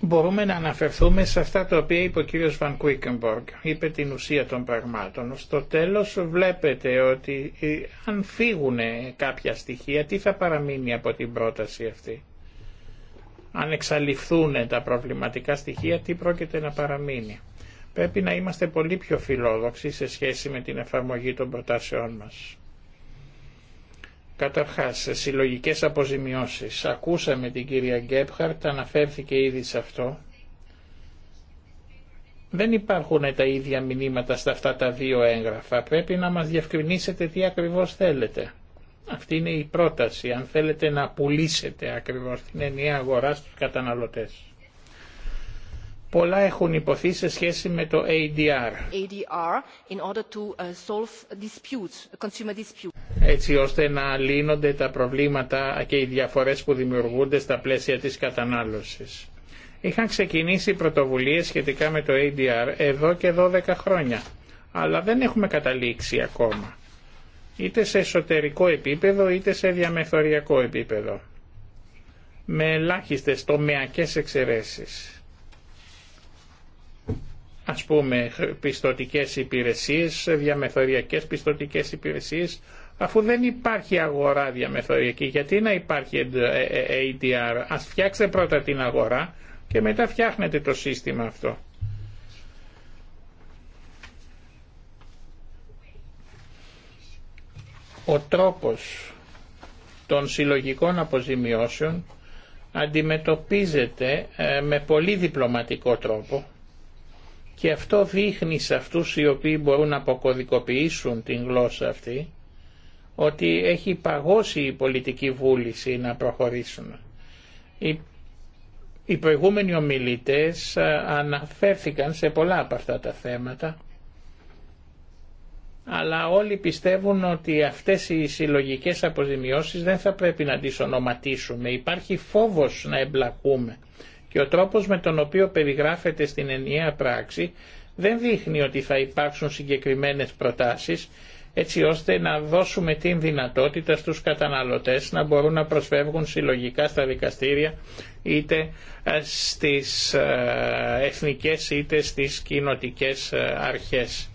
Μπορούμε να αναφερθούμε σε αυτά τα οποία είπε ο κύριος Βαν Κουίκεμποργκ. Είπε την ουσία των πραγμάτων. Στο τέλος βλέπετε ότι ε, αν φύγουν κάποια στοιχεία, τι θα παραμείνει από την πρόταση αυτή αν εξαλειφθούν τα προβληματικά στοιχεία, τι πρόκειται να παραμείνει. Πρέπει να είμαστε πολύ πιο φιλόδοξοι σε σχέση με την εφαρμογή των προτάσεών μας. Καταρχάς, συλλογικές αποζημιώσεις. Ακούσαμε την κυρία Γκέπχαρτ, αναφέρθηκε ήδη σε αυτό. Δεν υπάρχουν τα ίδια μηνύματα στα αυτά τα δύο έγγραφα. Πρέπει να μας διευκρινίσετε τι ακριβώς θέλετε. Αυτή είναι η πρόταση, αν θέλετε να πουλήσετε ακριβώς την ενιαία αγορά στους καταναλωτές. Πολλά έχουν υποθεί σε σχέση με το ADR, ADR in order to uh, solve disputes, έτσι ώστε να λύνονται τα προβλήματα και οι διαφορές που δημιουργούνται στα πλαίσια της κατανάλωσης. Είχαν ξεκινήσει πρωτοβουλίες σχετικά με το ADR εδώ και 12 χρόνια, αλλά δεν έχουμε καταλήξει ακόμα είτε σε εσωτερικό επίπεδο είτε σε διαμεθοριακό επίπεδο με ελάχιστες τομεακές εξαιρέσεις. Ας πούμε πιστοτικές υπηρεσίες, διαμεθοριακές πιστοτικές υπηρεσίες, αφού δεν υπάρχει αγορά διαμεθοριακή, γιατί να υπάρχει ADR. Ε, ε, ε, ας φτιάξετε πρώτα την αγορά και μετά φτιάχνετε το σύστημα αυτό. Ο τρόπος των συλλογικών αποζημιώσεων αντιμετωπίζεται ε, με πολύ διπλωματικό τρόπο και αυτό δείχνει σε αυτούς οι οποίοι μπορούν να αποκωδικοποιήσουν την γλώσσα αυτή ότι έχει παγώσει η πολιτική βούληση να προχωρήσουν. Οι προηγούμενοι ομιλητές ε, αναφέρθηκαν σε πολλά από αυτά τα θέματα αλλά όλοι πιστεύουν ότι αυτές οι συλλογικές αποζημιώσεις δεν θα πρέπει να τις ονοματίσουμε. Υπάρχει φόβος να εμπλακούμε και ο τρόπος με τον οποίο περιγράφεται στην ενιαία πράξη δεν δείχνει ότι θα υπάρξουν συγκεκριμένες προτάσεις έτσι ώστε να δώσουμε την δυνατότητα στους καταναλωτές να μπορούν να προσφεύγουν συλλογικά στα δικαστήρια είτε ε, στις ε, εθνικές είτε στις κοινοτικές ε, αρχές.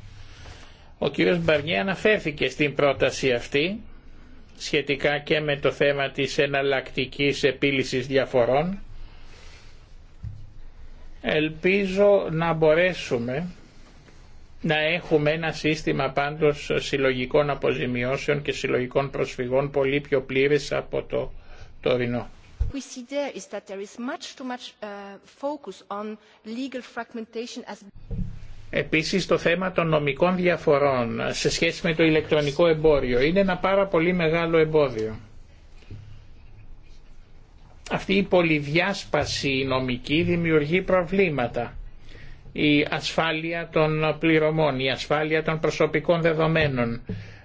Ο κύριος Μπαρνιέ αναφέρθηκε στην πρόταση αυτή σχετικά και με το θέμα της εναλλακτική επίλυσης διαφορών. Ελπίζω να μπορέσουμε να έχουμε ένα σύστημα πάντως συλλογικών αποζημιώσεων και συλλογικών προσφυγών πολύ πιο πλήρες από το τωρινό. We is on Επίσης το θέμα των νομικών διαφορών σε σχέση με το ηλεκτρονικό εμπόριο είναι ένα πάρα πολύ μεγάλο εμπόδιο. Αυτή η πολυδιάσπαση νομική δημιουργεί προβλήματα. Η ασφάλεια των πληρωμών, η ασφάλεια των προσωπικών δεδομένων,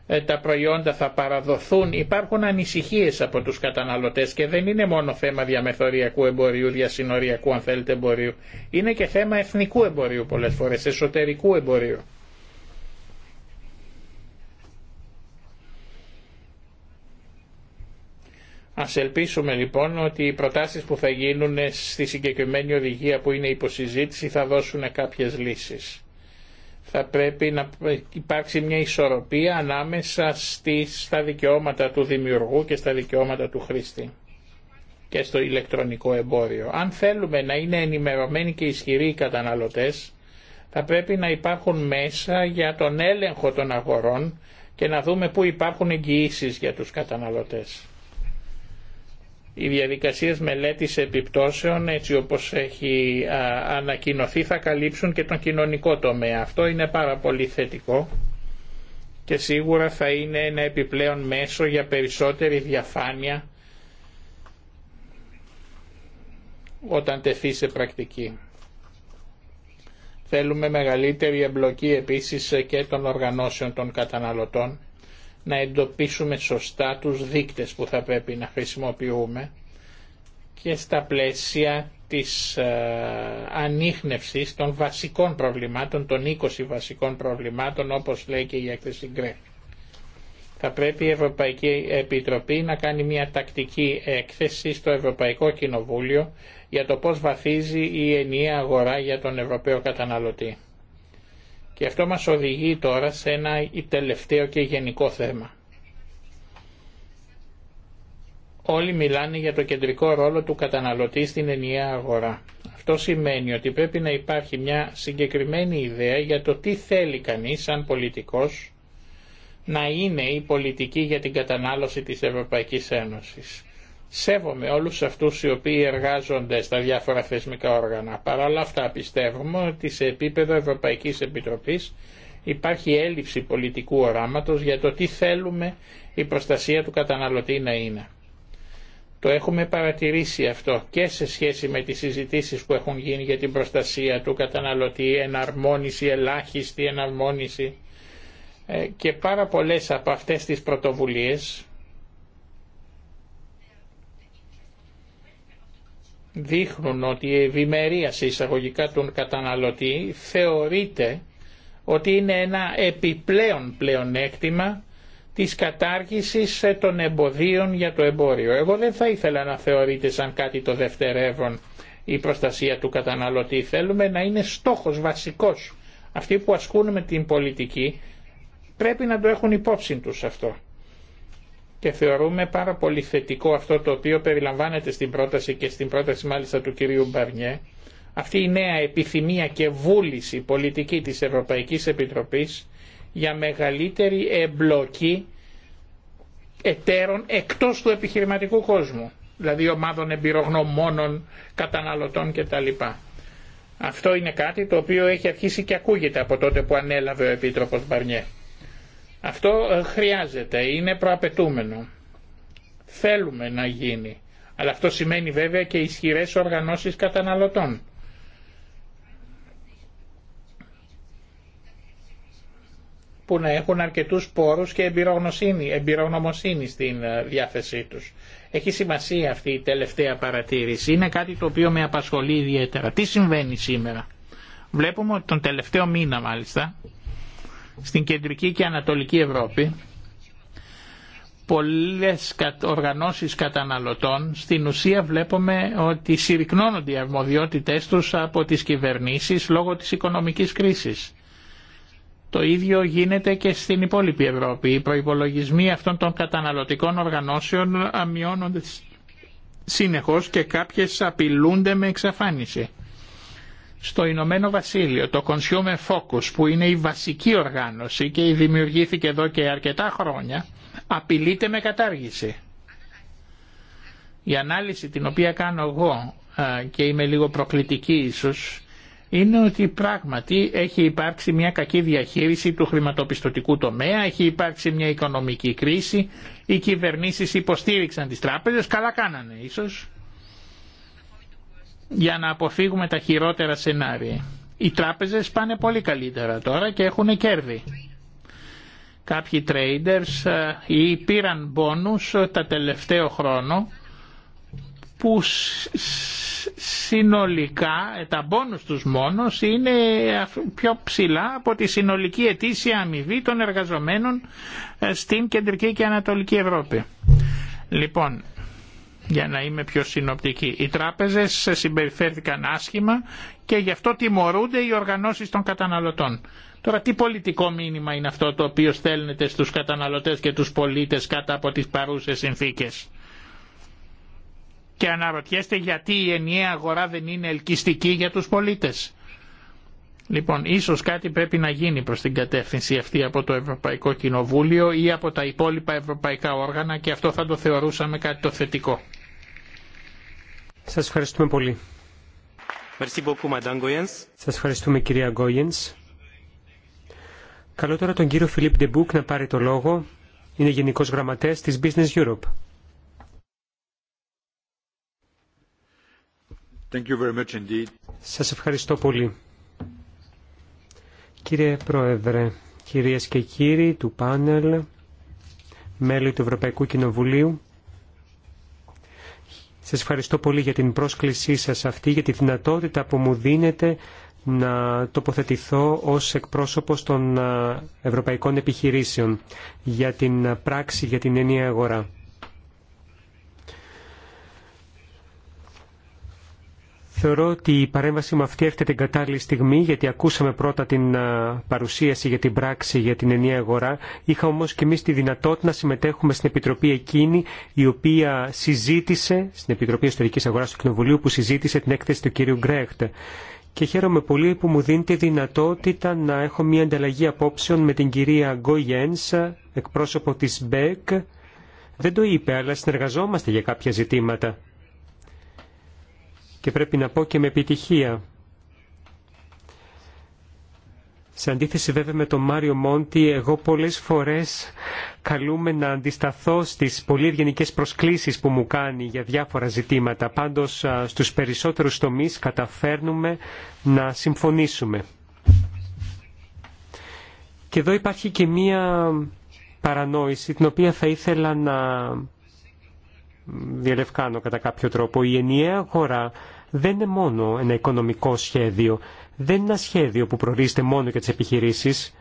ε, τα προϊόντα θα παραδοθούν. Υπάρχουν ανησυχίες από τους καταναλωτές και δεν είναι μόνο θέμα διαμεθοριακού εμπορίου, διασυνοριακού αν θέλετε εμπορίου. Είναι και θέμα εθνικού εμπορίου πολλές φορές, εσωτερικού εμπορίου. Ας ελπίσουμε λοιπόν ότι οι προτάσεις που θα γίνουν στη συγκεκριμένη οδηγία που είναι υποσυζήτηση θα δώσουν κάποιες λύσεις θα πρέπει να υπάρξει μια ισορροπία ανάμεσα στις, στα δικαιώματα του δημιουργού και στα δικαιώματα του χρήστη και στο ηλεκτρονικό εμπόριο. Αν θέλουμε να είναι ενημερωμένοι και ισχυροί οι καταναλωτές, θα πρέπει να υπάρχουν μέσα για τον έλεγχο των αγορών και να δούμε πού υπάρχουν εγγυήσει για τους καταναλωτές. Οι διαδικασίες μελέτης επιπτώσεων έτσι όπως έχει ανακοινωθεί θα καλύψουν και τον κοινωνικό τομέα. Αυτό είναι πάρα πολύ θετικό και σίγουρα θα είναι ένα επιπλέον μέσο για περισσότερη διαφάνεια όταν τεθεί σε πρακτική. Θέλουμε μεγαλύτερη εμπλοκή επίσης και των οργανώσεων των καταναλωτών να εντοπίσουμε σωστά τους δείκτες που θα πρέπει να χρησιμοποιούμε και στα πλαίσια της ε, ανείχνευσης των βασικών προβλημάτων, των 20 βασικών προβλημάτων όπως λέει και η έκθεση Γκρέφ. Θα πρέπει η Ευρωπαϊκή Επιτροπή να κάνει μια τακτική έκθεση στο Ευρωπαϊκό Κοινοβούλιο για το πώς βαθίζει η ενιαία αγορά για τον Ευρωπαίο καταναλωτή. Και αυτό μας οδηγεί τώρα σε ένα τελευταίο και γενικό θέμα. Όλοι μιλάνε για το κεντρικό ρόλο του καταναλωτή στην ενιαία αγορά. Αυτό σημαίνει ότι πρέπει να υπάρχει μια συγκεκριμένη ιδέα για το τι θέλει κανείς σαν πολιτικός να είναι η πολιτική για την κατανάλωση της Ευρωπαϊκής Ένωσης. Σέβομαι όλους αυτούς οι οποίοι εργάζονται στα διάφορα θεσμικά όργανα. Παρ' όλα αυτά πιστεύουμε ότι σε επίπεδο Ευρωπαϊκής Επιτροπής υπάρχει έλλειψη πολιτικού οράματος για το τι θέλουμε η προστασία του καταναλωτή να είναι. Το έχουμε παρατηρήσει αυτό και σε σχέση με τις συζητήσεις που έχουν γίνει για την προστασία του καταναλωτή, εναρμόνιση, ελάχιστη εναρμόνιση ε, και πάρα πολλές από αυτές τις πρωτοβουλίες δείχνουν ότι η ευημερία σε εισαγωγικά των καταναλωτή θεωρείται ότι είναι ένα επιπλέον πλεονέκτημα της κατάργησης των εμποδίων για το εμπόριο. Εγώ δεν θα ήθελα να θεωρείται σαν κάτι το δευτερεύον η προστασία του καταναλωτή. Θέλουμε να είναι στόχος βασικός. Αυτοί που ασκούν με την πολιτική πρέπει να το έχουν υπόψη τους αυτό και θεωρούμε πάρα πολύ θετικό αυτό το οποίο περιλαμβάνεται στην πρόταση και στην πρόταση μάλιστα του κυρίου Μπαρνιέ, αυτή η νέα επιθυμία και βούληση πολιτική της Ευρωπαϊκής Επιτροπής για μεγαλύτερη εμπλοκή εταίρων εκτός του επιχειρηματικού κόσμου, δηλαδή ομάδων εμπειρογνωμόνων, καταναλωτών κτλ. Αυτό είναι κάτι το οποίο έχει αρχίσει και ακούγεται από τότε που ανέλαβε ο Επίτροπος Μπαρνιέ. Αυτό ε, χρειάζεται, είναι προαπαιτούμενο. Θέλουμε να γίνει. Αλλά αυτό σημαίνει βέβαια και ισχυρές οργανώσεις καταναλωτών. που να έχουν αρκετούς πόρους και εμπειρογνωσύνη, εμπειρογνωμοσύνη στην ε, διάθεσή τους. Έχει σημασία αυτή η τελευταία παρατήρηση. Είναι κάτι το οποίο με απασχολεί ιδιαίτερα. Τι συμβαίνει σήμερα. Βλέπουμε ότι τον τελευταίο μήνα μάλιστα στην κεντρική και ανατολική Ευρώπη πολλές οργανώσεις καταναλωτών στην ουσία βλέπουμε ότι συρρυκνώνονται οι αρμοδιότητές τους από τις κυβερνήσεις λόγω της οικονομικής κρίσης. Το ίδιο γίνεται και στην υπόλοιπη Ευρώπη. Οι προϋπολογισμοί αυτών των καταναλωτικών οργανώσεων αμειώνονται συνεχώς και κάποιες απειλούνται με εξαφάνιση στο Ηνωμένο Βασίλειο, το Consumer Focus που είναι η βασική οργάνωση και δημιουργήθηκε εδώ και αρκετά χρόνια, απειλείται με κατάργηση. Η ανάλυση την οποία κάνω εγώ και είμαι λίγο προκλητική ίσως, είναι ότι πράγματι έχει υπάρξει μια κακή διαχείριση του χρηματοπιστωτικού τομέα, έχει υπάρξει μια οικονομική κρίση, οι κυβερνήσεις υποστήριξαν τις τράπεζες, καλά κάνανε ίσως, για να αποφύγουμε τα χειρότερα σενάρια. Οι τράπεζες πάνε πολύ καλύτερα τώρα και έχουν κέρδη. Κάποιοι traders ε, ή πήραν μπόνους ε, τα τελευταίο χρόνο που συνολικά ε, τα μπόνους τους μόνος είναι πιο ψηλά από τη συνολική ετήσια αμοιβή των εργαζομένων στην Κεντρική και Ανατολική Ευρώπη. Λοιπόν, για να είμαι πιο συνοπτική. Οι τράπεζες συμπεριφέρθηκαν άσχημα και γι' αυτό τιμωρούνται οι οργανώσεις των καταναλωτών. Τώρα τι πολιτικό μήνυμα είναι αυτό το οποίο στέλνετε στους καταναλωτές και τους πολίτες κάτω από τις παρούσες συνθήκες. Και αναρωτιέστε γιατί η ενιαία αγορά δεν είναι ελκυστική για τους πολίτες. Λοιπόν, ίσως κάτι πρέπει να γίνει προς την κατεύθυνση αυτή από το Ευρωπαϊκό Κοινοβούλιο ή από τα υπόλοιπα ευρωπαϊκά όργανα και αυτό θα το θεωρούσαμε κάτι το θετικό. Σας ευχαριστούμε πολύ. Σας ευχαριστούμε κυρία Γκόγενς. Καλό τώρα τον κύριο Φιλίπ Ντεμπούκ να πάρει το λόγο. Είναι Γενικός Γραμματέας της Business Europe. Thank Σας ευχαριστώ πολύ. Κύριε Πρόεδρε, κυρίες και κύριοι του πάνελ, μέλη του Ευρωπαϊκού Κοινοβουλίου, σας ευχαριστώ πολύ για την πρόσκλησή σας αυτή, για τη δυνατότητα που μου δίνετε να τοποθετηθώ ως εκπρόσωπος των ε, ευρωπαϊκών επιχειρήσεων για την ε, πράξη για την ενιαία αγορά. Θεωρώ ότι η παρέμβαση μου αυτή έρχεται την κατάλληλη στιγμή, γιατί ακούσαμε πρώτα την παρουσίαση για την πράξη για την ενιαία αγορά. Είχα όμω και εμείς τη δυνατότητα να συμμετέχουμε στην Επιτροπή εκείνη, η οποία συζήτησε, στην Επιτροπή Ιστορικής Αγοράς του Κοινοβουλίου, που συζήτησε την έκθεση του κύριου Γκρέχτ. Και χαίρομαι πολύ που μου δίνει τη δυνατότητα να έχω μια ανταλλαγή απόψεων με την κυρία Γκόγιένσα, εκπρόσωπο τη ΜΠΕΚ. Δεν το είπε, αλλά συνεργαζόμαστε για κάποια ζητήματα και πρέπει να πω και με επιτυχία. Σε αντίθεση βέβαια με τον Μάριο Μόντι, εγώ πολλές φορές καλούμε να αντισταθώ στις πολύ ευγενικές προσκλήσεις που μου κάνει για διάφορα ζητήματα. Πάντως στους περισσότερους τομείς καταφέρνουμε να συμφωνήσουμε. Και εδώ υπάρχει και μία παρανόηση την οποία θα ήθελα να διαλευκάνω κατά κάποιο τρόπο. Η ενιαία αγορά δεν είναι μόνο ένα οικονομικό σχέδιο, δεν είναι ένα σχέδιο που προορίζεται μόνο για τις επιχειρήσεις.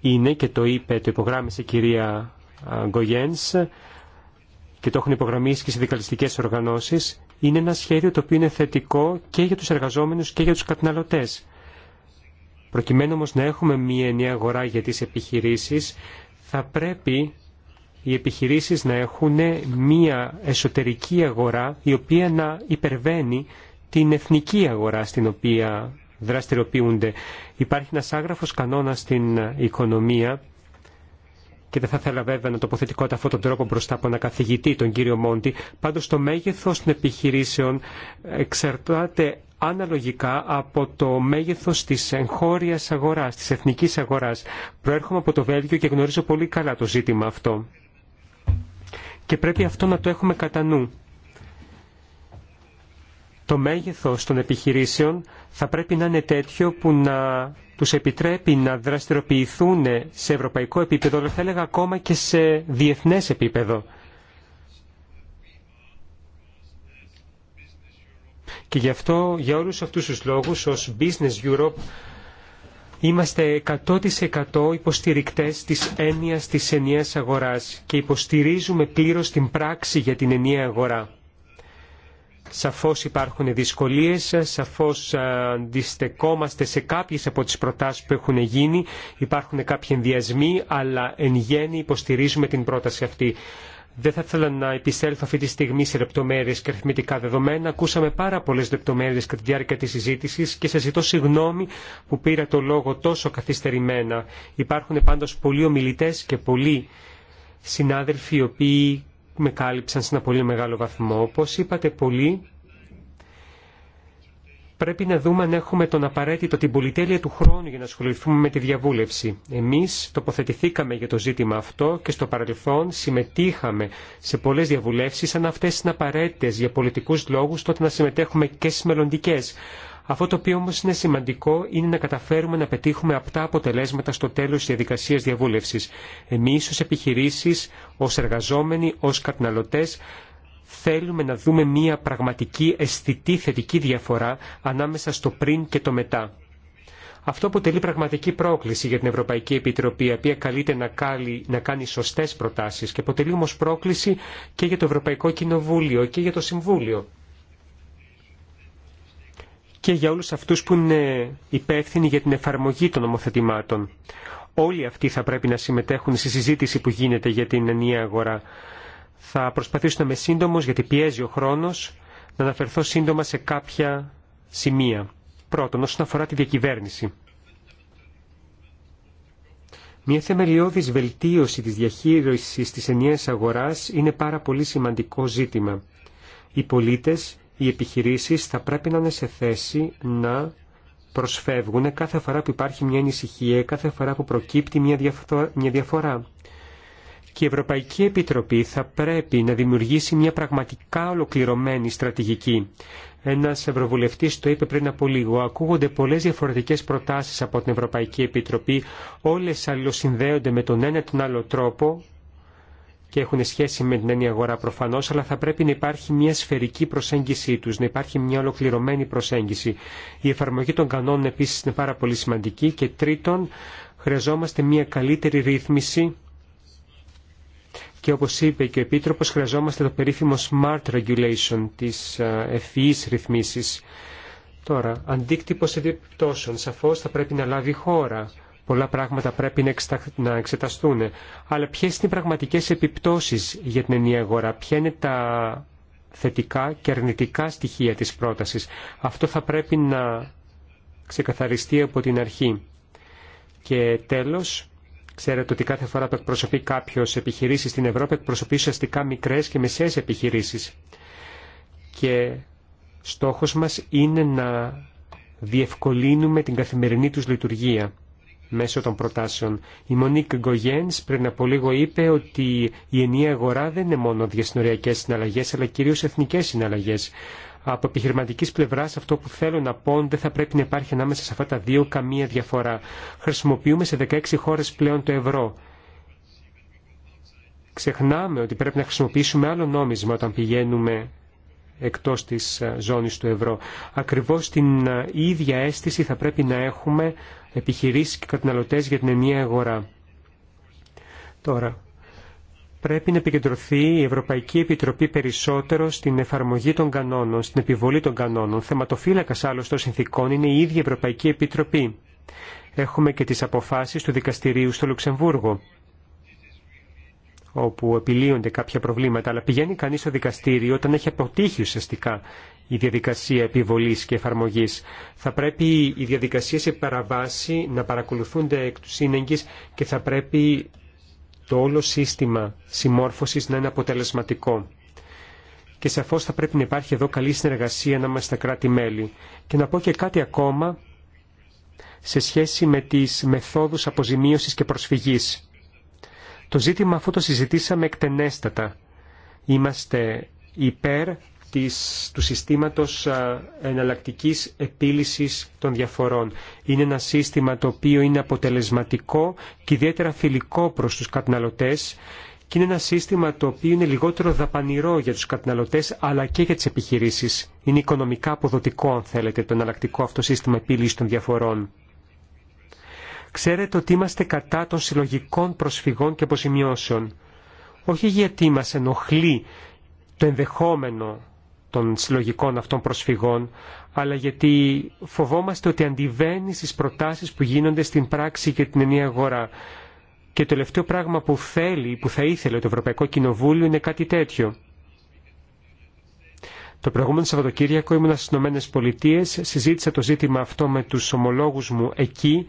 Είναι και το είπε, το υπογράμμισε η κυρία Γκογένς και το έχουν υπογραμμίσει και οι συνδικαλιστικές οργανώσεις. Είναι ένα σχέδιο το οποίο είναι θετικό και για τους εργαζόμενους και για τους καταναλωτές. Προκειμένου όμως να έχουμε μία ενιαία αγορά για τις επιχειρήσεις, θα πρέπει οι επιχειρήσεις να έχουν μία εσωτερική αγορά η οποία να υπερβαίνει την εθνική αγορά στην οποία δραστηριοποιούνται. Υπάρχει ένας άγραφος κανόνα στην οικονομία και δεν θα ήθελα βέβαια να τοποθετικό αυτόν τον τρόπο μπροστά από ένα καθηγητή, τον κύριο Μόντι. Πάντω το μέγεθο των επιχειρήσεων εξαρτάται αναλογικά από το μέγεθο τη εγχώρια αγορά, τη εθνική αγορά. Προέρχομαι από το Βέλγιο και γνωρίζω πολύ καλά το ζήτημα αυτό και πρέπει αυτό να το έχουμε κατά νου. Το μέγεθος των επιχειρήσεων θα πρέπει να είναι τέτοιο που να τους επιτρέπει να δραστηριοποιηθούν σε ευρωπαϊκό επίπεδο, αλλά θα έλεγα ακόμα και σε διεθνές επίπεδο. Και γι' αυτό, για όλους αυτούς τους λόγους, ως Business Europe Είμαστε 100% υποστηρικτές της έννοιας της ενιαίας αγοράς και υποστηρίζουμε πλήρως την πράξη για την ενιαία αγορά. Σαφώς υπάρχουν δυσκολίες, σαφώς αντιστεκόμαστε σε κάποιες από τις προτάσεις που έχουν γίνει, υπάρχουν κάποιοι ενδιασμοί, αλλά εν γέννη υποστηρίζουμε την πρόταση αυτή. Δεν θα ήθελα να επισέλθω αυτή τη στιγμή σε λεπτομέρειε και αριθμητικά δεδομένα. Ακούσαμε πάρα πολλέ λεπτομέρειε κατά τη διάρκεια τη συζήτηση και σα ζητώ συγγνώμη που πήρα το λόγο τόσο καθυστερημένα. Υπάρχουν πάντω πολλοί ομιλητέ και πολλοί συνάδελφοι οι οποίοι με κάλυψαν σε ένα πολύ μεγάλο βαθμό. Όπω είπατε πολλοί, πρέπει να δούμε αν έχουμε τον απαραίτητο την πολυτέλεια του χρόνου για να ασχοληθούμε με τη διαβούλευση. Εμείς τοποθετηθήκαμε για το ζήτημα αυτό και στο παρελθόν συμμετείχαμε σε πολλές διαβουλεύσεις αν αυτές είναι απαραίτητε για πολιτικούς λόγους τότε να συμμετέχουμε και στις μελλοντικέ. Αυτό το οποίο όμως είναι σημαντικό είναι να καταφέρουμε να πετύχουμε απτά αποτελέσματα στο τέλος της διαδικασίας διαβούλευσης. Εμείς ως επιχειρήσεις, ως εργαζόμενοι, ως καταναλωτές θέλουμε να δούμε μία πραγματική αισθητή θετική διαφορά ανάμεσα στο πριν και το μετά. Αυτό αποτελεί πραγματική πρόκληση για την Ευρωπαϊκή Επιτροπή, η οποία καλείται να, κάνει σωστές προτάσεις και αποτελεί όμως πρόκληση και για το Ευρωπαϊκό Κοινοβούλιο και για το Συμβούλιο και για όλους αυτούς που είναι υπεύθυνοι για την εφαρμογή των νομοθετημάτων. Όλοι αυτοί θα πρέπει να συμμετέχουν στη συζήτηση που γίνεται για την ενιαία αγορά. Θα προσπαθήσω να είμαι σύντομο γιατί πιέζει ο χρόνος να αναφερθώ σύντομα σε κάποια σημεία. Πρώτον, όσον αφορά τη διακυβέρνηση. Μια θεμελιώδη βελτίωση της διαχείριση της ενιαίας αγοράς είναι πάρα πολύ σημαντικό ζήτημα. Οι πολίτες, οι επιχειρήσεις θα πρέπει να είναι σε θέση να προσφεύγουν κάθε φορά που υπάρχει μια ανησυχία, κάθε φορά που προκύπτει μια διαφορά και η Ευρωπαϊκή Επιτροπή θα πρέπει να δημιουργήσει μια πραγματικά ολοκληρωμένη στρατηγική. Ένα Ευρωβουλευτή το είπε πριν από λίγο. Ακούγονται πολλέ διαφορετικέ προτάσει από την Ευρωπαϊκή Επιτροπή. Όλε αλληλοσυνδέονται με τον ένα τον άλλο τρόπο και έχουν σχέση με την έννοια αγορά προφανώ, αλλά θα πρέπει να υπάρχει μια σφαιρική προσέγγιση του, να υπάρχει μια ολοκληρωμένη προσέγγιση. Η εφαρμογή των κανόνων επίση είναι πάρα πολύ σημαντική. Και τρίτον, χρειαζόμαστε μια καλύτερη ρύθμιση και όπως είπε και ο Επίτροπος χρειαζόμαστε το περίφημο smart regulation, της ε, ευφυείς ρυθμίσεις. Τώρα, αντίκτυπος επιπτώσεων. Σαφώς θα πρέπει να λάβει χώρα. Πολλά πράγματα πρέπει να εξεταστούν. Αλλά ποιες είναι οι πραγματικές επιπτώσεις για την ενιαία αγορά. Ποια είναι τα θετικά και αρνητικά στοιχεία της πρότασης. Αυτό θα πρέπει να ξεκαθαριστεί από την αρχή. Και τέλος, Ξέρετε ότι κάθε φορά που εκπροσωπεί κάποιο επιχειρήσει στην Ευρώπη, εκπροσωπεί ουσιαστικά μικρέ και μεσαίε επιχειρήσει. Και στόχο μα είναι να διευκολύνουμε την καθημερινή τους λειτουργία μέσω των προτάσεων. Η Μονίκ Γκογέν πριν από λίγο είπε ότι η ενιαία αγορά δεν είναι μόνο διασυνοριακέ συναλλαγές αλλά κυρίω εθνικέ συναλλαγές. Από επιχειρηματική πλευρά, αυτό που θέλω να πω δεν θα πρέπει να υπάρχει ανάμεσα σε αυτά τα δύο καμία διαφορά. Χρησιμοποιούμε σε 16 χώρε πλέον το ευρώ. Ξεχνάμε ότι πρέπει να χρησιμοποιήσουμε άλλο νόμισμα όταν πηγαίνουμε εκτός της ε, ζώνης του ευρώ. Ακριβώς την ε, ίδια αίσθηση θα πρέπει να έχουμε επιχειρήσεις και καταναλωτές για την ενιαία αγορά. Τώρα, πρέπει να επικεντρωθεί η Ευρωπαϊκή Επιτροπή περισσότερο στην εφαρμογή των κανόνων, στην επιβολή των κανόνων. Θεματοφύλακα άλλωστε των συνθήκων είναι η ίδια η Ευρωπαϊκή Επιτροπή. Έχουμε και τις αποφάσεις του δικαστηρίου στο Λουξεμβούργο όπου επιλύονται κάποια προβλήματα, αλλά πηγαίνει κανείς στο δικαστήριο όταν έχει αποτύχει ουσιαστικά η διαδικασία επιβολής και εφαρμογής. Θα πρέπει οι διαδικασίε σε παραβάση να παρακολουθούνται εκ του και θα πρέπει το όλο σύστημα συμμόρφωσης να είναι αποτελεσματικό. Και σαφώς θα πρέπει να υπάρχει εδώ καλή συνεργασία να ειμαστε κράτη-μέλη. Και να πω και κάτι ακόμα σε σχέση με τις μεθόδους αποζημίωσης και προσφυγής. Το ζήτημα αυτό το συζητήσαμε εκτενέστατα. Είμαστε υπέρ του συστήματος εναλλακτικής επίλυσης των διαφορών. Είναι ένα σύστημα το οποίο είναι αποτελεσματικό και ιδιαίτερα φιλικό προς τους καταναλωτές και είναι ένα σύστημα το οποίο είναι λιγότερο δαπανηρό για τους καταναλωτές αλλά και για τις επιχειρήσεις. Είναι οικονομικά αποδοτικό αν θέλετε το εναλλακτικό αυτό σύστημα επίλυσης των διαφορών. Ξέρετε ότι είμαστε κατά των συλλογικών προσφυγών και αποζημιώσεων. Όχι γιατί μας ενοχλεί το ενδεχόμενο των συλλογικών αυτών προσφυγών, αλλά γιατί φοβόμαστε ότι αντιβαίνει στις προτάσεις που γίνονται στην πράξη και την ενία αγορά. Και το τελευταίο πράγμα που θέλει, που θα ήθελε το Ευρωπαϊκό Κοινοβούλιο είναι κάτι τέτοιο. Το προηγούμενο Σαββατοκύριακο ήμουν στι Ηνωμένε Πολιτείε, συζήτησα το ζήτημα αυτό με του ομολόγου μου εκεί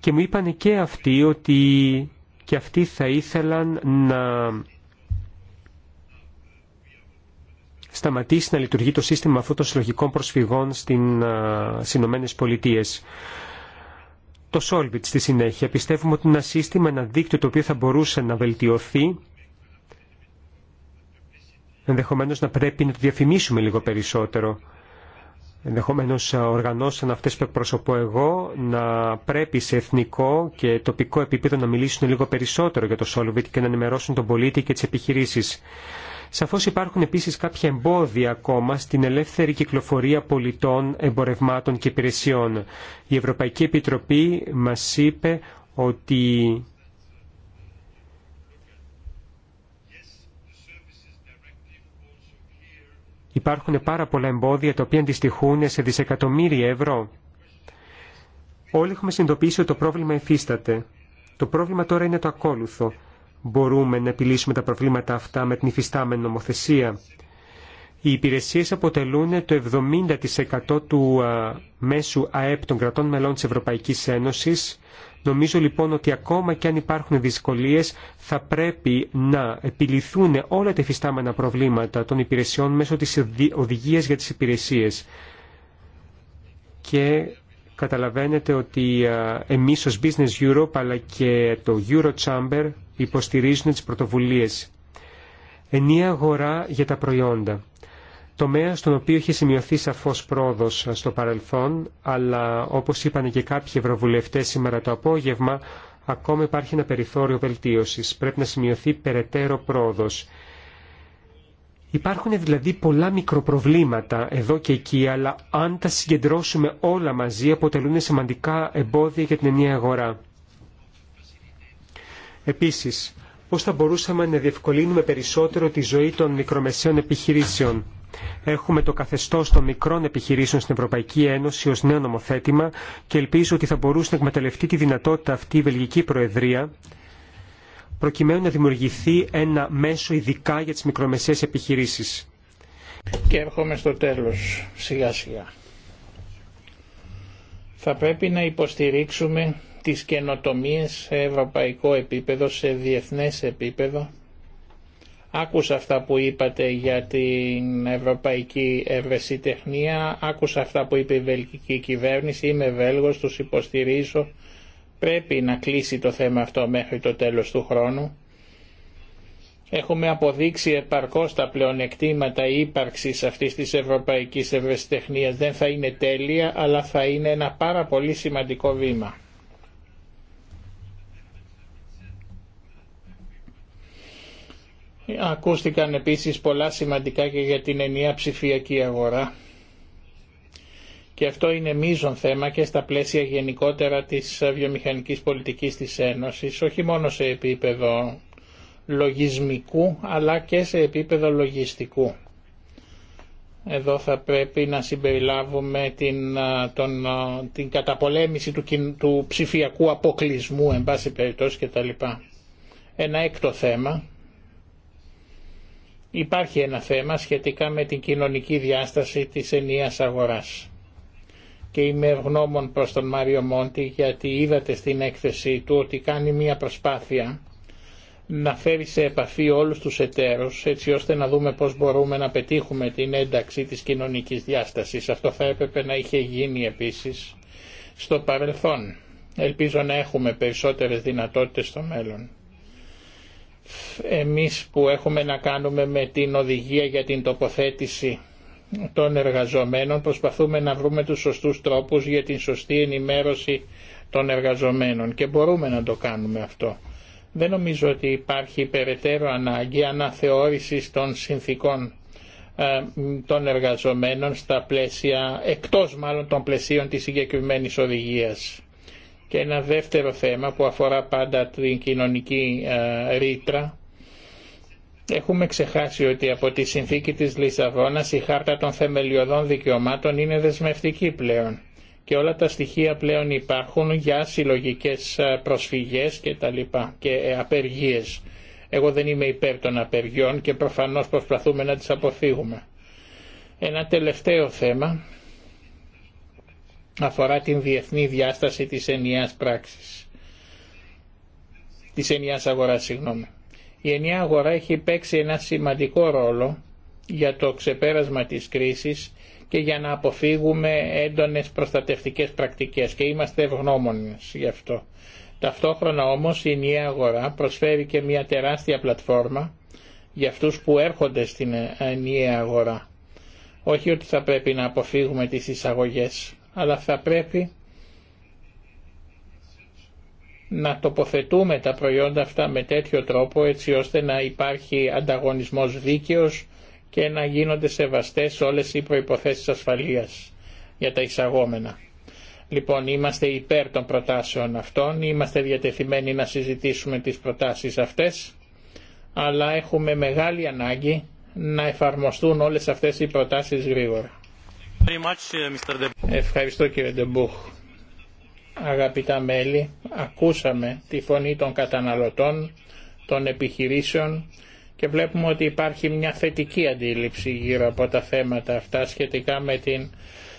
και μου είπαν και αυτοί ότι και αυτοί θα ήθελαν να σταματήσει να λειτουργεί το σύστημα αυτού των συλλογικών προσφυγών στις Ηνωμένες Πολιτείες. Το Solvit στη συνέχεια. Πιστεύουμε ότι είναι ένα σύστημα, ένα δίκτυο το οποίο θα μπορούσε να βελτιωθεί ενδεχομένω να πρέπει να το διαφημίσουμε λίγο περισσότερο. ενδεχομένω οργανώσαν αυτέ αυτές που εκπροσωπώ εγώ να πρέπει σε εθνικό και τοπικό επίπεδο να μιλήσουν λίγο περισσότερο για το Solvit και να ενημερώσουν τον πολίτη και τι επιχειρήσει. Σαφώς υπάρχουν επίσης κάποια εμπόδια ακόμα στην ελεύθερη κυκλοφορία πολιτών, εμπορευμάτων και υπηρεσιών. Η Ευρωπαϊκή Επιτροπή μας είπε ότι υπάρχουν πάρα πολλά εμπόδια τα οποία αντιστοιχούν σε δισεκατομμύρια ευρώ. Όλοι έχουμε συνειδητοποιήσει ότι το πρόβλημα εφίσταται. Το πρόβλημα τώρα είναι το ακόλουθο μπορούμε να επιλύσουμε τα προβλήματα αυτά με την υφιστάμενη νομοθεσία. Οι υπηρεσίες αποτελούν το 70% του μέσου ΑΕΠ των κρατών μελών της Ευρωπαϊκής Ένωσης. Νομίζω λοιπόν ότι ακόμα και αν υπάρχουν δυσκολίες θα πρέπει να επιληθούν όλα τα υφιστάμενα προβλήματα των υπηρεσιών μέσω της οδηγίας για τις υπηρεσίες. Και καταλαβαίνετε ότι εμείς ως Business Europe αλλά και το Eurochamber υποστηρίζουν τις πρωτοβουλίες. Ενία αγορά για τα προϊόντα. Τομέα στον οποίο είχε σημειωθεί σαφώς πρόοδος στο παρελθόν, αλλά όπως είπαν και κάποιοι ευρωβουλευτές σήμερα το απόγευμα, ακόμα υπάρχει ένα περιθώριο βελτίωσης. Πρέπει να σημειωθεί περαιτέρω πρόοδος. Υπάρχουν δηλαδή πολλά μικροπροβλήματα εδώ και εκεί, αλλά αν τα συγκεντρώσουμε όλα μαζί αποτελούν σημαντικά εμπόδια για την ενία αγορά. Επίσης, πώς θα μπορούσαμε να διευκολύνουμε περισσότερο τη ζωή των μικρομεσαίων επιχειρήσεων. Έχουμε το καθεστώς των μικρών επιχειρήσεων στην Ευρωπαϊκή Ένωση ως νέο νομοθέτημα και ελπίζω ότι θα μπορούσε να εκμεταλλευτεί τη δυνατότητα αυτή η Βελγική Προεδρία προκειμένου να δημιουργηθεί ένα μέσο ειδικά για τις μικρομεσαίες επιχειρήσεις. Και έρχομαι στο τέλος, σιγά σιγά. Θα πρέπει να υποστηρίξουμε τις καινοτομίες σε ευρωπαϊκό επίπεδο, σε διεθνές επίπεδο. Άκουσα αυτά που είπατε για την ευρωπαϊκή ευρεσιτεχνία, άκουσα αυτά που είπε η βελγική κυβέρνηση, είμαι Βέλγος, τους υποστηρίζω. Πρέπει να κλείσει το θέμα αυτό μέχρι το τέλος του χρόνου. Έχουμε αποδείξει επαρκώς τα πλεονεκτήματα ύπαρξης αυτής της ευρωπαϊκής ευρεσιτεχνίας. Δεν θα είναι τέλεια, αλλά θα είναι ένα πάρα πολύ σημαντικό βήμα. Ακούστηκαν επίσης πολλά σημαντικά και για την ενιαία ψηφιακή αγορά και αυτό είναι μείζον θέμα και στα πλαίσια γενικότερα της βιομηχανικής πολιτικής της Ένωσης, όχι μόνο σε επίπεδο λογισμικού αλλά και σε επίπεδο λογιστικού. Εδώ θα πρέπει να συμπεριλάβουμε την, τον, την καταπολέμηση του, του ψηφιακού αποκλεισμού, εν πάση περιπτώσει κτλ. Ένα έκτο θέμα Υπάρχει ένα θέμα σχετικά με την κοινωνική διάσταση της ενίας αγοράς. Και είμαι ευγνώμων προς τον Μάριο Μόντι γιατί είδατε στην έκθεση του ότι κάνει μια προσπάθεια να φέρει σε επαφή όλους τους εταίρους έτσι ώστε να δούμε πώς μπορούμε να πετύχουμε την ένταξη της κοινωνικής διάστασης. Αυτό θα έπρεπε να είχε γίνει επίσης στο παρελθόν. Ελπίζω να έχουμε περισσότερες δυνατότητες στο μέλλον εμείς που έχουμε να κάνουμε με την οδηγία για την τοποθέτηση των εργαζομένων προσπαθούμε να βρούμε τους σωστούς τρόπους για την σωστή ενημέρωση των εργαζομένων και μπορούμε να το κάνουμε αυτό. Δεν νομίζω ότι υπάρχει περαιτέρω ανάγκη αναθεώρησης των συνθήκων ε, των εργαζομένων στα πλαίσια, εκτός μάλλον των πλαισίων της συγκεκριμένης οδηγίας. Και ένα δεύτερο θέμα που αφορά πάντα την κοινωνική ε, ρήτρα. Έχουμε ξεχάσει ότι από τη συνθήκη της Λισαβόνας η χάρτα των θεμελιωδών δικαιωμάτων είναι δεσμευτική πλέον και όλα τα στοιχεία πλέον υπάρχουν για συλλογικές ε, προσφυγές και τα λοιπά και ε, απεργίες. Εγώ δεν είμαι υπέρ των απεργιών και προφανώς προσπαθούμε να τις αποφύγουμε. Ένα τελευταίο θέμα αφορά την διεθνή διάσταση της ενιαίας πράξης. Της ενιαίας αγοράς, Η ενιαία αγορά έχει παίξει ένα σημαντικό ρόλο για το ξεπέρασμα της κρίσης και για να αποφύγουμε έντονες προστατευτικές πρακτικές και είμαστε ευγνώμονες γι' αυτό. Ταυτόχρονα όμως η ενιαία αγορά προσφέρει και μια τεράστια πλατφόρμα για αυτούς που έρχονται στην ενιαία αγορά. Όχι ότι θα πρέπει να αποφύγουμε τις εισαγωγές, αλλά θα πρέπει να τοποθετούμε τα προϊόντα αυτά με τέτοιο τρόπο έτσι ώστε να υπάρχει ανταγωνισμός δίκαιος και να γίνονται σεβαστές όλες οι προϋποθέσεις ασφαλείας για τα εισαγόμενα. Λοιπόν, είμαστε υπέρ των προτάσεων αυτών, είμαστε διατεθειμένοι να συζητήσουμε τις προτάσεις αυτές, αλλά έχουμε μεγάλη ανάγκη να εφαρμοστούν όλες αυτές οι προτάσεις γρήγορα. Uh, Ευχαριστώ κύριε Ντεμπούχ. Αγαπητά μέλη, ακούσαμε τη φωνή των καταναλωτών, των επιχειρήσεων και βλέπουμε ότι υπάρχει μια θετική αντίληψη γύρω από τα θέματα αυτά σχετικά με την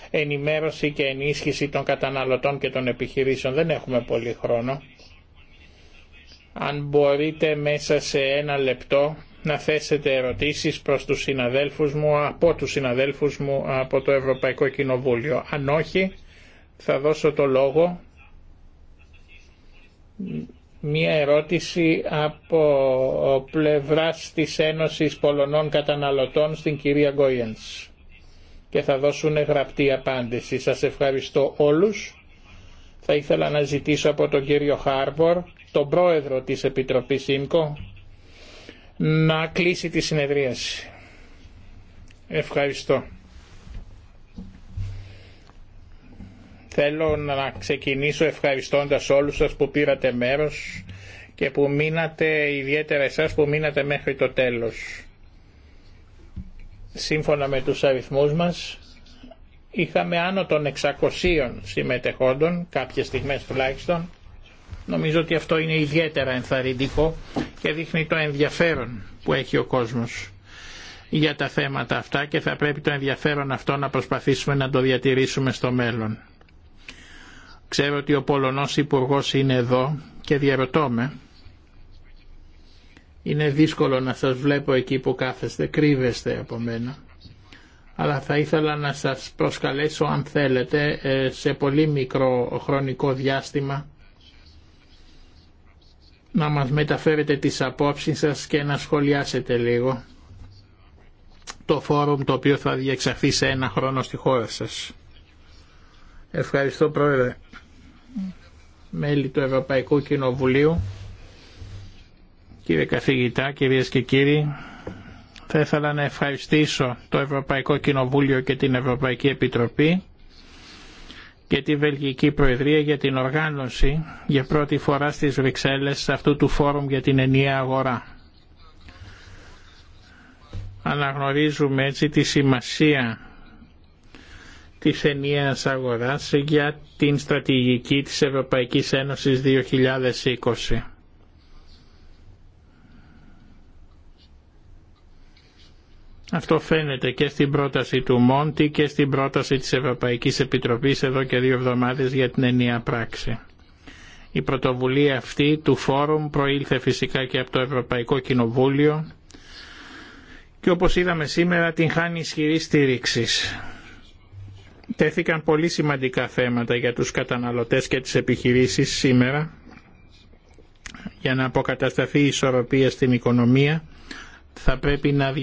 ενημέρωση και ενίσχυση των καταναλωτών και των επιχειρήσεων. Δεν έχουμε πολύ χρόνο. Αν μπορείτε μέσα σε ένα λεπτό να θέσετε ερωτήσεις προς τους συναδέλφους μου, από τους συναδέλφους μου από το Ευρωπαϊκό Κοινοβούλιο. Αν όχι, θα δώσω το λόγο μία ερώτηση από πλευράς της Ένωσης Πολωνών Καταναλωτών στην κυρία Γκόιενς και θα δώσουν γραπτή απάντηση. Σας ευχαριστώ όλους. Θα ήθελα να ζητήσω από τον κύριο Χάρμπορ, τον πρόεδρο της Επιτροπής να κλείσει τη συνεδρίαση. Ευχαριστώ. Θέλω να ξεκινήσω ευχαριστώντας όλους σας που πήρατε μέρος και που μείνατε, ιδιαίτερα εσάς που μείνατε μέχρι το τέλος. Σύμφωνα με τους αριθμούς μας, είχαμε άνω των 600 συμμετεχόντων, κάποιες στιγμές τουλάχιστον, Νομίζω ότι αυτό είναι ιδιαίτερα ενθαρρυντικό και δείχνει το ενδιαφέρον που έχει ο κόσμος για τα θέματα αυτά και θα πρέπει το ενδιαφέρον αυτό να προσπαθήσουμε να το διατηρήσουμε στο μέλλον. Ξέρω ότι ο Πολωνός υπουργό είναι εδώ και διαρωτώ με. Είναι δύσκολο να σας βλέπω εκεί που κάθεστε, κρύβεστε από μένα. Αλλά θα ήθελα να σας προσκαλέσω αν θέλετε ε, σε πολύ μικρό χρονικό διάστημα να μας μεταφέρετε τις απόψεις σας και να σχολιάσετε λίγο το φόρουμ το οποίο θα διεξαχθεί σε ένα χρόνο στη χώρα σας. Ευχαριστώ Πρόεδρε. Μέλη του Ευρωπαϊκού Κοινοβουλίου, κύριε καθηγητά, κυρίες και κύριοι, θα ήθελα να ευχαριστήσω το Ευρωπαϊκό Κοινοβούλιο και την Ευρωπαϊκή Επιτροπή και τη Βελγική Προεδρία για την οργάνωση για πρώτη φορά στις Βρυξέλλες αυτού του φόρουμ για την ενιαία αγορά. Αναγνωρίζουμε έτσι τη σημασία της ενιαίας αγοράς για την στρατηγική της Ευρωπαϊκής Ένωσης 2020. Αυτό φαίνεται και στην πρόταση του Μόντι και στην πρόταση της Ευρωπαϊκής Επιτροπής εδώ και δύο εβδομάδες για την ενιαία πράξη. Η πρωτοβουλία αυτή του Φόρουμ προήλθε φυσικά και από το Ευρωπαϊκό Κοινοβούλιο και όπως είδαμε σήμερα την χάνει ισχυρή στήριξη. Τέθηκαν πολύ σημαντικά θέματα για τους καταναλωτές και τις επιχειρήσεις σήμερα για να αποκατασταθεί η ισορροπία στην οικονομία θα πρέπει να,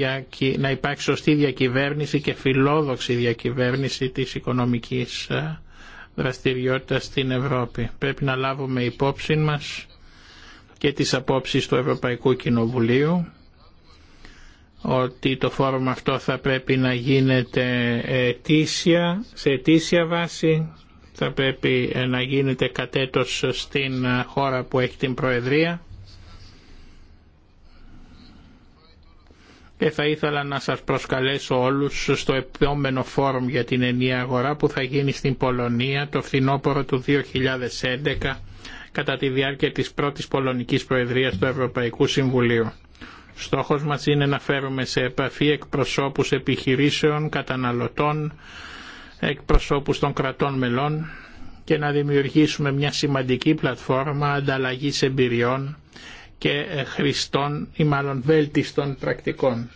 υπάρξει να σωστή διακυβέρνηση και φιλόδοξη διακυβέρνηση της οικονομικής ε, δραστηριότητας στην Ευρώπη. Πρέπει να λάβουμε υπόψη μας και τις απόψεις του Ευρωπαϊκού Κοινοβουλίου ότι το φόρουμ αυτό θα πρέπει να γίνεται ετήσια, σε ετήσια βάση, θα πρέπει ε, να γίνεται κατέτος στην ε, χώρα που έχει την Προεδρία και θα ήθελα να σας προσκαλέσω όλους στο επόμενο φόρουμ για την ενιαία αγορά που θα γίνει στην Πολωνία το φθινόπωρο του 2011 κατά τη διάρκεια της πρώτης πολωνικής προεδρίας του Ευρωπαϊκού Συμβουλίου. Στόχος μας είναι να φέρουμε σε επαφή εκπροσώπους επιχειρήσεων, καταναλωτών, εκπροσώπους των κρατών μελών και να δημιουργήσουμε μια σημαντική πλατφόρμα ανταλλαγής εμπειριών και ε, χρηστών ή μάλλον βέλτιστων πρακτικών.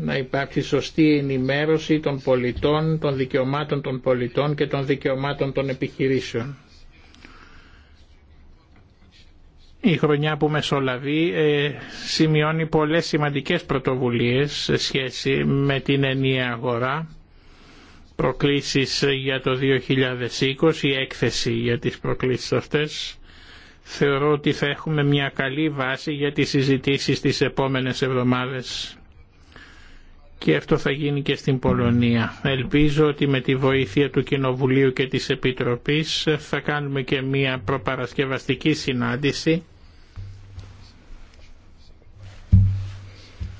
Να υπάρξει σωστή ενημέρωση των πολιτών, των δικαιωμάτων των πολιτών και των δικαιωμάτων των επιχειρήσεων. Η χρονιά που μεσολαβεί ε, σημειώνει πολλές σημαντικές πρωτοβουλίες σε σχέση με την ενιαία αγορά, προκλήσεις για το 2020, η έκθεση για τις προκλήσεις αυτές, θεωρώ ότι θα έχουμε μια καλή βάση για τις συζητήσεις τις επόμενες εβδομάδες και αυτό θα γίνει και στην Πολωνία. Ελπίζω ότι με τη βοήθεια του Κοινοβουλίου και της Επιτροπής θα κάνουμε και μια προπαρασκευαστική συνάντηση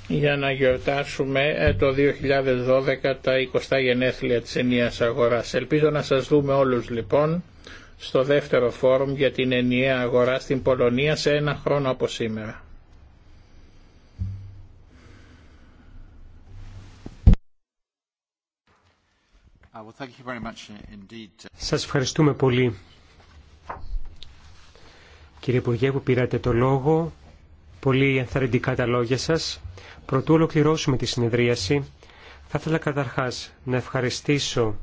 για να γιορτάσουμε ε, το 2012 τα 20 γενέθλια της ενίας αγοράς. Ελπίζω να σας δούμε όλους λοιπόν στο δεύτερο φόρουμ για την ενιαία αγορά στην Πολωνία σε ένα χρόνο από σήμερα. Uh, uh, uh, σας ευχαριστούμε πολύ. Κύριε Υπουργέ που πήρατε το λόγο, πολύ ενθαρρυντικά τα λόγια σας. Προτού ολοκληρώσουμε τη συνεδρίαση, θα ήθελα καταρχάς να ευχαριστήσω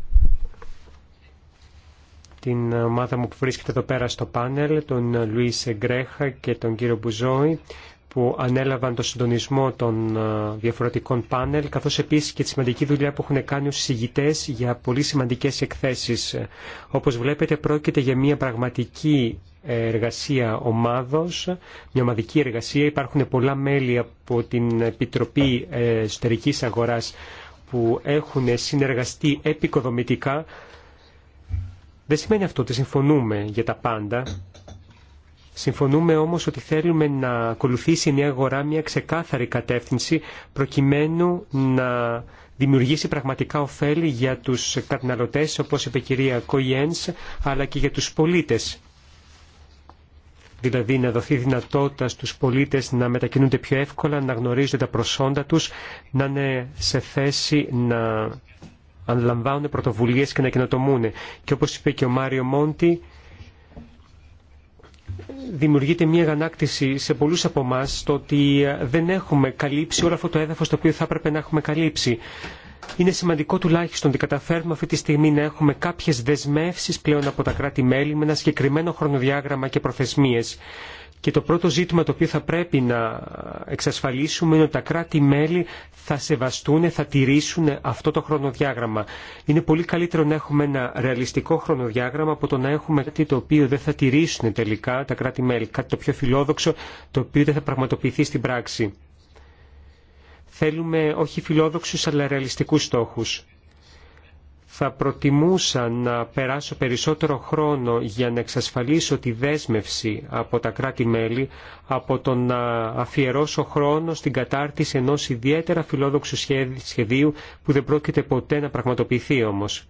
την ομάδα μου που βρίσκεται εδώ πέρα στο πάνελ, τον Λουίς Γκρέχα και τον κύριο Μπουζόη, που ανέλαβαν το συντονισμό των ε, διαφορετικών πάνελ, καθώς επίσης και τη σημαντική δουλειά που έχουν κάνει ως για πολύ σημαντικές εκθέσεις. Όπως βλέπετε πρόκειται για μια πραγματική εργασία ομάδος, μια ομαδική εργασία. Υπάρχουν πολλά μέλη από την Επιτροπή ε, Εσωτερικής Αγοράς που έχουν συνεργαστεί επικοδομητικά δεν σημαίνει αυτό ότι συμφωνούμε για τα πάντα. Συμφωνούμε όμως ότι θέλουμε να ακολουθήσει η νέα αγορά μια ξεκάθαρη κατεύθυνση προκειμένου να δημιουργήσει πραγματικά ωφέλη για τους καταναλωτές, όπως είπε η κυρία Κόιενς, αλλά και για τους πολίτες. Δηλαδή να δοθεί δυνατότητα στους πολίτες να μετακινούνται πιο εύκολα, να γνωρίζουν τα προσόντα τους, να είναι σε θέση να αν λαμβάνουν πρωτοβουλίες και να καινοτομούν. Και όπως είπε και ο Μάριο Μόντι, δημιουργείται μια γανάκτηση σε πολλούς από εμά το ότι ε, δεν έχουμε καλύψει όλο αυτό το έδαφος το οποίο θα έπρεπε να έχουμε καλύψει. Είναι σημαντικό τουλάχιστον ότι καταφέρουμε αυτή τη στιγμή να έχουμε κάποιες δεσμεύσεις πλέον από τα κράτη-μέλη με ένα συγκεκριμένο χρονοδιάγραμμα και προθεσμίες. Και το πρώτο ζήτημα το οποίο θα πρέπει να εξασφαλίσουμε είναι ότι τα κράτη-μέλη θα σεβαστούν, θα τηρήσουν αυτό το χρονοδιάγραμμα. Είναι πολύ καλύτερο να έχουμε ένα ρεαλιστικό χρονοδιάγραμμα από το να έχουμε κάτι το οποίο δεν θα τηρήσουν τελικά τα κράτη-μέλη, κάτι το πιο φιλόδοξο, το οποίο δεν θα πραγματοποιηθεί στην πράξη. Θέλουμε όχι φιλόδοξους αλλά ρεαλιστικούς στόχους θα προτιμούσα να περάσω περισσότερο χρόνο για να εξασφαλίσω τη δέσμευση από τα κράτη-μέλη από το να αφιερώσω χρόνο στην κατάρτιση ενός ιδιαίτερα φιλόδοξου σχεδίου που δεν πρόκειται ποτέ να πραγματοποιηθεί όμως.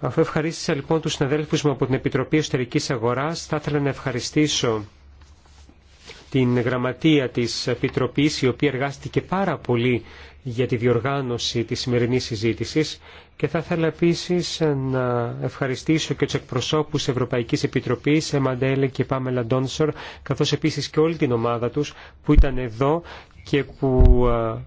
Αφού ευχαρίστησα λοιπόν τους συναδέλφους μου από την Επιτροπή Εσωτερικής Αγοράς, θα ήθελα να ευχαριστήσω την γραμματεία της Επιτροπής, η οποία εργάστηκε πάρα πολύ για τη διοργάνωση της σημερινής συζήτησης και θα ήθελα επίσης να ευχαριστήσω και τους εκπροσώπους Ευρωπαϊκής Επιτροπής, Εμαντέλε και Πάμελα Ντόνσορ, καθώς επίσης και όλη την ομάδα τους που ήταν εδώ και που ε,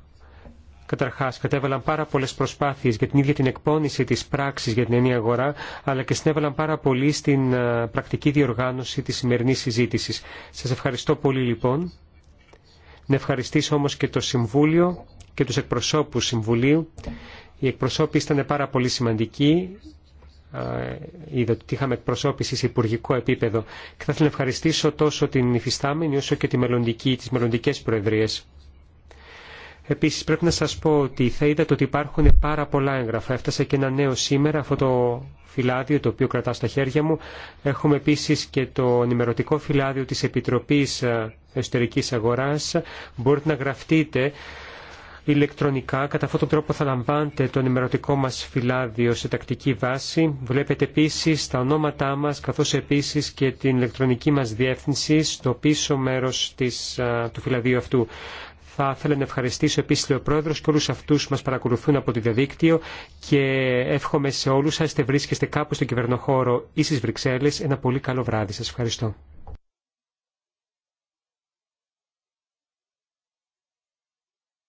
Καταρχά, κατέβαλαν πάρα πολλέ προσπάθειε για την ίδια την εκπόνηση τη πράξη για την ενή αγορά, αλλά και συνέβαλαν πάρα πολύ στην ε, πρακτική διοργάνωση τη σημερινή συζήτηση. Σα ευχαριστώ πολύ λοιπόν. Να ευχαριστήσω όμω και το Συμβούλιο και τους εκπροσώπους Συμβουλίου. Οι εκπροσώποι ήταν πάρα πολύ σημαντικοί. Είδατε ότι είχαμε εκπροσώπηση σε υπουργικό επίπεδο. Και θα ήθελα να ευχαριστήσω τόσο την υφιστάμενη όσο και τη μελλοντική, τις μελλοντικές προεδρίες. Επίσης πρέπει να σας πω ότι θα είδατε ότι υπάρχουν πάρα πολλά έγγραφα. Έφτασε και ένα νέο σήμερα, αυτό το φυλάδιο το οποίο κρατάω στα χέρια μου. Έχουμε επίσης και το ενημερωτικό φυλάδιο της Επιτροπής ε, Εσωτερικής Αγοράς. Μπορείτε να γραφτείτε ηλεκτρονικά. Κατά αυτόν τον τρόπο θα λαμβάνετε το ενημερωτικό μας φυλάδιο σε τακτική βάση. Βλέπετε επίσης τα ονόματά μας καθώς επίσης και την ηλεκτρονική μας διεύθυνση στο πίσω μέρος της, του φυλαδίου αυτού. Θα ήθελα να ευχαριστήσω επίση ο πρόεδρο και όλου αυτού που μα παρακολουθούν από το διαδίκτυο και εύχομαι σε όλους, σα, είστε βρίσκεστε κάπου στον κυβερνοχώρο ή στι Βρυξέλλες ένα πολύ καλό βράδυ. Σα ευχαριστώ.